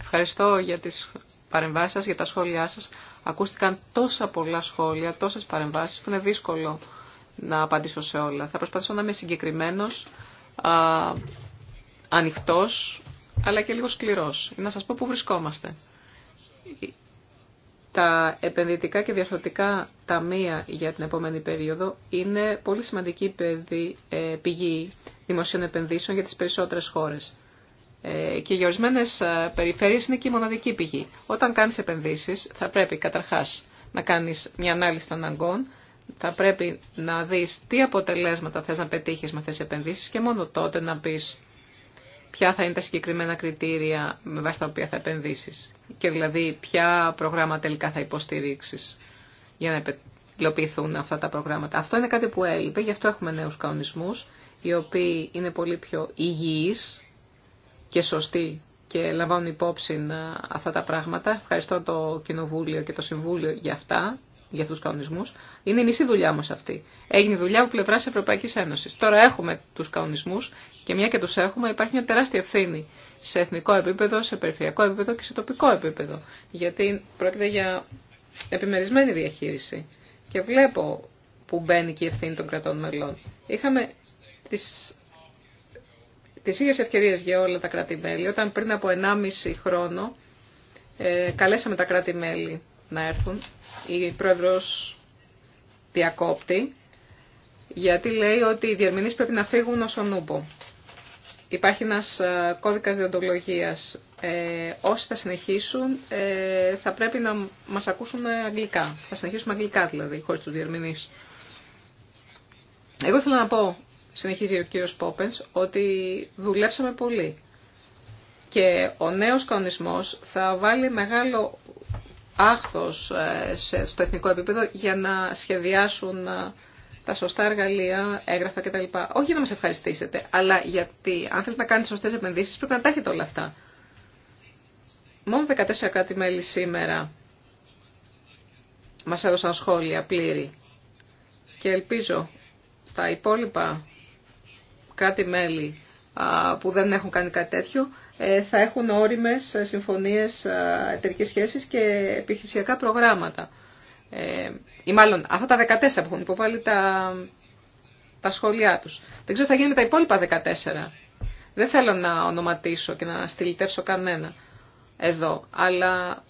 Ευχαριστώ για τις παρεμβάσεις για τα σχόλιά σας. Ακούστηκαν τόσα πολλά σχόλια, τόσες παρεμβάσεις που είναι δύσκολο να απαντήσω σε όλα. Θα προσπαθήσω να είμαι συγκεκριμένος, ανοιχτό, ανοιχτός, αλλά και λίγο σκληρός. Να σας πω πού βρισκόμαστε. Τα επενδυτικά και διαφορετικά ταμεία για την επόμενη περίοδο είναι πολύ σημαντική ε, πηγή δημοσίων επενδύσεων για τις περισσότερες χώρες. Ε, και για ορισμένε περιφέρειε είναι και η μοναδική πηγή. Όταν κάνει επενδύσει, θα πρέπει καταρχά να κάνει μια ανάλυση των αναγκών, θα πρέπει να δει τι αποτελέσματα θε να πετύχει με αυτέ τι επενδύσει και μόνο τότε να πει ποια θα είναι τα συγκεκριμένα κριτήρια με βάση τα οποία θα επενδύσει. Και δηλαδή ποια προγράμματα τελικά θα υποστηρίξει για να υλοποιηθούν αυτά τα προγράμματα. Αυτό είναι κάτι που έλειπε, γι' αυτό έχουμε νέου κανονισμού, οι οποίοι είναι πολύ πιο υγιεί και σωστή και λαμβάνουν υπόψη ε, αυτά τα πράγματα. Ευχαριστώ το Κοινοβούλιο και το Συμβούλιο για αυτά, για αυτού τους κανονισμού. Είναι η μισή δουλειά μα αυτή. Έγινε δουλειά από πλευρά τη Ευρωπαϊκής Τώρα έχουμε του κανονισμού και μια και του έχουμε υπάρχει μια τεράστια ευθύνη σε εθνικό επίπεδο, σε περιφερειακό επίπεδο και σε τοπικό επίπεδο. Γιατί πρόκειται για επιμερισμένη διαχείριση. Και βλέπω που μπαίνει και η ευθύνη των κρατών μελών. Είχαμε τις τις ίδιες ευκαιρίες για όλα τα κράτη-μέλη. Όταν πριν από 1,5 χρόνο ε, καλέσαμε τα κράτη-μέλη να έρθουν, η πρόεδρος διακόπτη, γιατί λέει ότι οι διερμηνείς πρέπει να φύγουν ως ονούπο. Υπάρχει ένας ε, κώδικας διοντολογίας. Ε, όσοι θα συνεχίσουν ε, θα πρέπει να μας ακούσουν αγγλικά. Θα συνεχίσουμε αγγλικά δηλαδή, χωρίς τους διερμηνείς. Εγώ θέλω να πω συνεχίζει ο κύριος Πόπενς, ότι δουλέψαμε πολύ. Και ο νέος κανονισμός θα βάλει μεγάλο άχθος ε, στο εθνικό επίπεδο για να σχεδιάσουν ε, τα σωστά εργαλεία, έγγραφα κτλ. Όχι για να μας ευχαριστήσετε, αλλά γιατί αν θέλετε να κάνετε σωστές επενδύσεις πρέπει να τα έχετε όλα αυτά. Μόνο 14 κράτη-μέλη σήμερα μας έδωσαν σχόλια πλήρη και ελπίζω τα υπόλοιπα κάτι μελη που δεν έχουν κάνει κάτι τέτοιο ε, θα έχουν όριμες συμφωνίες εταιρικής σχέσης και επιχειρησιακά προγράμματα. Ε, ή μάλλον αυτά τα 14 που έχουν υποβάλει τα, τα σχόλιά τους. Δεν ξέρω τι θα γίνει με τα υπόλοιπα 14. Δεν θέλω να ονοματίσω και να στυλιτεύσω κανένα εδώ, αλλά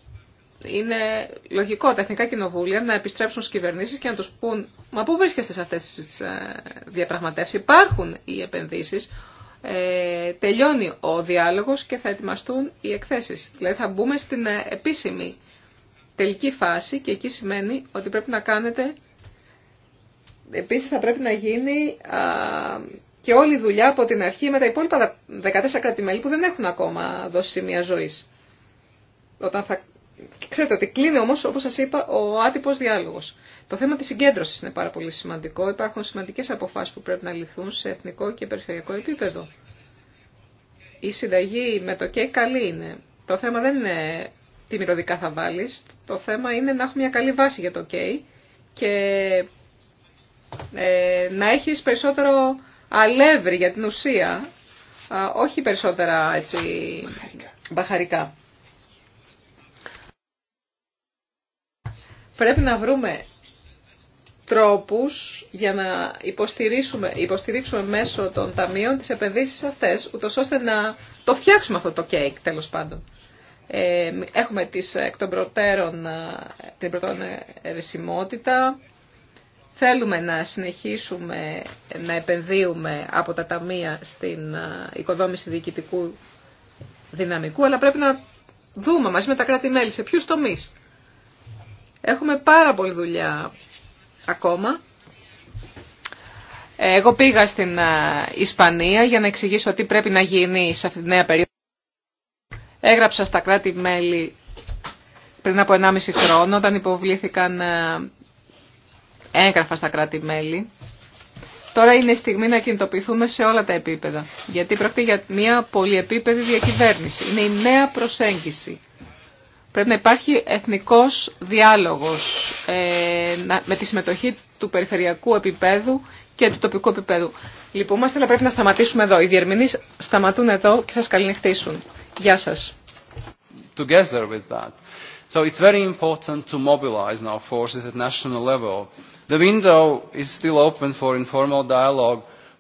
είναι λογικό τα εθνικά κοινοβούλια να επιστρέψουν στις κυβερνήσεις και να τους πούν «Μα πού βρίσκεστε σε αυτές τις ε, διαπραγματεύσεις, υπάρχουν οι επενδύσεις, ε, τελειώνει ο διάλογος και θα ετοιμαστούν οι εκθέσεις». Δηλαδή θα μπούμε στην ε, επίσημη τελική φάση και εκεί σημαίνει ότι πρέπει να κάνετε, επίσης θα πρέπει να γίνει α, και όλη η δουλειά από την αρχή με τα υπόλοιπα 14 κρατημέλη που δεν έχουν ακόμα δώσει σημεία ζωής όταν Ξέρετε ότι κλείνει όμως, όπως σας είπα, ο άτυπος διάλογος. Το θέμα της συγκέντρωσης είναι πάρα πολύ σημαντικό. Υπάρχουν σημαντικές αποφάσεις που πρέπει να ληφθούν σε εθνικό και περιφερειακό επίπεδο. Η συνταγή με το ΚΕΚ καλή είναι. Το θέμα δεν είναι τι μυρωδικά θα βάλεις. Το θέμα είναι να έχουμε μια καλή βάση για το ΚΕΙ και ε, να έχεις περισσότερο αλεύρι για την ουσία, όχι περισσότερα έτσι, μπαχαρικά. Πρέπει να βρούμε τρόπους για να υποστηρίξουμε, υποστηρίξουμε μέσω των ταμείων τις επενδύσεις αυτές, ούτως ώστε να το φτιάξουμε αυτό το κέικ τέλος πάντων. Ε, έχουμε τις, εκ των προτέρων, ε, την πρωτόν ερεσιμότητα. Θέλουμε να συνεχίσουμε να επενδύουμε από τα ταμεία στην ε, οικοδόμηση διοικητικού δυναμικού, αλλά πρέπει να δούμε μαζί με τα κράτη-μέλη σε ποιους τομείς. Έχουμε πάρα πολλή δουλειά ακόμα. Εγώ πήγα στην ε, Ισπανία για να εξηγήσω τι πρέπει να γίνει σε αυτή τη νέα περίοδο. Έγραψα στα κράτη-μέλη πριν από 1,5 χρόνο, όταν υποβλήθηκαν ε, έγγραφα στα κράτη-μέλη. Τώρα είναι η στιγμή να κινητοποιηθούμε σε όλα τα επίπεδα, γιατί πρόκειται για μια πολυεπίπεδη διακυβέρνηση. Είναι η νέα προσέγγιση Πρέπει να υπάρχει εθνικός διάλογος ε, με τη συμμετοχή του περιφερειακού επίπεδου και του τοπικού επίπεδου. Λυπούμαστε, αλλά πρέπει να σταματήσουμε εδώ. Οι διερμηνείς σταματούν εδώ και σας καληνυχτήσουν. Γεια σας. Together with that. So it's very important to mobilize now forces at national level. The window is still open for informal dialogue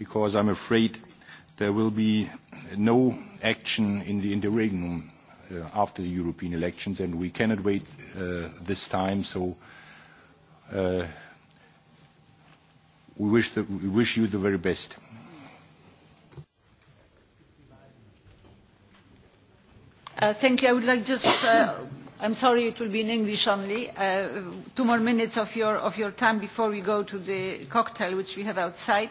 because I'm afraid there will be no action in the interregnum after the European elections, and we cannot wait this time. So we wish you the very best. Thank you. I would like just, I'm sorry it will be in English only, two more minutes of your time before we go to the cocktail which we have outside.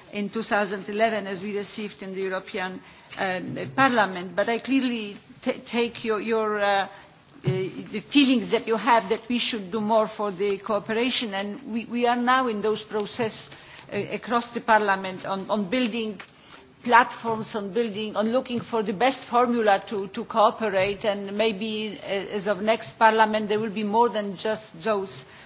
in 2011 as we received in the European Parliament. But I clearly take your the feelings that you have that we should do more for the cooperation and we are now in those processes across the Parliament on building platforms on building, on looking for the best formula to cooperate and maybe as of next Parliament there will be more than just those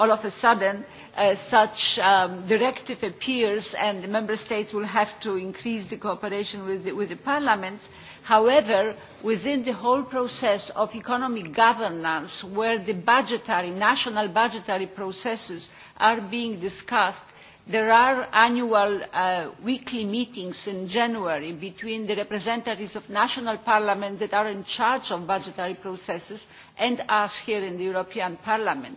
all of a sudden such directive appears and the member states will have to increase the cooperation with the parliaments. However, within the whole process of economic governance where the budgetary, national budgetary processes are being discussed, there are annual weekly meetings in January between the representatives of national parliaments that are in charge of budgetary processes and us here in the European Parliament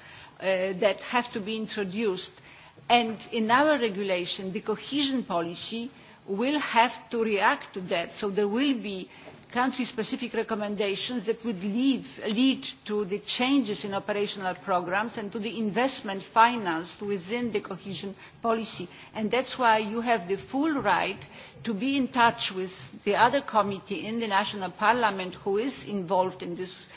that have to be introduced and in our regulation the cohesion policy will have to react to that so there will be country specific recommendations that would lead to the changes in operational programs and to the investment financed within the cohesion policy and that's why you have the full right to be in touch with the other committee in the national parliament who is involved in this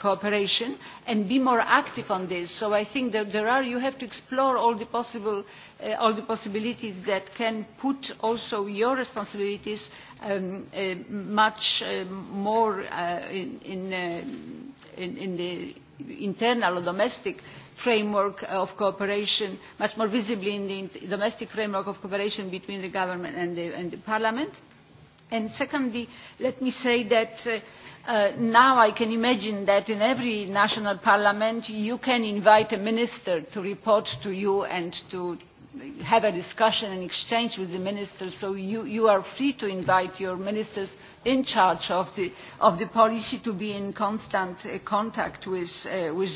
cooperation and be more active on this. So I think that there are, you have to explore all the possible, all the possibilities that can put also your responsibilities much more in the internal or domestic framework of cooperation, much more visibly in the domestic framework of cooperation between the government and the parliament. And secondly, let me say that Now I can imagine that in every national parliament you can invite a minister to report to you and to have a discussion and exchange with the minister, so you are free to invite your ministers in charge of the policy to be in constant contact with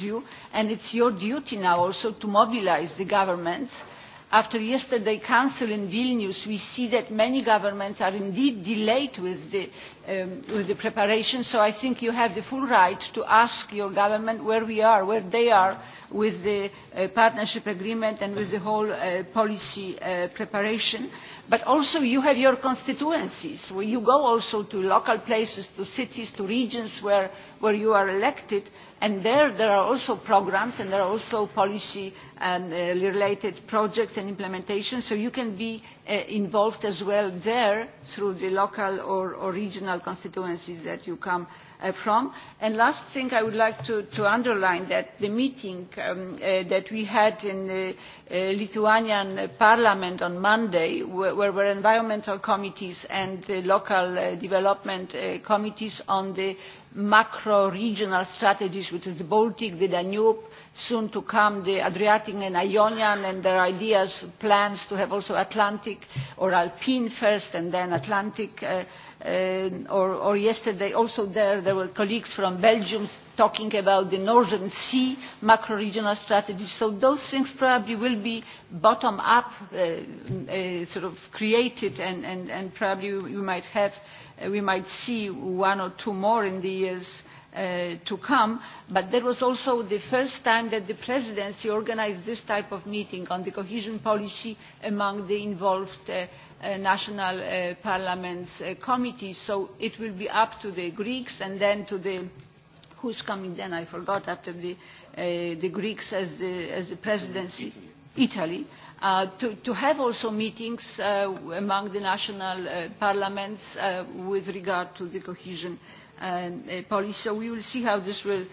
you, and it's your duty now also to mobilise the governments After yesterday's Council in Vilnius, we see that many governments are indeed delayed with the preparation, so I think you have the full right to ask your government where we are, where they are with the partnership agreement and with the whole policy preparation. But also you have your constituencies, where you go also to local places, to cities, to regions where you are elected And there, there are also programmes and there are also policy-related and projects and implementation, so you can be involved as well there through the local or regional constituencies that you come from. And last thing I would like to underline that the meeting that we had in the Lithuanian Parliament on Monday, where environmental committees and local development committees on the macro-regional strategies, which is the Baltic, the Danube, soon to come the Adriatic and Ionian, and their ideas, plans to have also Atlantic or Alpine first and then Atlantic or yesterday also there there were colleagues from Belgium talking about the Northern Sea macro-regional strategy. So those things probably will be bottom-up sort of created and probably we might have, we might see one or two more in the years to come, but that was also the first time that the Presidency organised this type of meeting on the cohesion policy among the involved national parliaments committees. So it will be up to the Greeks and then to the who's coming then? I forgot after the the Greeks as the as the Presidency, Italy, to to have also meetings among the national parliaments with regard to the cohesion policy. So we will see how this will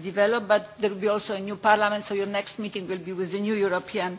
develop, but there will be also a new parliament, so your next meeting will be with the new European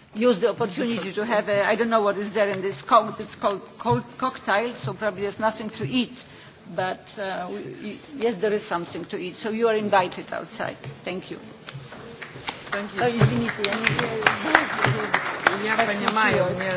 use the opportunity to have a, I don't know what is there in this cock it's called cold cocktail, so probably there's nothing to eat, but uh, yes, there is something to eat, so you are invited outside. Thank you. Thank you. я не... понимаю,